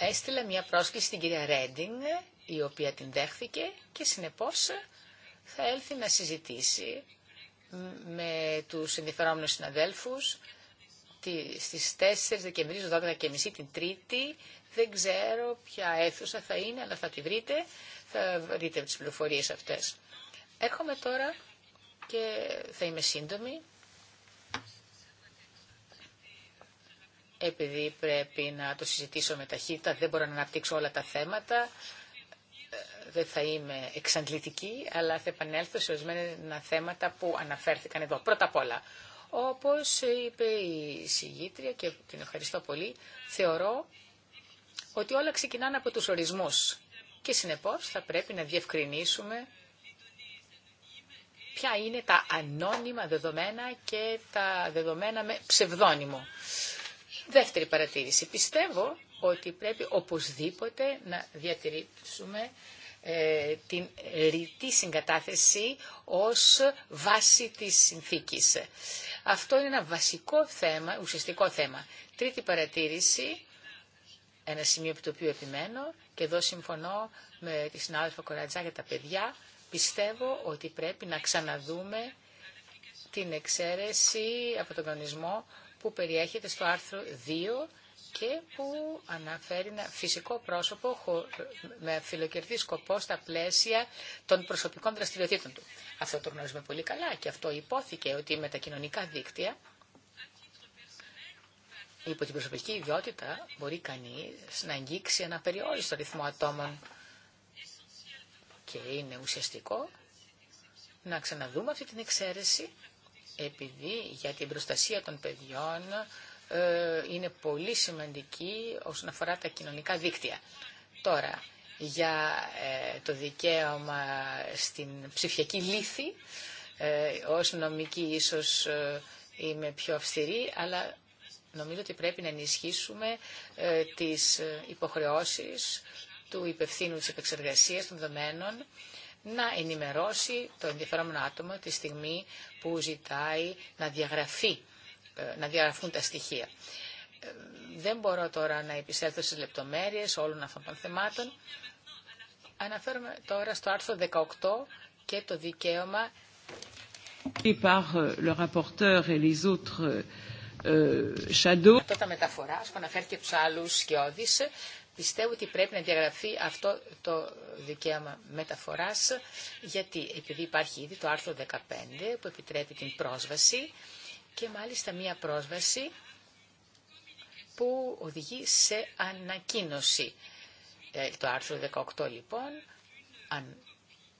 έστειλα μια πρόσκληση στην κυρία Ρέντινγκ, η οποία την δέχθηκε και συνεπώς θα έλθει να συζητήσει με τους ενδιαφερόμενους συναδέλφους στις 4 Δεκεμβρίου, 12.30 την Τρίτη. Δεν ξέρω ποια αίθουσα θα είναι, αλλά θα τη βρείτε. Θα βρείτε τις πληροφορίες αυτές. Έρχομαι τώρα και θα είμαι σύντομη επειδή πρέπει να το συζητήσω με ταχύτητα, δεν μπορώ να αναπτύξω όλα τα θέματα, ε, δεν θα είμαι εξαντλητική, αλλά θα επανέλθω σε ορισμένα θέματα που αναφέρθηκαν εδώ. Πρώτα απ' όλα, όπως είπε η συγγήτρια και την ευχαριστώ πολύ, θεωρώ ότι όλα ξεκινάνε από τους ορισμούς και συνεπώς θα πρέπει να διευκρινίσουμε ποια είναι τα ανώνυμα δεδομένα και τα δεδομένα με ψευδόνυμο. Δεύτερη παρατήρηση. Πιστεύω ότι πρέπει οπωσδήποτε να διατηρήσουμε ε, την ρητή συγκατάθεση ως βάση της συνθήκης. Αυτό είναι ένα βασικό θέμα, ουσιαστικό θέμα. Τρίτη παρατήρηση, ένα σημείο από το οποίο επιμένω και εδώ συμφωνώ με τη συνάδελφα Κορατζά για τα παιδιά. Πιστεύω ότι πρέπει να ξαναδούμε την εξαίρεση από τον κανονισμό που περιέχεται στο άρθρο 2 και που αναφέρει ένα φυσικό πρόσωπο με φιλοκερδή σκοπό στα πλαίσια των προσωπικών δραστηριοτήτων του. Αυτό το γνωρίζουμε πολύ καλά και αυτό υπόθηκε ότι με τα κοινωνικά δίκτυα υπό την προσωπική ιδιότητα μπορεί κανείς να αγγίξει ένα περιόριστο ρυθμό ατόμων και είναι ουσιαστικό να ξαναδούμε αυτή την εξαίρεση επειδή για την προστασία των παιδιών ε, είναι πολύ σημαντική όσον αφορά τα κοινωνικά δίκτυα. Τώρα, για ε, το δικαίωμα στην ψηφιακή λύθη, ε, ως νομική ίσως είμαι πιο αυστηρή, αλλά νομίζω ότι πρέπει να ενισχύσουμε τις υποχρεώσεις του υπευθύνου της επεξεργασίας των δεδομένων να ενημερώσει το ενδιαφέρον άτομο τη στιγμή που ζητάει να διαγραφεί, ε, να διαγραφούν τα στοιχεία. Ε, δεν μπορώ τώρα να επισέλθω στις λεπτομέρειες όλων αυτών των θεμάτων. Αναφέρομαι τώρα στο άρθρο 18 και το δικαίωμα
par euh, le rapporteur euh, που
και Πιστεύω ότι πρέπει να διαγραφεί αυτό το δικαίωμα μεταφοράς, γιατί επειδή υπάρχει ήδη το άρθρο 15 που επιτρέπει την πρόσβαση και μάλιστα μία πρόσβαση που οδηγεί σε ανακοίνωση. Ε, το άρθρο 18 λοιπόν αν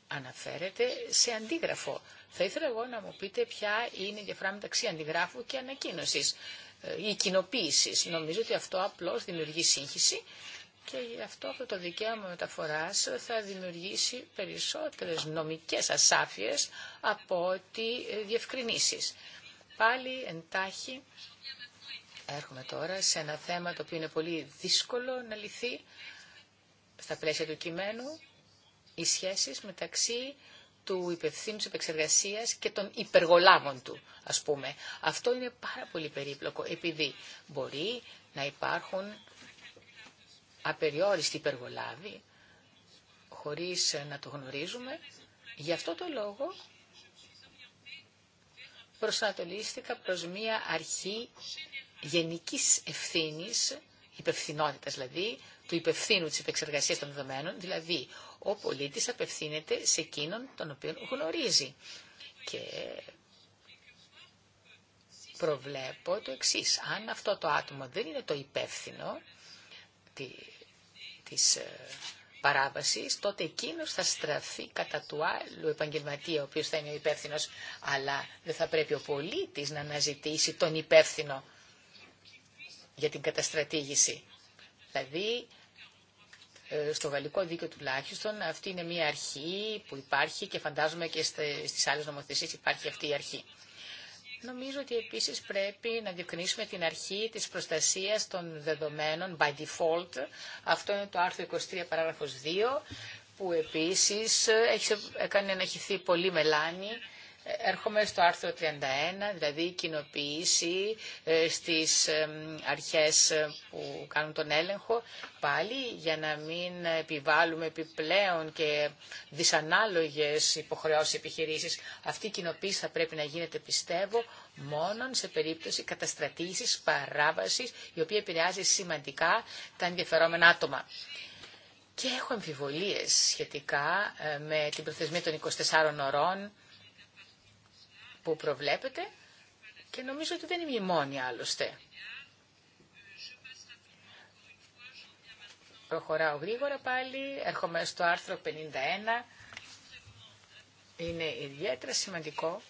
αναφέρεται σε αντίγραφο. Θα ήθελα εγώ να μου πείτε ποια είναι η διαφορά μεταξύ αντιγράφου και ανακοίνωσης ε, ή κοινοποίηση. Νομίζω ότι αυτό απλώς δημιουργεί σύγχυση και αυτό, αυτό το δικαίωμα μεταφοράς θα δημιουργήσει περισσότερες νομικές ασάφειες από ότι διευκρινήσεις. Πάλι εντάχει έρχομαι τώρα σε ένα θέμα το οποίο είναι πολύ δύσκολο να λυθεί στα πλαίσια του κειμένου, οι σχέσεις μεταξύ του υπευθύνου επεξεργασία και των υπεργολάβων του, ας πούμε. Αυτό είναι πάρα πολύ περίπλοκο, επειδή μπορεί να υπάρχουν απεριόριστη υπεργολάβη, χωρίς να το γνωρίζουμε. Γι' αυτό το λόγο προσανατολίστηκα προς μία αρχή γενικής ευθύνης, υπευθυνότητας δηλαδή, του υπευθύνου της επεξεργασίας των δεδομένων, δηλαδή ο πολίτης απευθύνεται σε εκείνον τον οποίο γνωρίζει. Και προβλέπω το εξής, αν αυτό το άτομο δεν είναι το υπεύθυνο της ε, παράβασης, τότε εκείνος θα στραφεί κατά του άλλου επαγγελματία, ο οποίος θα είναι ο υπεύθυνο, αλλά δεν θα πρέπει ο πολίτης να αναζητήσει τον υπεύθυνο για την καταστρατήγηση. Δηλαδή, ε, στο γαλλικό δίκαιο τουλάχιστον, αυτή είναι μια αρχή που υπάρχει και φαντάζομαι και στις άλλες νομοθεσίες υπάρχει αυτή η αρχή. Νομίζω ότι επίσης πρέπει να διευκρινίσουμε την αρχή της προστασίας των δεδομένων by default. Αυτό είναι το άρθρο 23 παράγραφος 2 που επίσης έχει, κάνει να χυθεί πολύ μελάνη Έρχομαι στο άρθρο 31, δηλαδή η κοινοποίηση ε, στις αρχές ε, που κάνουν τον έλεγχο, πάλι για να μην επιβάλλουμε επιπλέον και δυσανάλογες υποχρεώσεις επιχειρήσεις. Αυτή η κοινοποίηση θα πρέπει να γίνεται, πιστεύω, μόνον σε περίπτωση καταστρατήσεις παράβασης, η οποία επηρεάζει σημαντικά τα ενδιαφερόμενα άτομα. Και έχω εμφιβολίες σχετικά ε, με την προθεσμία των 24 ωρών, προβλέπετε και νομίζω ότι δεν είμαι η μόνη άλλωστε. Προχωράω γρήγορα πάλι, έρχομαι στο άρθρο 51. Είναι ιδιαίτερα σημαντικό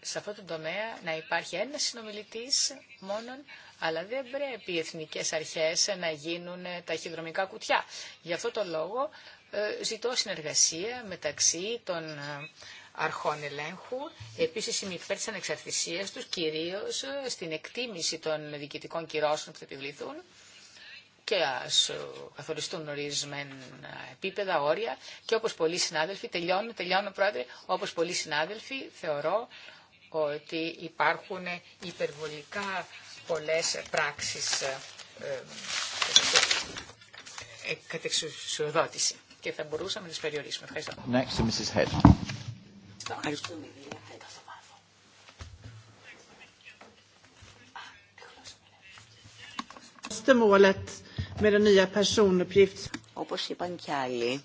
σε αυτό το τομέα να υπάρχει ένα συνομιλητής μόνον, αλλά δεν πρέπει οι εθνικές αρχές να γίνουν ταχυδρομικά κουτιά. Γι' αυτό το λόγο ε, ζητώ συνεργασία μεταξύ των ε, αρχών ελέγχου. Επίσης είμαι υπέρ τη ανεξαρτησία τους, κυρίως ε, στην εκτίμηση των διοικητικών κυρώσεων που θα επιβληθούν και α ε, καθοριστούν ορισμένα επίπεδα, όρια και όπω πολλοί συνάδελφοι, τελειώνω, τελειώνω πρόεδρε, όπω πολλοί συνάδελφοι θεωρώ ότι υπάρχουν υπερβολικά πολλές πράξεις ε, κατεξουσιοδότηση και θα μπορούσαμε να τις περιορίσουμε. Ευχαριστώ.
Ευχαριστώ. Όπως είπαν και άλλοι,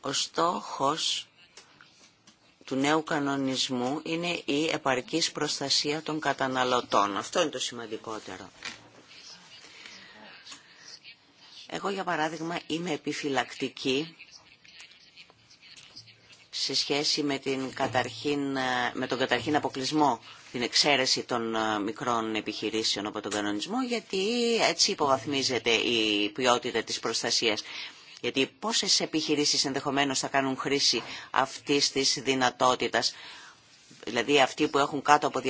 ο στόχος του νέου κανονισμού είναι η επαρκής προστασία των καταναλωτών. Αυτό είναι το σημαντικότερο. Εγώ, για παράδειγμα, είμαι επιφυλακτική σε σχέση με, την καταρχήν, ε, με τον καταρχήν αποκλεισμό, την εξαίρεση των ε, μικρών επιχειρήσεων από τον κανονισμό, γιατί έτσι υποβαθμίζεται η ποιότητα της προστασίας. Γιατί πόσες επιχειρήσεις ενδεχομένως θα κάνουν χρήση αυτής της δυνατότητας. Δηλαδή αυτοί που έχουν κάτω από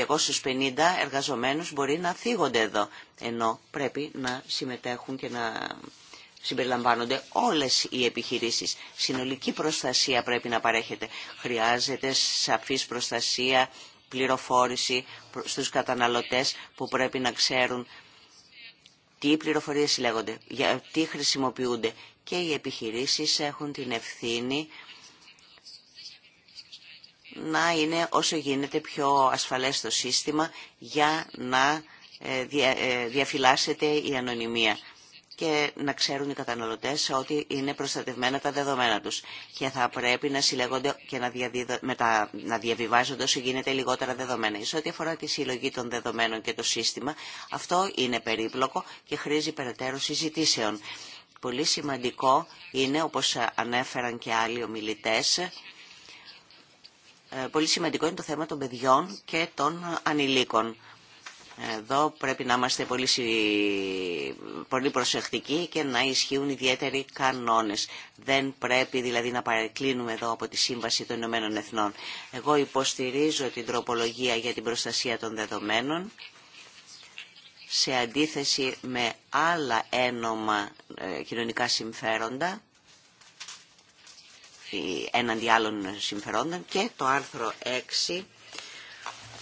250 εργαζομένους μπορεί να θίγονται εδώ, ενώ πρέπει να συμμετέχουν και να συμπεριλαμβάνονται όλες οι επιχειρήσεις. Συνολική προστασία πρέπει να παρέχεται. Χρειάζεται σαφής προστασία, πληροφόρηση στους καταναλωτές που πρέπει να ξέρουν τι πληροφορίες λέγονται τι χρησιμοποιούνται. Και οι επιχειρήσεις έχουν την ευθύνη να είναι όσο γίνεται πιο ασφαλές το σύστημα για να ε, ε, διαφυλάσσεται η ανωνυμία και να ξέρουν οι καταναλωτές ότι είναι προστατευμένα τα δεδομένα τους και θα πρέπει να συλλέγονται και να, διαδίδο, μετα, να διαβιβάζονται όσο γίνεται λιγότερα δεδομένα. Σε ό,τι αφορά τη συλλογή των δεδομένων και το σύστημα, αυτό είναι περίπλοκο και χρήζει περαιτέρω συζητήσεων. Πολύ σημαντικό είναι, όπως ανέφεραν και άλλοι ομιλητές, ε, πολύ σημαντικό είναι το θέμα των παιδιών και των ανηλίκων εδώ πρέπει να είμαστε πολύ, πολύ προσεκτικοί και να ισχύουν ιδιαίτεροι κανόνες. Δεν πρέπει δηλαδή να παρεκκλίνουμε εδώ από τη Σύμβαση των Ηνωμένων Εθνών. Εγώ υποστηρίζω την τροπολογία για την προστασία των δεδομένων σε αντίθεση με άλλα ένομα ε, κοινωνικά συμφέροντα ε, έναντι άλλων συμφερόντων και το άρθρο 6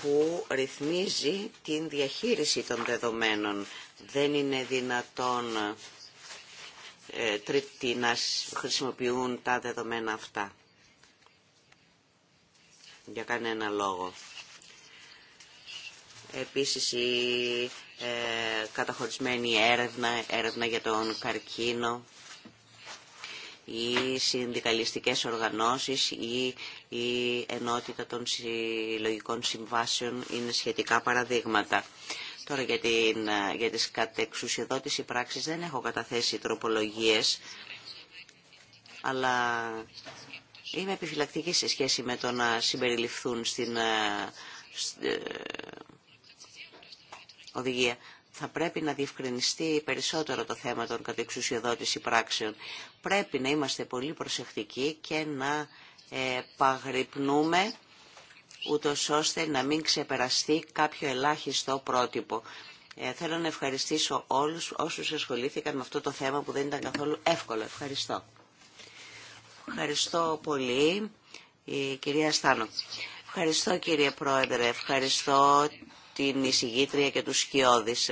που ρυθμίζει την διαχείριση των δεδομένων. Δεν είναι δυνατόν ε, τρίτη να χρησιμοποιούν τα δεδομένα αυτά. Για κανένα λόγο. Επίσης η ε, καταχωρισμένη έρευνα, έρευνα για τον καρκίνο οι συνδικαλιστικές οργανώσεις ή η ενότητα των συλλογικών συμβάσεων είναι σχετικά παραδείγματα. Τώρα για, την, για τις κατεξουσιοδότηση πράξεις δεν έχω καταθέσει τροπολογίες, αλλά είμαι επιφυλακτική σε σχέση με το να συμπεριληφθούν στην ε, ε, οδηγία θα πρέπει να διευκρινιστεί περισσότερο το θέμα των κατεξουσιοδότηση πράξεων. Πρέπει να είμαστε πολύ προσεκτικοί και να ε, παγρυπνούμε ούτω ώστε να μην ξεπεραστεί κάποιο ελάχιστο πρότυπο. Ε, θέλω να ευχαριστήσω όλους όσους ασχολήθηκαν με αυτό το θέμα που δεν ήταν καθόλου εύκολο. Ευχαριστώ. Ευχαριστώ πολύ η κυρία Στάνο. Ευχαριστώ κύριε Πρόεδρε, ευχαριστώ την εισηγήτρια και του σκιώδης.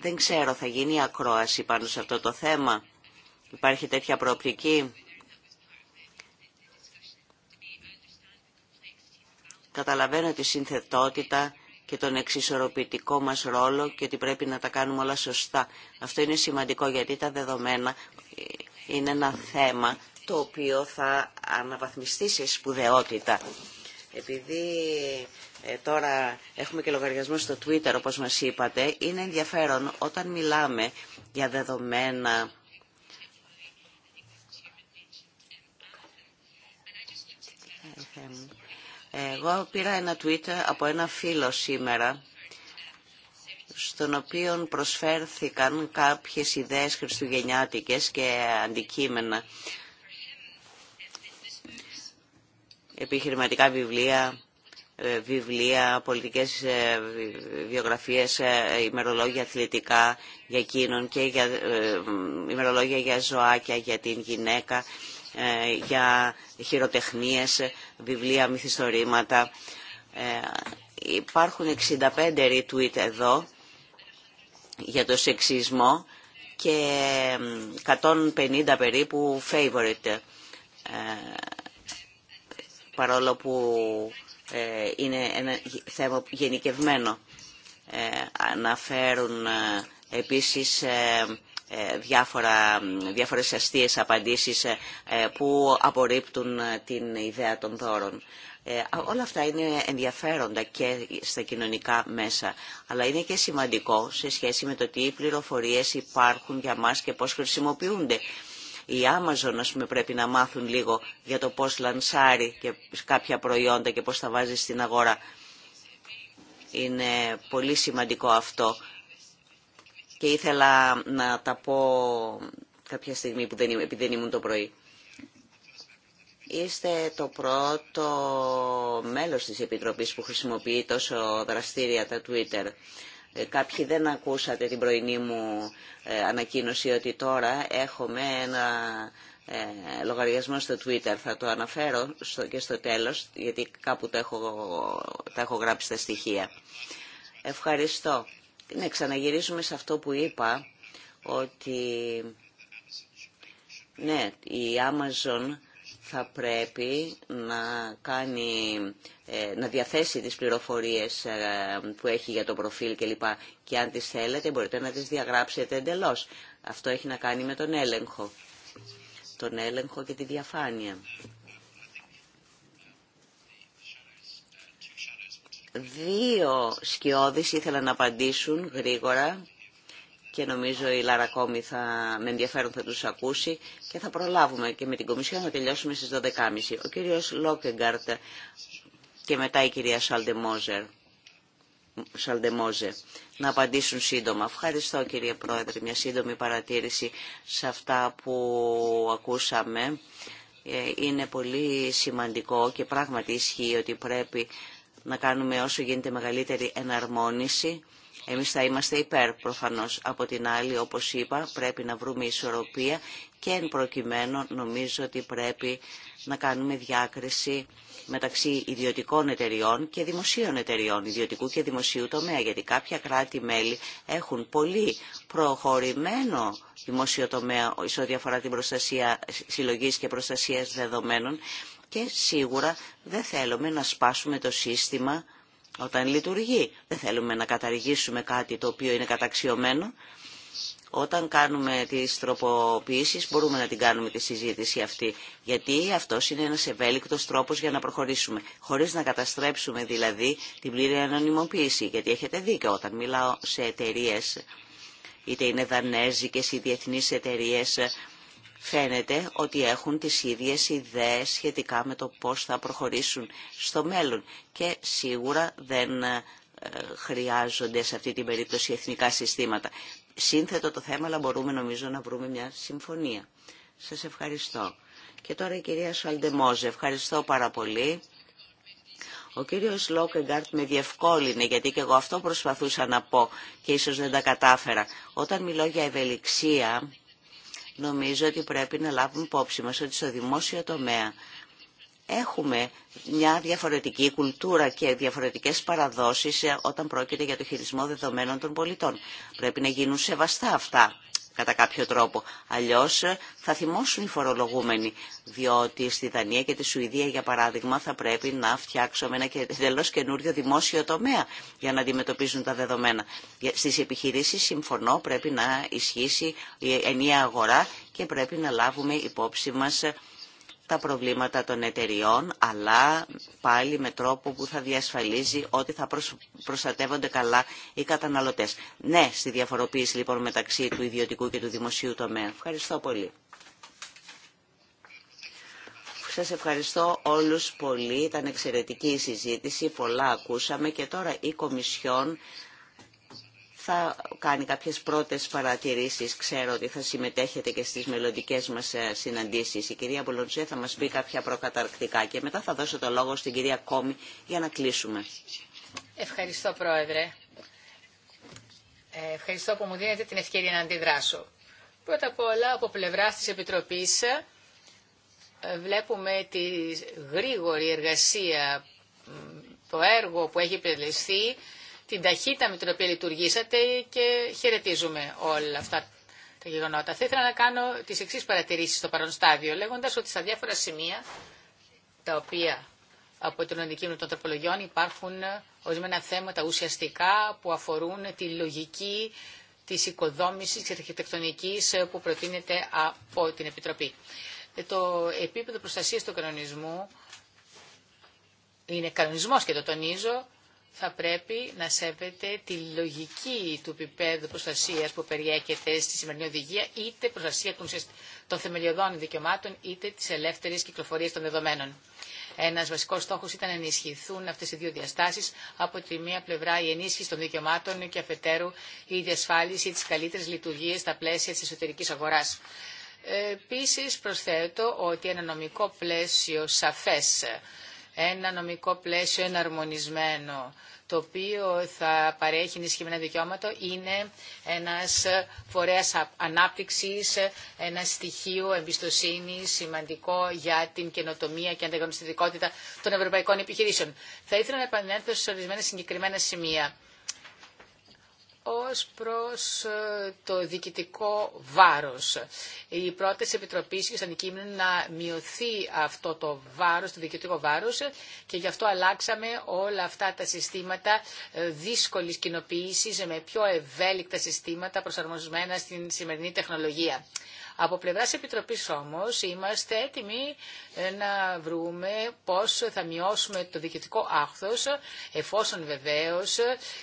Δεν ξέρω, θα γίνει ακρόαση πάνω σε αυτό το θέμα. Υπάρχει τέτοια προοπτική. Καταλαβαίνω τη συνθετότητα και τον εξισορροπητικό μας ρόλο και ότι πρέπει να τα κάνουμε όλα σωστά. Αυτό είναι σημαντικό γιατί τα δεδομένα είναι ένα θέμα το οποίο θα αναβαθμιστεί σε σπουδαιότητα επειδή ε, τώρα έχουμε και λογαριασμό στο Twitter, όπως μας είπατε, είναι ενδιαφέρον όταν μιλάμε για δεδομένα Εγώ πήρα ένα tweet από ένα φίλο σήμερα, στον οποίο προσφέρθηκαν κάποιες ιδέες χριστουγεννιάτικες και αντικείμενα επιχειρηματικά βιβλία, ε, βιβλία, πολιτικές ε, βιογραφίες, ε, ημερολόγια αθλητικά για εκείνον και για, ημερολόγια για ζωάκια, για την γυναίκα, για χειροτεχνίες, βιβλία, μυθιστορήματα. Υπάρχουν 65 retweet εδώ για το σεξισμό και 150 περίπου favorite παρόλο που ε, είναι ένα θέμα γενικευμένο. Ε, αναφέρουν ε, επίσης διάφορα, διάφορες αστείες απαντήσεις που απορρίπτουν την ιδέα των δώρων. όλα αυτά είναι ενδιαφέροντα και στα κοινωνικά μέσα, αλλά είναι και σημαντικό σε σχέση με το τι πληροφορίες υπάρχουν για μας και πώς χρησιμοποιούνται η Amazon πούμε, πρέπει να μάθουν λίγο για το πώς λανσάρει και κάποια προϊόντα και πώς τα βάζει στην αγορά. Είναι πολύ σημαντικό αυτό και ήθελα να τα πω κάποια στιγμή που δεν, επειδή δεν ήμουν το πρωί. Είστε το πρώτο μέλος της Επιτροπής που χρησιμοποιεί τόσο δραστήρια τα Twitter. Ε, κάποιοι δεν ακούσατε την πρωινή μου ε, ανακοίνωση ότι τώρα έχουμε ένα ε, λογαριασμό στο Twitter. Θα το αναφέρω και στο τέλος, γιατί κάπου τα έχω, τα έχω γράψει τα στοιχεία. Ευχαριστώ. Ναι, ξαναγυρίζουμε σε αυτό που είπα, ότι ναι, η Amazon θα πρέπει να, κάνει, ε, να διαθέσει τις πληροφορίες ε, που έχει για το προφίλ λοιπά. Και αν τις θέλετε μπορείτε να τις διαγράψετε εντελώς. Αυτό έχει να κάνει με τον έλεγχο. Τον έλεγχο και τη διαφάνεια. Δύο σκιώδεις ήθελαν να απαντήσουν γρήγορα και νομίζω η Λάρα Κόμη θα με ενδιαφέρον θα τους ακούσει και θα προλάβουμε και με την Κομισιόν να τελειώσουμε στις 12.30. Ο κύριος Λόκεγκαρτ και μετά η κυρία Σαλντεμόζερ. να απαντήσουν σύντομα. Ευχαριστώ κύριε Πρόεδρε, μια σύντομη παρατήρηση σε αυτά που ακούσαμε. Ε, είναι πολύ σημαντικό και πράγματι ισχύει ότι πρέπει να κάνουμε όσο γίνεται μεγαλύτερη εναρμόνιση εμείς θα είμαστε υπέρ προφανώς. Από την άλλη, όπως είπα, πρέπει να βρούμε ισορροπία και εν προκειμένου νομίζω ότι πρέπει να κάνουμε διάκριση μεταξύ ιδιωτικών εταιριών και δημοσίων εταιριών, ιδιωτικού και δημοσίου τομέα, γιατί κάποια κράτη-μέλη έχουν πολύ προχωρημένο δημοσίο τομέα σε ό,τι αφορά την προστασία συλλογής και προστασίας δεδομένων και σίγουρα δεν θέλουμε να σπάσουμε το σύστημα όταν λειτουργεί. Δεν θέλουμε να καταργήσουμε κάτι το οποίο είναι καταξιωμένο. Όταν κάνουμε τις τροποποιήσεις μπορούμε να την κάνουμε τη συζήτηση αυτή, γιατί αυτός είναι ένας ευέλικτος τρόπος για να προχωρήσουμε, χωρίς να καταστρέψουμε δηλαδή την πλήρη ανωνυμοποίηση, γιατί έχετε δίκιο όταν μιλάω σε εταιρείε, είτε είναι δανέζικες ή διεθνείς εταιρείε φαίνεται ότι έχουν τις ίδιες ιδέες σχετικά με το πώς θα προχωρήσουν στο μέλλον και σίγουρα δεν ε, χρειάζονται σε αυτή την περίπτωση εθνικά συστήματα. Σύνθετο το θέμα, αλλά μπορούμε νομίζω να βρούμε μια συμφωνία. Σας ευχαριστώ. Και τώρα η κυρία Σαλντεμόζε. Ευχαριστώ πάρα πολύ. Ο κύριος Λόκεγκαρτ με διευκόλυνε, γιατί και εγώ αυτό προσπαθούσα να πω και ίσως δεν τα κατάφερα. Όταν μιλώ για ευελιξία, νομίζω ότι πρέπει να λάβουμε υπόψη μας ότι στο δημόσιο τομέα έχουμε μια διαφορετική κουλτούρα και διαφορετικές παραδόσεις ε, όταν πρόκειται για το χειρισμό δεδομένων των πολιτών. Πρέπει να γίνουν σεβαστά αυτά κατά κάποιο τρόπο. Αλλιώς ε, θα θυμώσουν οι φορολογούμενοι, διότι στη Δανία και τη Σουηδία, για παράδειγμα, θα πρέπει να φτιάξουμε ένα τελώς καινούριο δημόσιο τομέα για να αντιμετωπίζουν τα δεδομένα. Στις επιχειρήσεις, συμφωνώ, πρέπει να ισχύσει η ενιαία αγορά και πρέπει να λάβουμε υπόψη μας ε, τα προβλήματα των εταιριών, αλλά πάλι με τρόπο που θα διασφαλίζει ότι θα προστατεύονται καλά οι καταναλωτές. Ναι, στη διαφοροποίηση λοιπόν μεταξύ του ιδιωτικού και του δημοσίου τομέα. Ευχαριστώ πολύ. Σας ευχαριστώ όλους πολύ. Ήταν εξαιρετική η συζήτηση, πολλά ακούσαμε και τώρα η Κομισιόν θα κάνει κάποιες πρώτες παρατηρήσεις. Ξέρω ότι θα συμμετέχετε και στις μελλοντικέ μας ε, συναντήσεις. Η κυρία Μπολοντζέ θα μας πει κάποια προκαταρκτικά και μετά θα δώσω το λόγο στην κυρία Κόμη για να κλείσουμε.
Ευχαριστώ Πρόεδρε. Ε, ευχαριστώ που μου δίνετε την ευκαιρία να αντιδράσω. Πρώτα απ' όλα από πλευρά της Επιτροπής ε, βλέπουμε τη γρήγορη εργασία, το έργο που έχει επιτελεστεί την ταχύτητα με την οποία λειτουργήσατε και χαιρετίζουμε όλα αυτά τα γεγονότα. Θα ήθελα να κάνω τις εξής παρατηρήσεις στο παρόν στάδιο, λέγοντας ότι στα διάφορα σημεία τα οποία από την αντικείμενο των τροπολογιών υπάρχουν ορισμένα θέματα ουσιαστικά που αφορούν τη λογική της οικοδόμησης και αρχιτεκτονικής που προτείνεται από την Επιτροπή. Το επίπεδο προστασίας του κανονισμού είναι κανονισμός και το τονίζω, θα πρέπει να σέβεται τη λογική του επίπεδου προστασία που περιέχεται στη σημερινή οδηγία, είτε προστασία των θεμελιωδών δικαιωμάτων, είτε τη ελεύθερη κυκλοφορία των δεδομένων. Ένα βασικό στόχο ήταν να ενισχυθούν αυτέ οι δύο διαστάσει. Από τη μία πλευρά η ενίσχυση των δικαιωμάτων και αφετέρου η διασφάλιση τη καλύτερη λειτουργία στα πλαίσια τη εσωτερική αγορά. Ε, Επίση, προσθέτω ότι ένα νομικό πλαίσιο σαφέ ένα νομικό πλαίσιο εναρμονισμένο, το οποίο θα παρέχει ενισχυμένα δικαιώματα, είναι ένας φορέας ανάπτυξης, ένα στοιχείο εμπιστοσύνη σημαντικό για την καινοτομία και ανταγωνιστικότητα των ευρωπαϊκών επιχειρήσεων. Θα ήθελα να επανέλθω σε ορισμένα συγκεκριμένα σημεία ως προς ε, το διοικητικό βάρος. Η πρόταση επιτροπή και σαν αντικείμενο να μειωθεί αυτό το βάρος, το διοικητικό βάρος και γι' αυτό αλλάξαμε όλα αυτά τα συστήματα ε, δύσκολης κοινοποίησης με πιο ευέλικτα συστήματα προσαρμοσμένα στην σημερινή τεχνολογία. Από πλευράς Επιτροπής όμως είμαστε έτοιμοι ε, να βρούμε πώς θα μειώσουμε το διοικητικό άχθο εφόσον βεβαίω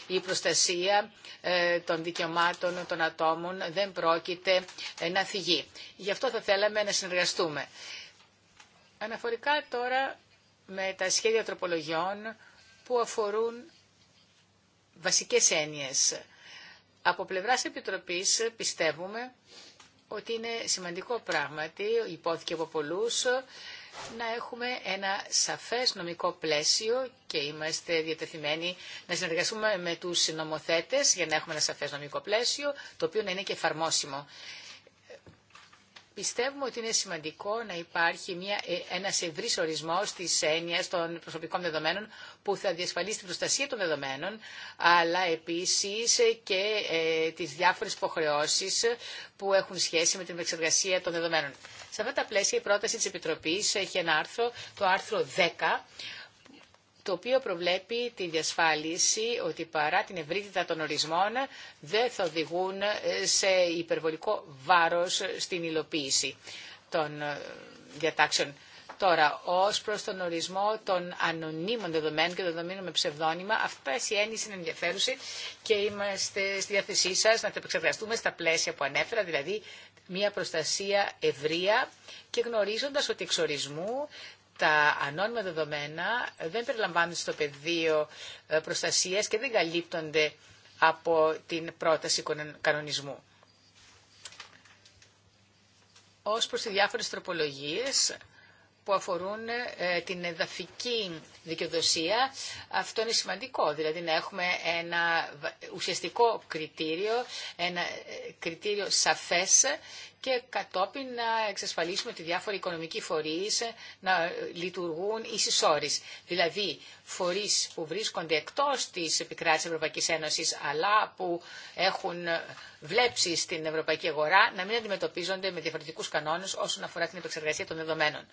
η προστασία ε, των δικαιωμάτων των ατόμων δεν πρόκειται ε, να θυγεί. Γι' αυτό θα θέλαμε να συνεργαστούμε. Αναφορικά τώρα με τα σχέδια τροπολογιών που αφορούν βασικές έννοιες. Από πλευράς Επιτροπής πιστεύουμε ότι είναι σημαντικό πράγματι, υπόθηκε από πολλούς, να έχουμε ένα σαφές νομικό πλαίσιο και είμαστε διατεθειμένοι να συνεργαστούμε με τους νομοθέτες για να έχουμε ένα σαφές νομικό πλαίσιο, το οποίο να είναι και εφαρμόσιμο. Πιστεύουμε ότι είναι σημαντικό να υπάρχει μια, ε, ένας ευρύς ορισμός της έννοιας των προσωπικών δεδομένων που θα διασφαλίσει την προστασία των δεδομένων, αλλά επίσης και ε, τις διάφορες υποχρεώσεις που έχουν σχέση με την επεξεργασία των δεδομένων. Σε αυτά τα πλαίσια η πρόταση της Επιτροπής έχει ένα άρθρο, το άρθρο 10, το οποίο προβλέπει τη διασφάλιση ότι παρά την ευρύτητα των ορισμών δεν θα οδηγούν ε, σε υπερβολικό βάρος στην υλοποίηση των ε, διατάξεων. Τώρα, ω προ τον ορισμό των ανωνύμων δεδομένων και δεδομένων με ψευδόνυμα, αυτά οι έννοιε είναι ενδιαφέρουσε και είμαστε στη διάθεσή σα να τα επεξεργαστούμε στα πλαίσια που ανέφερα, δηλαδή μια προστασία ευρεία και γνωρίζοντα ότι εξ ορισμού τα ανώνυμα δεδομένα δεν περιλαμβάνονται στο πεδίο ε, προστασίας και δεν καλύπτονται από την πρόταση κανονισμού. Ως προς τις διάφορες τροπολογίες που αφορούν ε, την εδαφική δικαιοδοσία, αυτό είναι σημαντικό. Δηλαδή να έχουμε ένα ουσιαστικό κριτήριο, ένα ε, κριτήριο σαφές και κατόπιν να εξασφαλίσουμε ότι διάφοροι οικονομικοί φορείς ε, να λειτουργούν ίσης όρης. Δηλαδή, φορείς που βρίσκονται εκτός της επικράτησης Ευρωπαϊκής Ένωσης, αλλά που έχουν ε, βλέψει στην ευρωπαϊκή αγορά, να μην αντιμετωπίζονται με διαφορετικούς κανόνες όσον αφορά την επεξεργασία των δεδομένων.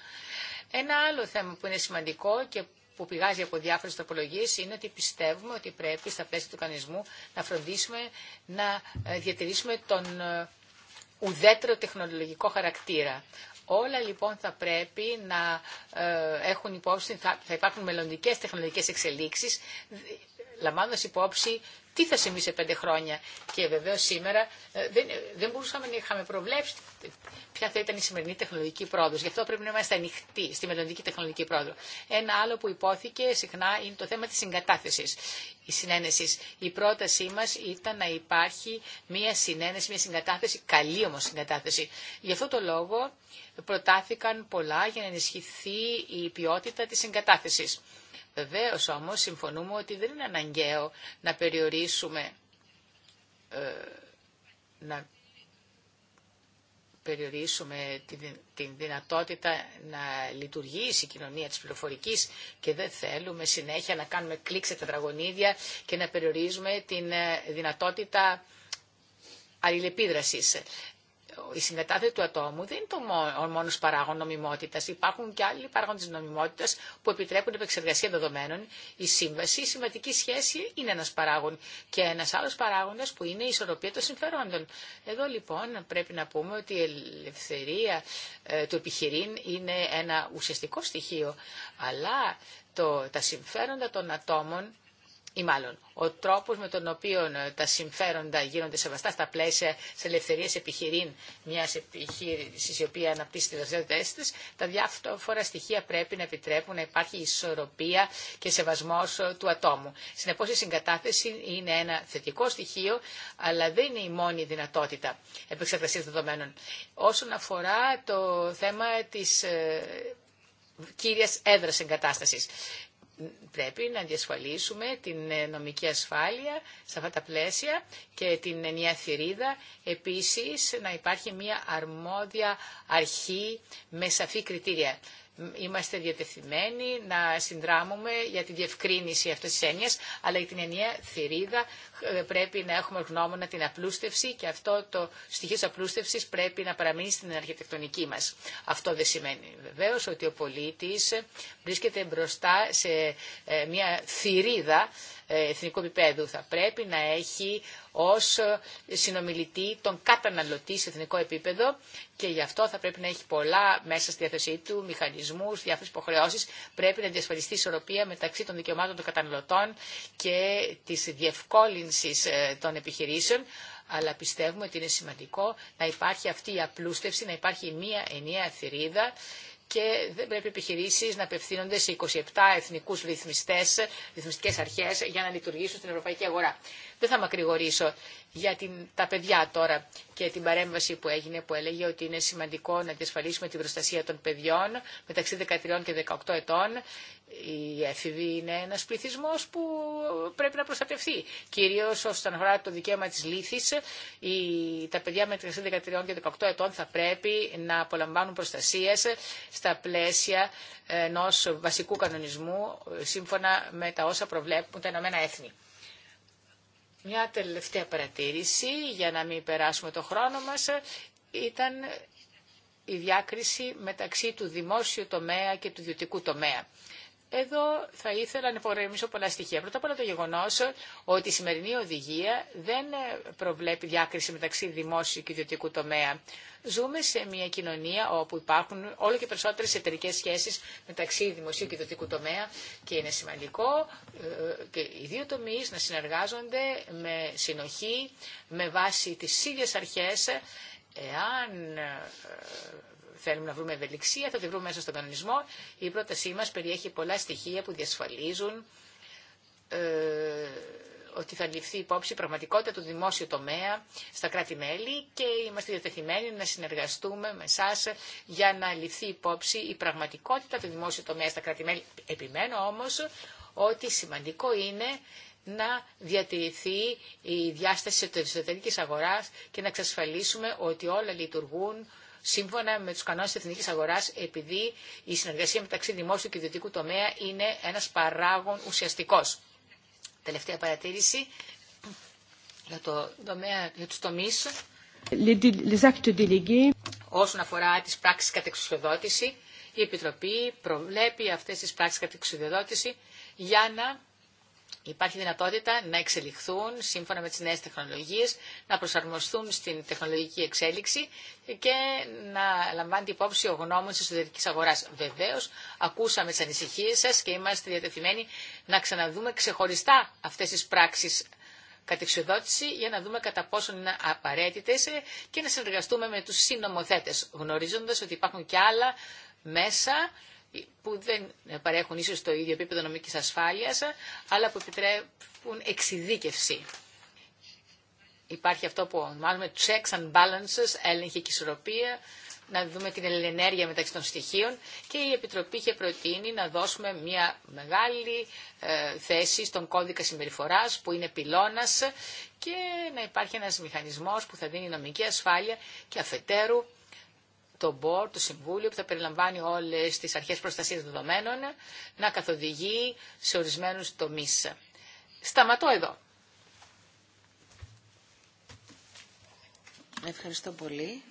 Ένα άλλο θέμα που είναι σημαντικό και που πηγάζει από διάφορε τροπολογίε είναι ότι πιστεύουμε ότι πρέπει στα πλαίσια του κανονισμού να φροντίσουμε να ε, διατηρήσουμε τον ουδέτερο τεχνολογικό χαρακτήρα. Όλα λοιπόν θα πρέπει να ε, έχουν υπόψη, θα, υπάρχουν μελλοντικέ τεχνολογικές εξελίξεις, λαμβάνοντας υπόψη τι θα σημεί σε πέντε χρόνια. Και βεβαίω σήμερα ε, δεν, ε, δεν μπορούσαμε να είχαμε προβλέψει ποια θα ήταν η σημερινή τεχνολογική πρόοδο. Γι' αυτό πρέπει να είμαστε ανοιχτοί στη μελλοντική τεχνολογική πρόοδο. Ένα άλλο που υπόθηκε συχνά είναι το θέμα τη συγκατάθεση. Η συνένεση. Η πρότασή μα ήταν να υπάρχει μία συνένεση, μία συγκατάθεση, καλή όμω συγκατάθεση. Γι' αυτό το λόγο προτάθηκαν πολλά για να ενισχυθεί η ποιότητα τη συγκατάθεση. Βεβαίω όμω συμφωνούμε ότι δεν είναι αναγκαίο να περιορίσουμε, ε, να περιορίσουμε την, δυνατότητα να λειτουργήσει η κοινωνία της πληροφορικής και δεν θέλουμε συνέχεια να κάνουμε κλικ σε τετραγωνίδια και να περιορίζουμε την ε, δυνατότητα αλληλεπίδρασης η συγκατάθεση του ατόμου δεν είναι το μόνο, ο μόνος νομιμότητας. Υπάρχουν και άλλοι παράγοντες νομιμότητας που επιτρέπουν επεξεργασία δεδομένων. Η σύμβαση, η συμβατική σχέση είναι ένας παράγον και ένας άλλος παράγοντας που είναι η ισορροπία των συμφερόντων. Εδώ λοιπόν πρέπει να πούμε ότι η ελευθερία ε, του επιχειρήν είναι ένα ουσιαστικό στοιχείο, αλλά το, τα συμφέροντα των ατόμων ή μάλλον ο τρόπο με τον οποίο ε, τα συμφέροντα γίνονται σεβαστά στα πλαίσια τη ελευθερία επιχειρήν μια επιχείρηση η οποία αναπτύσσει τι δραστηριότητέ τη, τα διάφορα στοιχεία πρέπει να επιτρέπουν να υπάρχει ισορροπία και σεβασμό ε, του ατόμου. Συνεπώ, η συγκατάθεση είναι ένα θετικό στοιχείο, αλλά δεν είναι η μόνη δυνατότητα επεξεργασία δεδομένων. Όσον αφορά το θέμα τη ε, κύριας έδρας εγκατάστασης πρέπει να διασφαλίσουμε την ε, νομική ασφάλεια σε αυτά τα πλαίσια και την ενιαία θηρίδα. Επίσης, να υπάρχει μια αρμόδια αρχή με σαφή κριτήρια. Είμαστε διατεθειμένοι να συνδράμουμε για τη διευκρίνηση αυτής της έννοιας, αλλά για την ενιαία θηρίδα ε, πρέπει να έχουμε γνώμονα την απλούστευση και αυτό το στοιχείο της απλούστευσης πρέπει να παραμείνει στην αρχιτεκτονική μας. Αυτό δεν σημαίνει βεβαίως ότι ο πολίτης βρίσκεται μπροστά σε ε, μια θηρίδα ε, εθνικού επίπεδου. Θα πρέπει να έχει ως ε, συνομιλητή τον καταναλωτή σε εθνικό επίπεδο και γι' αυτό θα πρέπει να έχει πολλά μέσα στη διάθεσή του, μηχανισμούς, διάφορες υποχρεώσει. Πρέπει να διασφαλιστεί ισορροπία μεταξύ των δικαιωμάτων των καταναλωτών και της διευκόλυνσης ε, των επιχειρήσεων αλλά πιστεύουμε ότι είναι σημαντικό να υπάρχει αυτή η απλούστευση, να υπάρχει μία ενιαία θηρίδα και δεν πρέπει επιχειρήσει να απευθύνονται σε 27 εθνικού ρυθμιστέ, ρυθμιστικέ αρχέ για να λειτουργήσουν στην ευρωπαϊκή αγορά. Δεν θα μακρηγορήσω για την, τα παιδιά τώρα και την παρέμβαση που έγινε που έλεγε ότι είναι σημαντικό να διασφαλίσουμε την προστασία των παιδιών μεταξύ 13 και 18 ετών. Η έφηβη e είναι ένας πληθυσμός που πρέπει να προστατευτεί. Κυρίως όσον αφορά το δικαίωμα της λύθης, η, τα παιδιά μεταξύ 13 και 18 ετών θα πρέπει να απολαμβάνουν προστασίες στα πλαίσια ενός βασικού κανονισμού σύμφωνα με τα όσα προβλέπουν τα Ηνωμένα μια τελευταία παρατήρηση, για να μην περάσουμε το χρόνο μας, ήταν η διάκριση μεταξύ του δημόσιου τομέα και του ιδιωτικού τομέα. Εδώ θα ήθελα να υπογραμμίσω πολλά στοιχεία. Πρώτα απ' όλα το γεγονό ότι η σημερινή οδηγία δεν προβλέπει διάκριση μεταξύ δημόσιου και ιδιωτικού τομέα. Ζούμε σε μια κοινωνία όπου υπάρχουν όλο και περισσότερε εταιρικέ σχέσει μεταξύ δημοσίου και ιδιωτικού τομέα και είναι σημαντικό ε, και οι δύο τομεί να συνεργάζονται με συνοχή, με βάση τι ίδιε αρχέ, εάν ε, θέλουμε να βρούμε ευελιξία, θα τη βρούμε μέσα στον κανονισμό. Η πρότασή μας περιέχει πολλά στοιχεία που διασφαλίζουν ε, ότι θα ληφθεί υπόψη η πραγματικότητα του δημόσιου τομέα στα κράτη-μέλη και είμαστε διατεθειμένοι να συνεργαστούμε με εσά για να ληφθεί υπόψη η πραγματικότητα του δημόσιου τομέα στα κράτη-μέλη. Επιμένω όμω ότι σημαντικό είναι να διατηρηθεί η διάσταση της εσωτερικής αγοράς και να εξασφαλίσουμε ότι όλα λειτουργούν σύμφωνα με τους κανόνες της εθνικής αγοράς επειδή η συνεργασία μεταξύ δημόσιου και ιδιωτικού τομέα είναι ένας παράγων ουσιαστικός. Τελευταία παρατήρηση για, το τομέα, για τους τομείς. Όσον αφορά τις πράξεις κατεξουσιοδότηση, η Επιτροπή προβλέπει αυτές τις πράξεις κατεξουσιοδότηση για να Υπάρχει δυνατότητα να εξελιχθούν σύμφωνα με τις νέες τεχνολογίες, να προσαρμοστούν στην τεχνολογική εξέλιξη και να λαμβάνει υπόψη ο γνώμων της εσωτερικής αγοράς. Βεβαίως, ακούσαμε τις ανησυχίες σας και είμαστε διατεθειμένοι να ξαναδούμε ξεχωριστά αυτές τις πράξεις κατεξοδότηση για να δούμε κατά πόσο είναι απαραίτητες και να συνεργαστούμε με τους συνομοθέτες, γνωρίζοντας ότι υπάρχουν και άλλα μέσα που δεν παρέχουν ίσως το ίδιο επίπεδο νομικής ασφάλειας, αλλά που επιτρέπουν εξειδίκευση. Υπάρχει αυτό που ονομάζουμε checks and balances, έλεγχη και ισορροπία, να δούμε την ενέργεια μεταξύ των στοιχείων και η Επιτροπή είχε προτείνει να δώσουμε μια μεγάλη ε, θέση στον κώδικα συμπεριφοράς που είναι πυλώνας και να υπάρχει ένας μηχανισμός που θα δίνει νομική ασφάλεια και αφετέρου το board, το συμβούλιο που θα περιλαμβάνει όλες τις αρχές προστασίας δεδομένων να καθοδηγεί σε ορισμένους τομείς. Σταματώ εδώ.
Ευχαριστώ πολύ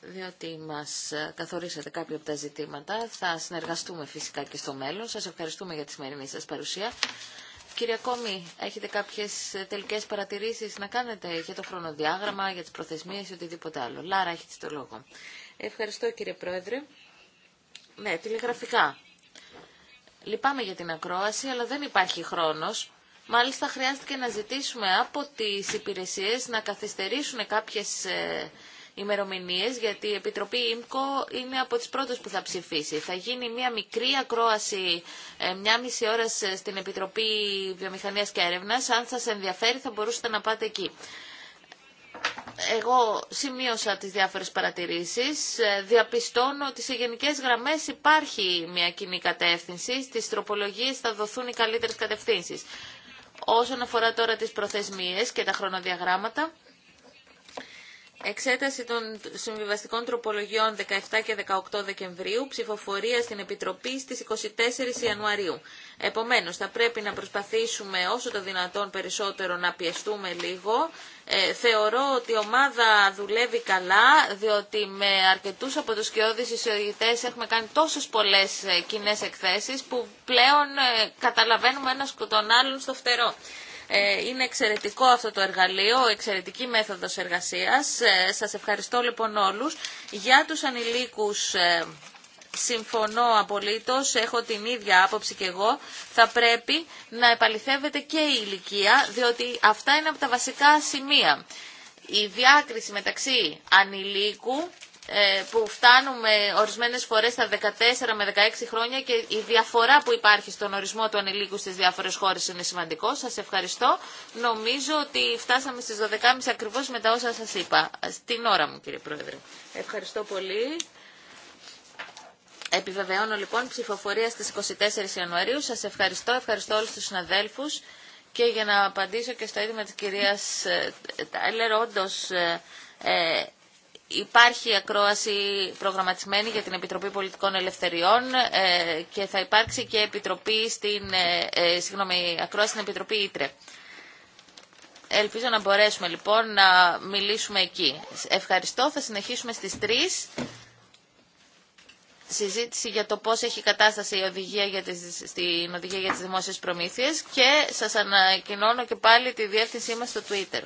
διότι μας καθορίσατε κάποια από τα ζητήματα. Θα συνεργαστούμε φυσικά και στο μέλλον. Σας ευχαριστούμε για τη σημερινή σας παρουσία. Κύριε Κόμη, έχετε κάποιες ε, τελικές παρατηρήσεις να κάνετε για το χρονοδιάγραμμα, για τις προθεσμίες ή οτιδήποτε άλλο. Λάρα, έχετε το λόγο. Ευχαριστώ κύριε Πρόεδρε. Ναι, τηλεγραφικά. Λυπάμαι για την ακρόαση, αλλά δεν υπάρχει χρόνος. Μάλιστα χρειάστηκε να ζητήσουμε από τις υπηρεσίες να καθυστερήσουν κάποιες ε, ημερομηνίε, γιατί η Επιτροπή ΙΜΚΟ είναι από τι πρώτε που θα ψηφίσει. Θα γίνει μια μικρή ακρόαση, ε, μια μισή ώρα στην Επιτροπή Βιομηχανία και Έρευνα. Αν σα ενδιαφέρει, θα μπορούσατε να πάτε εκεί. Εγώ σημείωσα τις διάφορες παρατηρήσεις. Ε, διαπιστώνω ότι σε γενικές γραμμές υπάρχει μια κοινή κατεύθυνση. Στις τροπολογίες θα δοθούν οι καλύτερες κατευθύνσεις. Όσον αφορά τώρα τις προθεσμίες και τα χρονοδιαγράμματα, Εξέταση των συμβιβαστικών τροπολογιών 17 και 18 Δεκεμβρίου, ψηφοφορία στην Επιτροπή στις 24 Ιανουαρίου. Επομένως, θα πρέπει να προσπαθήσουμε όσο το δυνατόν περισσότερο να πιεστούμε λίγο. Ε, θεωρώ ότι η ομάδα δουλεύει καλά, διότι με αρκετούς από τους κοιόδης εισηγητές έχουμε κάνει τόσες πολλές ε, κοινέ εκθέσεις που πλέον ε, καταλαβαίνουμε ένας τον άλλον στο φτερό. Ε, είναι εξαιρετικό αυτό το εργαλείο, εξαιρετική μέθοδος εργασίας. Ε, σας ευχαριστώ λοιπόν όλους. Για τους ανηλίκους ε, συμφωνώ απολύτως, έχω την ίδια άποψη και εγώ, θα πρέπει να επαληθεύεται και η ηλικία, διότι αυτά είναι από τα βασικά σημεία. Η διάκριση μεταξύ ανηλίκου ε, που φτάνουμε ορισμένες φορές στα 14 με 16 χρόνια και η διαφορά που υπάρχει στον ορισμό του ανηλίκου στις διάφορες χώρες είναι σημαντικό. Σας ευχαριστώ. Νομίζω ότι φτάσαμε στις 12.30 ακριβώς με τα όσα σας είπα. Στην ώρα μου κύριε Πρόεδρε. Ευχαριστώ πολύ. Επιβεβαιώνω λοιπόν ψηφοφορία στις 24 Ιανουαρίου. Σας ευχαριστώ. Ευχαριστώ όλους τους συναδέλφους. Και για να απαντήσω και στο της κυρίας ε, Τάιλερ, όντως ε, Υπάρχει ακρόαση προγραμματισμένη για την Επιτροπή Πολιτικών Ελευθεριών ε, και θα υπάρξει και επιτροπή στην, ε, ε, συγγνώμη, ακρόαση στην Επιτροπή Ήτρε. Ελπίζω να μπορέσουμε λοιπόν να μιλήσουμε εκεί. Ευχαριστώ. Θα συνεχίσουμε στις 3. Συζήτηση για το πώς έχει κατάσταση η οδηγία για τις, στην οδηγία για τις δημόσιες προμήθειες και σας ανακοινώνω και πάλι τη διεύθυνσή μας στο Twitter.